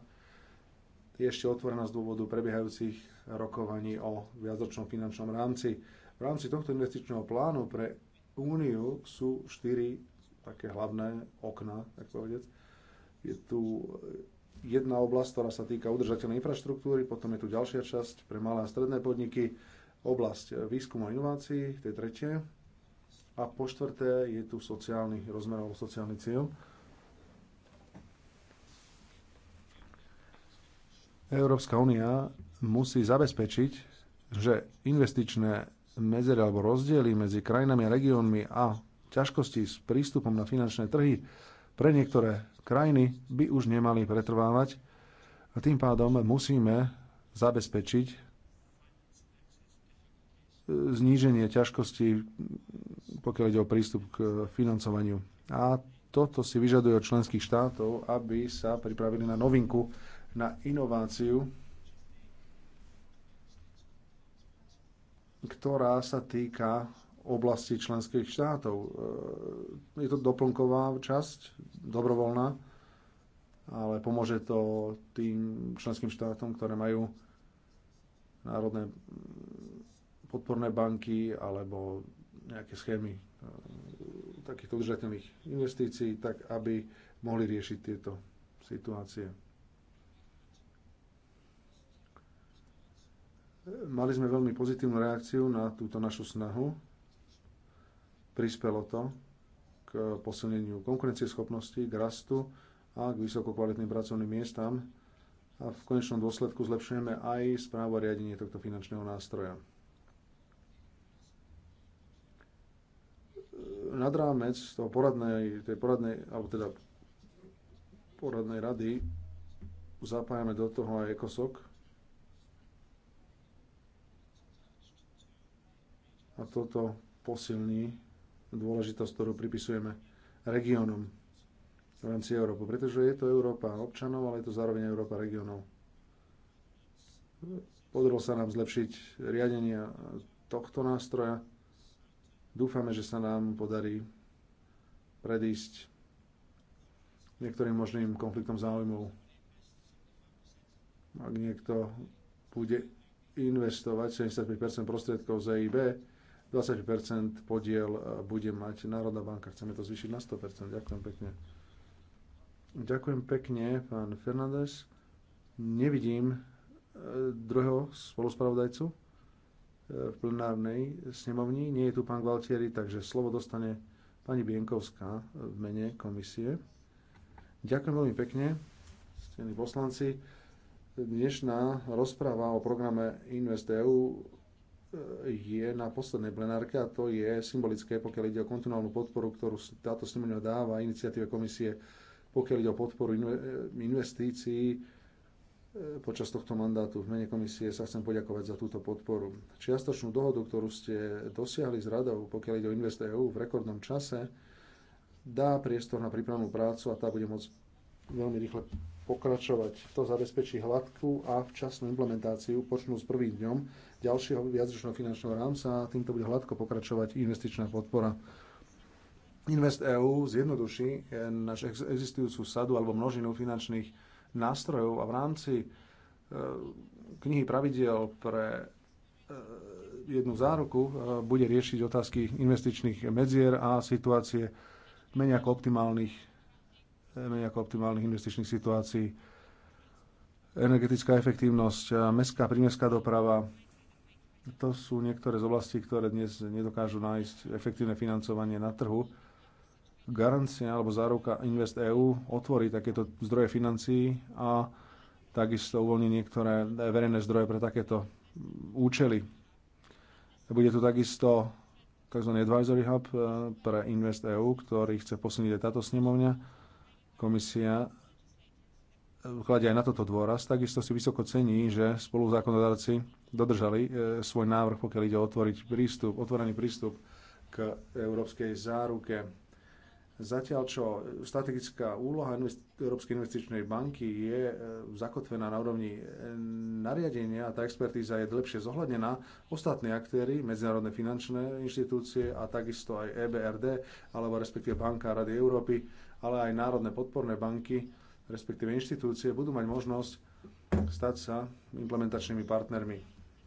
je ešte otvorená z dôvodu prebiehajúcich rokovaní o viacročnom finančnom rámci. V rámci tohto investičného plánu pre Úniu sú štyri také hlavné okna, tak povedať. Je tu jedna oblasť, ktorá sa týka udržateľnej infraštruktúry, potom je tu ďalšia časť pre malé a stredné podniky, oblasť eh, výskumu a inovácií, to je tretie, a po štvrté je tu sociálny rozmer alebo sociálny cieľ. Európska únia musí zabezpečiť, že investičné medzery alebo rozdiely medzi krajinami a regiónmi a ťažkosti s prístupom na finančné trhy pre niektoré krajiny by už nemali pretrvávať a tým pádom musíme zabezpečiť e, zníženie ťažkosti pokiaľ ide o prístup k eh, financovaniu. A toto si vyžaduje od členských štátov, aby sa pripravili na novinku, na inováciu, ktorá sa týka oblasti členských štátov. Eh, je to doplnková časť, dobrovoľná, ale pomôže to tým členským štátom, ktoré majú národné mm, podporné banky alebo nejaké schémy eh, takýchto udržateľných investícií, tak aby mohli riešiť tieto situácie. Mali sme veľmi pozitívnu reakciu na túto našu snahu. Prispelo to k posilneniu konkurencieschopnosti, k rastu a k vysokokvalitným pracovným miestam. A v konečnom dôsledku zlepšujeme aj správu a riadenie tohto finančného nástroja. nad rámec toho poradnej, tej poradnej, alebo teda poradnej rady zapájame do toho aj ekosok. A toto posilní dôležitosť, ktorú pripisujeme regiónom v rámci Európy. Pretože je to Európa občanov, ale je to zároveň Európa regiónov. Podarilo sa nám zlepšiť riadenie tohto nástroja Dúfame, že sa nám podarí predísť niektorým možným konfliktom záujmov. Ak niekto bude investovať 75% prostriedkov z EIB, 25% podiel bude mať Národná banka. Chceme to zvýšiť na 100%. Ďakujem pekne. Ďakujem pekne, pán Fernández. Nevidím eh, druhého spoluspravodajcu. E, v plenárnej snemovni. Nie je tu pán Gualtieri, takže slovo dostane pani Bienkovská e, v mene komisie. Ďakujem veľmi pekne, stení poslanci. Dnešná rozpráva o programe InvestEU e, je na poslednej plenárke a to je symbolické, pokiaľ ide o kontinuálnu podporu, ktorú táto snemovňa dáva iniciatíve komisie, pokiaľ ide o podporu investícií E, počas tohto mandátu. V mene komisie sa chcem poďakovať za túto podporu. Čiastočnú dohodu, ktorú ste dosiahli s radou, pokiaľ ide o Invest EU v rekordnom čase, dá priestor na prípravnú prácu a tá bude môcť veľmi rýchle pokračovať. To zabezpečí hladkú a včasnú implementáciu počnú s prvým dňom ďalšieho viacročného finančného rámca a týmto bude hladko pokračovať investičná podpora. Invest EU zjednoduší našu existujúcu sadu alebo množinu finančných nástrojov a v rámci e, knihy pravidiel pre e, jednu záruku e, bude riešiť otázky investičných medzier a situácie menej ako optimálnych, menej ako optimálnych investičných situácií. Energetická efektívnosť, mestská, prímestská doprava, to sú niektoré z oblastí, ktoré dnes nedokážu nájsť efektívne financovanie na trhu garancia alebo záruka Invest EU otvorí takéto zdroje financií a takisto uvoľní niektoré verejné zdroje pre takéto účely. Bude tu takisto tzv. advisory hub e, pre Invest EU, ktorý chce posunúť aj táto snemovňa. Komisia e, kladie aj na toto dôraz. Takisto si vysoko cení, že zákonodárci dodržali e, svoj návrh, pokiaľ ide o otvoriť prístup, otvorený prístup k európskej záruke Zatiaľ, čo strategická úloha Európskej investičnej banky je e, zakotvená na úrovni e, nariadenia a tá expertíza je lepšie zohľadnená, ostatní aktéry, medzinárodné finančné inštitúcie a takisto aj EBRD, alebo respektíve Banka Rady Európy, ale aj národné podporné banky, respektíve inštitúcie, budú mať možnosť stať sa implementačnými partnermi.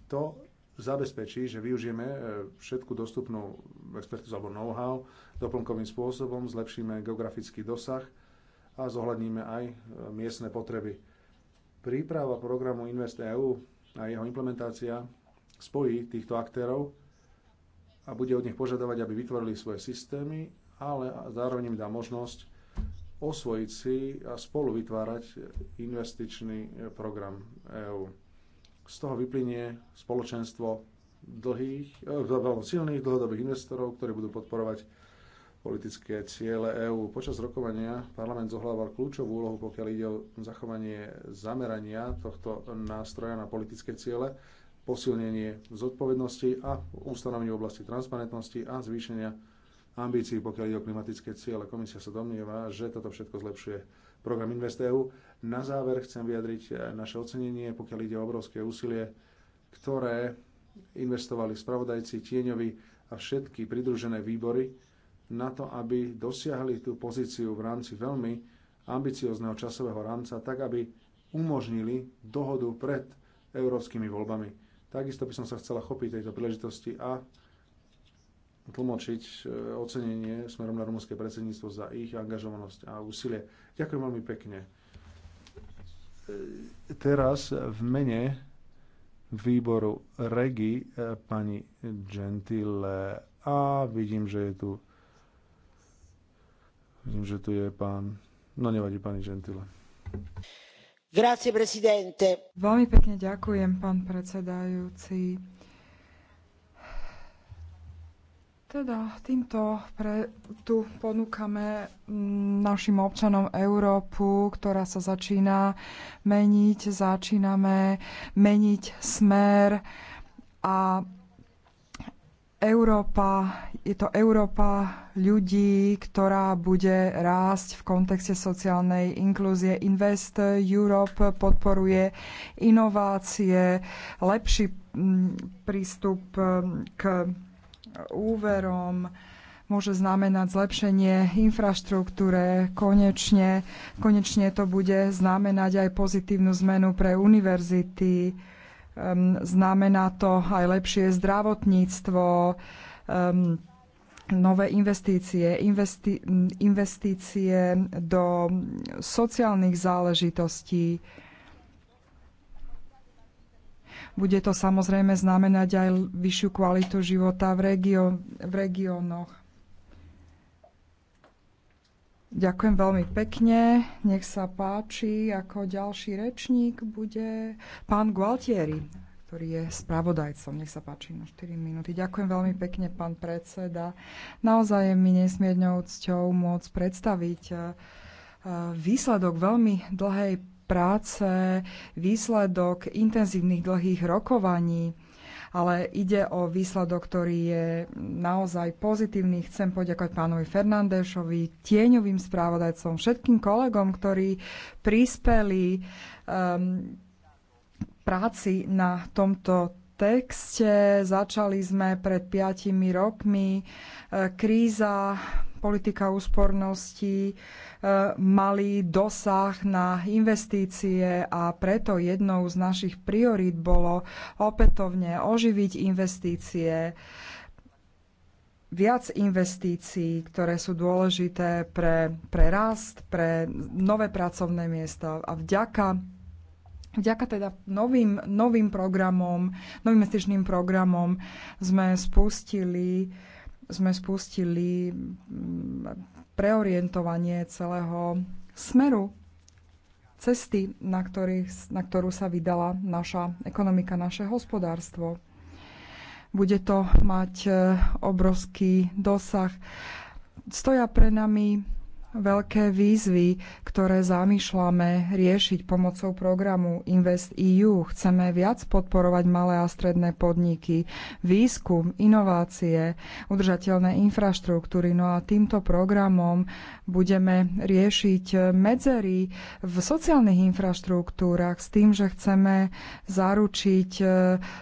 To zabezpečí, že využijeme e, všetku dostupnú expertizu alebo know-how doplnkovým spôsobom, zlepšíme geografický dosah a zohľadníme aj e, miestne potreby. Príprava programu EU e a jeho implementácia spojí týchto aktérov a bude od nich požadovať, aby vytvorili svoje systémy, ale zároveň im dá možnosť osvojiť si a spolu vytvárať investičný program EU. Z toho vyplynie spoločenstvo dlhých, eh, silných dlhodobých investorov, ktorí budú podporovať politické ciele EÚ. Počas rokovania parlament zohľadal kľúčovú úlohu, pokiaľ ide o zachovanie zamerania tohto nástroja na politické ciele, posilnenie zodpovednosti a ustanovenie v oblasti transparentnosti a zvýšenia ambícií, pokiaľ ide o klimatické ciele. Komisia sa domnieva, že toto všetko zlepšuje program InvestEU. Na záver chcem vyjadriť eh, naše ocenenie, pokiaľ ide o obrovské úsilie, ktoré investovali spravodajci Tieňovi a všetky pridružené výbory na to, aby dosiahli tú pozíciu v rámci veľmi ambiciozného časového rámca, tak aby umožnili dohodu pred európskymi voľbami. Takisto by som sa chcela chopiť tejto príležitosti a tlmočiť e, ocenenie smerom na rumúnske predsedníctvo za ich angažovanosť a úsilie. Ďakujem veľmi pekne. E, teraz v mene výboru REGI e, pani Gentile a vidím, že je tu vidím, že tu je pán no nevadí pani Gentile. Grazie, presidente. Veľmi pekne ďakujem, pán predsedajúci. Teda týmto pre, tu ponúkame našim občanom Európu, ktorá sa začína meniť, začíname meniť smer a Európa, je to Európa ľudí, ktorá bude rásť v kontexte sociálnej inklúzie. Invest Europe podporuje inovácie, lepší prístup k úverom, môže znamenať zlepšenie infraštruktúre. Konečne, konečne to bude znamenať aj pozitívnu zmenu pre univerzity. Ehm, znamená to aj lepšie zdravotníctvo, ehm, nové investície, investi- investície do sociálnych záležitostí. Bude to samozrejme znamenať aj vyššiu kvalitu života v, regió- v regiónoch. Ďakujem veľmi pekne. Nech sa páči, ako ďalší rečník bude pán Gualtieri, ktorý je spravodajcom. Nech sa páči na 4 minúty. Ďakujem veľmi pekne, pán predseda. Naozaj je mi nesmiernou cťou môcť predstaviť eh, výsledok veľmi dlhej práce výsledok intenzívnych dlhých rokovaní, ale ide o výsledok, ktorý je naozaj pozitívny. Chcem poďakovať pánovi Fernandéšovi, tieňovým správodajcom, všetkým kolegom, ktorí prispeli um, práci na tomto texte. Začali sme pred piatimi rokmi. E, kríza politika úspornosti mali dosah na investície a preto jednou z našich priorít bolo opätovne oživiť investície, viac investícií, ktoré sú dôležité pre, pre rast, pre nové pracovné miesta a vďaka Vďaka teda novým, novým programom, novým investičným programom sme spustili, sme spustili preorientovanie celého smeru cesty, na, ktorý, na ktorú sa vydala naša ekonomika, naše hospodárstvo. Bude to mať e, obrovský dosah. Stoja pre nami veľké výzvy, ktoré zamýšľame riešiť pomocou programu Invest EU. Chceme viac podporovať malé a stredné podniky, výskum, inovácie, udržateľné infraštruktúry. No a týmto programom budeme riešiť medzery v sociálnych infraštruktúrach s tým, že chceme zaručiť e,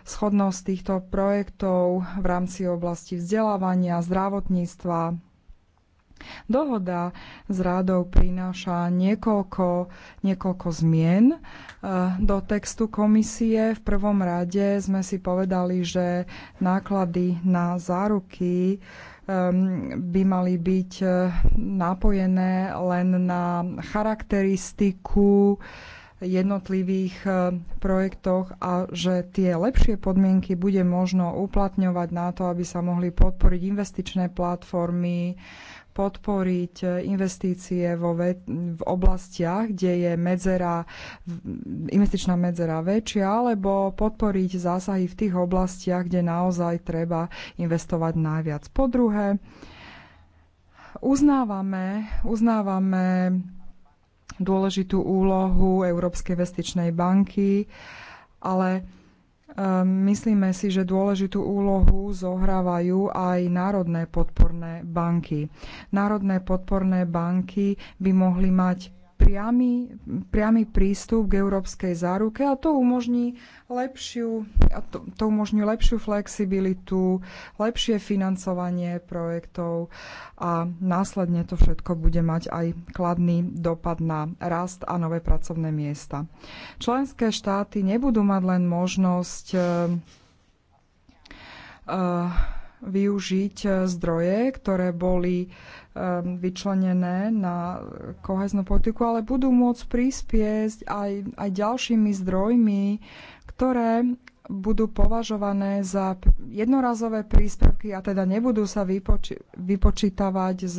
schodnosť týchto projektov v rámci oblasti vzdelávania, zdravotníctva, Dohoda s rádou prináša niekoľko, niekoľko zmien eh, do textu komisie. V prvom rade sme si povedali, že náklady na záruky ehm, by mali byť eh, napojené len na charakteristiku jednotlivých eh, projektoch a že tie lepšie podmienky bude možno uplatňovať na to, aby sa mohli podporiť investičné platformy, podporiť e, investície vo ve- v oblastiach, kde je medzera, investičná medzera väčšia, alebo podporiť zásahy v tých oblastiach, kde naozaj treba investovať najviac. Po druhé, uznávame, uznávame dôležitú úlohu Európskej investičnej banky, ale Ehm, myslíme si, že dôležitú úlohu zohrávajú aj národné podporné banky. Národné podporné banky by mohli mať priamy, priamy prístup k európskej záruke a to umožní lepšiu, a to, to umožní lepšiu flexibilitu, lepšie financovanie projektov a následne to všetko bude mať aj kladný dopad na rast a nové pracovné miesta. Členské štáty nebudú mať len možnosť uh, uh, využiť e, zdroje, ktoré boli e, vyčlenené na koheznú politiku, ale budú môcť prispieť aj, aj ďalšími zdrojmi, ktoré budú považované za jednorazové príspevky a teda nebudú sa vypoči- vypočítavať z,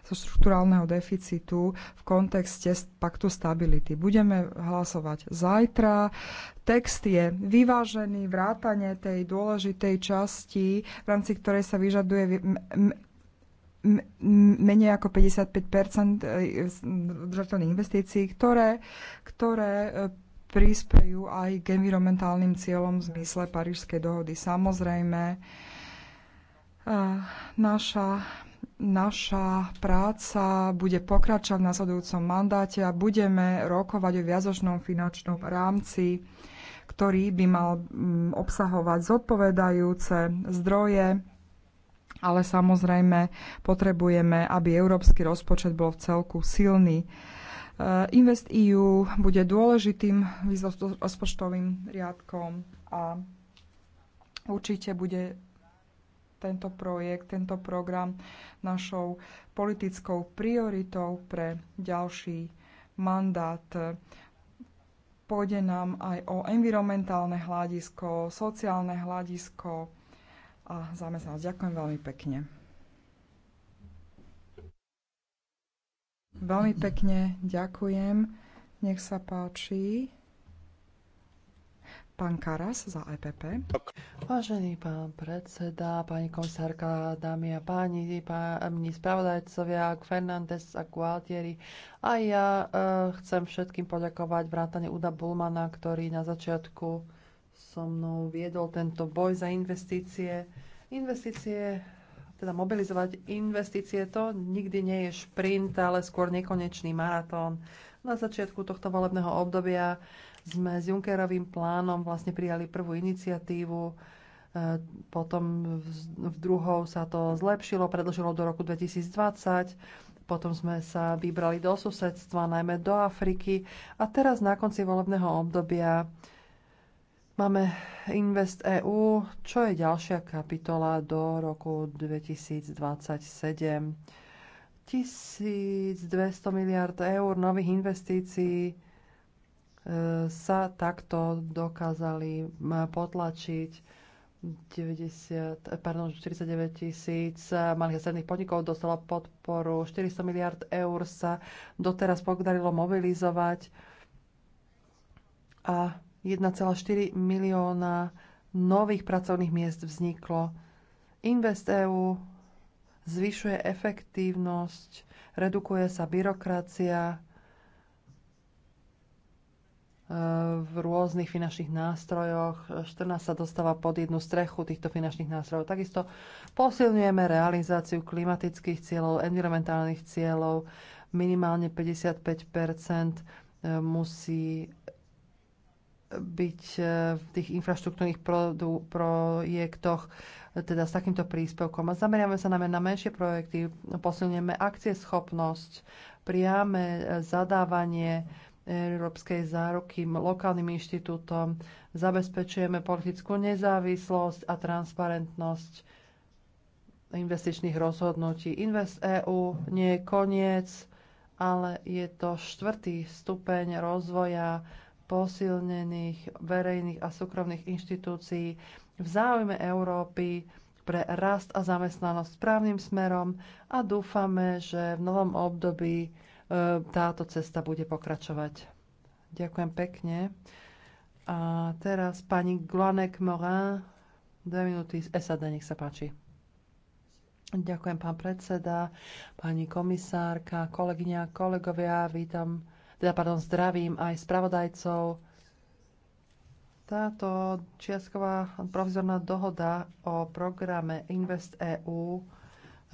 zo štruktúrálneho deficitu v kontexte paktu stability. Budeme hlasovať zajtra. Text je vyvážený, vrátane tej dôležitej časti, v rámci ktorej sa vyžaduje menej ako 55 udržateľných investícií, ktoré, ktoré prispejú aj k environmentálnym cieľom v zmysle Parížskej dohody. Samozrejme, eh, naša, naša práca bude pokračovať v nasledujúcom mandáte a budeme rokovať o viazočnom finančnom rámci, ktorý by mal mm, obsahovať zodpovedajúce zdroje ale samozrejme potrebujeme, aby európsky rozpočet bol v celku silný. Eh, Invest EU bude dôležitým rozpočtovým riadkom a určite bude tento projekt, tento program našou politickou prioritou pre ďalší mandát. Pôjde nám aj o environmentálne hľadisko, sociálne hľadisko a zamestnanosť. Ďakujem veľmi pekne. Veľmi pekne ďakujem. Nech sa páči. Pán Karas za EPP. Vážený pán predseda, pani komisárka, dámy a páni, páni spravodajcovia, Fernández a Gualtieri. A ja e, chcem všetkým poďakovať vrátane Uda Bulmana, ktorý na začiatku so mnou viedol tento boj za investície. Investície teda mobilizovať investície, to nikdy nie je šprint, ale skôr nekonečný maratón. Na začiatku tohto volebného obdobia sme s Junckerovým plánom vlastne prijali prvú iniciatívu, e, potom v druhou sa to zlepšilo, predlžilo do roku 2020, potom sme sa vybrali do susedstva, najmä do Afriky a teraz na konci volebného obdobia Máme Invest EU, čo je ďalšia kapitola do roku 2027. 1200 miliard eur nových investícií e, sa takto dokázali potlačiť 90, pardon, 49 tisíc e, malých a stredných podnikov dostalo podporu, 400 miliard eur sa doteraz podarilo mobilizovať a 1,4 milióna nových pracovných miest vzniklo. InvestEU zvyšuje efektívnosť, redukuje sa byrokracia e, v rôznych finančných nástrojoch. 14 sa dostáva pod jednu strechu týchto finančných nástrojov. Takisto posilňujeme realizáciu klimatických cieľov, environmentálnych cieľov. Minimálne 55 e, musí byť e, v tých infraštruktúrnych projektoch teda s takýmto príspevkom. A zameriame sa najmä na menšie projekty, posilňujeme akcieschopnosť, priame e, zadávanie e, európskej záruky lokálnym inštitútom, zabezpečujeme politickú nezávislosť a transparentnosť investičných rozhodnutí. Invest EU nie je koniec, ale je to štvrtý stupeň rozvoja posilnených verejných a súkromných inštitúcií v záujme Európy pre rast a zamestnanosť správnym smerom a dúfame, že v novom období e, táto cesta bude pokračovať. Ďakujem pekne. A teraz pani Glanek Morin, dve minúty z SAD, nech sa páči. Ďakujem, pán predseda, pani komisárka, kolegyňa, kolegovia, vítam teda pardon, zdravím aj spravodajcov. Táto čiastková provizorná dohoda o programe Invest EU e,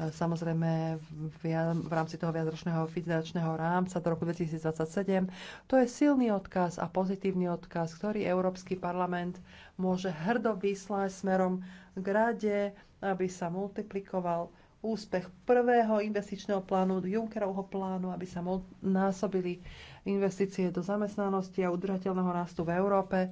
samozrejme v rámci toho viacročného finančného rámca do roku 2027. To je silný odkaz a pozitívny odkaz, ktorý Európsky parlament môže hrdo vyslať smerom k rade, aby sa multiplikoval úspech prvého investičného plánu, Junckerovho plánu, aby sa násobili investície do zamestnanosti a udržateľného rastu v Európe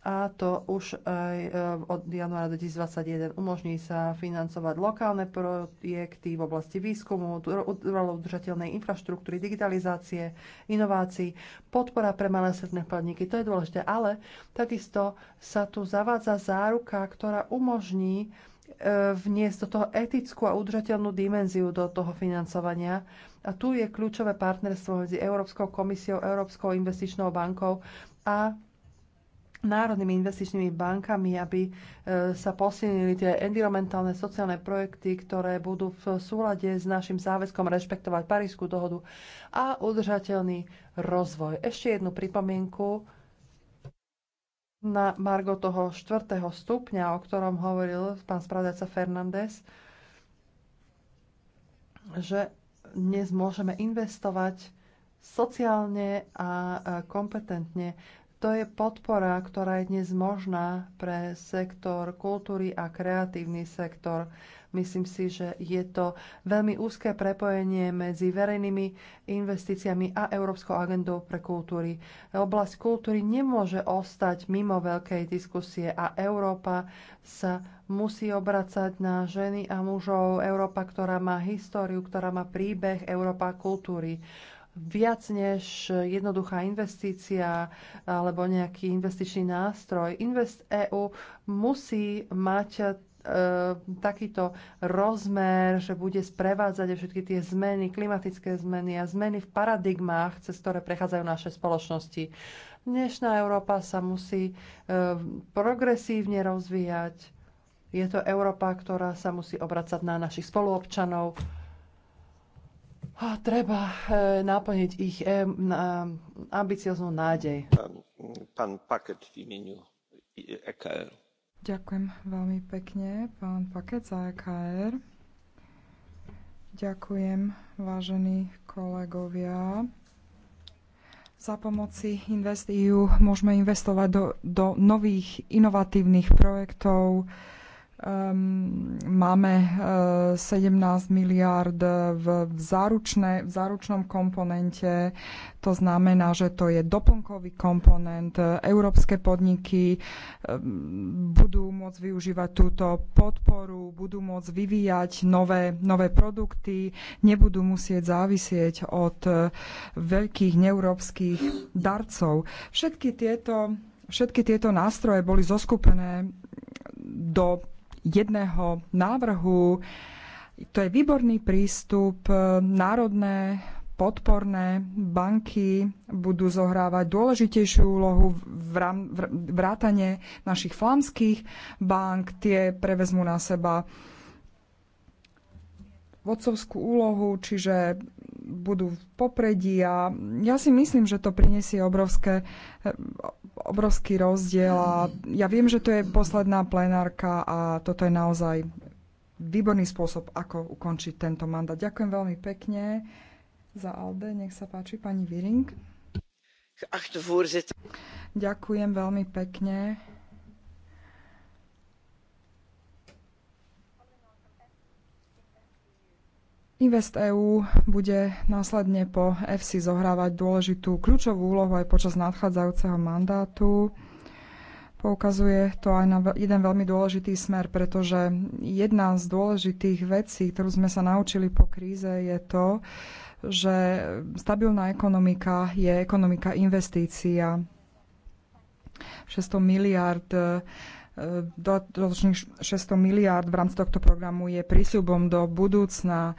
a to už aj e, od januára 2021 umožní sa financovať lokálne projekty v oblasti výskumu, udržateľnej infraštruktúry, digitalizácie, inovácií, podpora pre malé sredné podniky, to je dôležité, ale takisto sa tu zavádza záruka, ktorá umožní vniesť do toho etickú a udržateľnú dimenziu do toho financovania. A tu je kľúčové partnerstvo medzi Európskou komisiou, Európskou investičnou bankou a národnými investičnými bankami, aby e, sa posilnili tie environmentálne sociálne projekty, ktoré budú v súlade s našim záväzkom rešpektovať Parísku dohodu a udržateľný rozvoj. Ešte jednu pripomienku na Margo toho štvrtého stupňa, o ktorom hovoril pán spravodajca Fernández, že dnes môžeme investovať sociálne a kompetentne. To je podpora, ktorá je dnes možná pre sektor kultúry a kreatívny sektor. Myslím si, že je to veľmi úzke prepojenie medzi verejnými investíciami a Európskou agendou pre kultúry. Oblasť kultúry nemôže ostať mimo veľkej diskusie a Európa sa musí obracať na ženy a mužov. Európa, ktorá má históriu, ktorá má príbeh, Európa kultúry viac než jednoduchá investícia alebo nejaký investičný nástroj. Invest EU musí mať E, takýto rozmer, že bude sprevádzať všetky tie zmeny, klimatické zmeny a zmeny v paradigmách, cez ktoré prechádzajú naše spoločnosti. Dnešná Európa sa musí e, progresívne rozvíjať. Je to Európa, ktorá sa musí obracať na našich spoluobčanov. A treba e, naplniť ich ambicioznú nádej. Pán Paket v imeniu EKR. Ďakujem veľmi pekne, pán Paket za EKR. Ďakujem, vážení kolegovia. Za pomoci InvestEU môžeme investovať do, do nových inovatívnych projektov, Um, máme uh, eh, 17 miliárd v, v, v záručnom komponente, to znamená, že to je doplnkový komponent. Európske podniky um, budú môcť využívať túto podporu, budú môcť vyvíjať nové, nové produkty, nebudú musieť závisieť od uh, veľkých neurópskych darcov. Všetky tieto, všetky tieto nástroje boli zoskupené do jedného návrhu. To je výborný prístup. Národné podporné banky budú zohrávať dôležitejšiu úlohu v vrátane našich flámskych bank. Tie prevezmú na seba vodcovskú úlohu, čiže budú v popredí a ja si myslím, že to prinesie obrovské, obrovský rozdiel a ja viem, že to je posledná plenárka a toto je naozaj výborný spôsob, ako ukončiť tento mandát. Ďakujem veľmi pekne za Alde. Nech sa páči, pani Viring. Ďakujem veľmi pekne. Invest EU bude následne po EFSI zohrávať dôležitú kľúčovú úlohu aj počas nadchádzajúceho mandátu. Poukazuje to aj na jeden veľmi dôležitý smer, pretože jedna z dôležitých vecí, ktorú sme sa naučili po kríze, je to, že stabilná ekonomika je ekonomika investícií. 600 miliard dodatočných 600 miliárd v rámci tohto programu je prísľubom do budúcna.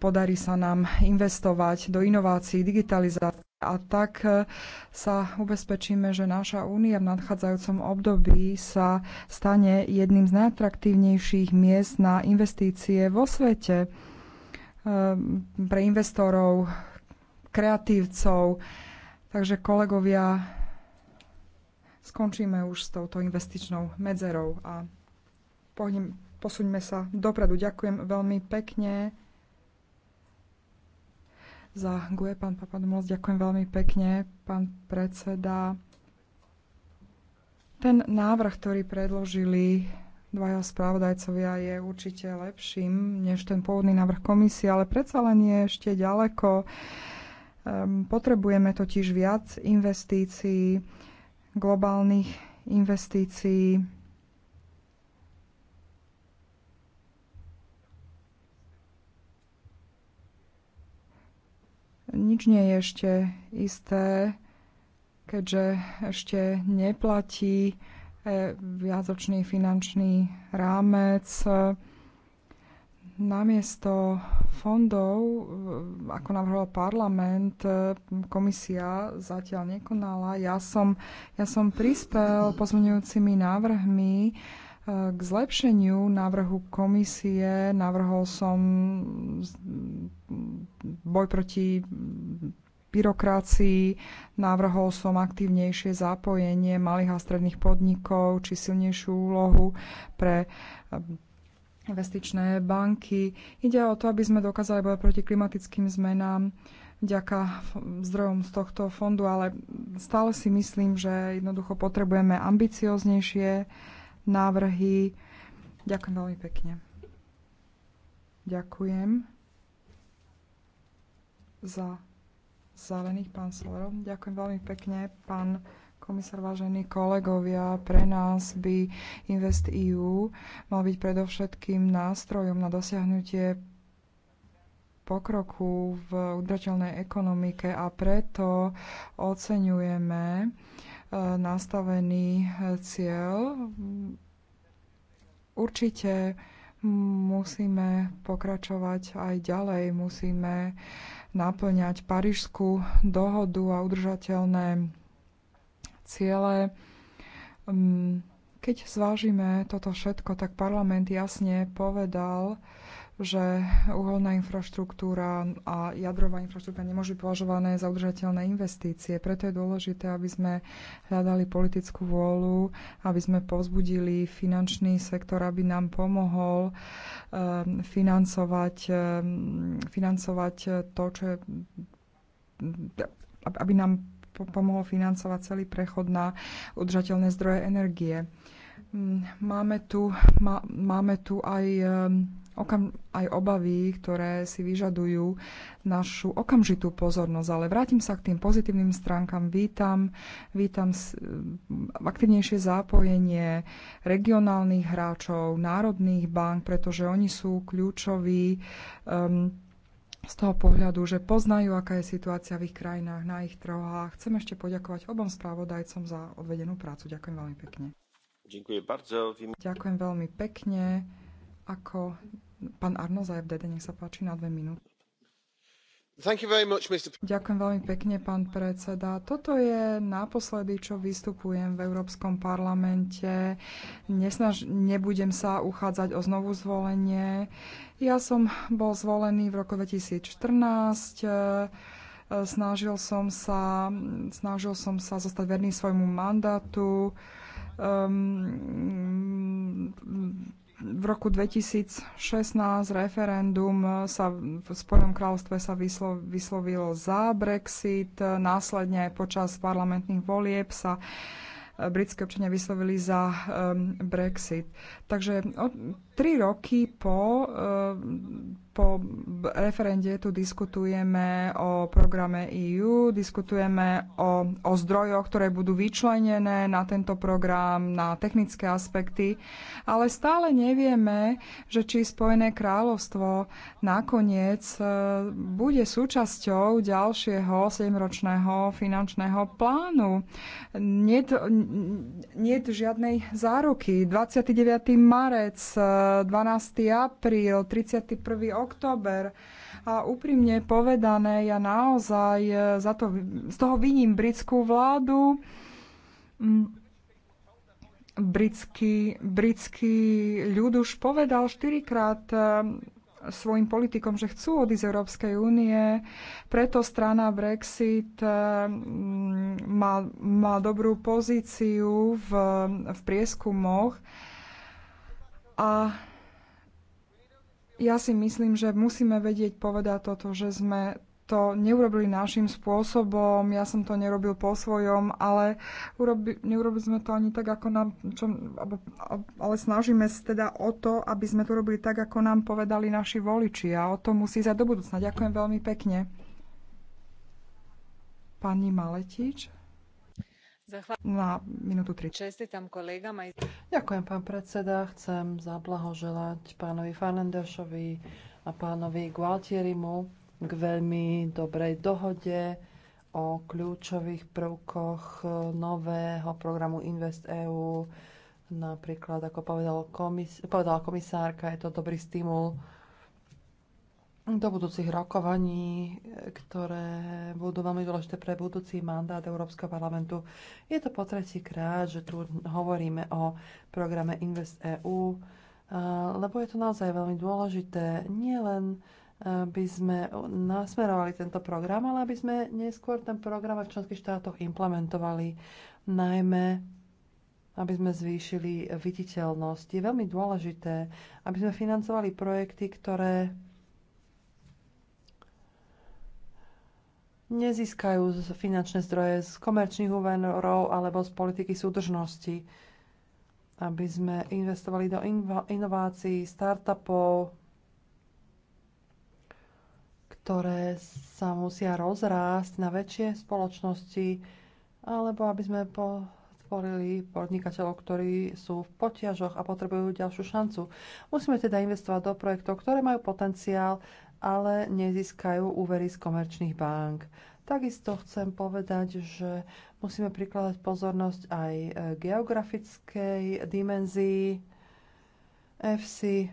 Podarí sa nám investovať do inovácií, digitalizácie a tak e, sa ubezpečíme, že naša únia v nadchádzajúcom období sa stane jedným z najatraktívnejších miest na investície vo svete e, pre investorov, kreatívcov. Takže kolegovia, skončíme už s touto investičnou medzerou a pohnem, posuňme sa dopredu. Ďakujem veľmi pekne za GUE, pán Papadomos, ďakujem veľmi pekne, pán predseda. Ten návrh, ktorý predložili dvaja správodajcovia je určite lepším než ten pôvodný návrh komisie, ale predsa len je ešte ďaleko. Ehm, potrebujeme totiž viac investícií globálnych investícií. Nič nie je ešte isté, keďže ešte neplatí eh, viacočný finančný rámec. Namiesto fondov, ako navrhol parlament, komisia zatiaľ nekonala. Ja som, ja som prispel pozmeňujúcimi návrhmi eh, k zlepšeniu návrhu komisie. Navrhol som boj proti byrokracii, navrhol som aktívnejšie zapojenie malých a stredných podnikov či silnejšiu úlohu pre investičné banky. Ide o to, aby sme dokázali bojovať proti klimatickým zmenám vďaka zdrojom z tohto fondu, ale stále si myslím, že jednoducho potrebujeme ambicioznejšie návrhy. Ďakujem veľmi pekne. Ďakujem za zelených, pán Solero. Ďakujem veľmi pekne, pán komisár, vážení kolegovia, pre nás by InvestEU mal byť predovšetkým nástrojom na dosiahnutie pokroku v udržateľnej ekonomike a preto oceňujeme e, nastavený cieľ. Určite musíme pokračovať aj ďalej, musíme naplňať Parížskú dohodu a udržateľné ciele. Um, keď zvážime toto všetko, tak parlament jasne povedal, že uholná infraštruktúra a jadrová infraštruktúra nemôžu byť považované za udržateľné investície. Preto je dôležité, aby sme hľadali politickú vôľu, aby sme povzbudili finančný sektor, aby nám pomohol um, financovať, um, financovať to, čo je, aby nám pomohol financovať celý prechod na udržateľné zdroje energie. Mm, máme tu, má, máme tu aj, okam, aj obavy, ktoré si vyžadujú našu okamžitú pozornosť, ale vrátim sa k tým pozitívnym stránkam. Vítam, vítam aktivnejšie zápojenie regionálnych hráčov, národných bank, pretože oni sú kľúčoví um, z toho pohľadu, že poznajú, aká je situácia v ich krajinách, na ich trhoch a chcem ešte poďakovať obom správodajcom za odvedenú prácu. Ďakujem veľmi pekne. Ďakujem bardzo. Ďakujem veľmi pekne. Ako pán Arno v DD nech sa páči na dve minúty. Ďakujem veľmi pekne, pán predseda. Toto je naposledy, čo vystupujem v Európskom parlamente. Nesnaž, nebudem sa uchádzať o znovu zvolenie. Ja som bol zvolený v roku 2014. E, snažil som sa, snažil som sa zostať verný svojmu mandátu. Um, v roku 2016 referendum sa v Spojenom kráľovstve sa vyslo, vyslovilo za Brexit, následne aj počas parlamentných volieb sa e, britské občania vyslovili za um, Brexit. Takže Tri roky po, eh, po referende tu diskutujeme o programe EU, diskutujeme o, o zdrojoch, ktoré budú vyčlenené na tento program, na technické aspekty, ale stále nevieme, že či Spojené kráľovstvo nakoniec eh, bude súčasťou ďalšieho 7-ročného finančného plánu. Nie je žiadnej záruky. 29. marec eh, 12. apríl, 31. október. A úprimne povedané, ja naozaj e, za to, z toho viním britskú vládu mm. britský, britský ľud už povedal štyrikrát e, svojim politikom, že chcú odísť z Európskej únie, preto strana Brexit e, má, má dobrú pozíciu v, v prieskumoch. A ja si myslím, že musíme vedieť povedať toto, že sme to neurobili našim spôsobom, ja som to nerobil po svojom, ale urobi, neurobili sme to ani tak, ako nám, čo, ale snažíme sa teda o to, aby sme to robili tak, ako nám povedali naši voliči a o to musí za do budúcna. Ďakujem veľmi pekne. Pani Maletič. Na minútu Ďakujem, pán predseda. Chcem zablahoželať pánovi Fernandešovi a pánovi Gualtierimu k veľmi dobrej dohode o kľúčových prvkoch nového programu InvestEU. Napríklad, ako povedal komis- povedala komisárka, je to dobrý stimul do budúcich rokovaní, ktoré budú veľmi dôležité pre budúci mandát Európskeho parlamentu. Je to po tretí krát, že tu hovoríme o programe Invest EU, eh, lebo je to naozaj veľmi dôležité. Nie len eh, by sme nasmerovali tento program, ale aby sme neskôr ten program v členských štátoch implementovali, najmä aby sme zvýšili viditeľnosť. Je veľmi dôležité, aby sme financovali projekty, ktoré nezískajú finančné zdroje z komerčných úverov alebo z politiky súdržnosti, aby sme investovali do inovácií, startupov, ktoré sa musia rozrásť na väčšie spoločnosti, alebo aby sme podporili podnikateľov, ktorí sú v poťažoch a potrebujú ďalšiu šancu. Musíme teda investovať do projektov, ktoré majú potenciál ale nezískajú úvery z komerčných bank. Takisto chcem povedať, že musíme prikladať pozornosť aj e, geografickej dimenzii FC.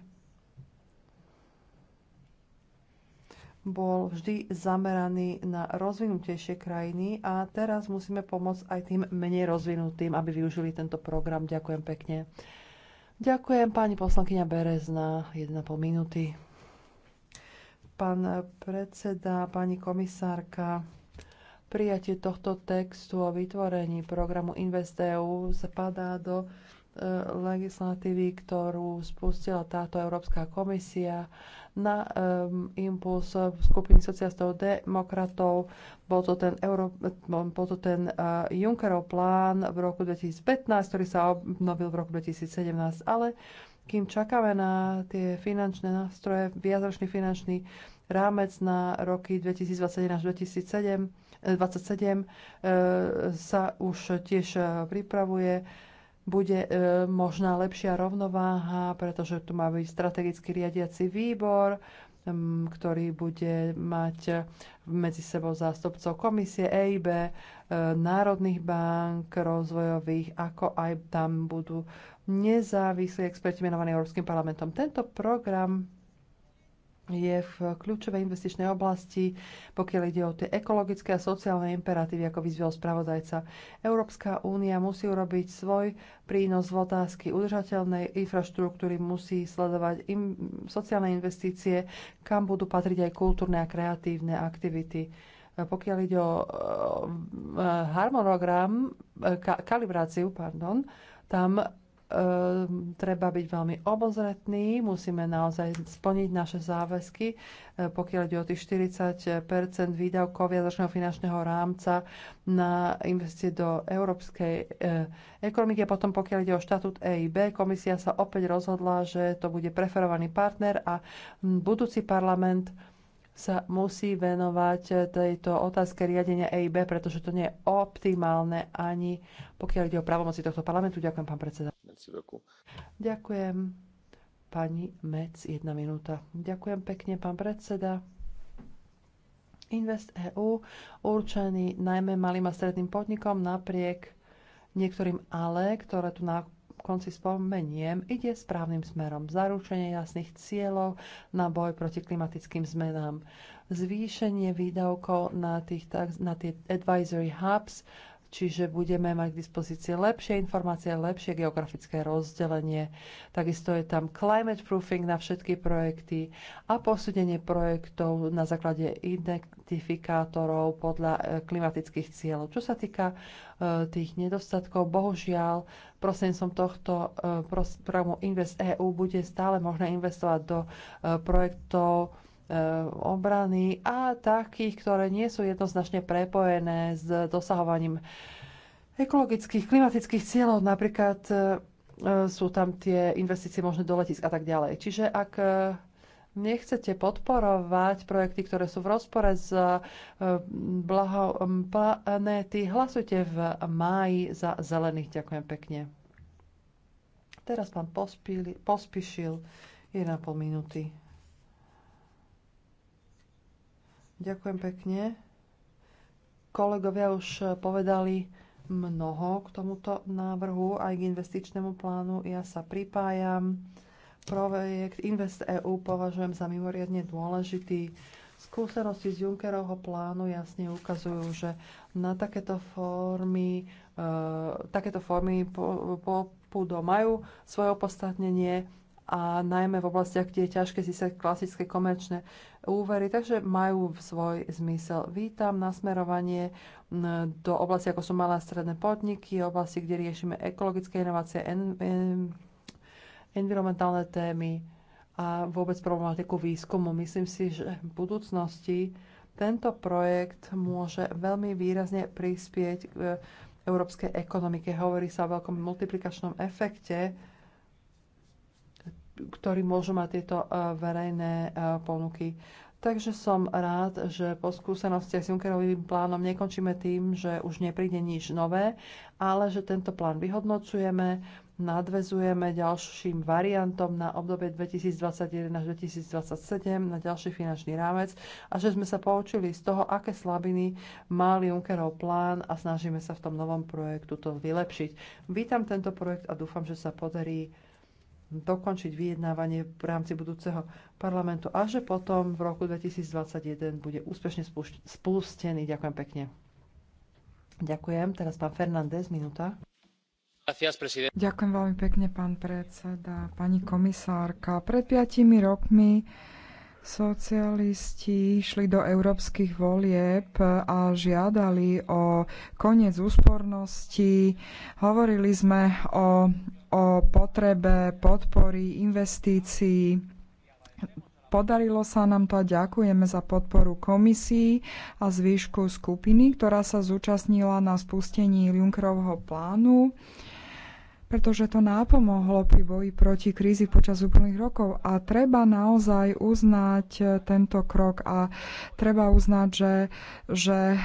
Bol vždy zameraný na rozvinutejšie krajiny a teraz musíme pomôcť aj tým menej rozvinutým, aby využili tento program. Ďakujem pekne. Ďakujem pani poslankyňa Berezna, 1,5 minúty. Pán predseda, pani komisárka, prijatie tohto textu o vytvorení programu InvestEU zapadá do e, legislatívy, ktorú spustila táto Európska komisia na um, impuls skupiny sociálistov demokratov. Bol to ten, Euro, bol to ten uh, Junckerov plán v roku 2015, ktorý sa obnovil v roku 2017, ale kým čakáme na tie finančné nástroje, viacročný finančný rámec na roky 2021 až 2027, 27, eh, eh, sa už tiež eh, pripravuje. Bude možná lepšia rovnováha, pretože tu má byť strategický riadiaci výbor, mm, ktorý bude mať medzi sebou zástupcov komisie EIB, národných bank, rozvojových, ako aj tam budú nezávislí experti menovaní Európskym parlamentom. Tento program je v kľúčovej investičnej oblasti, pokiaľ ide o tie ekologické a sociálne imperatívy, ako vyzvel spravodajca. Európska únia musí urobiť svoj prínos v otázky udržateľnej infraštruktúry, musí sledovať im, sociálne investície, kam budú patriť aj kultúrne a kreatívne aktivity. Pokiaľ ide o e, harmonogram, e, ka, kalibráciu, pardon, tam Ehm, treba byť veľmi obozretný, musíme naozaj splniť naše záväzky, ehm, pokiaľ ide o tých 40 výdavkov viacročného finančného rámca na investície do európskej ehm, ekonomiky. A potom, pokiaľ ide o štatút EIB, komisia sa opäť rozhodla, že to bude preferovaný partner a hm, budúci parlament sa musí venovať eh, tejto otázke riadenia EIB, pretože to nie je optimálne ani pokiaľ ide o právomoci tohto parlamentu. Ďakujem, pán predseda. Ďakujem. Pani Mec, jedna minúta. Ďakujem pekne, pán predseda. Invest EU určený najmä malým a stredným podnikom napriek niektorým ale, ktoré tu na konci spomeniem, ide správnym smerom. Zaručenie jasných cieľov na boj proti klimatickým zmenám, zvýšenie výdavkov na, tých, na tie advisory hubs čiže budeme mať k dispozícii lepšie informácie, lepšie geografické rozdelenie. Takisto je tam climate proofing na všetky projekty a posúdenie projektov na základe identifikátorov podľa e, klimatických cieľov. Čo sa týka e, tých nedostatkov, bohužiaľ, prosím som tohto e, programu Invest EU bude stále možné investovať do projektov, E, obrany a takých, ktoré nie sú jednoznačne prepojené s dosahovaním ekologických, klimatických cieľov. Napríklad e, e, sú tam tie investície možné do letisk a tak ďalej. Čiže ak nechcete podporovať projekty, ktoré sú v rozpore s blahom planéty, hlasujte v máji za zelených. Ďakujem pekne. Teraz pán pospíli, pospíšil 1,5 minúty. Ďakujem pekne. Kolegovia už eh, povedali mnoho k tomuto návrhu aj k investičnému plánu. Ja sa pripájam. Projekt Invest EU považujem za mimoriadne dôležitý. Skúsenosti z Junckerovho plánu jasne ukazujú, že na takéto formy, e, takéto formy po, po, majú svoje opodstatnenie a najmä v oblastiach, kde je ťažké získať klasické komerčné úvery, takže majú svoj zmysel. Vítam nasmerovanie do oblasti, ako sú malé a stredné podniky, oblasti, kde riešime ekologické inovácie, en, en, environmentálne témy a vôbec problematiku výskumu. Myslím si, že v budúcnosti tento projekt môže veľmi výrazne prispieť k e, európskej ekonomike. Hovorí sa o veľkom multiplikačnom efekte, ktorí môžu mať tieto e, verejné e, ponuky. Takže som rád, že po skúsenosti s Junckerovým plánom nekončíme tým, že už nepríde nič nové, ale že tento plán vyhodnocujeme, nadvezujeme ďalším variantom na obdobie 2021 až 2027 na ďalší finančný rámec a že sme sa poučili z toho, aké slabiny mal Junckerov plán a snažíme sa v tom novom projektu to vylepšiť. Vítam tento projekt a dúfam, že sa podarí dokončiť vyjednávanie v rámci budúceho parlamentu a že potom v roku 2021 bude úspešne spustený. Ďakujem pekne. Ďakujem. Teraz pán Fernández, minúta. Ďakujem veľmi pekne, pán predseda, pani komisárka. Pred piatimi rokmi socialisti išli do európskych volieb a žiadali o koniec úspornosti. Hovorili sme o o potrebe podpory investícií. Podarilo sa nám to a ďakujeme za podporu komisii a zvýšku skupiny, ktorá sa zúčastnila na spustení Junckerovho plánu pretože to nápomohlo pri boji proti krízi počas úplných rokov. A treba naozaj uznať e, tento krok a treba uznať, že, že e,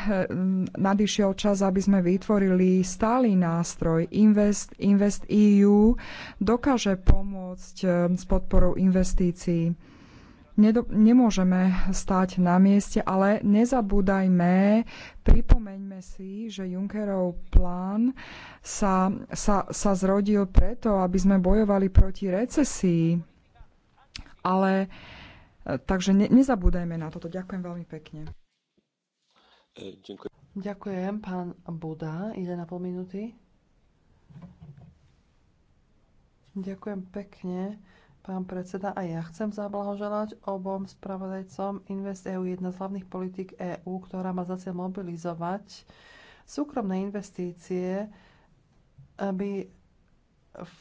nadišiel čas, aby sme vytvorili stály nástroj Invest, Invest EU dokáže pomôcť e, s podporou investícií nemôžeme stať na mieste, ale nezabúdajme, pripomeňme si, že Junckerov plán sa, sa, sa zrodil preto, aby sme bojovali proti recesii. Ale e, takže ne, nezabúdajme na toto. Ďakujem veľmi pekne. Ďakujem. Ďakujem, pán Buda. Ide na pol minúty. Ďakujem pekne pán predseda, aj ja chcem zablahoželať obom spravodajcom InvestEU, jedna z hlavných politik EÚ, ktorá má za cieľ mobilizovať súkromné investície, aby v,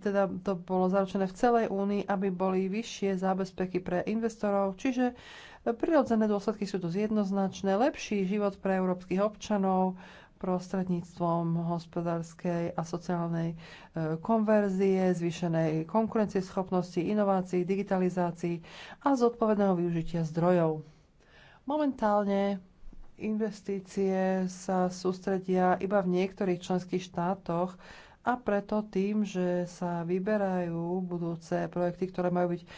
teda to bolo zaručené v celej únii, aby boli vyššie zábezpeky pre investorov, čiže prirodzené dôsledky sú to jednoznačné, lepší život pre európskych občanov, prostredníctvom hospodárskej a sociálnej e, konverzie, zvýšenej konkurencieschopnosti, inovácií, digitalizácií a zodpovedného využitia zdrojov. Momentálne investície sa sústredia iba v niektorých členských štátoch a preto tým, že sa vyberajú budúce projekty, ktoré majú byť e,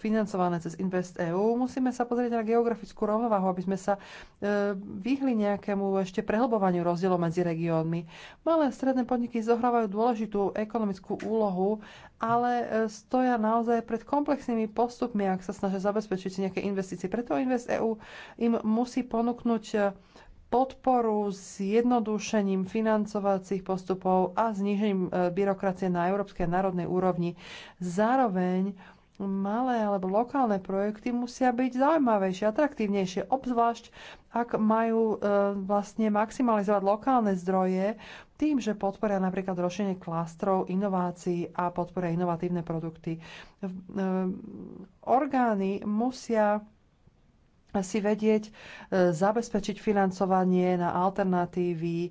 financované cez Invest EU, musíme sa pozrieť na geografickú rovnováhu, aby sme sa e, vyhli nejakému ešte prehlbovaniu rozdielov medzi regiónmi. Malé stredné podniky zohrávajú dôležitú ekonomickú úlohu, ale e, stoja naozaj pred komplexnými postupmi, ak sa snažia zabezpečiť nejaké investície. Preto Invest EU im musí ponúknuť e, podporu s jednodušením financovacích postupov a znižením byrokracie na európskej a národnej úrovni. Zároveň malé alebo lokálne projekty musia byť zaujímavejšie, atraktívnejšie, obzvlášť ak majú e, vlastne maximalizovať lokálne zdroje tým, že podporia napríklad rošenie klastrov, inovácií a podporia inovatívne produkty. E, orgány musia si vedieť e, zabezpečiť financovanie na alternatívy, e,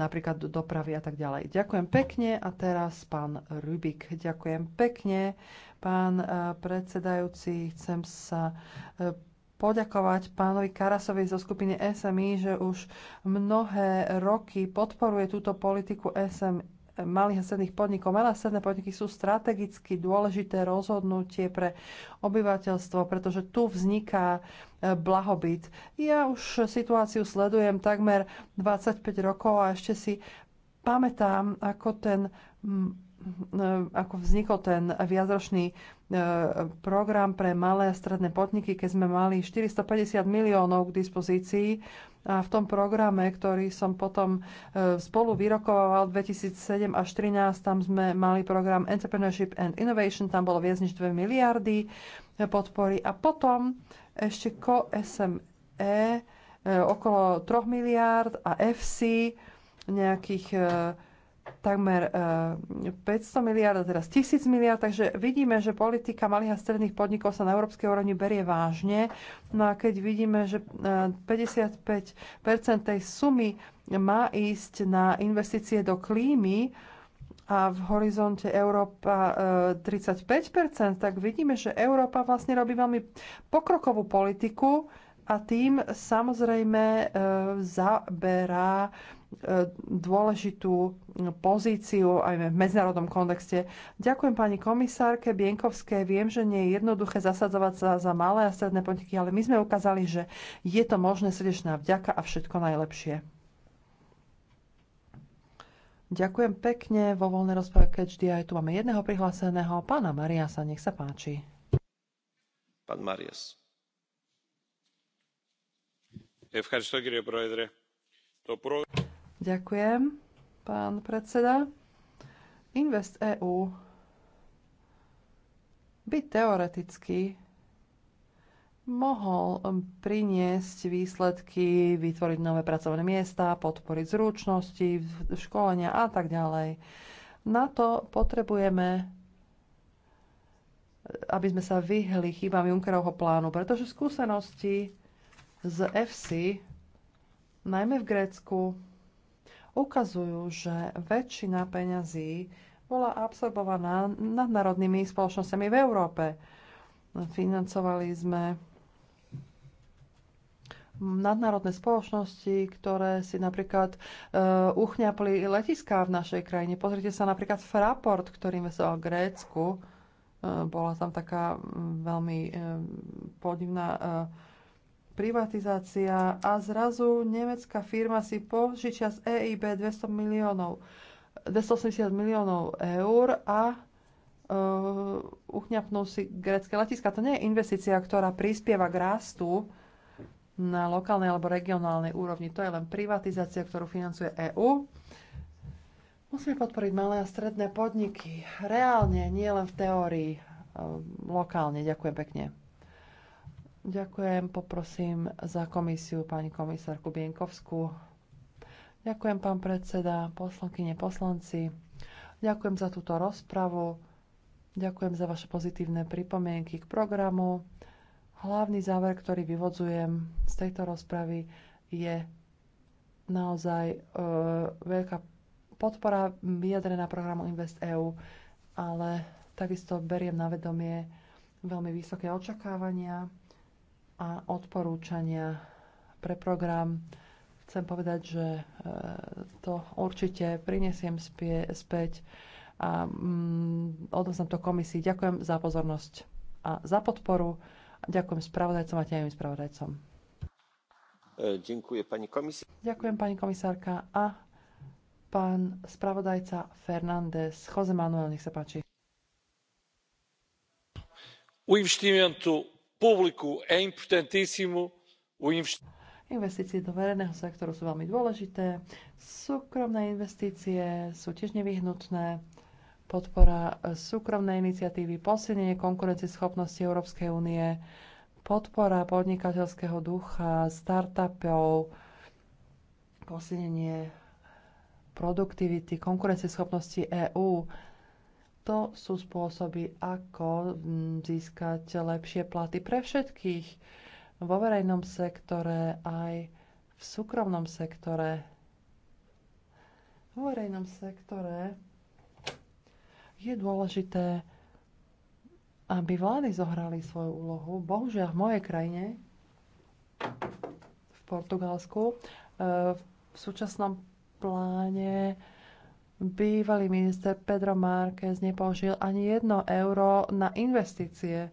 napríklad dopravy a tak ďalej. Ďakujem pekne a teraz pán Rubik. Ďakujem pekne, pán e, predsedajúci. Chcem sa poďakovať pánovi Karasovi zo skupiny SMI, že už mnohé roky podporuje túto politiku SMI malých a stredných podnikov. Malé a stredné podniky sú strategicky dôležité rozhodnutie pre obyvateľstvo, pretože tu vzniká e, blahobyt. Ja už situáciu sledujem takmer 25 rokov a ešte si pamätám, ako ten Hm, e, ako vznikol ten viacročný e, program pre malé a stredné podniky, keď sme mali 450 miliónov k dispozícii a v tom programe, ktorý som potom e, spolu vyrokoval 2007 až 2013, tam sme mali program Entrepreneurship and Innovation, tam bolo viac než 2 miliardy podpory a potom ešte CoSME okolo 3 miliárd a FC nejakých takmer 500 e, miliard, a teraz 1000 miliard, takže vidíme, že politika malých a stredných podnikov sa na európskej úrovni berie vážne. No a keď vidíme, že 55% e, tej sumy má ísť na investície do klímy a v horizonte Európa 35%, e, tak vidíme, že Európa vlastne robí veľmi pokrokovú politiku a tým samozrejme zaberá dôležitú pozíciu aj v medzinárodnom kontexte. Ďakujem pani komisárke Bienkovské. Viem, že nie je jednoduché zasadzovať sa za malé a stredné podniky, ale my sme ukázali, že je to možné srdečná vďaka a všetko najlepšie. Ďakujem pekne. Vo voľnej rozprave vždy aj tu máme jedného prihláseného, pána Mariasa. Nech sa páči. Pán Marias. Evcharisto, kýrie projedre. To pro... Ďakujem, pán predseda. Invest EU by teoreticky mohol priniesť výsledky, vytvoriť nové pracovné miesta, podporiť zručnosti, školenia a tak ďalej. Na to potrebujeme, aby sme sa vyhli chybám Junckerovho plánu, pretože skúsenosti z FC, najmä v Grécku, ukazujú, že väčšina peňazí bola absorbovaná nadnárodnými spoločnosťami v Európe. Financovali sme nadnárodné spoločnosti, ktoré si napríklad uh, uchňapli letiská v našej krajine. Pozrite sa napríklad Fraport, ktorý investoval v Grécku. Uh, bola tam taká veľmi um, podivná uh, privatizácia a zrazu nemecká firma si požičia z EIB 200 miliónov, 280 miliónov eur a uh, uchňapnú si grecké letiska. To nie je investícia, ktorá prispieva k rastu na lokálnej alebo regionálnej úrovni. To je len privatizácia, ktorú financuje EÚ. Musíme podporiť malé a stredné podniky. Reálne, nie len v teórii. E, lokálne. Ďakujem pekne. Ďakujem, poprosím za komisiu pani komisárku Bienkovskú. Ďakujem, pán predseda, poslankyne, poslanci. Ďakujem za túto rozpravu. Ďakujem za vaše pozitívne pripomienky k programu. Hlavný záver, ktorý vyvodzujem z tejto rozpravy, je naozaj e, veľká podpora vyjadrená programu InvestEU, ale takisto beriem na vedomie veľmi vysoké očakávania a odporúčania pre program. Chcem povedať, že e, to určite prinesiem spie, späť a mm, odovzdám to komisii. Ďakujem za pozornosť a za podporu. Ďakujem spravodajcom a tajným spravodajcom. Ďakujem e, pani, komisárka. Ďakujem pani komisárka a pán spravodajca Fernández. Jose Manuel, nech sa páči. O público é importantíssimo o investimento. Investície do verejného sektoru sú veľmi dôležité, súkromné investície sú tiež nevyhnutné, podpora súkromnej iniciatívy, posilnenie konkurencieschopnosti Európskej únie, podpora podnikateľského ducha, startupov, posilnenie produktivity, konkurencieschopnosti EÚ. To sú spôsoby, ako mm, získať lepšie platy pre všetkých vo verejnom sektore, aj v súkromnom sektore. V verejnom sektore je dôležité, aby vlády zohrali svoju úlohu. Bohužiaľ v mojej krajine, v Portugalsku, e, v súčasnom pláne Bývalý minister Pedro Márquez nepoužil ani jedno euro na investície.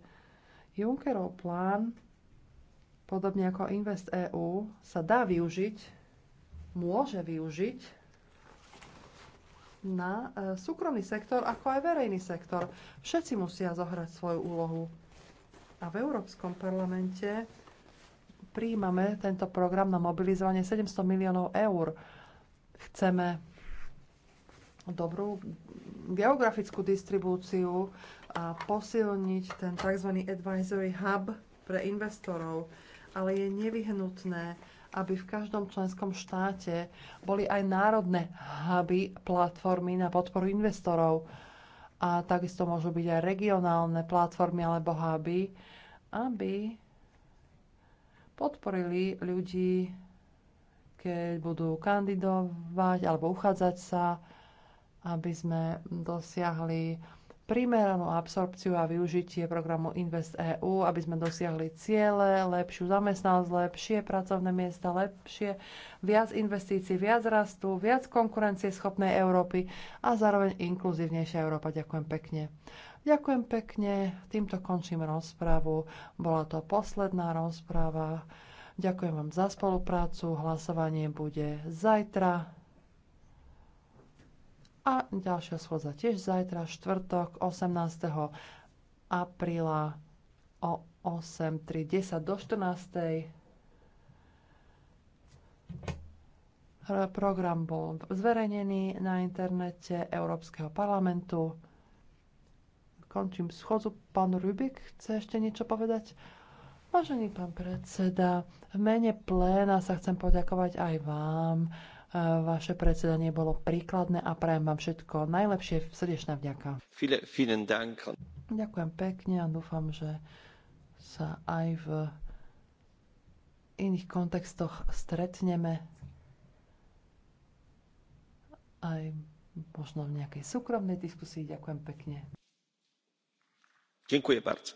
Junckerov plán, podobne ako Invest EU, sa dá využiť, môže využiť na e, súkromný sektor, ako aj verejný sektor. Všetci musia zohrať svoju úlohu. A v Európskom parlamente príjmame tento program na mobilizovanie 700 miliónov eur. Chceme dobrú geografickú distribúciu a posilniť ten tzv. advisory hub pre investorov, ale je nevyhnutné, aby v každom členskom štáte boli aj národné huby, platformy na podporu investorov. A takisto môžu byť aj regionálne platformy alebo huby, aby podporili ľudí, keď budú kandidovať alebo uchádzať sa aby sme dosiahli primeranú absorpciu a využitie programu InvestEU, aby sme dosiahli ciele, lepšiu zamestnanosť, lepšie pracovné miesta, lepšie, viac investícií, viac rastu, viac konkurencie schopnej Európy a zároveň inkluzívnejšia Európa. Ďakujem pekne. Ďakujem pekne, týmto končím rozprávu. Bola to posledná rozpráva. Ďakujem vám za spoluprácu. Hlasovanie bude zajtra. A ďalšia schôdza tiež zajtra, štvrtok, 18. apríla o 8.30 do 14. Program bol zverejnený na internete Európskeho parlamentu. Končím schodzu. Pán Rubik chce ešte niečo povedať? Vážený pán predseda, v mene pléna sa chcem poďakovať aj vám Vaše predsedanie bolo príkladné a prajem vám všetko najlepšie. Srdečná vďaka. Ďakujem pekne a dúfam, že sa aj v iných kontextoch stretneme. Aj možno v nejakej súkromnej diskusii. Ďakujem pekne. Ďakujem bardzo.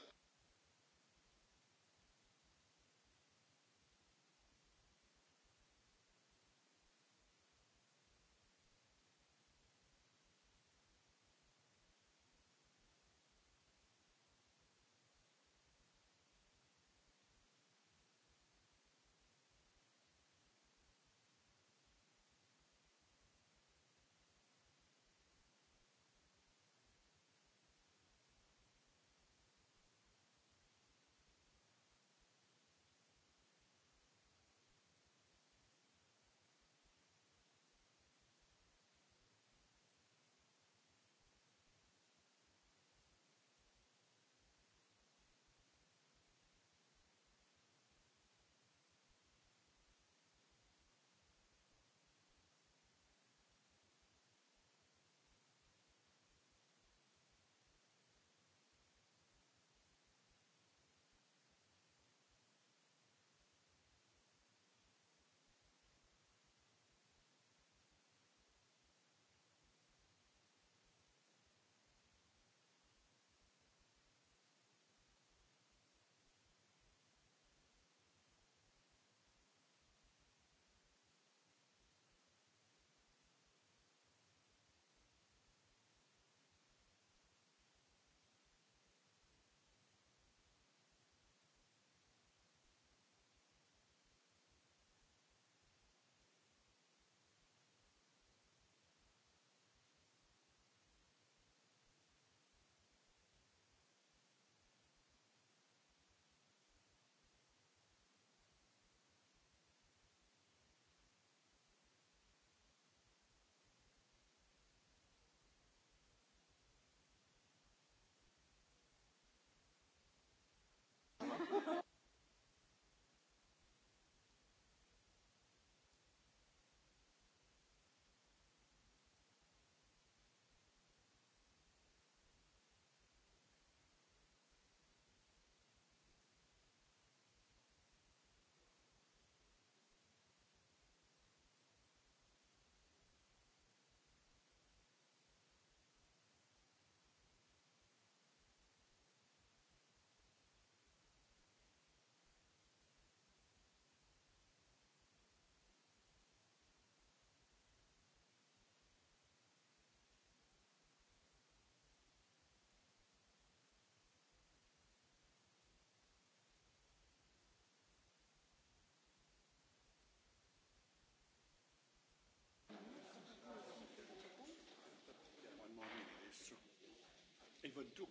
even do.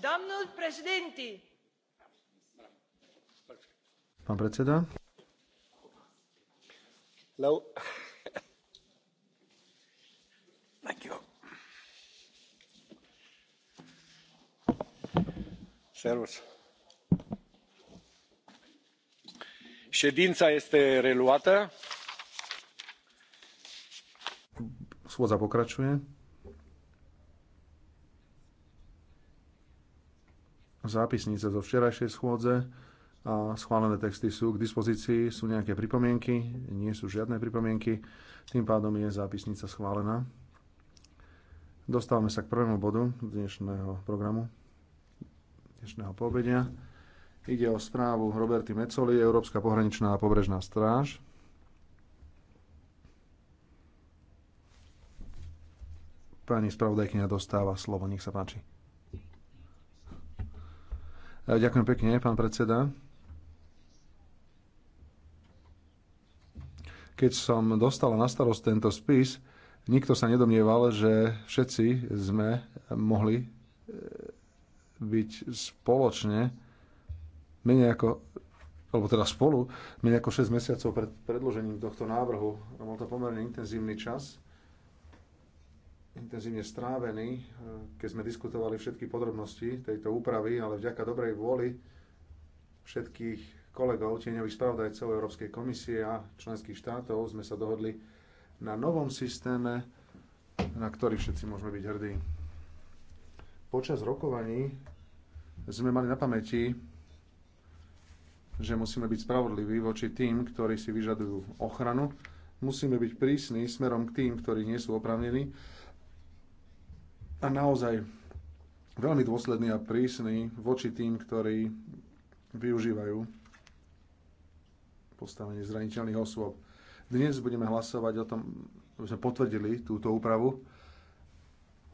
Domnul președinte. Ședința este reluată. Schôdza pokračuje. zápisnice zo včerajšej schôdze a schválené texty sú k dispozícii, sú nejaké pripomienky, nie sú žiadne pripomienky, tým pádom je zápisnica schválená. Dostávame sa k prvému bodu dnešného programu, dnešného povedia. Ide o správu Roberty Mecoli, Európska pohraničná a pobrežná stráž. Pani spravodajkynia dostáva slovo, nech sa páči. Ďakujem pekne, pán predseda. Keď som dostala na starost tento spis, nikto sa nedomnieval, že všetci sme mohli e, byť spoločne menej ako alebo teda spolu, menej ako 6 mesiacov pred predložením tohto návrhu. Bol to pomerne intenzívny čas intenzívne strávení, e, keď sme diskutovali všetky podrobnosti tejto úpravy, ale vďaka dobrej vôli všetkých kolegov, tieňových spravodajcov Európskej komisie a členských štátov sme sa dohodli na novom systéme, na ktorý všetci môžeme byť hrdí. Počas rokovaní sme mali na pamäti, že musíme byť spravodliví voči tým, ktorí si vyžadujú ochranu, musíme byť prísni smerom k tým, ktorí nie sú oprávnení a naozaj veľmi dôsledný a prísny voči tým, ktorí využívajú postavenie zraniteľných osôb. Dnes budeme hlasovať o tom, aby sme potvrdili túto úpravu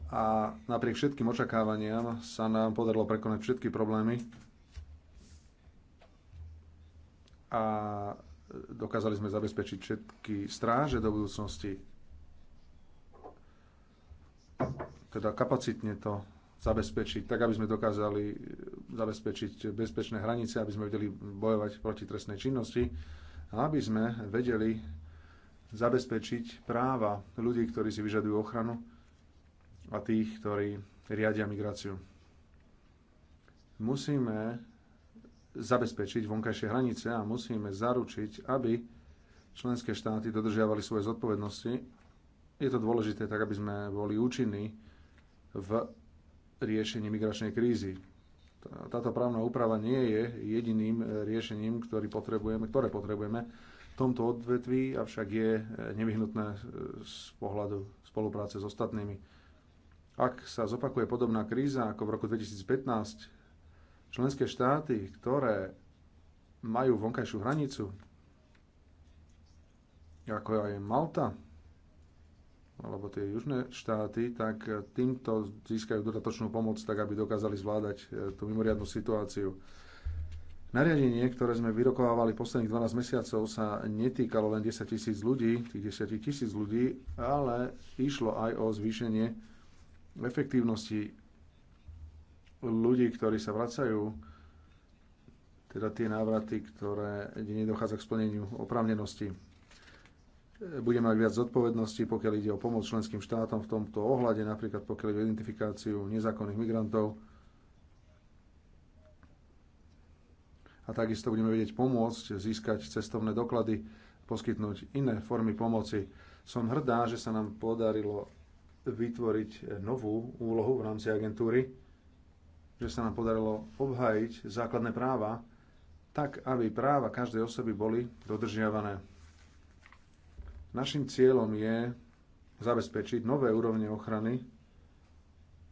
a napriek všetkým očakávaniam sa nám podarilo prekonať všetky problémy a dokázali sme zabezpečiť všetky stráže do budúcnosti teda kapacitne to zabezpečiť, tak aby sme dokázali zabezpečiť bezpečné hranice, aby sme vedeli bojovať proti trestnej činnosti a aby sme vedeli zabezpečiť práva ľudí, ktorí si vyžadujú ochranu a tých, ktorí riadia migráciu. Musíme zabezpečiť vonkajšie hranice a musíme zaručiť, aby členské štáty dodržiavali svoje zodpovednosti. Je to dôležité tak, aby sme boli účinní v riešení migračnej krízy. Táto právna úprava nie je jediným eh, riešením, ktorý potrebujeme, ktoré potrebujeme v tomto odvetví, avšak je eh, nevyhnutné eh, z pohľadu spolupráce s ostatnými. Ak sa zopakuje podobná kríza ako v roku 2015, členské štáty, ktoré majú vonkajšiu hranicu, ako aj Malta, alebo tie južné štáty, tak týmto získajú dodatočnú pomoc, tak aby dokázali zvládať e, tú mimoriadnú situáciu. Nariadenie, ktoré sme vyrokovávali posledných 12 mesiacov, sa netýkalo len 10 tisíc ľudí, tých 10 tisíc ľudí, ale išlo aj o zvýšenie efektívnosti ľudí, ktorí sa vracajú, teda tie návraty, ktoré nedochádza k splneniu oprávnenosti bude mať viac zodpovedností, pokiaľ ide o pomoc členským štátom v tomto ohľade, napríklad pokiaľ ide o identifikáciu nezákonných migrantov. A takisto budeme vedieť pomôcť získať cestovné doklady, poskytnúť iné formy pomoci. Som hrdá, že sa nám podarilo vytvoriť novú úlohu v rámci agentúry, že sa nám podarilo obhájiť základné práva, tak aby práva každej osoby boli dodržiavané. Našim cieľom je zabezpečiť nové úrovne ochrany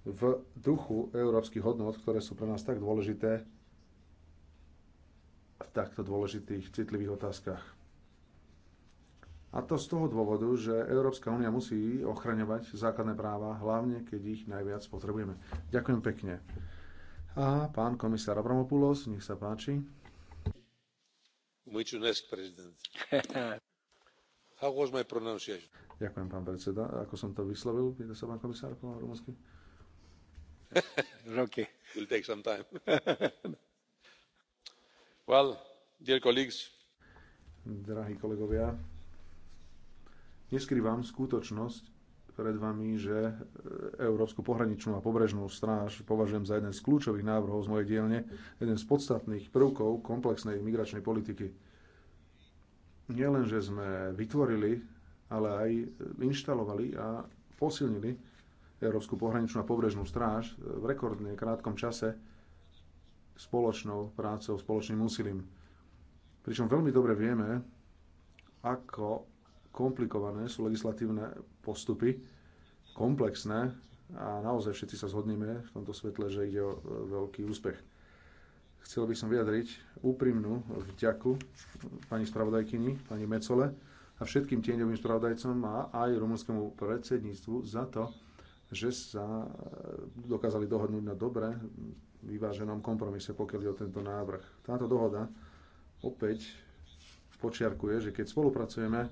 v duchu európskych hodnot, ktoré sú pre nás tak dôležité v takto dôležitých citlivých otázkach. A to z toho dôvodu, že Európska únia musí ochraňovať základné práva, hlavne keď ich najviac potrebujeme. Ďakujem pekne. A pán komisár Abramopoulos, nech sa páči. Mulțumesc, prezident. Ďakujem, pán predseda. Ako som to vyslovil, pýta sa pán komisár po rumúnsky. okay. Will take some time. well, dear colleagues. Drahí kolegovia, neskrývam skutočnosť pred vami, že e, Európsku pohraničnú a pobrežnú stráž považujem za jeden z kľúčových návrhov z mojej dielne, jeden z podstatných prvkov komplexnej migračnej politiky nielen, že sme vytvorili, ale aj inštalovali a posilnili Európsku pohraničnú a pobrežnú stráž v rekordne krátkom čase spoločnou prácou, spoločným úsilím. Pričom veľmi dobre vieme, ako komplikované sú legislatívne postupy, komplexné a naozaj všetci sa zhodneme v tomto svetle, že ide o e, veľký úspech. Chcel by som vyjadriť úprimnú vďaku pani spravodajkyni, pani Mecole a všetkým tieňovým spravodajcom a aj rumunskému predsedníctvu za to, že sa dokázali dohodnúť na dobre vyváženom kompromise, pokiaľ je o tento návrh. Táto dohoda opäť počiarkuje, že keď spolupracujeme,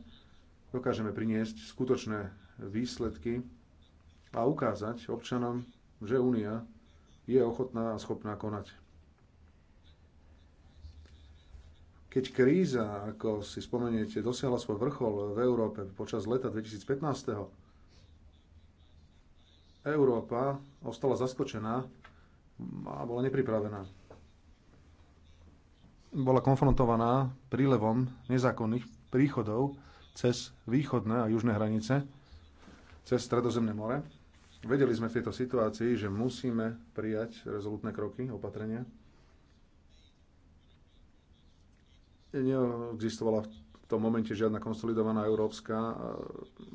dokážeme priniesť skutočné výsledky a ukázať občanom, že Únia je ochotná a schopná konať. Keď kríza, ako si spomeniete, dosiahla svoj vrchol v Európe počas leta 2015, Európa ostala zaskočená a bola nepripravená. Bola konfrontovaná prílevom nezákonných príchodov cez východné a južné hranice, cez Stredozemné more. Vedeli sme v tejto situácii, že musíme prijať rezolutné kroky, opatrenia, neexistovala v tom momente žiadna konsolidovaná európska eh,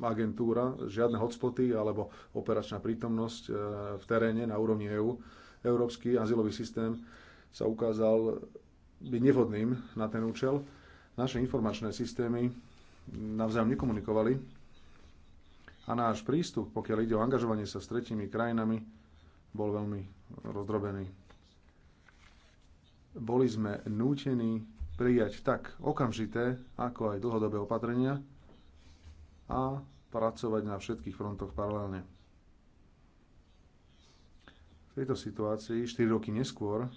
agentúra, žiadne hotspoty alebo operačná prítomnosť eh, v teréne na úrovni EÚ. EU. Európsky azylový systém sa ukázal byť nevhodným na ten účel. Naše informačné systémy navzájom nekomunikovali a náš prístup, pokiaľ ide o angažovanie sa s tretími krajinami, bol veľmi rozdrobený. Boli sme nútení prijať tak okamžité, ako aj dlhodobé opatrenia a pracovať na všetkých frontoch paralelne. V tejto situácii 4 roky neskôr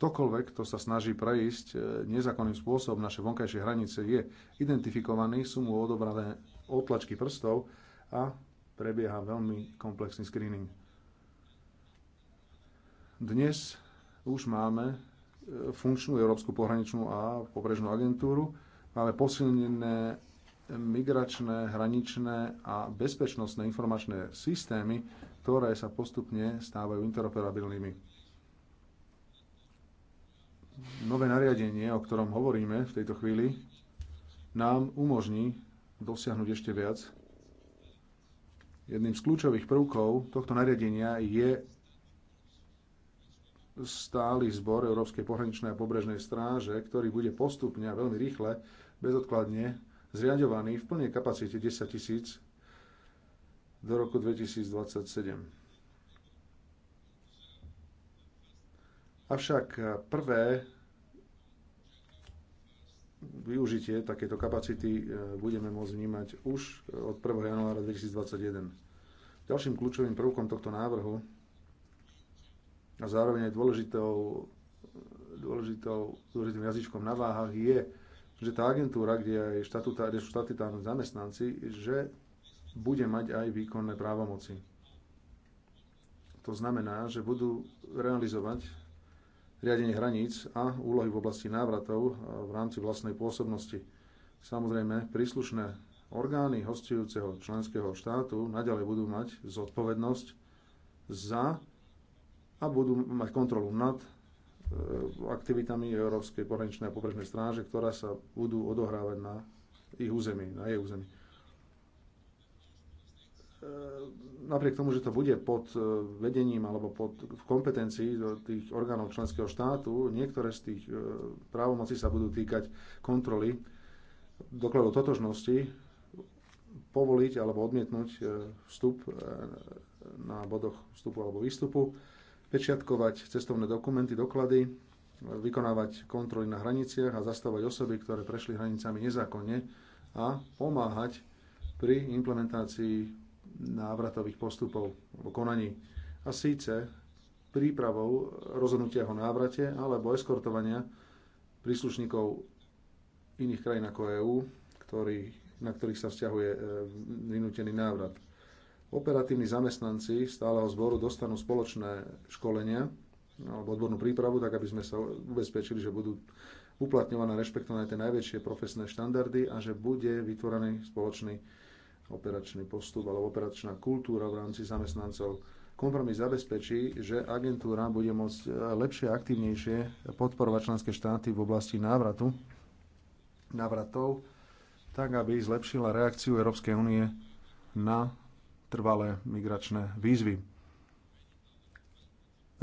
ktokoľvek, kto sa snaží prejsť e, nezákonným spôsobom naše vonkajšie hranice, je identifikovaný, sú mu odobrané otlačky prstov a prebieha veľmi komplexný screening. Dnes už máme funkčnú Európsku pohraničnú a pobrežnú agentúru. Máme posilnené migračné, hraničné a bezpečnostné informačné systémy, ktoré sa postupne stávajú interoperabilnými. Nové nariadenie, o ktorom hovoríme v tejto chvíli, nám umožní dosiahnuť ešte viac. Jedným z kľúčových prvkov tohto nariadenia je stály zbor Európskej pohraničnej a pobrežnej stráže, ktorý bude postupne a veľmi rýchle, bezodkladne zriadovaný v plnej kapacite 10 tisíc do roku 2027. Avšak prvé využitie takéto kapacity e, budeme môcť vnímať už od 1. januára 2021. Ďalším kľúčovým prvkom tohto návrhu a zároveň aj dôležitou, dôležitou, dôležitým jazyčkom na váhach je, že tá agentúra, kde, aj štatutá, sú zamestnanci, že bude mať aj výkonné právomoci. To znamená, že budú realizovať riadenie hraníc a úlohy v oblasti návratov v rámci vlastnej pôsobnosti. Samozrejme, príslušné orgány hostujúceho členského štátu naďalej budú mať zodpovednosť za a budú mať kontrolu nad e, aktivitami Európskej pohraničnej a pobrežnej stráže, ktorá sa budú odohrávať na ich území, na jej území. E, napriek tomu, že to bude pod e, vedením alebo pod v kompetencií tých orgánov členského štátu, niektoré z tých právomocí sa budú týkať kontroly dokladov totožnosti, povoliť alebo odmietnúť vstup na bodoch vstupu alebo výstupu pečiatkovať cestovné dokumenty, doklady, vykonávať kontroly na hraniciach a zastavovať osoby, ktoré prešli hranicami nezákonne a pomáhať pri implementácii návratových postupov alebo konaní. A síce prípravou rozhodnutia o návrate alebo eskortovania príslušníkov iných krajín ako EÚ, ktorý, na ktorých sa vzťahuje e, vynútený návrat. Operatívni zamestnanci stáleho zboru dostanú spoločné školenia alebo odbornú prípravu, tak aby sme sa ubezpečili, že budú uplatňované, rešpektované tie najväčšie profesné štandardy a že bude vytvorený spoločný operačný postup alebo operačná kultúra v rámci zamestnancov. Kompromis zabezpečí, že agentúra bude môcť lepšie a aktívnejšie podporovať členské štáty v oblasti návratu, návratov, tak aby zlepšila reakciu Európskej únie na trvalé migračné výzvy. E,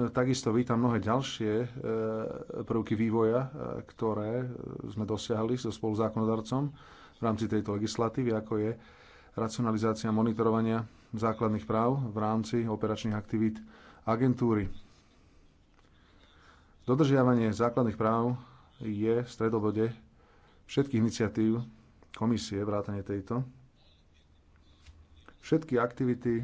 takisto vítam mnohé ďalšie e, prvky vývoja, e, ktoré sme dosiahli so spoluzákonodarcom v rámci tejto legislatívy, ako je racionalizácia monitorovania základných práv v rámci operačných aktivít agentúry. Dodržiavanie základných práv je v stredobode všetkých iniciatív komisie, vrátane tejto. Všetky aktivity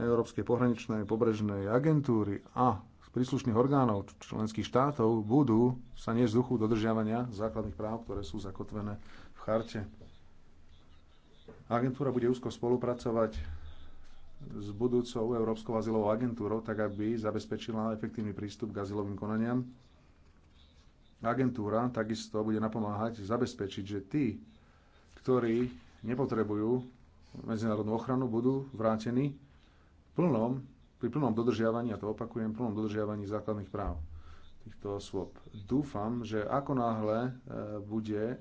Európskej pohraničnej pobrežnej agentúry a príslušných orgánov členských štátov budú sa nie vzduchu dodržiavania základných práv, ktoré sú zakotvené v charte. Agentúra bude úzko spolupracovať s budúcou Európskou azylovou agentúrou, tak aby zabezpečila efektívny prístup k azylovým konaniam. Agentúra takisto bude napomáhať zabezpečiť, že tí, ktorí nepotrebujú medzinárodnú ochranu, budú vrátení plnom, pri plnom dodržiavaní, a to opakujem, plnom dodržiavaní základných práv týchto osôb. Dúfam, že ako náhle e, bude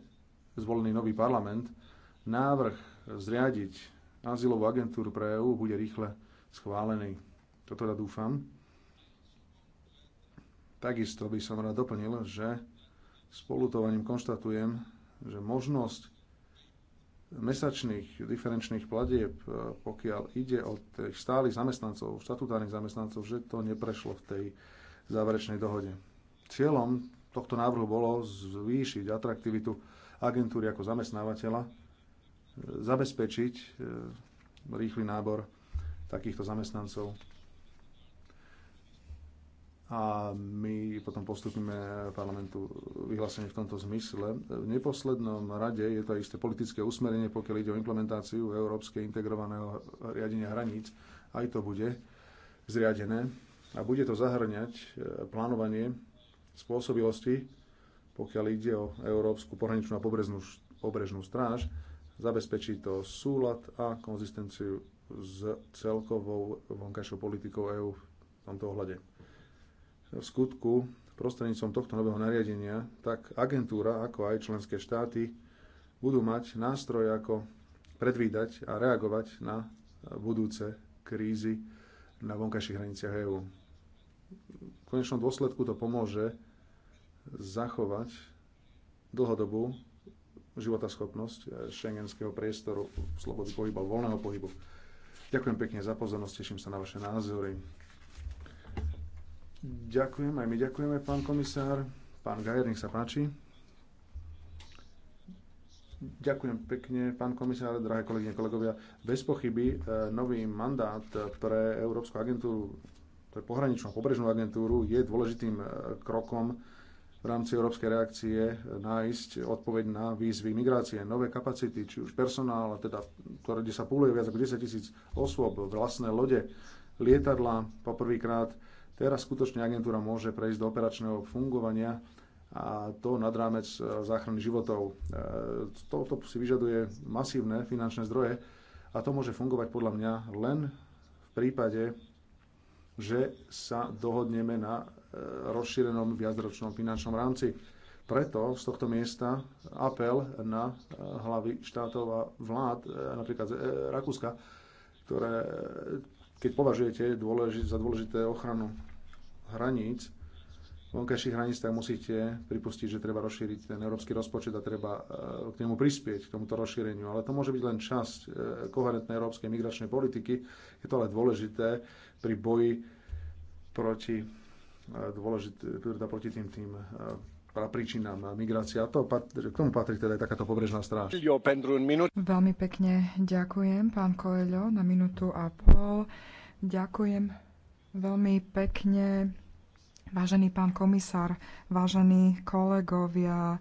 zvolený nový parlament, návrh zriadiť azylovú agentúru pre EÚ bude rýchle schválený. Toto teda dúfam. Takisto by som rád doplnil, že spolutovaním konštatujem, že možnosť mesačných diferenčných platieb, e, pokiaľ ide o tých stálych zamestnancov, štatutárnych zamestnancov, že to neprešlo v tej záverečnej dohode. Cieľom tohto návrhu bolo zvýšiť atraktivitu agentúry ako zamestnávateľa, e, zabezpečiť e, rýchly nábor takýchto zamestnancov a my potom postupíme parlamentu vyhlásenie v tomto zmysle. V neposlednom rade je to isté politické usmerenie, pokiaľ ide o implementáciu európskej integrovaného riadenia hraníc. Aj to bude zriadené a bude to zahrňať e, plánovanie spôsobilosti, pokiaľ ide o Európsku pohraničnú a pobrežnú, pobrežnú stráž, zabezpečí to súlad a konzistenciu s celkovou vonkajšou politikou EÚ v tomto ohľade v skutku prostredníctvom tohto nového nariadenia, tak agentúra, ako aj členské štáty, budú mať nástroj, ako predvídať a reagovať na budúce krízy na vonkajších hraniciach EÚ. V konečnom dôsledku to pomôže zachovať dlhodobú životaschopnosť eh, šengenského priestoru, slobody pohybu, voľného pohybu. Ďakujem pekne za pozornosť, teším sa na vaše názory. Ďakujem, aj my ďakujeme, pán komisár. Pán Gajer, nech sa páči. Ďakujem pekne, pán komisár, drahé kolegyne, kolegovia. Bez pochyby e, nový mandát pre Európsku agentúru, pre pohraničnú pobrežnú agentúru je dôležitým e, krokom v rámci európskej reakcie nájsť odpoveď na výzvy migrácie, nové kapacity, či už personál, teda, ktoré, kde sa púluje viac ako 10 tisíc osôb, vlastné lode, lietadla poprvýkrát, Teraz skutočne agentúra môže prejsť do operačného fungovania a to nad rámec e, záchrany životov. Toto e, si vyžaduje masívne finančné zdroje a to môže fungovať podľa mňa len v prípade, že sa dohodneme na e, rozšírenom viacročnom finančnom rámci. Preto z tohto miesta apel na hlavy štátov a vlád, napríklad Rakúska, ktoré, keď považujete dôležité, za dôležité ochranu hraníc, vonkajších hraníc, tak musíte pripustiť, že treba rozšíriť ten európsky rozpočet a treba e, k nemu prispieť, k tomuto rozšíreniu. Ale to môže byť len časť e, koherentnej európskej migračnej politiky. Je to ale dôležité pri boji proti, e, dôležité, teda proti tým, tým príčinám migrácie. A to, k tomu patrí teda aj takáto pobrežná stráž. Veľmi pekne ďakujem, pán Koelho, na minútu a pol. Ďakujem Veľmi pekne, vážený pán komisár, vážení kolegovia,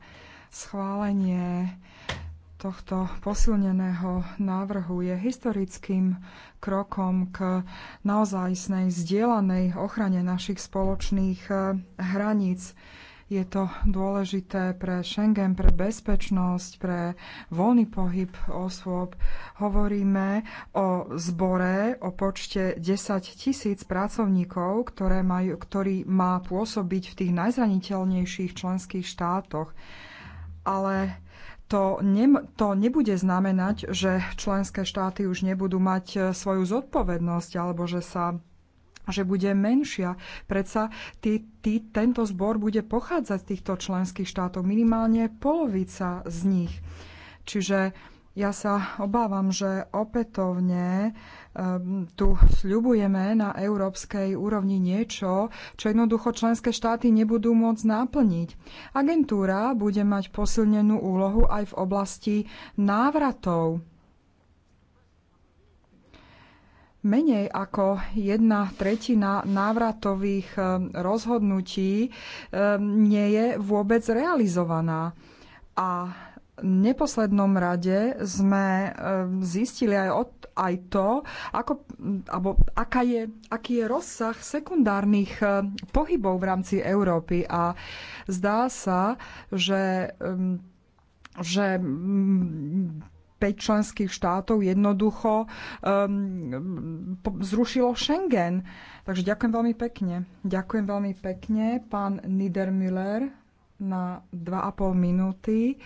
schválenie tohto posilneného návrhu je historickým krokom k naozajstnej zdieľanej ochrane našich spoločných eh, hraníc. Je to dôležité pre Schengen, pre bezpečnosť, pre voľný pohyb osôb. Hovoríme o zbore, o počte 10 tisíc pracovníkov, ktoré majú, ktorý má pôsobiť v tých najzraniteľnejších členských štátoch. Ale to, ne, to nebude znamenať, že členské štáty už nebudú mať e, svoju zodpovednosť alebo že sa a že bude menšia. Predsa tí, tí, tento zbor bude pochádzať z týchto členských štátov, minimálne polovica z nich. Čiže ja sa obávam, že opätovne um, tu sľubujeme na európskej úrovni niečo, čo jednoducho členské štáty nebudú môcť naplniť. Agentúra bude mať posilnenú úlohu aj v oblasti návratov Menej ako jedna tretina návratových eh, rozhodnutí eh, nie je vôbec realizovaná. A v neposlednom rade sme eh, zistili aj, od, aj to, ako, alebo aká je, aký je rozsah sekundárnych pohybov v rámci Európy. A zdá sa, že, že mm, 5 členských štátov jednoducho um, zrušilo Schengen. Takže ďakujem veľmi pekne. Ďakujem veľmi pekne, pán Niedermüller, na 2,5 minúty.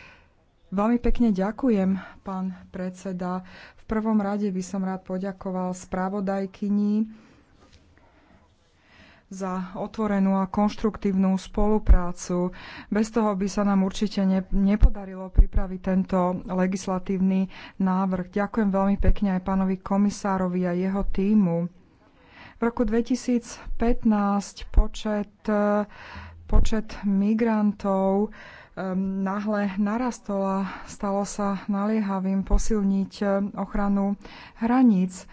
Veľmi pekne ďakujem, pán predseda. V prvom rade by som rád poďakoval spravodajkyni za otvorenú a konštruktívnu spoluprácu. Bez toho by sa nám určite ne, nepodarilo pripraviť tento legislatívny návrh. Ďakujem veľmi pekne aj pánovi komisárovi a jeho týmu. V roku 2015 počet, e, počet migrantov e, náhle narastol a stalo sa naliehavým posilniť e, ochranu hraníc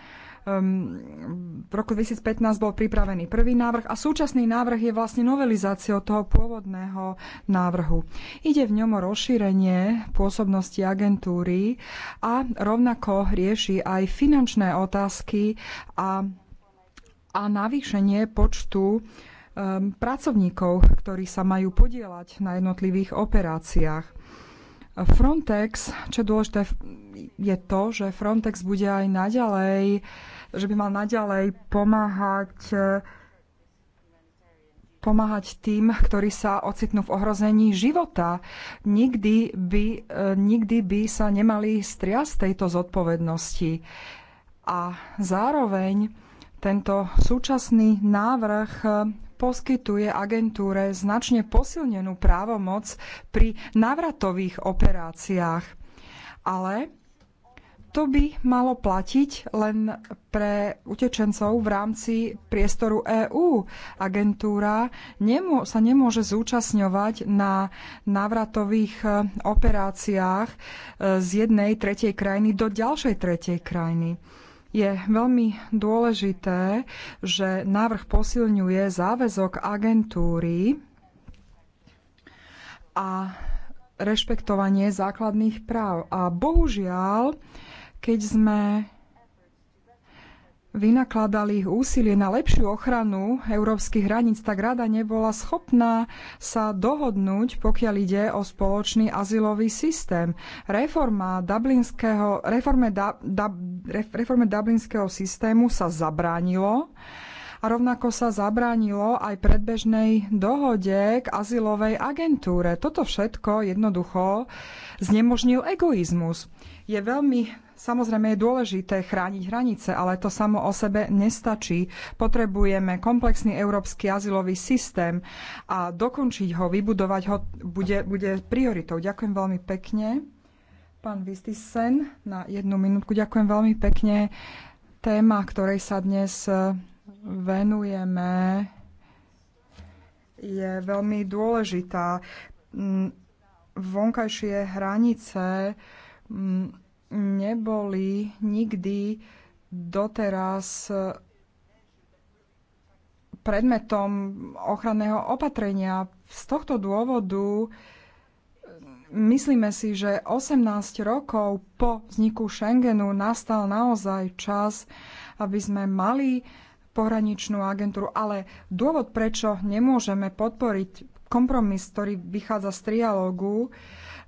um, v roku 2015 bol pripravený prvý návrh a súčasný návrh je vlastne novelizáciou toho pôvodného návrhu. Ide v ňom o rozšírenie pôsobnosti agentúry a rovnako rieši aj finančné otázky a, a navýšenie počtu ehm, pracovníkov, ktorí sa majú podielať na jednotlivých operáciách. Frontex, čo je dôležité, je to, že Frontex bude aj naďalej, že by mal naďalej pomáhať pomáhať tým, ktorí sa ocitnú v ohrození života. Nikdy by, nikdy by sa nemali striasť tejto zodpovednosti. A zároveň tento súčasný návrh poskytuje agentúre značne posilnenú právomoc pri návratových operáciách. Ale to by malo platiť len pre utečencov v rámci priestoru EÚ. Agentúra nemô- sa nemôže zúčastňovať na návratových e, operáciách e, z jednej tretej krajiny do ďalšej tretej krajiny je veľmi dôležité, že návrh posilňuje záväzok agentúry a rešpektovanie základných práv. A bohužiaľ, keď sme vynakladali úsilie na lepšiu ochranu európskych hraníc, tak rada nebola schopná sa dohodnúť, pokiaľ ide o spoločný azylový systém. Reforma dublinského, reforme, da, da, reforme dublinského systému sa zabránilo a rovnako sa zabránilo aj predbežnej dohode k azylovej agentúre. Toto všetko jednoducho znemožnil egoizmus. Je veľmi Samozrejme je dôležité chrániť hranice, ale to samo o sebe nestačí. Potrebujeme komplexný európsky azylový systém a dokončiť ho, vybudovať ho bude, bude prioritou. Ďakujem veľmi pekne. Pán Vistisen, na jednu minútku ďakujem veľmi pekne. Téma, ktorej sa dnes e, venujeme, je veľmi dôležitá. Mm, vonkajšie hranice mm, neboli nikdy doteraz e, predmetom ochranného opatrenia. Z tohto dôvodu e, myslíme si, že 18 rokov po vzniku Schengenu nastal naozaj čas, aby sme mali pohraničnú agentúru, ale dôvod, prečo nemôžeme podporiť kompromis, ktorý vychádza z trialógu,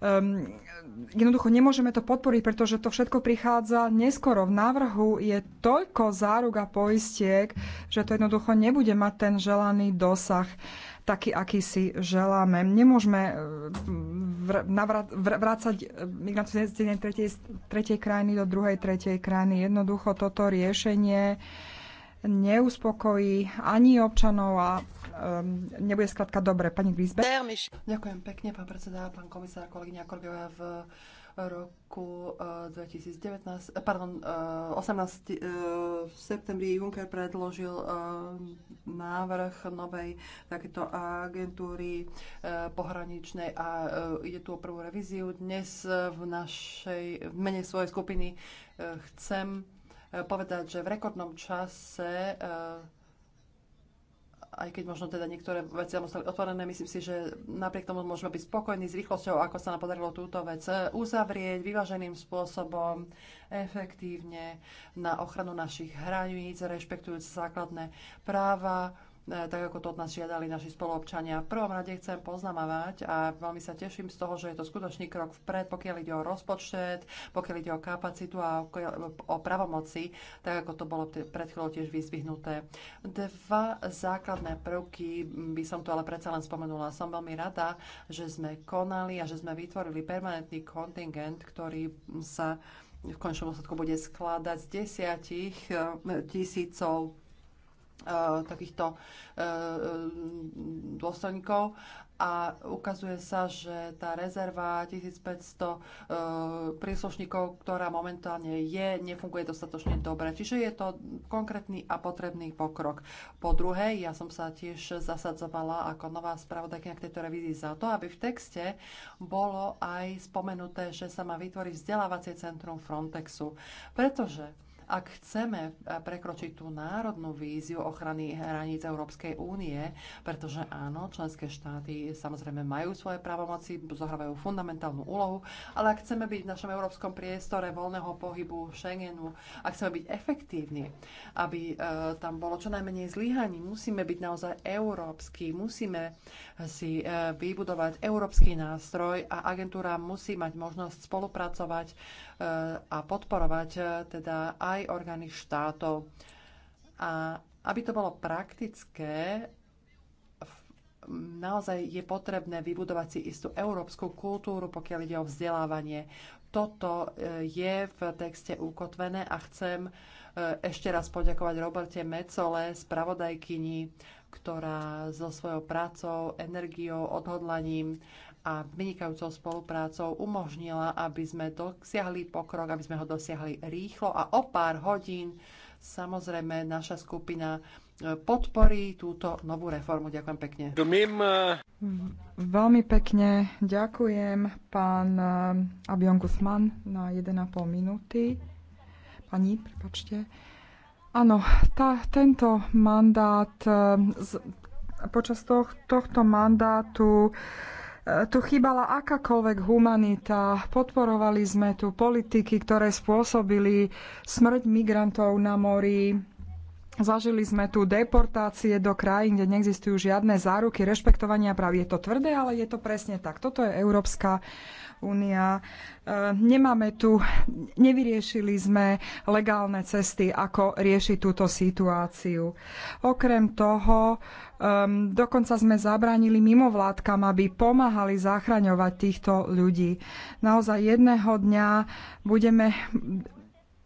e, jednoducho nemôžeme to podporiť, pretože to všetko prichádza neskoro. V návrhu je toľko záruk a poistiek, že to jednoducho nebude mať ten želaný dosah taký, aký si želáme. Nemôžeme e, vrácať migrantov e, z jednej tretej, tretej krajiny do druhej tretej krajiny. Jednoducho toto riešenie neuspokojí ani občanov a um, nebude skladka dobre. Pani Grisbe. Ďakujem pekne, pán predseda, pán komisár, kolegyňa kolegovia v roku 2019, eh, eh, pardon, 18. Eh, v septembri Juncker predložil návrh novej takéto agentúry pohraničnej a ide tu o prvú revíziu. Dnes v našej, v mene svojej skupiny chcem povedať, že v rekordnom čase aj keď možno teda niektoré veci tam ostali otvorené, myslím si, že napriek tomu môžeme byť spokojní s rýchlosťou, ako sa nám podarilo túto vec uzavrieť vyváženým spôsobom, efektívne na ochranu našich hraníc, rešpektujúc základné práva E, tak ako to od nás žiadali naši spoluobčania. V prvom rade chcem poznamovať a veľmi sa teším z toho, že je to skutočný krok vpred, pokiaľ ide o rozpočet, pokiaľ ide o kapacitu a o pravomoci, tak ako to bolo pred chvíľou tiež vyzvihnuté. Dva základné prvky by som tu ale predsa len spomenula. Som veľmi rada, že sme konali a že sme vytvorili permanentný kontingent, ktorý sa v končnom osadku bude skladať z desiatich e, tisícov E, takýchto e, e, dôstojníkov a ukazuje sa, že tá rezerva 1500 príslušníkov, ktorá momentálne je, nefunguje dostatočne dobre. Čiže je to konkrétny a potrebný pokrok. Po druhé, ja som sa tiež zasadzovala ako nová spravodajkňa k tejto revízii za to, aby v texte bolo aj spomenuté, že sa má vytvoriť vzdelávacie centrum Frontexu. Pretože ak chceme eh, prekročiť tú národnú víziu ochrany hraníc Európskej únie, pretože áno, členské štáty samozrejme majú svoje právomoci, zohrávajú fundamentálnu úlohu, ale ak chceme byť v našom európskom priestore voľného pohybu Schengenu, ak chceme byť efektívni, aby eh, tam bolo čo najmenej zlyhaní, musíme byť naozaj európsky, musíme si eh, vybudovať európsky nástroj a agentúra musí mať možnosť spolupracovať a podporovať e, teda aj orgány štátov. A aby to bolo praktické, naozaj je potrebné vybudovať si istú európsku kultúru, pokiaľ ide o vzdelávanie. Toto e, je v texte ukotvené a chcem e, ešte raz poďakovať Roberte Mecole, spravodajkyni, ktorá so svojou prácou, energiou, odhodlaním a vynikajúcou spoluprácou umožnila, aby sme dosiahli pokrok, aby sme ho dosiahli rýchlo a o pár hodín samozrejme naša skupina e, podporí túto novú reformu. Ďakujem pekne. E, Veľmi pekne ďakujem pán e, Abion Guzman na 1,5 minúty. Pani, prepačte. Áno, tá, tento mandát, z, počas toh, tohto mandátu tu chýbala akákoľvek humanita. Podporovali sme tu politiky, ktoré spôsobili smrť migrantov na mori. Zažili sme tu deportácie do krajín, kde neexistujú žiadne záruky rešpektovania práv. Je to tvrdé, ale je to presne tak. Toto je Európska únia. E, nemáme tu, nevyriešili sme legálne cesty, ako riešiť túto situáciu. Okrem toho, um, dokonca sme zabránili mimovládkam, aby pomáhali zachraňovať týchto ľudí. Naozaj jedného dňa budeme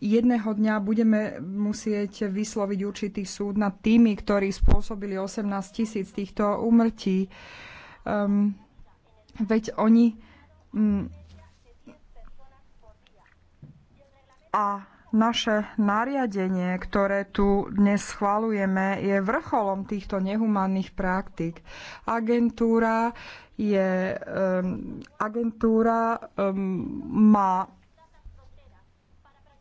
jedného dňa budeme musieť vysloviť určitý súd nad tými, ktorí spôsobili 18 tisíc týchto úmrtí. Um, veď oni Mm. A naše nariadenie, ktoré tu dnes schvalujeme, je vrcholom týchto nehumánnych praktik. Agentúra je, um, agentúra um, má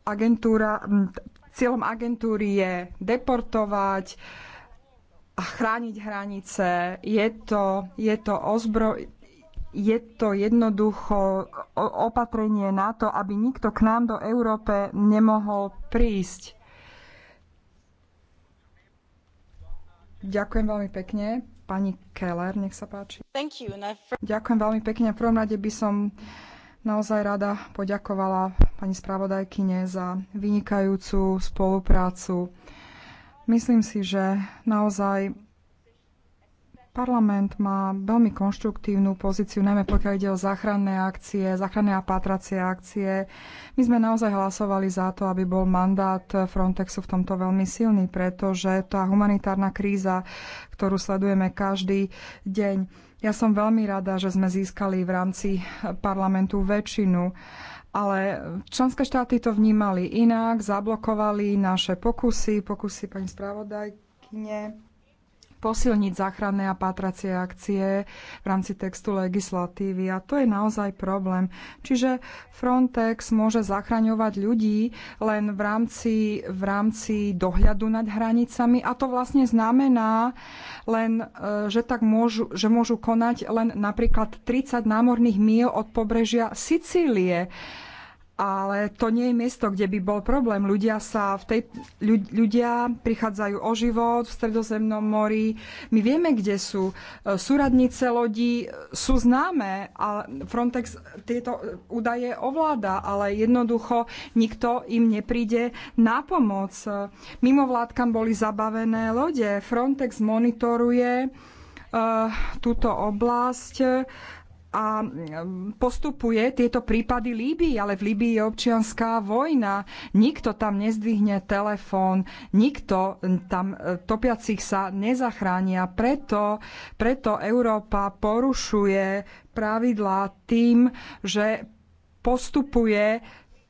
agentúra, um, cieľom agentúry je deportovať a chrániť hranice. Je to, je to ozbroj, je to jednoducho opatrenie na to, aby nikto k nám do Európe nemohol prísť. Ďakujem veľmi pekne. Pani Keller, nech sa páči. Ďakujem veľmi pekne. V prvom rade by som naozaj rada poďakovala pani spravodajkyne za vynikajúcu spoluprácu. Myslím si, že naozaj Parlament má veľmi konštruktívnu pozíciu, najmä pokiaľ ide o záchranné akcie, záchranné a pátracie akcie. My sme naozaj hlasovali za to, aby bol mandát Frontexu v tomto veľmi silný, pretože tá humanitárna kríza, ktorú sledujeme každý deň, ja som veľmi rada, že sme získali v rámci parlamentu väčšinu ale členské štáty to vnímali inak, zablokovali naše pokusy, pokusy pani spravodajkyne posilniť záchranné a pátracie akcie v rámci textu legislatívy. A to je naozaj problém. Čiže Frontex môže zachraňovať ľudí len v rámci, v rámci dohľadu nad hranicami. A to vlastne znamená len, e, že, tak môžu, že môžu konať len napríklad 30 námorných míl od pobrežia Sicílie ale to nie je miesto, kde by bol problém. Ľudia, sa v tej, ľudia prichádzajú o život v Stredozemnom mori. My vieme, kde sú. E, súradnice lodí e, sú známe a Frontex tieto e, údaje ovláda, ale jednoducho nikto im nepríde na pomoc. Mimo vládkam boli zabavené lode. Frontex monitoruje túto oblasť a postupuje tieto prípady Líbii, ale v Líbii je občianská vojna. Nikto tam nezdvihne telefón, nikto tam e, topiacich sa nezachránia. Preto, preto Európa porušuje pravidlá tým, že postupuje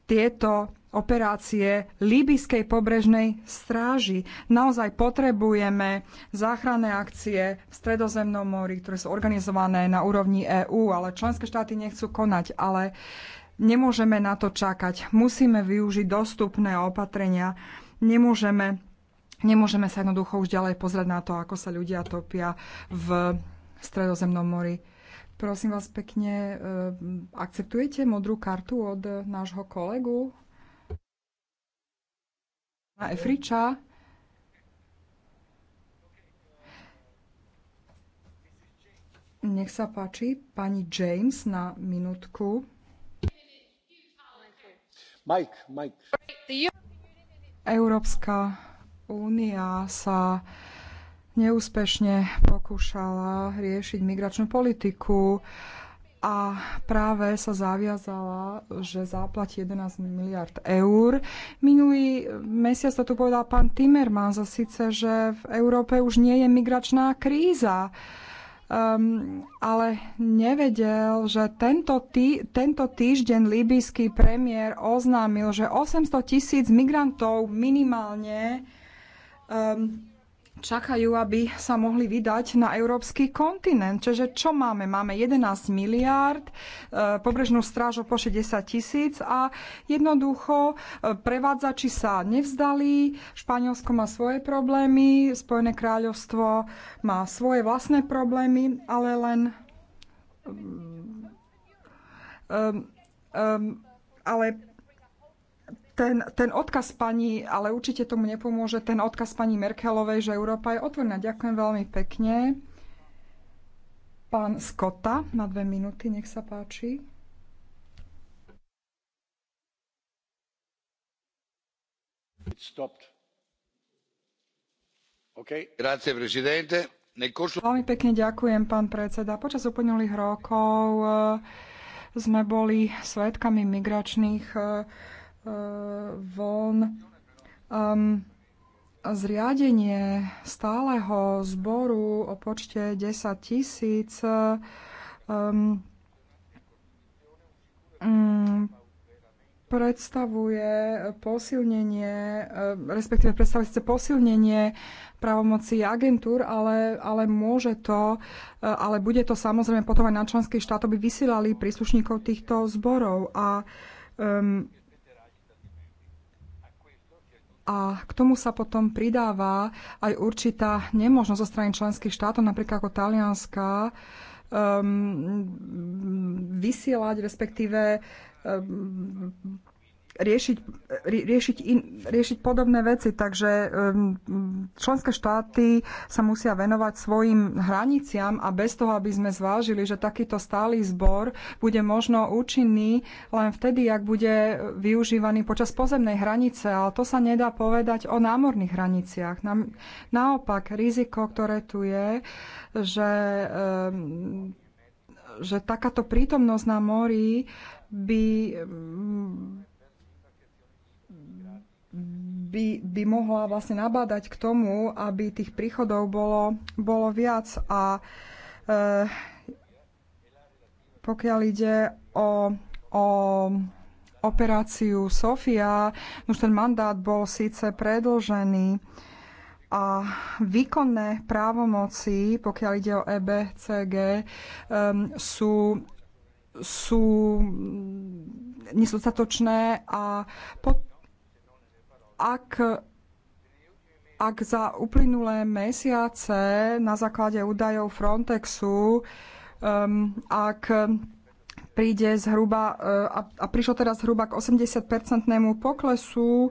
tieto operácie Líbyskej pobrežnej stráži. Naozaj potrebujeme záchranné akcie v Stredozemnom mori, ktoré sú organizované na úrovni EÚ, ale členské štáty nechcú konať, ale nemôžeme na to čakať. Musíme využiť dostupné opatrenia. Nemôžeme, nemôžeme sa jednoducho už ďalej pozrieť na to, ako sa ľudia topia v Stredozemnom mori. Prosím vás pekne, eh, akceptujete modrú kartu od nášho kolegu? Na Efriča Nech sa páči, pani James na minútku. Mike, Mike. Európska únia sa neúspešne pokúšala riešiť migračnú politiku a práve sa zaviazala, že zaplatí 11 miliard eur. Minulý mesiac to tu povedal pán Timmermans a síce, že v Európe už nie je migračná kríza. Um, ale nevedel, že tento, tý, tento týždeň líbyský premiér oznámil, že 800 tisíc migrantov minimálne um, čakajú, aby sa mohli vydať na európsky kontinent. Čiže čo máme? Máme 11 miliárd, e, pobrežnú stráž o 60 tisíc a jednoducho e, prevádzači sa nevzdali, Španielsko má svoje problémy, Spojené kráľovstvo má svoje vlastné problémy, ale len... Um, um, ale ten, ten odkaz pani, ale určite tomu nepomôže ten odkaz pani Merkelovej, že Európa je otvorená. Ďakujem veľmi pekne. Pán Skota na dve minúty, nech sa páči. Okay. Grazie, Veľmi pekne ďakujem, pán predseda. Počas uplynulých rokov eh, sme boli svedkami migračných eh, E, von. Um, zriadenie stáleho zboru o počte 10 tisíc e, um, um, predstavuje posilnenie, e, respektíve predstavuje posilnenie právomocí agentúr, ale, ale môže to, ale bude to samozrejme potom aj na členských štátoch, aby vysielali príslušníkov týchto zborov. A um, a k tomu sa potom pridáva aj určitá nemožnosť zo strany členských štátov, napríklad ako Talianska, um, vysielať, respektíve um, riešiť, riešiť, in, riešiť podobné veci. Takže um, členské štáty sa musia venovať svojim hraniciam a bez toho, aby sme zvážili, že takýto stály zbor bude možno účinný len vtedy, ak bude využívaný počas pozemnej hranice. Ale to sa nedá povedať o námorných hraniciach. Naopak, riziko, ktoré tu je, že um, že takáto prítomnosť na mori by um, by, by mohla vlastne nabádať k tomu, aby tých príchodov bolo, bolo viac. A e, pokiaľ ide o, o operáciu Sofia, už ten mandát bol síce predlžený a výkonné právomoci, pokiaľ ide o EBCG, um, sú sú mm, nesúcatočné a pod, ak ak za uplynulé mesiace na základe údajov Frontexu, um, ak príde zhruba, uh, a, a prišlo teraz zhruba k 80-percentnému poklesu,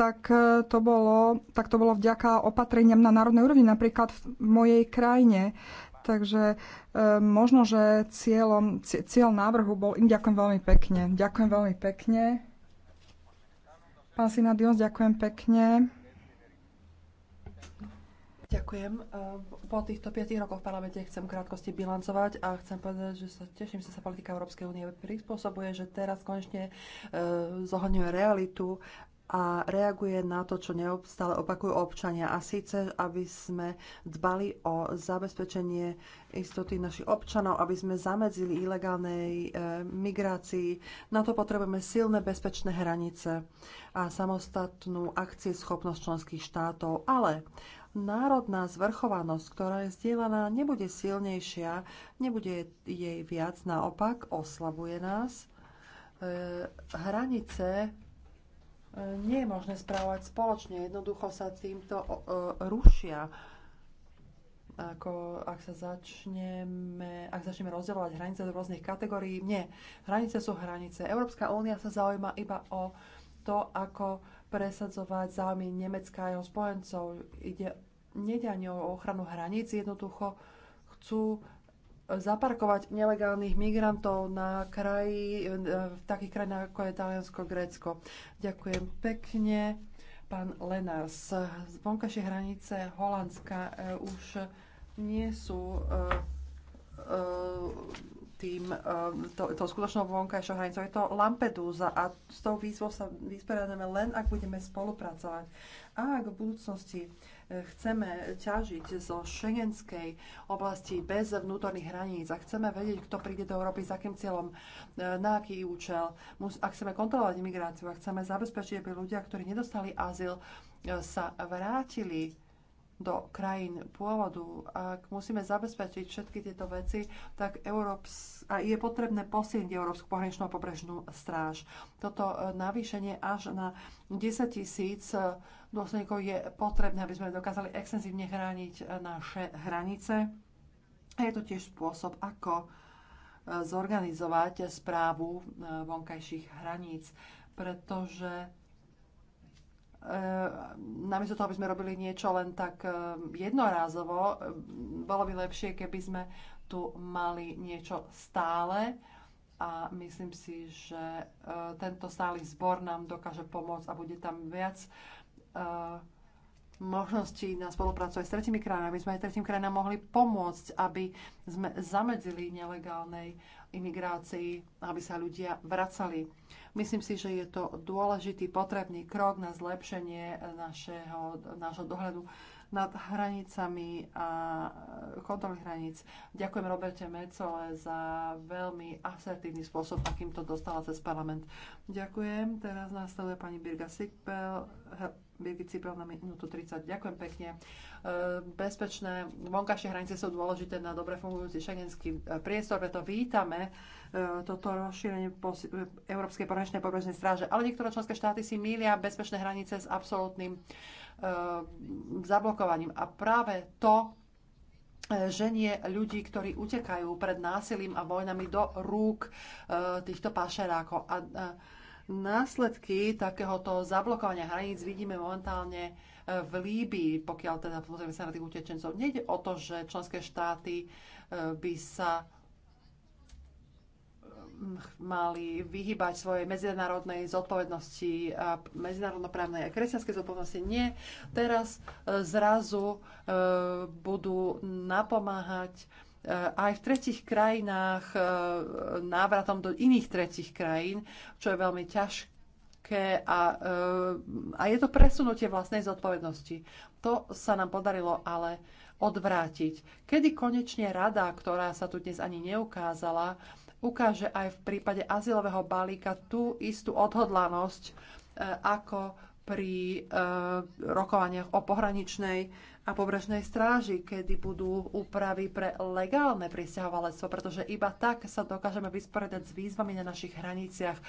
tak uh, to, bolo, tak to bolo vďaka opatreniam na národnej úrovni, napríklad v mojej krajine. Takže uh, možno, že cieľom, cieľ návrhu bol im ďakujem veľmi pekne. Ďakujem veľmi pekne. Pán Sinadios, ďakujem pekne. Ďakujem. E, po týchto 5 rokoch v parlamente chcem krátkosti bilancovať a chcem povedať, že sa teším, že sa politika Európskej únie prispôsobuje, že teraz konečne e, zohľadňuje realitu a reaguje na to, čo neobstále opakujú občania. A síce, aby sme dbali o zabezpečenie istoty našich občanov, aby sme zamedzili ilegálnej e, migrácii. Na to potrebujeme silné bezpečné hranice a samostatnú schopnosť členských štátov. Ale národná zvrchovanosť, ktorá je zdieľaná, nebude silnejšia, nebude jej viac, naopak oslabuje nás. E, hranice nie je možné správať spoločne. Jednoducho sa týmto rušia. Ako, ak sa začneme, ak začneme rozdielovať hranice do rôznych kategórií, nie. Hranice sú hranice. Európska únia sa zaujíma iba o to, ako presadzovať záujmy Nemecka a jeho spojencov. Ide, nejde ani o ochranu hraníc, jednoducho chcú zaparkovať nelegálnych migrantov na kraji, e, v takých krajinách ako je Taliansko, Grécko. Ďakujem pekne. Pán Lenárs, z vonkajšie hranice Holandska e, už nie sú e, tým, to, to skutočnou vonkajšou hranicou. Je to Lampedusa a s tou výzvou sa vysporiadame len, ak budeme spolupracovať. A ak v budúcnosti chceme ťažiť zo šengenskej oblasti bez vnútorných hraníc a chceme vedieť, kto príde do Európy, s akým cieľom, e, na aký účel, ak chceme kontrolovať imigráciu a chceme zabezpečiť, aby ľudia, ktorí nedostali azyl, e, sa vrátili do krajín pôvodu, ak musíme zabezpečiť všetky tieto veci, tak Európs, a je potrebné posilniť Európsku pohraničnú a pobrežnú stráž. Toto e, navýšenie až na 10 tisíc dôsledkov je potrebné, aby sme dokázali extenzívne chrániť eh, naše hranice. A je to tiež spôsob, ako eh, zorganizovať správu eh, vonkajších hraníc, pretože namiesto toho, aby sme robili niečo len tak jednorázovo, bolo by lepšie, keby sme tu mali niečo stále a myslím si, že tento stály zbor nám dokáže pomôcť a bude tam viac možnosti na spoluprácu aj s tretimi krajinami, aby sme aj tretím krajinám mohli pomôcť, aby sme zamedzili nelegálnej imigrácii, aby sa ľudia vracali. Myslím si, že je to dôležitý, potrebný krok na zlepšenie našeho, nášho dohľadu nad hranicami a kontrolných hraníc. Ďakujem Roberte Mecole za veľmi asertívny spôsob, akým to dostala cez parlament. Ďakujem. Teraz následuje pani Birga Sikpel, Birgit Cipel na minútu 30. Ďakujem pekne. E, bezpečné vonkajšie hranice sú dôležité na dobre fungujúci šengenský e, priestor, preto vítame e, toto rozšírenie Európskej pohraničnej pobrežnej stráže. Ale niektoré členské štáty si mília bezpečné hranice s absolútnym zablokovaním. A práve to ženie ľudí, ktorí utekajú pred násilím a vojnami do rúk týchto pašerákov. A Následky takéhoto zablokovania hraníc vidíme momentálne e, v Líbii, pokiaľ teda pozrieme sa na tých utečencov. Nejde o to, že členské štáty e, by sa mali vyhybať svojej medzinárodnej zodpovednosti a medzinárodnoprávnej a kresťanskej zodpovednosti. Nie. Teraz e, zrazu budú napomáhať Eh, aj v tretich krajinách eh, návratom do iných tretich krajín, čo je veľmi ťažké a, eh, a je to presunutie vlastnej zodpovednosti. To sa nám podarilo ale odvrátiť. Kedy konečne rada, ktorá sa tu dnes ani neukázala, ukáže aj v prípade azylového balíka tú istú odhodlanosť, ako pri rokovaniach o pohraničnej a pobrežnej stráži, kedy budú úpravy pre legálne pristahovalectvo, pretože iba tak sa dokážeme vysporiadať s výzvami na našich hraniciach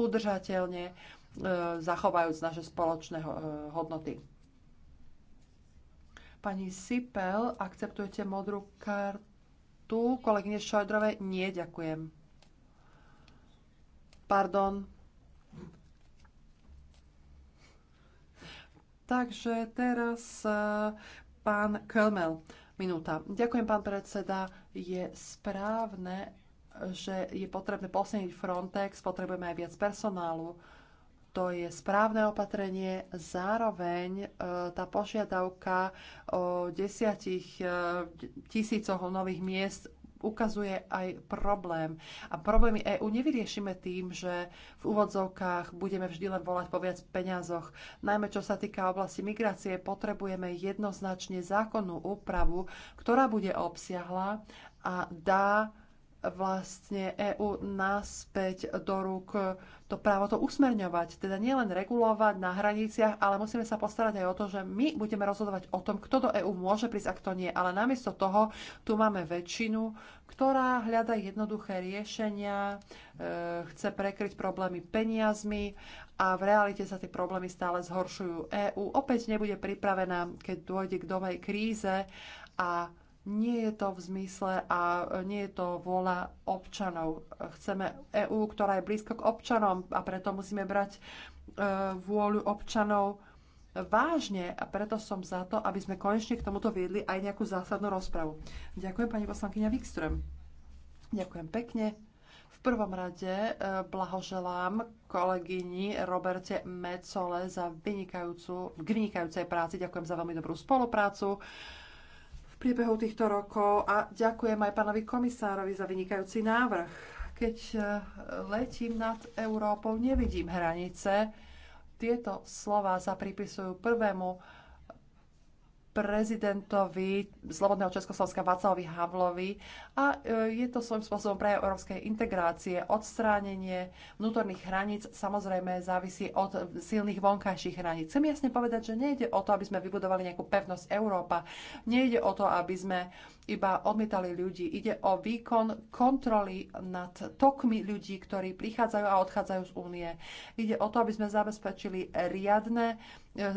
udržateľne, e, zachovajúc naše spoločné e, hodnoty. Pani Sipel, akceptujete modrú kartu kolegyne Šojdrovej? Nie, ďakujem. Pardon, Takže teraz e, pán Kölmel. Minúta. Ďakujem, pán predseda. Je správne, že je potrebné posilniť Frontex, potrebujeme aj viac personálu. To je správne opatrenie. Zároveň e, tá požiadavka o desiatich e, tisícoch nových miest ukazuje aj problém. A problémy EÚ nevyriešime tým, že v úvodzovkách budeme vždy len volať po viac peniazoch. Najmä čo sa týka oblasti migrácie, potrebujeme jednoznačne zákonnú úpravu, ktorá bude obsiahla a dá vlastne EÚ naspäť do rúk to právo to usmerňovať. Teda nielen regulovať na hraniciach, ale musíme sa postarať aj o to, že my budeme rozhodovať o tom, kto do EÚ môže prísť a kto nie. Ale namiesto toho tu máme väčšinu, ktorá hľada jednoduché riešenia, e, chce prekryť problémy peniazmi a v realite sa tie problémy stále zhoršujú. EÚ opäť nebude pripravená, keď dôjde k domej kríze a nie je to v zmysle a nie je to vôľa občanov. Chceme EÚ, ktorá je blízko k občanom a preto musíme brať e, vôľu občanov vážne a preto som za to, aby sme konečne k tomuto viedli aj nejakú zásadnú rozpravu. Ďakujem pani poslankyňa Wikström. Ďakujem pekne. V prvom rade e, blahoželám kolegyni Roberte Mecole za vynikajúcu, vynikajúcej práci. Ďakujem za veľmi dobrú spoluprácu priebehu týchto rokov a ďakujem aj pánovi komisárovi za vynikajúci návrh. Keď e, letím nad Európou, nevidím hranice. Tieto slova sa pripisujú prvému prezidentovi Slobodného Československa Václavovi Havlovi a e, je to svojím spôsobom pre európskej integrácie, odstránenie vnútorných hraníc samozrejme závisí od silných vonkajších hraníc. Chcem jasne povedať, že nejde o to, aby sme vybudovali nejakú pevnosť Európa, nejde o to, aby sme iba odmietali ľudí. Ide o výkon kontroly nad tokmi ľudí, ktorí prichádzajú a odchádzajú z únie. Ide o to, aby sme zabezpečili riadne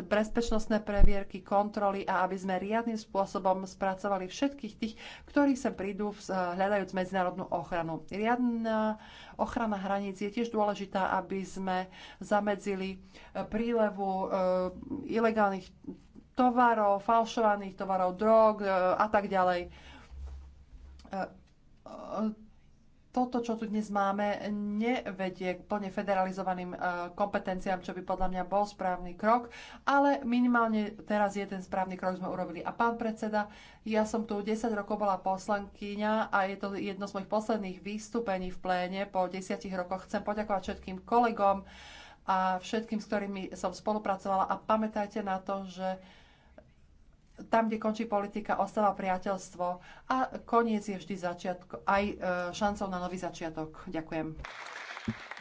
bezpečnostné previerky, kontroly a aby sme riadnym spôsobom spracovali všetkých tých, ktorí sem prídu hľadajúc medzinárodnú ochranu. Riadna ochrana hraníc je tiež dôležitá, aby sme zamedzili eh, prílevu eh, ilegálnych tovarov, falšovaných tovarov, drog eh, a tak ďalej toto, čo tu dnes máme, nevedie k plne federalizovaným e, kompetenciám, čo by podľa mňa bol správny krok, ale minimálne teraz je ten správny krok sme urobili. A pán predseda, ja som tu 10 rokov bola poslankyňa a je to jedno z mojich posledných výstupení v pléne. Po 10 rokoch chcem poďakovať všetkým kolegom a všetkým, s ktorými som spolupracovala a pamätajte na to, že tam, kde končí politika, ostáva priateľstvo a koniec je vždy začiatko, aj e, šancou na nový začiatok. Ďakujem.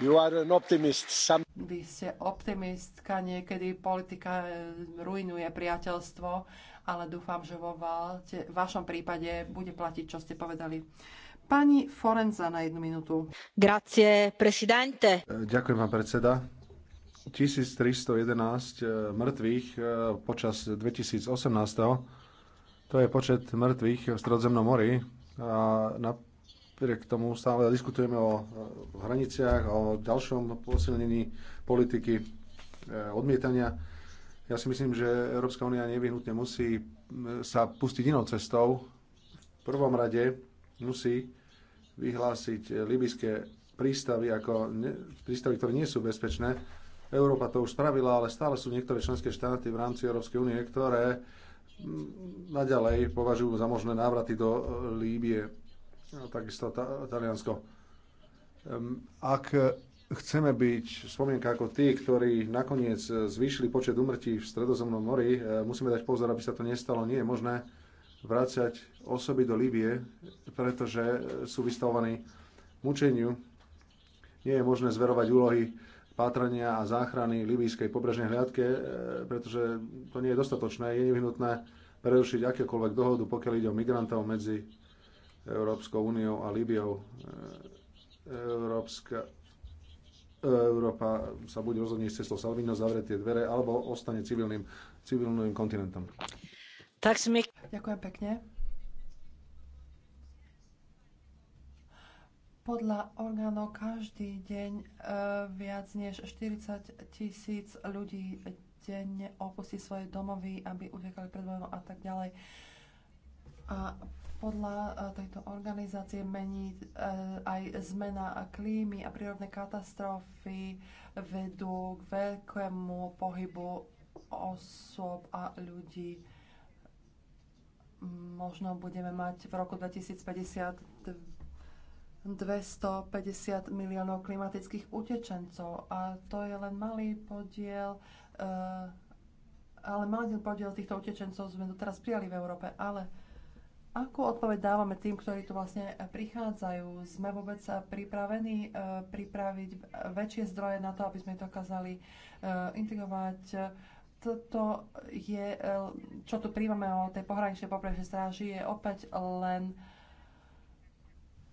You are an optimist. Some... Vy ste optimistka, niekedy politika e, ruinuje priateľstvo, ale dúfam, že vo valte, vašom prípade bude platiť, čo ste povedali. Pani Forenza na jednu minútu. Grazie, presidente. Ďakujem vám, predseda 1311 e, mŕtvych e, počas 2018. To je počet mŕtvych v Stredozemnom mori. A napriek tomu stále diskutujeme o e, hraniciach, o ďalšom posilnení politiky odmietania. Ja si myslím, že Európska únia nevyhnutne musí sa pustiť inou cestou. V prvom rade musí vyhlásiť libyské prístavy ako prístavy, ktoré nie sú bezpečné Európa to už spravila, ale stále sú niektoré členské štáty v rámci Európskej únie, ktoré mm, naďalej považujú za možné návraty do e, Líbie, takisto Taliansko. Ak chceme byť spomienka ako tí, ktorí nakoniec e, zvýšili počet umrtí v Stredozemnom mori, e, musíme dať pozor, aby sa to nestalo. Nie je možné vrácať osoby do Líbie, pretože sú vystavovaní mučeniu. Nie je možné zverovať úlohy pátrania a záchrany libijskej pobrežnej hliadke, e, pretože to nie je dostatočné. Je nevyhnutné prerušiť akékoľvek dohodu, pokiaľ ide o migrantov medzi Európskou úniou a Líbiou. E, Európska, Európa sa bude rozhodne ísť cestou Salvino, zavrieť tie dvere, alebo ostane civilným, civilným kontinentom. Ďakujem pekne. Podľa orgánov každý deň e, viac než 40 tisíc ľudí denne opustí svoje domovy, aby utekali pred vojnou a tak ďalej. A podľa e, tejto organizácie mení e, aj zmena klímy a prírodné katastrofy vedú k veľkému pohybu osôb a ľudí možno budeme mať v roku 2050 250 miliónov klimatických utečencov a to je len malý podiel eh, ale malý podiel týchto utečencov sme doteraz prijali v Európe, ale akú odpoveď dávame tým, ktorí tu vlastne prichádzajú? Sme vôbec pripravení eh, pripraviť väčšie zdroje na to, aby sme dokázali eh, integrovať toto je, čo tu príjmame o tej pohraničnej pobrežnej stráži, je opäť len uh,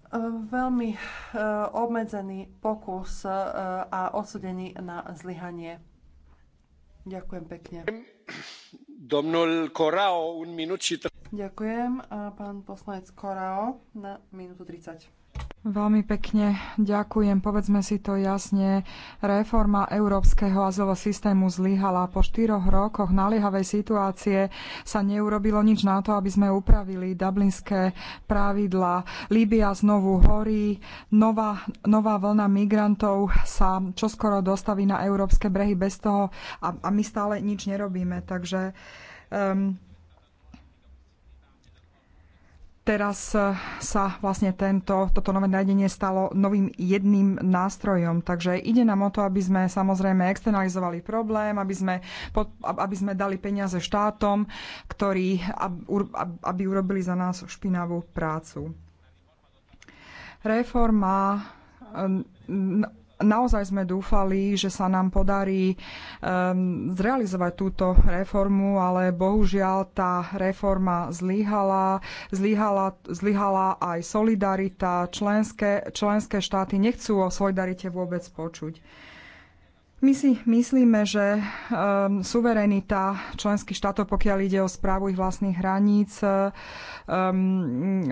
E, veľmi e, obmedzený pokus e, a odsudený na zlyhanie. Ďakujem pekne. Domnul Corao, un minut și... Ďakujem, pán poslanec Corao, na minútu 30. Veľmi pekne ďakujem. Povedzme si to jasne. Reforma európskeho azylového systému zlyhala. Po štyroch rokoch naliehavej situácie sa neurobilo nič na to, aby sme upravili dublinské pravidla. Líbia znovu horí. Nová, nová vlna migrantov sa čoskoro dostaví na európske brehy bez toho a, a my stále nič nerobíme. Takže um, teraz eh, sa vlastne tento, toto nové nariadenie stalo novým jedným nástrojom. Takže ide nám o to, aby sme samozrejme externalizovali problém, aby sme, aby sme dali peniaze štátom, ktorí, aby urobili za nás špinavú prácu. Reforma eh, naozaj sme dúfali, že sa nám podarí um, zrealizovať túto reformu, ale bohužiaľ tá reforma zlyhala. Zlyhala, zlyhala aj solidarita. Členské, členské štáty nechcú o solidarite vôbec počuť. My si myslíme, že um, suverenita členských štátov, pokiaľ ide o správu ich vlastných hraníc, um,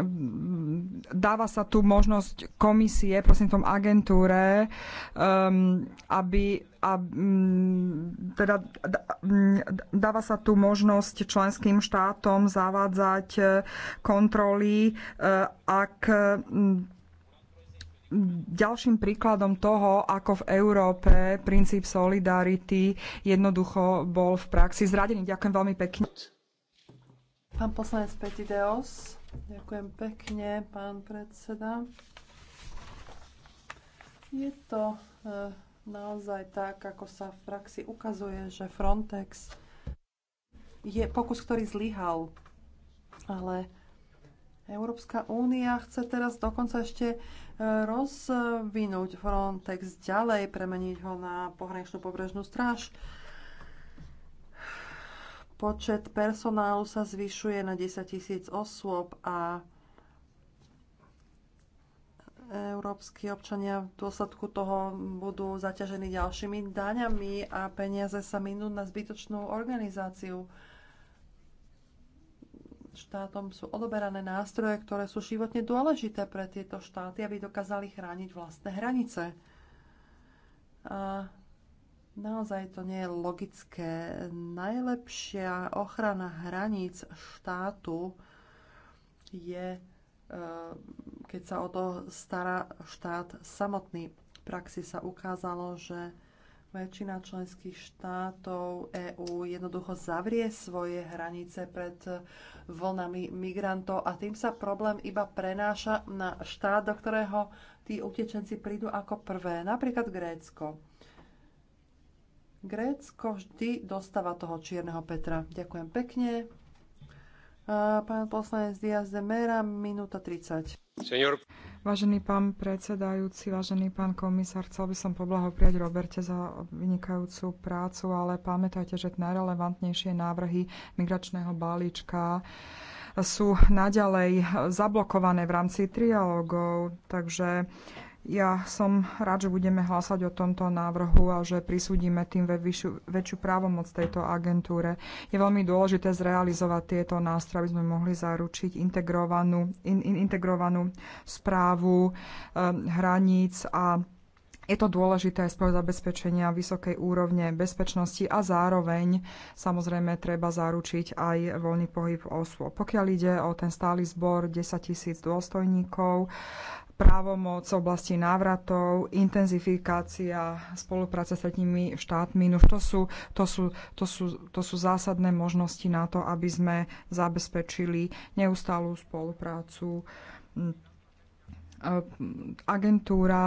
dáva sa tu možnosť komisie, prosím tom agentúre, um, aby a mm, teda mm, dáva sa tu možnosť členským štátom zavádzať eh, kontroly, eh, ak mm, ďalším príkladom toho, ako v Európe princíp solidarity jednoducho bol v praxi zradený. Ďakujem veľmi pekne. Pán poslanec Petideos, ďakujem pekne, pán predseda. Je to e, naozaj tak, ako sa v praxi ukazuje, že Frontex je pokus, ktorý zlyhal, ale Európska únia chce teraz dokonca ešte e, rozvinúť Frontex ďalej, premeniť ho na pohraničnú pobrežnú stráž. Počet personálu sa zvyšuje na 10 tisíc osôb a európsky občania v dôsledku toho budú zaťažení ďalšími daňami a peniaze sa minú na zbytočnú organizáciu štátom sú odoberané nástroje, ktoré sú životne dôležité pre tieto štáty, aby dokázali chrániť vlastné hranice. A naozaj to nie je logické. Najlepšia ochrana hraníc štátu je, e, keď sa o to stará štát samotný. V praxi sa ukázalo, že väčšina členských štátov EÚ jednoducho zavrie svoje hranice pred vlnami migrantov a tým sa problém iba prenáša na štát, do ktorého tí utečenci prídu ako prvé, napríklad Grécko. Grécko vždy dostáva toho čierneho Petra. Ďakujem pekne. Pán poslanec Diaz de Mera, minúta 30. Vážený pán predsedajúci, vážený pán komisár, chcel by som poblahopriať Roberte za vynikajúcu prácu, ale pamätajte, že najrelevantnejšie návrhy migračného balíčka sú naďalej zablokované v rámci trialógov, takže ja som rád, že budeme hlasať o tomto návrhu a že prisúdime tým väčšiu, väčšiu právomoc tejto agentúre. Je veľmi dôležité zrealizovať tieto nástroje, aby sme mohli zaručiť integrovanú, in, in, integrovanú správu um, hraníc a je to dôležité aj z zabezpečenia vysokej úrovne bezpečnosti a zároveň samozrejme treba zaručiť aj voľný pohyb osôb. Pokiaľ ide o ten stály zbor 10 tisíc dôstojníkov, právomoc v oblasti návratov, intenzifikácia spolupráce s tretími štátmi. No to sú, to, sú, to, sú, to sú zásadné možnosti na to, aby sme zabezpečili neustálú spoluprácu. Agentúra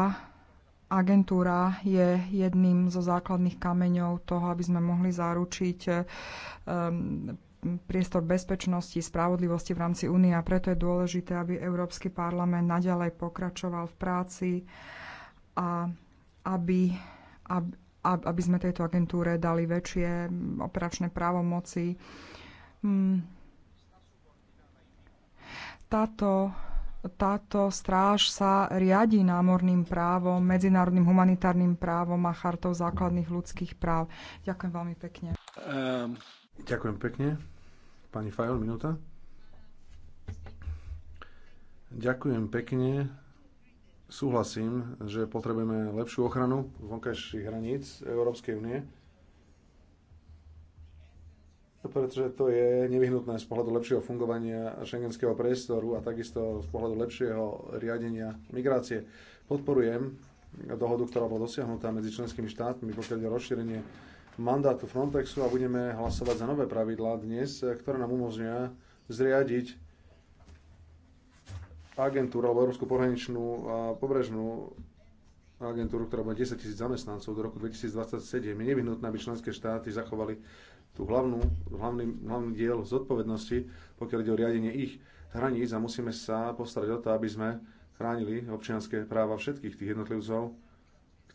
agentúra je jedným zo základných kameňov toho, aby sme mohli zaručiť um, priestor bezpečnosti, spravodlivosti v rámci únie a preto je dôležité, aby Európsky parlament naďalej pokračoval v práci a aby, aby, aby sme tejto agentúre dali väčšie operačné právomoci. Hmm. Táto táto stráž sa riadi námorným právom, medzinárodným humanitárnym právom a chartou základných ľudských práv. Ďakujem veľmi pekne. Um. Ďakujem pekne. Pani Fajon, minúta. Ďakujem pekne. Súhlasím, že potrebujeme lepšiu ochranu vonkajších hraníc Európskej únie, pretože to je nevyhnutné z pohľadu lepšieho fungovania šengenského priestoru a takisto z pohľadu lepšieho riadenia migrácie. Podporujem dohodu, ktorá bola dosiahnutá medzi členskými štátmi, pokiaľ je rozšírenie mandátu Frontexu a budeme hlasovať za nové pravidlá dnes, ktoré nám umožňujú zriadiť agentúru alebo Európsku pohraničnú a pobrežnú agentúru, ktorá bude 10 tisíc zamestnancov do roku 2027. Je nevyhnutné, aby členské štáty zachovali tú hlavnú, hlavný, hlavný diel zodpovednosti, pokiaľ ide o riadenie ich hraníc a musíme sa postarať o to, aby sme chránili občianské práva všetkých tých jednotlivcov,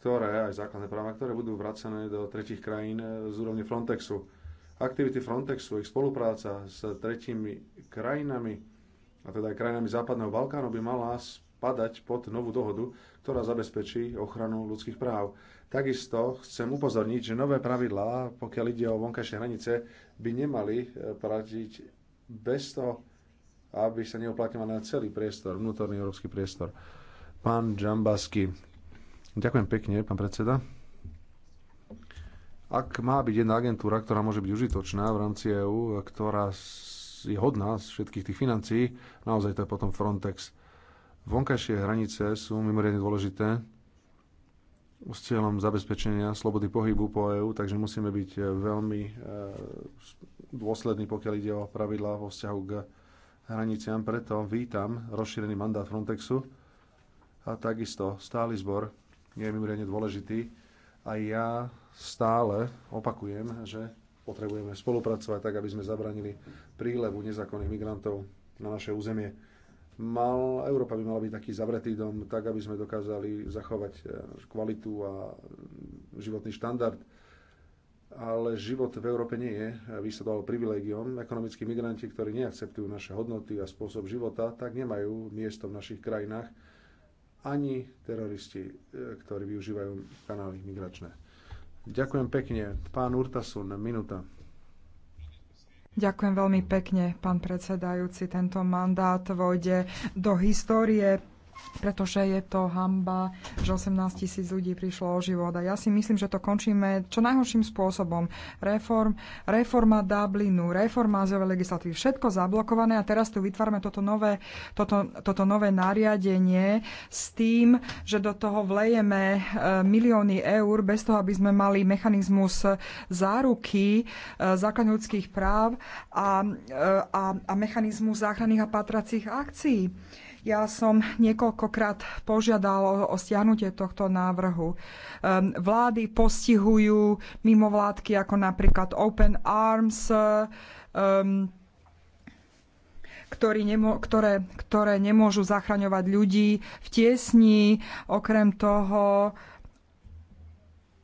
ktoré, aj základné práva, ktoré budú vracené do tretich krajín e, z úrovne Frontexu. Aktivity Frontexu, ich spolupráca s tretími krajinami, a teda aj krajinami Západného Balkánu, by mala spadať pod novú dohodu, ktorá zabezpečí ochranu ľudských práv. Takisto chcem upozorniť, že nové pravidlá, pokiaľ ide o vonkajšie hranice, by nemali e, platiť bez toho, aby sa neuplatňovali na celý priestor, vnútorný európsky priestor. Pán Džambasky, Ďakujem pekne, pán predseda. Ak má byť jedna agentúra, ktorá môže byť užitočná v rámci EÚ, ktorá je hodná z všetkých tých financií, naozaj to je potom Frontex. Vonkajšie hranice sú mimoriadne dôležité s cieľom zabezpečenia slobody pohybu po EÚ, takže musíme byť e, veľmi e, dôslední, pokiaľ ide o pravidlá vo vzťahu k hraniciam. Preto vítam rozšírený mandát Frontexu a takisto stály zbor je mimoriadne dôležitý. A ja stále opakujem, že potrebujeme spolupracovať tak, aby sme zabranili prílevu nezákonných migrantov na naše územie. Mal, Európa by mala byť taký zavretý dom, tak, aby sme dokázali zachovať e, kvalitu a životný štandard. Ale život v Európe nie je vysadoval privilegiom. Ekonomickí migranti, ktorí neakceptujú naše hodnoty a spôsob života, tak nemajú miesto v našich krajinách ani teroristi, e, ktorí využívajú kanály migračné. Ďakujem pekne. Pán Urtasun, minúta. Ďakujem veľmi pekne, pán predsedajúci. Tento mandát vojde do histórie pretože je to hamba, že 18 tisíc ľudí prišlo o život. A ja si myslím, že to končíme čo najhorším spôsobom. Reform, reforma Dublinu, reforma azylovej legislatívy, všetko zablokované a teraz tu vytvárame toto nové, toto, toto nové nariadenie s tým, že do toho vlejeme e, milióny eur bez toho, aby sme mali mechanizmus záruky e, základných ľudských práv a, e, a, a mechanizmus záchranných a patracích akcií. Ja som niekoľkokrát požiadal o stiahnutie tohto návrhu. Vlády postihujú mimovládky ako napríklad Open Arms, e, ktorý nemo, ktoré, ktoré nemôžu zachraňovať ľudí v tiesni. Okrem toho,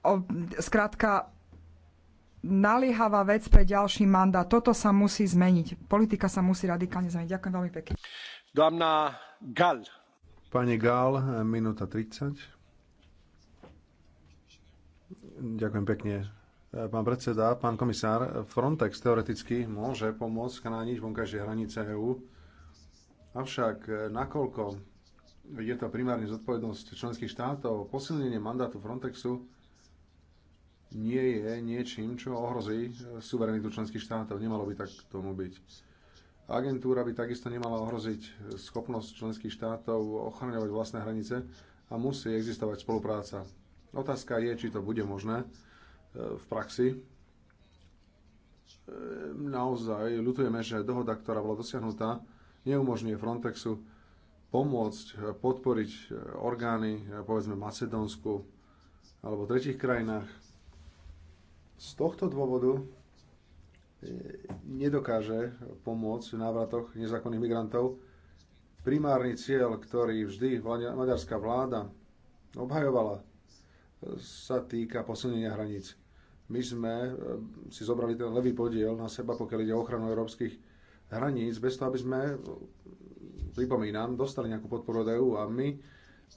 o, skrátka, naliehavá vec pre ďalší mandát. Toto sa musí zmeniť. Politika sa musí radikálne zmeniť. Ďakujem veľmi pekne. Dámna Pani Gál, minúta 30. Ďakujem pekne. Pán predseda, pán komisár, Frontex teoreticky môže pomôcť chrániť vonkajšie hranice EÚ, avšak nakoľko je to primárne zodpovednosť členských štátov, posilnenie mandátu Frontexu nie je niečím, čo ohrozí suverenitu členských štátov. Nemalo by tak tomu byť Agentúra by takisto nemala ohroziť schopnosť členských štátov ochraňovať vlastné hranice a musí existovať spolupráca. Otázka je, či to bude možné e, v praxi. E, naozaj ľutujeme, že dohoda, ktorá bola dosiahnutá, neumožňuje Frontexu pomôcť, e, podporiť orgány, povedzme Macedónsku alebo tretich krajinách. Z tohto dôvodu nedokáže pomôcť v návratoch nezákonných migrantov. Primárny cieľ, ktorý vždy maďarská vláda obhajovala, sa týka posilnenia hraníc. My sme e, si zobrali ten levý podiel na seba, pokiaľ ide o ochranu európskych hraníc, bez toho, aby sme, pripomínam, dostali nejakú podporu od EÚ a my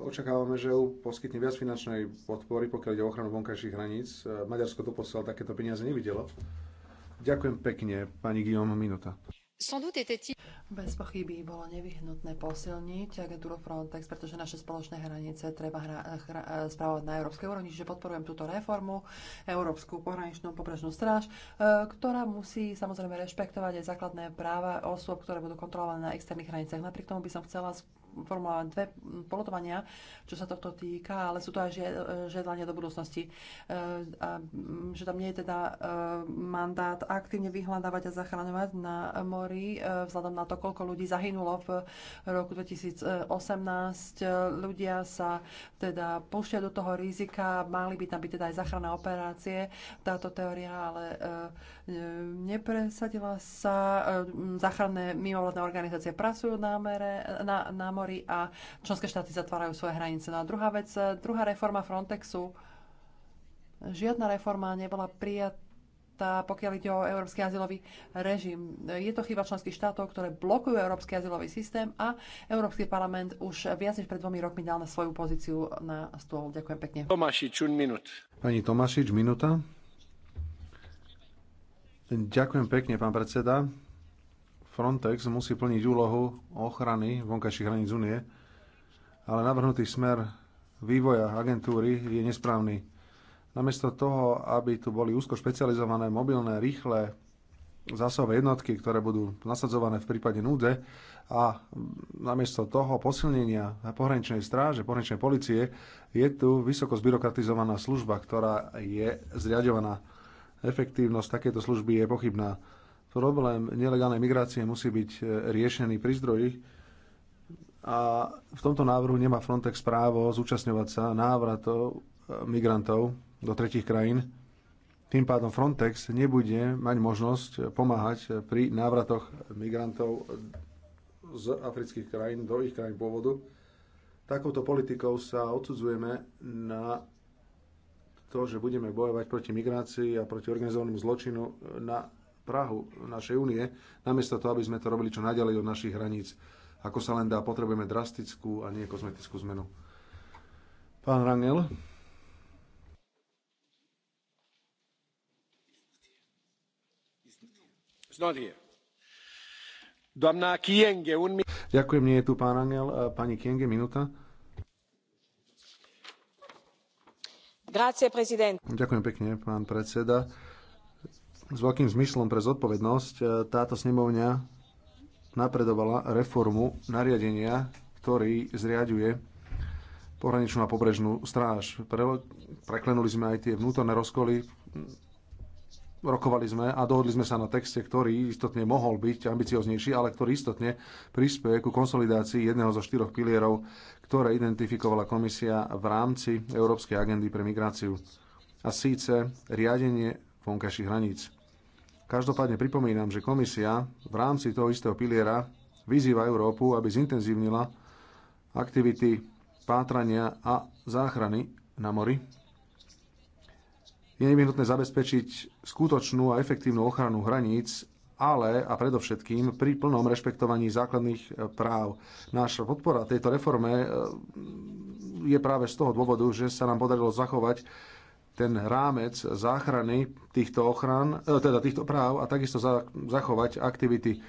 očakávame, že EU poskytne viac finančnej podpory, pokiaľ ide o ochranu vonkajších hraníc. E, Maďarsko to posiaľ takéto peniaze nevidelo. Ďakujem pekne, pani Guillaume, minúta. Bez pochyby bolo nevyhnutné posilniť agentúru Frontex, pretože naše spoločné hranice treba hra, hra, spravovať na európskej úrovni, čiže podporujem túto reformu, Európsku pohraničnú pobrežnú stráž, e, ktorá musí samozrejme rešpektovať aj základné práva osôb, ktoré budú kontrolované na externých hranicách. Napriek tomu by som chcela formula 2 polotovania, čo sa tohto týka, ale sú to aj žiadania do budúcnosti. E, že tam nie je teda e, mandát aktívne vyhľadávať a zachraňovať na mori, e, vzhľadom na to, koľko ľudí zahynulo v roku 2018. Ľudia sa teda púšťa do toho rizika, mali by tam byť teda aj záchranné operácie, táto teória, ale E, nepresadila sa. E, záchranné mimovládne organizácie pracujú na, mere, na, na mori a členské štáty zatvárajú svoje hranice. No a druhá vec, e, druhá reforma Frontexu. Žiadna reforma nebola prijatá pokiaľ ide o európsky azylový režim. Je to chyba členských štátov, ktoré blokujú európsky azylový systém a Európsky parlament už viac než pred dvomi rokmi dal na svoju pozíciu na stôl. Ďakujem pekne. Tomášič, un minút. Pani Tomášič, minúta. Ďakujem pekne, pán predseda. Frontex musí plniť úlohu ochrany vonkajších hraníc únie, ale navrhnutý smer vývoja agentúry je nesprávny. Namiesto toho, aby tu boli úzko špecializované mobilné, rýchle zásové jednotky, ktoré budú nasadzované v prípade núdze a namiesto toho posilnenia pohraničnej stráže, pohraničnej policie, je tu vysoko zbyrokratizovaná služba, ktorá je zriadovaná Efektívnosť takéto služby je pochybná. Problém nelegálnej migrácie musí byť e, riešený pri zdroji a v tomto návrhu nemá Frontex právo zúčastňovať sa návratov e, migrantov do tretich krajín. Tým pádom Frontex nebude mať možnosť pomáhať pri návratoch migrantov z afrických krajín do ich krajín pôvodu. Takouto politikou sa odsudzujeme na to, že budeme bojovať proti migrácii a proti organizovanému zločinu na Prahu našej únie, namiesto toho, aby sme to robili čo naďalej od našich hraníc. Ako sa len dá, potrebujeme drastickú a nie kozmetickú zmenu. Pán Rangel. Ďakujem, nie je tu pán Rangel. Pani Kienge, minúta. Ďakujem pekne, pán predseda. S veľkým zmyslom pre zodpovednosť e, táto snemovňa napredovala reformu nariadenia, ktorý zriaďuje pohraničnú a pobrežnú stráž. Preklenuli sme aj tie vnútorné rozkoly rokovali sme a dohodli sme sa na texte, ktorý istotne mohol byť ambicioznejší, ale ktorý istotne prispieje ku konsolidácii jedného zo štyroch pilierov, ktoré identifikovala komisia v rámci Európskej agendy pre migráciu. A síce riadenie vonkajších hraníc. Každopádne pripomínam, že komisia v rámci toho istého piliera vyzýva Európu, aby zintenzívnila aktivity pátrania a záchrany na mori je nevyhnutné zabezpečiť skutočnú a efektívnu ochranu hraníc, ale a predovšetkým pri plnom rešpektovaní základných e, práv. Náša podpora tejto reforme e, je práve z toho dôvodu, že sa nám podarilo zachovať ten rámec záchrany týchto ochran, e, teda týchto práv a takisto zachovať aktivity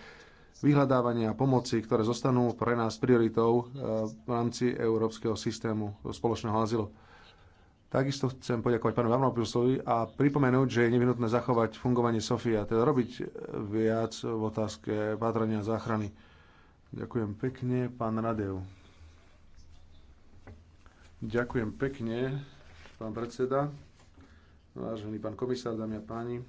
vyhľadávania a pomoci, ktoré zostanú pre nás prioritou v rámci európskeho systému spoločného azylu. Takisto chcem poďakovať pánu Varnopilusovi a pripomenúť, že je nevinutné zachovať fungovanie Sofia, teda robiť viac v otázke pátrania a záchrany. Ďakujem pekne, pán Radev. Ďakujem pekne, pán predseda, vážený pán komisár, dámy a páni.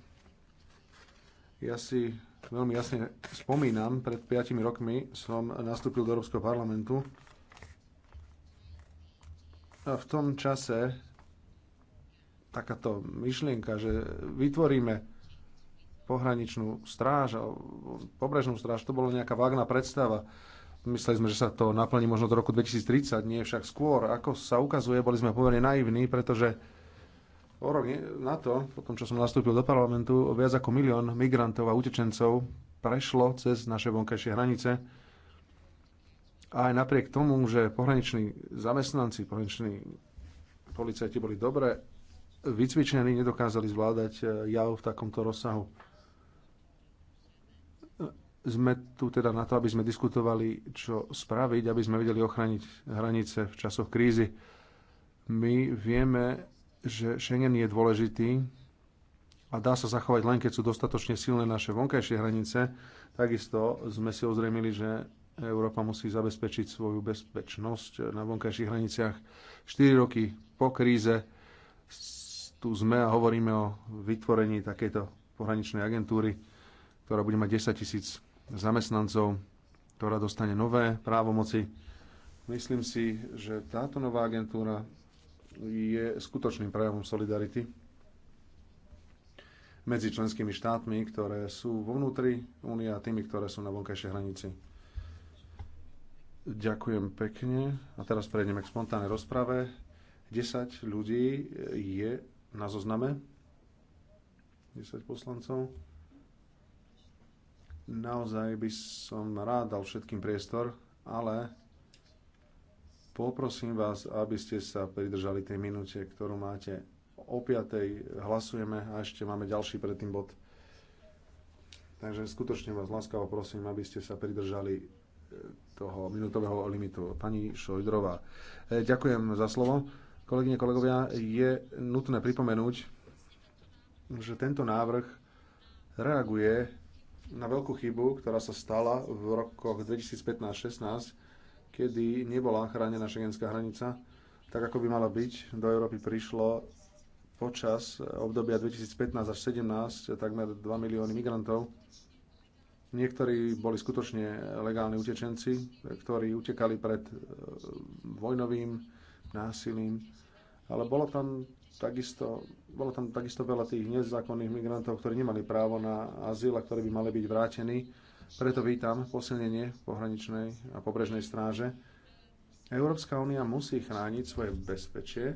Ja si veľmi jasne spomínam, pred 5 rokmi som nastúpil do Európskeho parlamentu a v tom čase takáto myšlienka, že vytvoríme pohraničnú stráž, pobrežnú stráž, to bola nejaká vágna predstava. Mysleli sme, že sa to naplní možno do roku 2030, nie však skôr. Ako sa ukazuje, boli sme pomerne naivní, pretože o rok na to, po tom, čo som nastúpil do parlamentu, viac ako milión migrantov a utečencov prešlo cez naše vonkajšie hranice. A aj napriek tomu, že pohraniční zamestnanci, pohraniční policajti boli dobre vycvičení nedokázali zvládať e, jav v takomto rozsahu. E, sme tu teda na to, aby sme diskutovali, čo spraviť, aby sme vedeli ochraniť hranice v časoch krízy. My vieme, že Schengen je dôležitý a dá sa zachovať len, keď sú dostatočne silné naše vonkajšie hranice. Takisto sme si ozrejmili, že Európa musí zabezpečiť svoju bezpečnosť na vonkajších hraniciach. 4 roky po kríze tu sme a hovoríme o vytvorení takejto pohraničnej agentúry, ktorá bude mať 10 tisíc zamestnancov, ktorá dostane nové právomoci. Myslím si, že táto nová agentúra je skutočným prejavom solidarity medzi členskými štátmi, ktoré sú vo vnútri únie a tými, ktoré sú na vonkajšej hranici. Ďakujem pekne. A teraz prejdeme k spontánnej rozprave. 10 ľudí je na zozname. 10 poslancov. Naozaj by som rád dal všetkým priestor, ale poprosím vás, aby ste sa pridržali tej minúte, ktorú máte. O 5. hlasujeme a ešte máme ďalší predtým bod. Takže skutočne vás láskavo prosím, aby ste sa pridržali e, toho minutového limitu. Pani Šojdrová, e, ďakujem za slovo. Kolegyne, kolegovia, je nutné pripomenúť, že tento návrh reaguje na veľkú chybu, ktorá sa stala v rokoch 2015-16, kedy nebola chránená šengenská hranica, tak ako by mala byť. Do Európy prišlo počas obdobia 2015 až 17 takmer 2 milióny migrantov. Niektorí boli skutočne legálni utečenci, ktorí utekali pred eh, vojnovým násilím, ale bolo tam takisto, bolo tam takisto veľa tých nezákonných migrantov, ktorí nemali právo na azyl a ktorí by mali byť vrátení. Preto vítam posilnenie pohraničnej a pobrežnej stráže. Európska únia musí chrániť svoje bezpečie.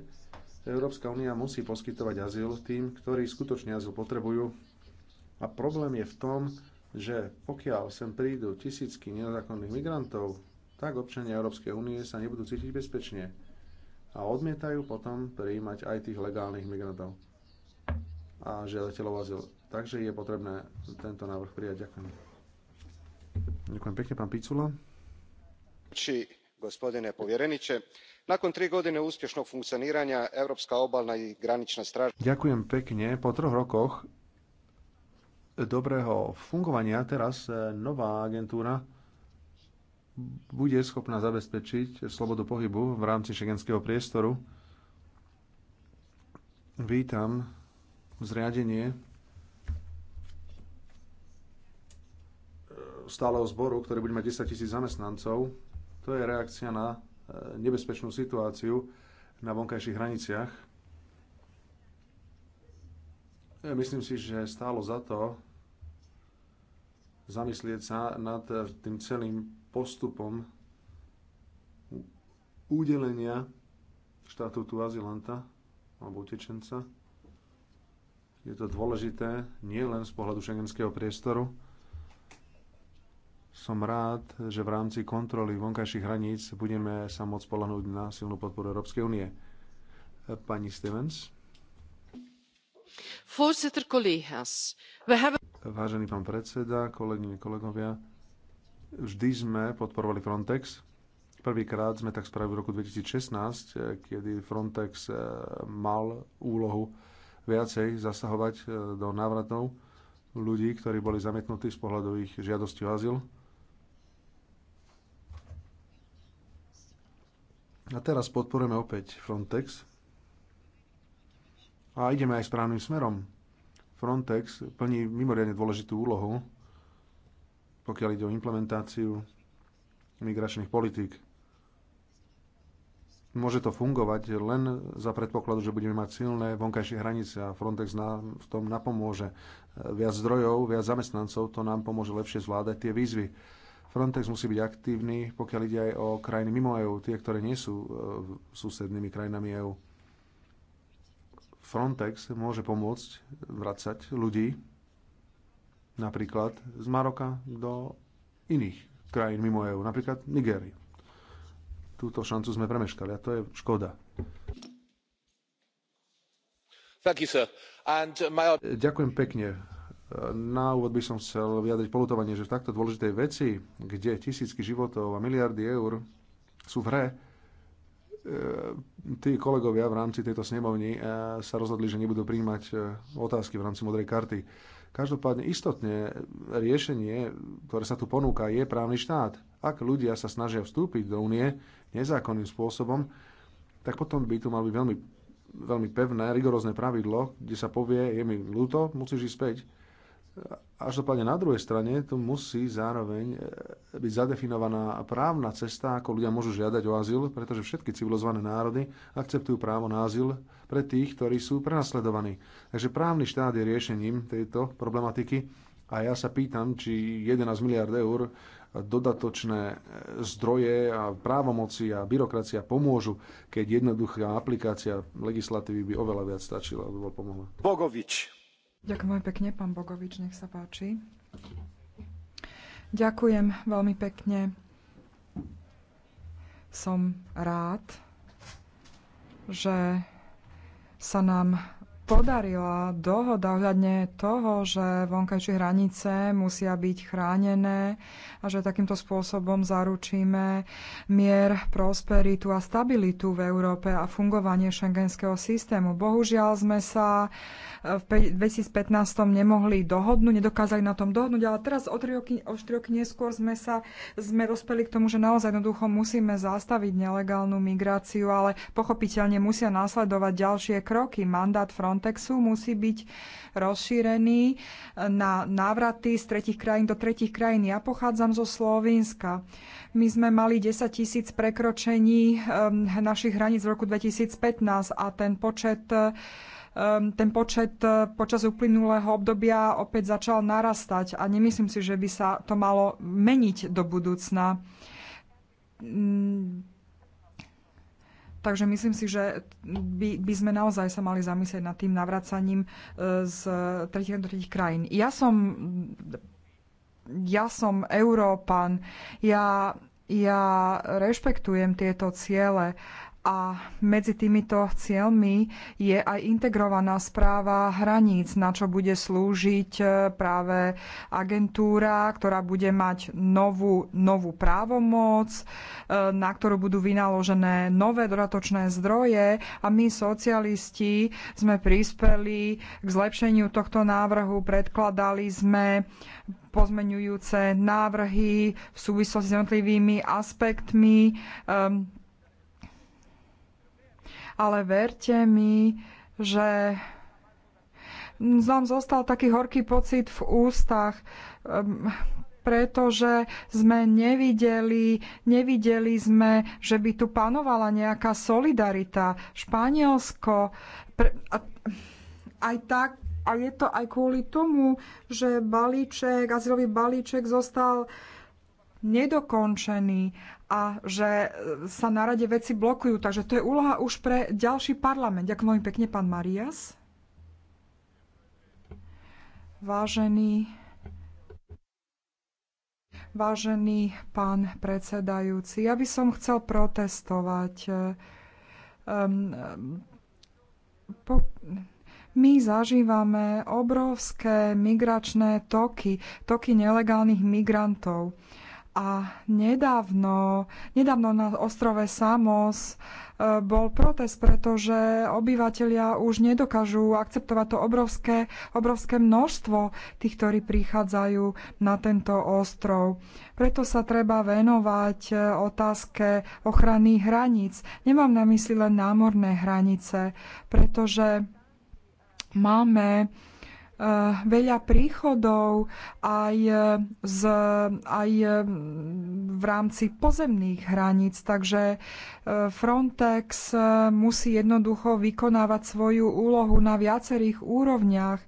Európska únia musí poskytovať azyl tým, ktorí skutočne azyl potrebujú. A problém je v tom, že pokiaľ sem prídu tisícky nezákonných migrantov, tak občania Európskej únie sa nebudú cítiť bezpečne a odmietajú potom prijímať aj tých legálnych migrantov a žiadateľov azyl. Takže je potrebné tento návrh prijať. Ďakujem. Ďakujem pekne, pán Picula. Či, gospodine povereniče, nakon tri godine uspješnog funkcionírania Európska obalna i graničná stráž... Ďakujem pekne. Po troch rokoch dobrého fungovania teraz eh, nová agentúra bude schopná zabezpečiť slobodu pohybu v rámci šengenského priestoru. Vítam zriadenie stáleho zboru, ktorý bude mať 10 tisíc zamestnancov. To je reakcia na eh, nebezpečnú situáciu na vonkajších hraniciach. Ja myslím si, že stálo za to zamyslieť sa nad eh, tým celým postupom udelenia štatútu azylanta alebo utečenca. Je to dôležité nielen z pohľadu šengenského priestoru. Som rád, že v rámci kontroly vonkajších hraníc budeme sa môcť spolahnúť na silnú podporu Európskej únie. Pani Stevens. Vážený pán predseda, kolegyne, kolegovia, Vždy sme podporovali Frontex. Prvýkrát sme tak spravili v roku 2016, eh, kedy Frontex eh, mal úlohu viacej zasahovať eh, do návratov ľudí, ktorí boli zamietnutí z pohľadu ich žiadosti o azyl. A teraz podporujeme opäť Frontex. A ideme aj správnym smerom. Frontex plní mimoriadne dôležitú úlohu pokiaľ ide o implementáciu migračných politík. Môže to fungovať len za predpokladu, že budeme mať silné vonkajšie hranice a Frontex nám v tom napomôže. Viac zdrojov, viac zamestnancov, to nám pomôže lepšie zvládať tie výzvy. Frontex musí byť aktívny, pokiaľ ide aj o krajiny mimo EÚ, tie, ktoré nie sú e, susednými krajinami EÚ. Frontex môže pomôcť vracať ľudí napríklad z Maroka do iných krajín mimo EÚ, napríklad Nigérie. Túto šancu sme premeškali a to je škoda. You, my... Ďakujem pekne. Na úvod by som chcel vyjadriť polutovanie, že v takto dôležitej veci, kde tisícky životov a miliardy eur sú v hre, e, tí kolegovia v rámci tejto snemovni e, sa rozhodli, že nebudú príjmať e, otázky v rámci modrej karty. Každopádne istotne riešenie, ktoré sa tu ponúka, je právny štát. Ak ľudia sa snažia vstúpiť do únie nezákonným spôsobom, tak potom by tu mal byť veľmi, veľmi pevné, rigorózne pravidlo, kde sa povie, je mi ľúto, musíš ísť späť. Až dopadne na druhej strane, tu musí zároveň e, byť zadefinovaná právna cesta, ako ľudia môžu žiadať o azyl, pretože všetky civilizované národy akceptujú právo na azyl pre tých, ktorí sú prenasledovaní. Takže právny štát je riešením tejto problematiky a ja sa pýtam, či 11 miliard eur dodatočné e, zdroje a právomoci a byrokracia pomôžu, keď jednoduchá aplikácia legislatívy by oveľa viac stačila, aby bol pomohla. Bogovič. Ďakujem veľmi pekne, pán Bogovič, nech sa páči. Ďakujem veľmi pekne. Som rád, že sa nám podarila dohoda ohľadne toho, že vonkajšie hranice musia byť chránené a že takýmto spôsobom zaručíme mier, prosperitu a stabilitu v Európe a fungovanie šengenského systému. Bohužiaľ sme sa v 2015 nemohli dohodnúť, nedokázali na tom dohodnúť, ale teraz o 3 roky, o 4 roky neskôr sme sa sme dospeli k tomu, že naozaj jednoducho musíme zastaviť nelegálnu migráciu, ale pochopiteľne musia následovať ďalšie kroky. Mandát front Frontexu musí byť rozšírený na návraty z tretich krajín do tretich krajín. Ja pochádzam zo Slovenska. My sme mali 10 tisíc prekročení ehm, našich hraníc v roku 2015 a ten počet ehm, ten počet e, počas uplynulého obdobia opäť začal narastať a nemyslím si, že by sa to malo meniť do budúcna mm, Takže myslím si, že by, by sme naozaj sa mali zamyslieť nad tým navracaním e, z tretich do tretich krajín. Ja som, ja som Európan, ja, ja rešpektujem tieto ciele, a medzi týmito cieľmi je aj integrovaná správa hraníc, na čo bude slúžiť e, práve agentúra, ktorá bude mať novú, novú právomoc, e, na ktorú budú vynaložené nové dodatočné zdroje a my socialisti sme prispeli k zlepšeniu tohto návrhu, predkladali sme pozmenujúce návrhy v súvislosti s jednotlivými aspektmi um, ale verte mi, že nám zostal taký horký pocit v ústach, ehm, pretože sme nevideli, nevideli sme, že by tu panovala nejaká solidarita. Španielsko, pre, a, aj tak, a je to aj kvôli tomu, že balíček, azylový balíček zostal nedokončený a že e, sa na rade veci blokujú. Takže to je úloha už pre ďalší parlament. Ďakujem veľmi pekne, pán Marias. Vážený, vážený pán predsedajúci, ja by som chcel protestovať. Um, po, my zažívame obrovské migračné toky, toky nelegálnych migrantov. Uh, a nedávno, nedávno na ostrove Samos e, bol protest, pretože obyvateľia už nedokážu akceptovať to obrovské, obrovské množstvo tých, ktorí prichádzajú na tento ostrov. Preto sa treba venovať e, otázke ochrany hraníc. Nemám na mysli len námorné hranice, pretože máme Eh, veľa príchodov aj, eh, z, aj eh, v rámci pozemných hraníc, takže Frontex musí jednoducho vykonávať svoju úlohu na viacerých úrovniach.